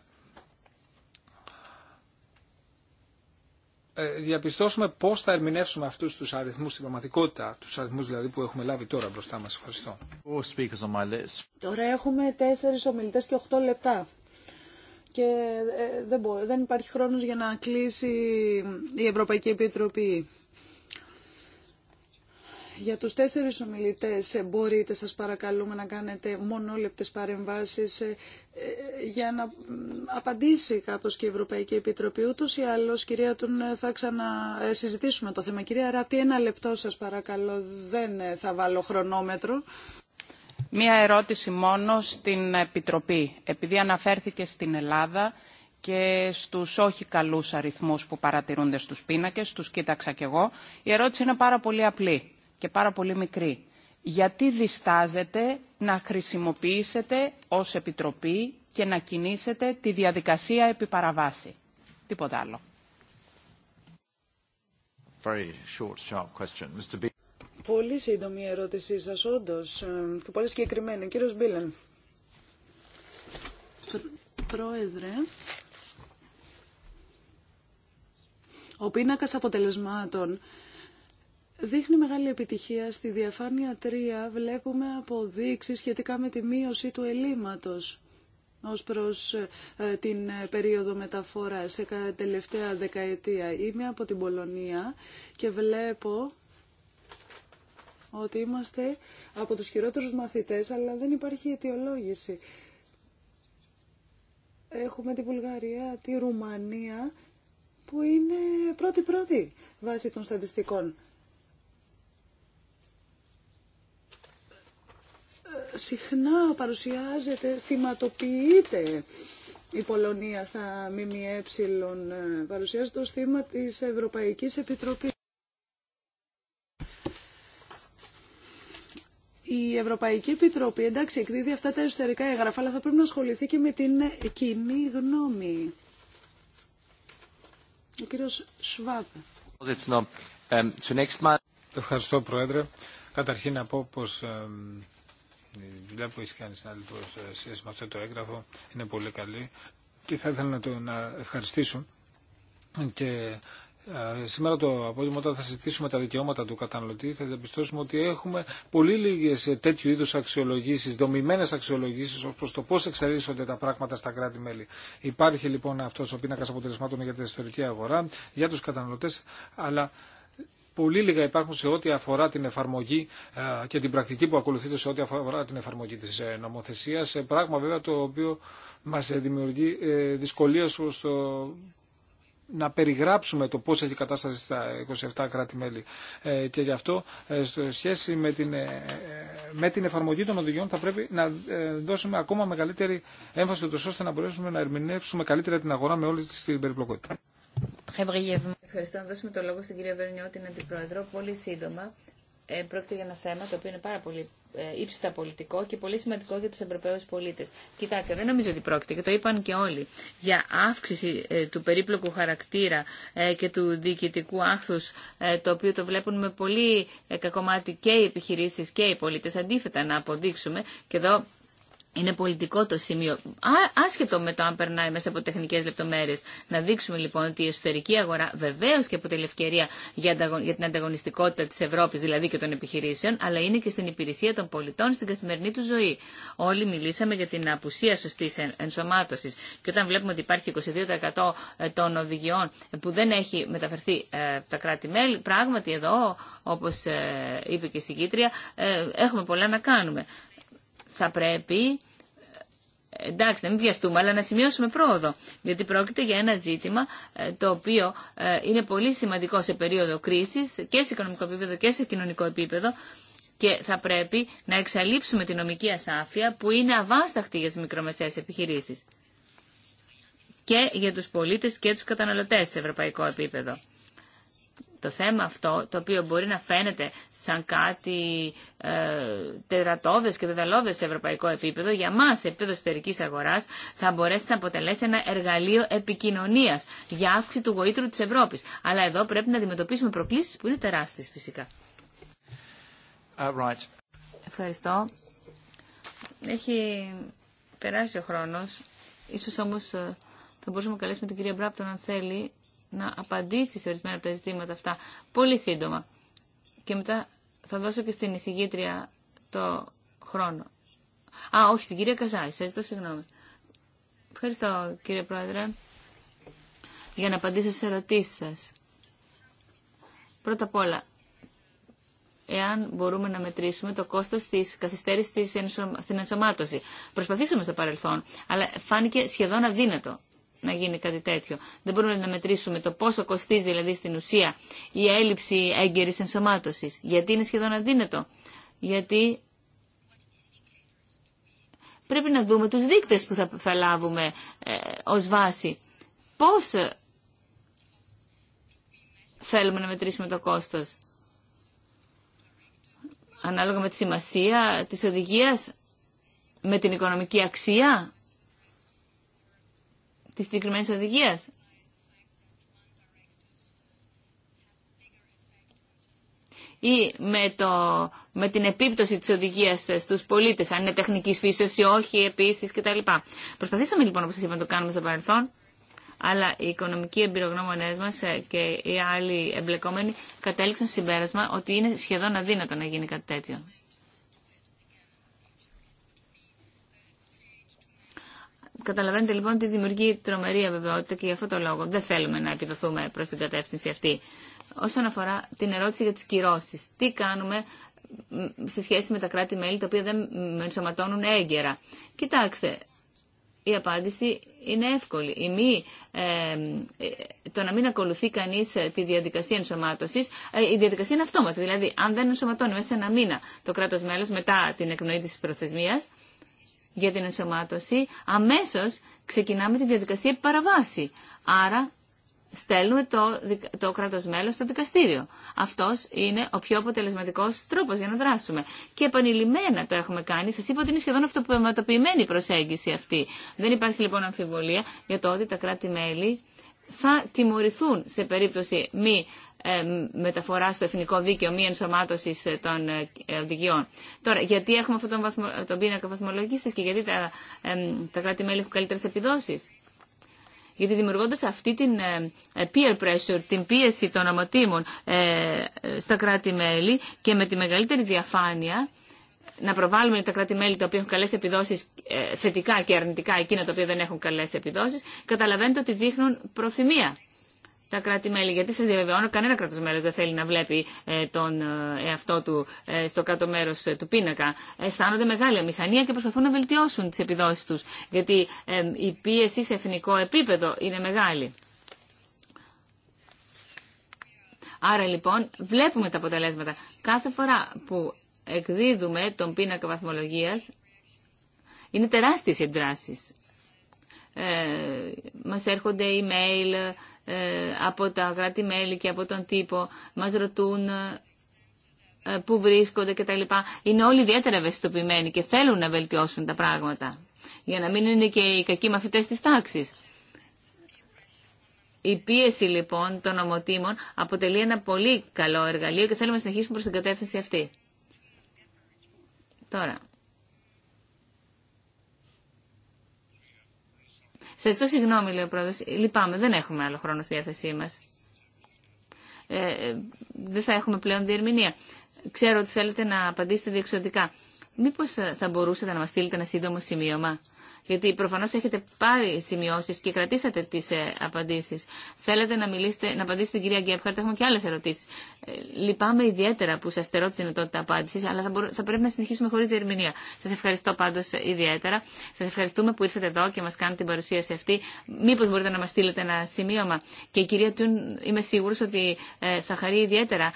ε, διαπιστώσουμε πώς θα ερμηνεύσουμε αυτούς τους αριθμούς στην πραγματικότητα, τους αριθμούς δηλαδή που έχουμε λάβει τώρα μπροστά μας. Ευχαριστώ. Τώρα έχουμε τέσσερις ομιλητές και οχτώ λεπτά και ε, δεν, μπορεί, δεν υπάρχει χρόνος για να κλείσει η Ευρωπαϊκή Επιτροπή. Για τους τέσσερις ομιλητές ε, μπορείτε, σας παρακαλούμε, να κάνετε μονόλεπτες παρεμβάσεις ε, για να απαντήσει κάπως και η Ευρωπαϊκή Επιτροπή. Ούτως ή άλλως, κυρία Τουν, θα ξανασυζητήσουμε το θέμα. Κυρία Ράπτη, ένα λεπτό σας παρακαλώ, δεν θα βάλω χρονόμετρο. Μία ερώτηση μόνο στην Επιτροπή. Επειδή αναφέρθηκε στην Ελλάδα και στους όχι καλούς αριθμούς που παρατηρούνται στους πίνακες, τους κοίταξα κι εγώ, η ερώτηση είναι πάρα πολύ απλή και πάρα πολύ μικρή. Γιατί διστάζετε να χρησιμοποιήσετε ως Επιτροπή και να κινήσετε τη διαδικασία επί παραβάση. Τίποτα άλλο. Very short, sharp question. Mr. Πολύ σύντομη η ερώτησή σας, όντως, ε, και πολύ συγκεκριμένη. κύριος Μπίλεν. Πρόεδρε, ο πίνακας αποτελεσμάτων δείχνει μεγάλη επιτυχία. Στη διαφάνεια 3 βλέπουμε αποδείξεις σχετικά με τη μείωση του ελλείμματος ως προς ε, την ε, περίοδο μεταφοράς σε τελευταία δεκαετία. Είμαι από την Πολωνία και βλέπω ότι είμαστε από τους χειρότερους μαθητές, αλλά δεν υπάρχει αιτιολόγηση. Έχουμε τη Βουλγαρία, τη Ρουμανία, που είναι πρώτη-πρώτη βάσει των στατιστικών. Συχνά παρουσιάζεται, θυματοποιείται η Πολωνία στα ΜΜΕ, ε, παρουσιάζεται ως θύμα της Ευρωπαϊκής Επιτροπής. η Ευρωπαϊκή Επιτροπή, εντάξει, εκδίδει αυτά τα εσωτερικά έγγραφα, αλλά θα πρέπει να ασχοληθεί και με την κοινή γνώμη. Ο κύριος Σβάπ. Ähm, Ευχαριστώ, Πρόεδρε. Καταρχήν να πω πως η δουλειά που έχει κάνει άλλη ε, σχέση με αυτό το έγγραφο είναι πολύ καλή και θα ήθελα να το ευχαριστήσω και ε, σήμερα το απόγευμα όταν θα συζητήσουμε τα δικαιώματα του καταναλωτή θα διαπιστώσουμε ότι έχουμε πολύ λίγες ε, τέτοιου είδους αξιολογήσεις, δομημένες αξιολογήσεις ως προς το πώς εξελίσσονται τα πράγματα στα κράτη-μέλη. Υπάρχει λοιπόν αυτός ο πίνακας αποτελεσμάτων για την ιστορική αγορά, για τους καταναλωτέ, αλλά πολύ λίγα υπάρχουν σε ό,τι αφορά την εφαρμογή ε, και την πρακτική που ακολουθείται σε ό,τι αφορά την εφαρμογή της νομοθεσίας. Πράγμα βέβαια το οποίο μας δημιουργεί δυσκολίες στο να περιγράψουμε το πώς έχει κατάσταση στα 27 κράτη-μέλη. Ε, και γι' αυτό, σε σχέση με την, ε, ε, με την εφαρμογή των οδηγιών, θα πρέπει να δώσουμε ακόμα μεγαλύτερη έμφαση, ώστε να μπορέσουμε να ερμηνεύσουμε καλύτερα την αγορά με όλη την περιπλοκότητα. Ευχαριστώ. Να δώσουμε το λόγο στην κυρία Βερνιώτη, την Αντιπρόεδρο, πολύ σύντομα, ε, πρόκειται για ένα θέμα το οποίο είναι πάρα πολύ ε, ύψιστα πολιτικό και πολύ σημαντικό για τους Ευρωπαίου πολίτες. Κοιτάξτε, δεν νομίζω ότι πρόκειται και το είπαν και όλοι για αύξηση ε, του περίπλοκου χαρακτήρα ε, και του διοικητικού άχθους το οποίο το βλέπουν με πολύ κακομάτι και οι επιχειρήσει και οι πολίτες. Αντίθετα να αποδείξουμε και εδώ είναι πολιτικό το σημείο, άσχετο με το αν περνάει μέσα από τεχνικέ λεπτομέρειε. Να δείξουμε λοιπόν ότι η εσωτερική αγορά βεβαίω και αποτελεί ευκαιρία για την ανταγωνιστικότητα τη Ευρώπη, δηλαδή και των επιχειρήσεων, αλλά είναι και στην υπηρεσία των πολιτών στην καθημερινή του ζωή. Όλοι μιλήσαμε για την απουσία σωστή ενσωμάτωση. Και όταν βλέπουμε ότι υπάρχει 22% ε, των οδηγιών που δεν έχει μεταφερθεί ε, από τα κράτη-μέλη, πράγματι εδώ, όπω ε, είπε και η συγκήτρια, έχουμε πολλά να κάνουμε θα πρέπει εντάξει, να μην βιαστούμε, αλλά να σημειώσουμε πρόοδο. Γιατί πρόκειται για ένα ζήτημα ε, το οποίο ε, είναι πολύ σημαντικό σε περίοδο κρίση και σε οικονομικό επίπεδο και σε κοινωνικό επίπεδο. Και θα πρέπει να εξαλείψουμε την νομική ασάφεια που είναι αβάσταχτη για τι μικρομεσαίε επιχειρήσει. Και για του πολίτε και του καταναλωτέ σε ευρωπαϊκό επίπεδο το θέμα αυτό, το οποίο μπορεί να φαίνεται σαν κάτι ε, και δεδαλώδες σε ευρωπαϊκό επίπεδο, για μας σε επίπεδο εσωτερικής αγοράς θα μπορέσει να αποτελέσει ένα εργαλείο επικοινωνίας για αύξηση του γοήτρου της Ευρώπης. Αλλά εδώ πρέπει να αντιμετωπίσουμε προκλήσεις που είναι τεράστιες φυσικά. Uh, right. Ευχαριστώ. Έχει περάσει ο χρόνος. Ίσως όμως ε, θα μπορούσαμε να καλέσουμε την κυρία Μπράπτον αν θέλει να απαντήσει σε ορισμένα από τα ζητήματα αυτά πολύ σύντομα. Και μετά θα δώσω και στην εισηγήτρια το χρόνο. Α, όχι, στην κυρία Καζάη. σα ζητώ συγγνώμη. Ευχαριστώ, κύριε Πρόεδρε, για να απαντήσω σε ερωτήσεις σας. Πρώτα απ' όλα, εάν μπορούμε να μετρήσουμε το κόστο τη καθυστέρηση στην ενσωμάτωση. Προσπαθήσαμε στο παρελθόν, αλλά φάνηκε σχεδόν αδύνατο να γίνει κάτι τέτοιο. Δεν μπορούμε να μετρήσουμε το πόσο κοστίζει δηλαδή στην ουσία η έλλειψη έγκαιρης ενσωμάτωσης. Γιατί είναι σχεδόν αντίνετο. Γιατί πρέπει να δούμε τους δείκτες που θα, θα λάβουμε ε, ως βάση. Πώς θέλουμε να μετρήσουμε το κόστος. Ανάλογα με τη σημασία της οδηγίας, με την οικονομική αξία της συγκεκριμένη οδηγία. ή με, το, με την επίπτωση της οδηγίας στους πολίτες, αν είναι τεχνικής φύσεως ή όχι επίσης κτλ. Προσπαθήσαμε λοιπόν, όπως σας είπα, να το κάνουμε στο παρελθόν, αλλά οι οικονομικοί εμπειρογνώμονές μας ε, και οι άλλοι εμπλεκόμενοι κατέληξαν στο συμπέρασμα ότι είναι σχεδόν αδύνατο να γίνει κάτι τέτοιο. Καταλαβαίνετε λοιπόν ότι δημιουργεί τρομερή αβεβαιότητα και γι' αυτό το λόγο δεν θέλουμε να επιδοθούμε προς την κατεύθυνση αυτή. Όσον αφορά την ερώτηση για τις κυρώσεις, τι κάνουμε σε σχέση με τα κράτη-μέλη τα οποία δεν ενσωματώνουν έγκαιρα. Κοιτάξτε, η απάντηση είναι εύκολη. Η μη, ε, ε το να μην ακολουθεί κανεί ε, τη διαδικασία ενσωμάτωση, ε, η διαδικασία είναι αυτόματη. Δηλαδή, αν δεν ενσωματώνει μέσα σε ένα μήνα το κράτο μέλο μετά την εκνοή τη προθεσμία, για την ενσωμάτωση, αμέσως ξεκινάμε τη διαδικασία παραβάση. Άρα στέλνουμε το, το κράτος μέλος στο δικαστήριο. Αυτός είναι ο πιο αποτελεσματικός τρόπος για να δράσουμε. Και επανειλημμένα το έχουμε κάνει. Σας είπα ότι είναι σχεδόν αυτοπαιματοποιημένη η προσέγγιση αυτή. Δεν υπάρχει λοιπόν αμφιβολία για το ότι τα κράτη-μέλη θα τιμωρηθούν σε περίπτωση μη μεταφορά στο εθνικό δίκαιο μη ενσωμάτωση ε, των ε, οδηγιών. Τώρα, γιατί έχουμε αυτόν τον, βαθμο, ε, τον πίνακα και γιατί τα, τα κράτη-μέλη έχουν καλύτερε επιδόσει. Γιατί δημιουργώντα αυτή την peer pressure, την πίεση των ομοτήμων στα κράτη-μέλη και με τη μεγαλύτερη διαφάνεια, να προβάλλουμε τα κράτη-μέλη τα οποία έχουν καλέ επιδόσει θετικά και αρνητικά εκείνα τα οποία δεν έχουν καλέ επιδόσει, καταλαβαίνετε ότι δείχνουν προθυμία τα κράτη-μέλη. Γιατί σα διαβεβαιώνω, κανένα κράτο-μέλο δεν θέλει να βλέπει ε, τον ε, εαυτό του ε, στο κάτω μέρο του πίνακα. Αισθάνονται μεγάλη μηχανία και προσπαθούν να βελτιώσουν τι επιδόσει του. Γιατί η πίεση σε εθνικό επίπεδο είναι μεγάλη. Άρα λοιπόν βλέπουμε τα αποτελέσματα. Κάθε φορά που εκδίδουμε τον πίνακα βαθμολογίας είναι τεράστιες οι εντράσεις ε, μας έρχονται email ε, από τα κράτη-μέλη και από τον τύπο, μας ρωτούν ε, πού βρίσκονται κτλ. Είναι όλοι ιδιαίτερα ευαισθητοποιημένοι και θέλουν να βελτιώσουν τα πράγματα για να μην είναι και οι κακοί μαθητές της τάξης. Η πίεση λοιπόν των ομοτήμων αποτελεί ένα πολύ καλό εργαλείο και θέλουμε να συνεχίσουμε προς την κατεύθυνση αυτή. Τώρα, Σα ζητώ συγγνώμη, λέει ο πρόεδρο. Λυπάμαι, δεν έχουμε άλλο χρόνο στη διάθεσή μα. Ε, ε, δεν θα έχουμε πλέον διερμηνία. Ξέρω ότι θέλετε να απαντήσετε διεξοδικά. Μήπω ε, θα μπορούσατε να μα στείλετε ένα σύντομο σημείωμα γιατί προφανώς έχετε πάρει σημειώσεις και κρατήσατε τις ε, απαντήσεις. Θέλετε να, μιλήσετε, να απαντήσετε την κυρία Γκέφχαρτ, έχουμε και άλλες ερωτήσεις. Ε, λυπάμαι ιδιαίτερα που σας στερώ την δυνατότητα απάντησης, αλλά θα, μπορώ, θα πρέπει να συνεχίσουμε χωρίς διερμηνία. Σας ευχαριστώ πάντως ιδιαίτερα. Σας ευχαριστούμε που ήρθατε εδώ και μας κάνετε την παρουσίαση αυτή. Μήπως μπορείτε να μας στείλετε ένα σημείωμα. Και η κυρία Τούν είμαι σίγουρος ότι ε, θα χαρεί ιδιαίτερα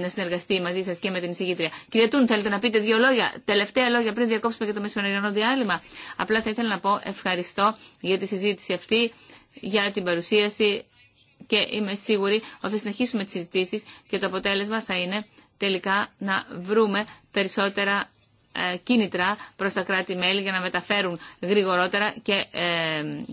να συνεργαστεί μαζί σας και με την εισηγήτρια. Κυρία Τούν, θέλετε να πείτε δύο λόγια, τελευταία λόγια πριν διακόψουμε και το μεσημεριανό διάλειμμα. Απλά θα ήθελα να πω ευχαριστώ για τη συζήτηση αυτή, για την παρουσίαση και είμαι σίγουρη ότι θα συνεχίσουμε τις συζητήσεις και το αποτέλεσμα θα είναι τελικά να βρούμε περισσότερα ε, κίνητρα προς τα κράτη-μέλη για να μεταφέρουν γρηγορότερα και ε,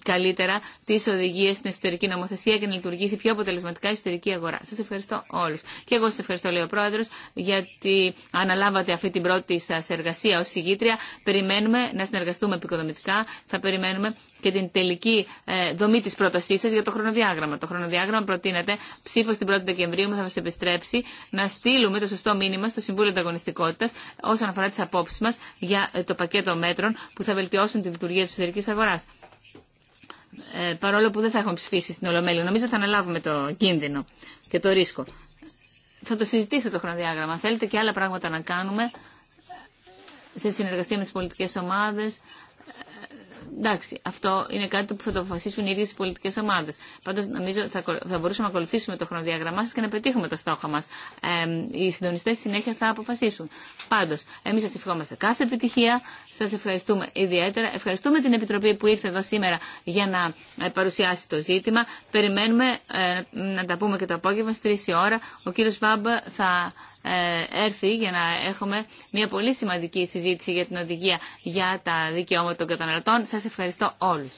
καλύτερα τις οδηγίες στην εσωτερική νομοθεσία και να λειτουργήσει πιο αποτελεσματικά η εσωτερική αγορά. Σας ευχαριστώ όλους. Και εγώ σας ευχαριστώ, λέει ο Πρόεδρος, γιατί αναλάβατε αυτή την πρώτη σας εργασία ως συγγήτρια. Περιμένουμε να συνεργαστούμε επικοδομητικά. Θα περιμένουμε και την τελική ε, δομή της πρότασής σας για το χρονοδιάγραμμα. Το χρονοδιάγραμμα προτείνεται ψήφο την 1η Δεκεμβρίου, θα μας επιστρέψει να στείλουμε το σωστό μήνυμα στο Συμβούλιο Ανταγωνιστικότητας όσον αφορά τις απόψεις για ε, το πακέτο μέτρων που θα βελτιώσουν τη λειτουργία τη εσωτερική αγορά. Ε, παρόλο που δεν θα έχουμε ψηφίσει στην Ολομέλεια, νομίζω θα αναλάβουμε το κίνδυνο και το ρίσκο. Θα το συζητήσετε το χρονοδιάγραμμα. θέλετε και άλλα πράγματα να κάνουμε σε συνεργασία με τι πολιτικέ ομάδε εντάξει, αυτό είναι κάτι που θα το αποφασίσουν οι ίδιε οι πολιτικέ ομάδε. Πάντω, νομίζω θα, θα μπορούσαμε να ακολουθήσουμε το χρονοδιάγραμμά σα και να πετύχουμε το στόχο μα. Ε, οι συντονιστέ συνέχεια θα αποφασίσουν. Πάντω, εμεί σα ευχόμαστε κάθε επιτυχία. Σα ευχαριστούμε ιδιαίτερα. Ευχαριστούμε την Επιτροπή που ήρθε εδώ σήμερα για να ε, παρουσιάσει το ζήτημα. Περιμένουμε ε, να τα πούμε και το απόγευμα στι 3 η ώρα. Ο κύριο Βάμπ θα ε, έρθει για να έχουμε μια πολύ σημαντική συζήτηση για την οδηγία για τα δικαιώματα των καταναλωτών. Σας ευχαριστώ όλους.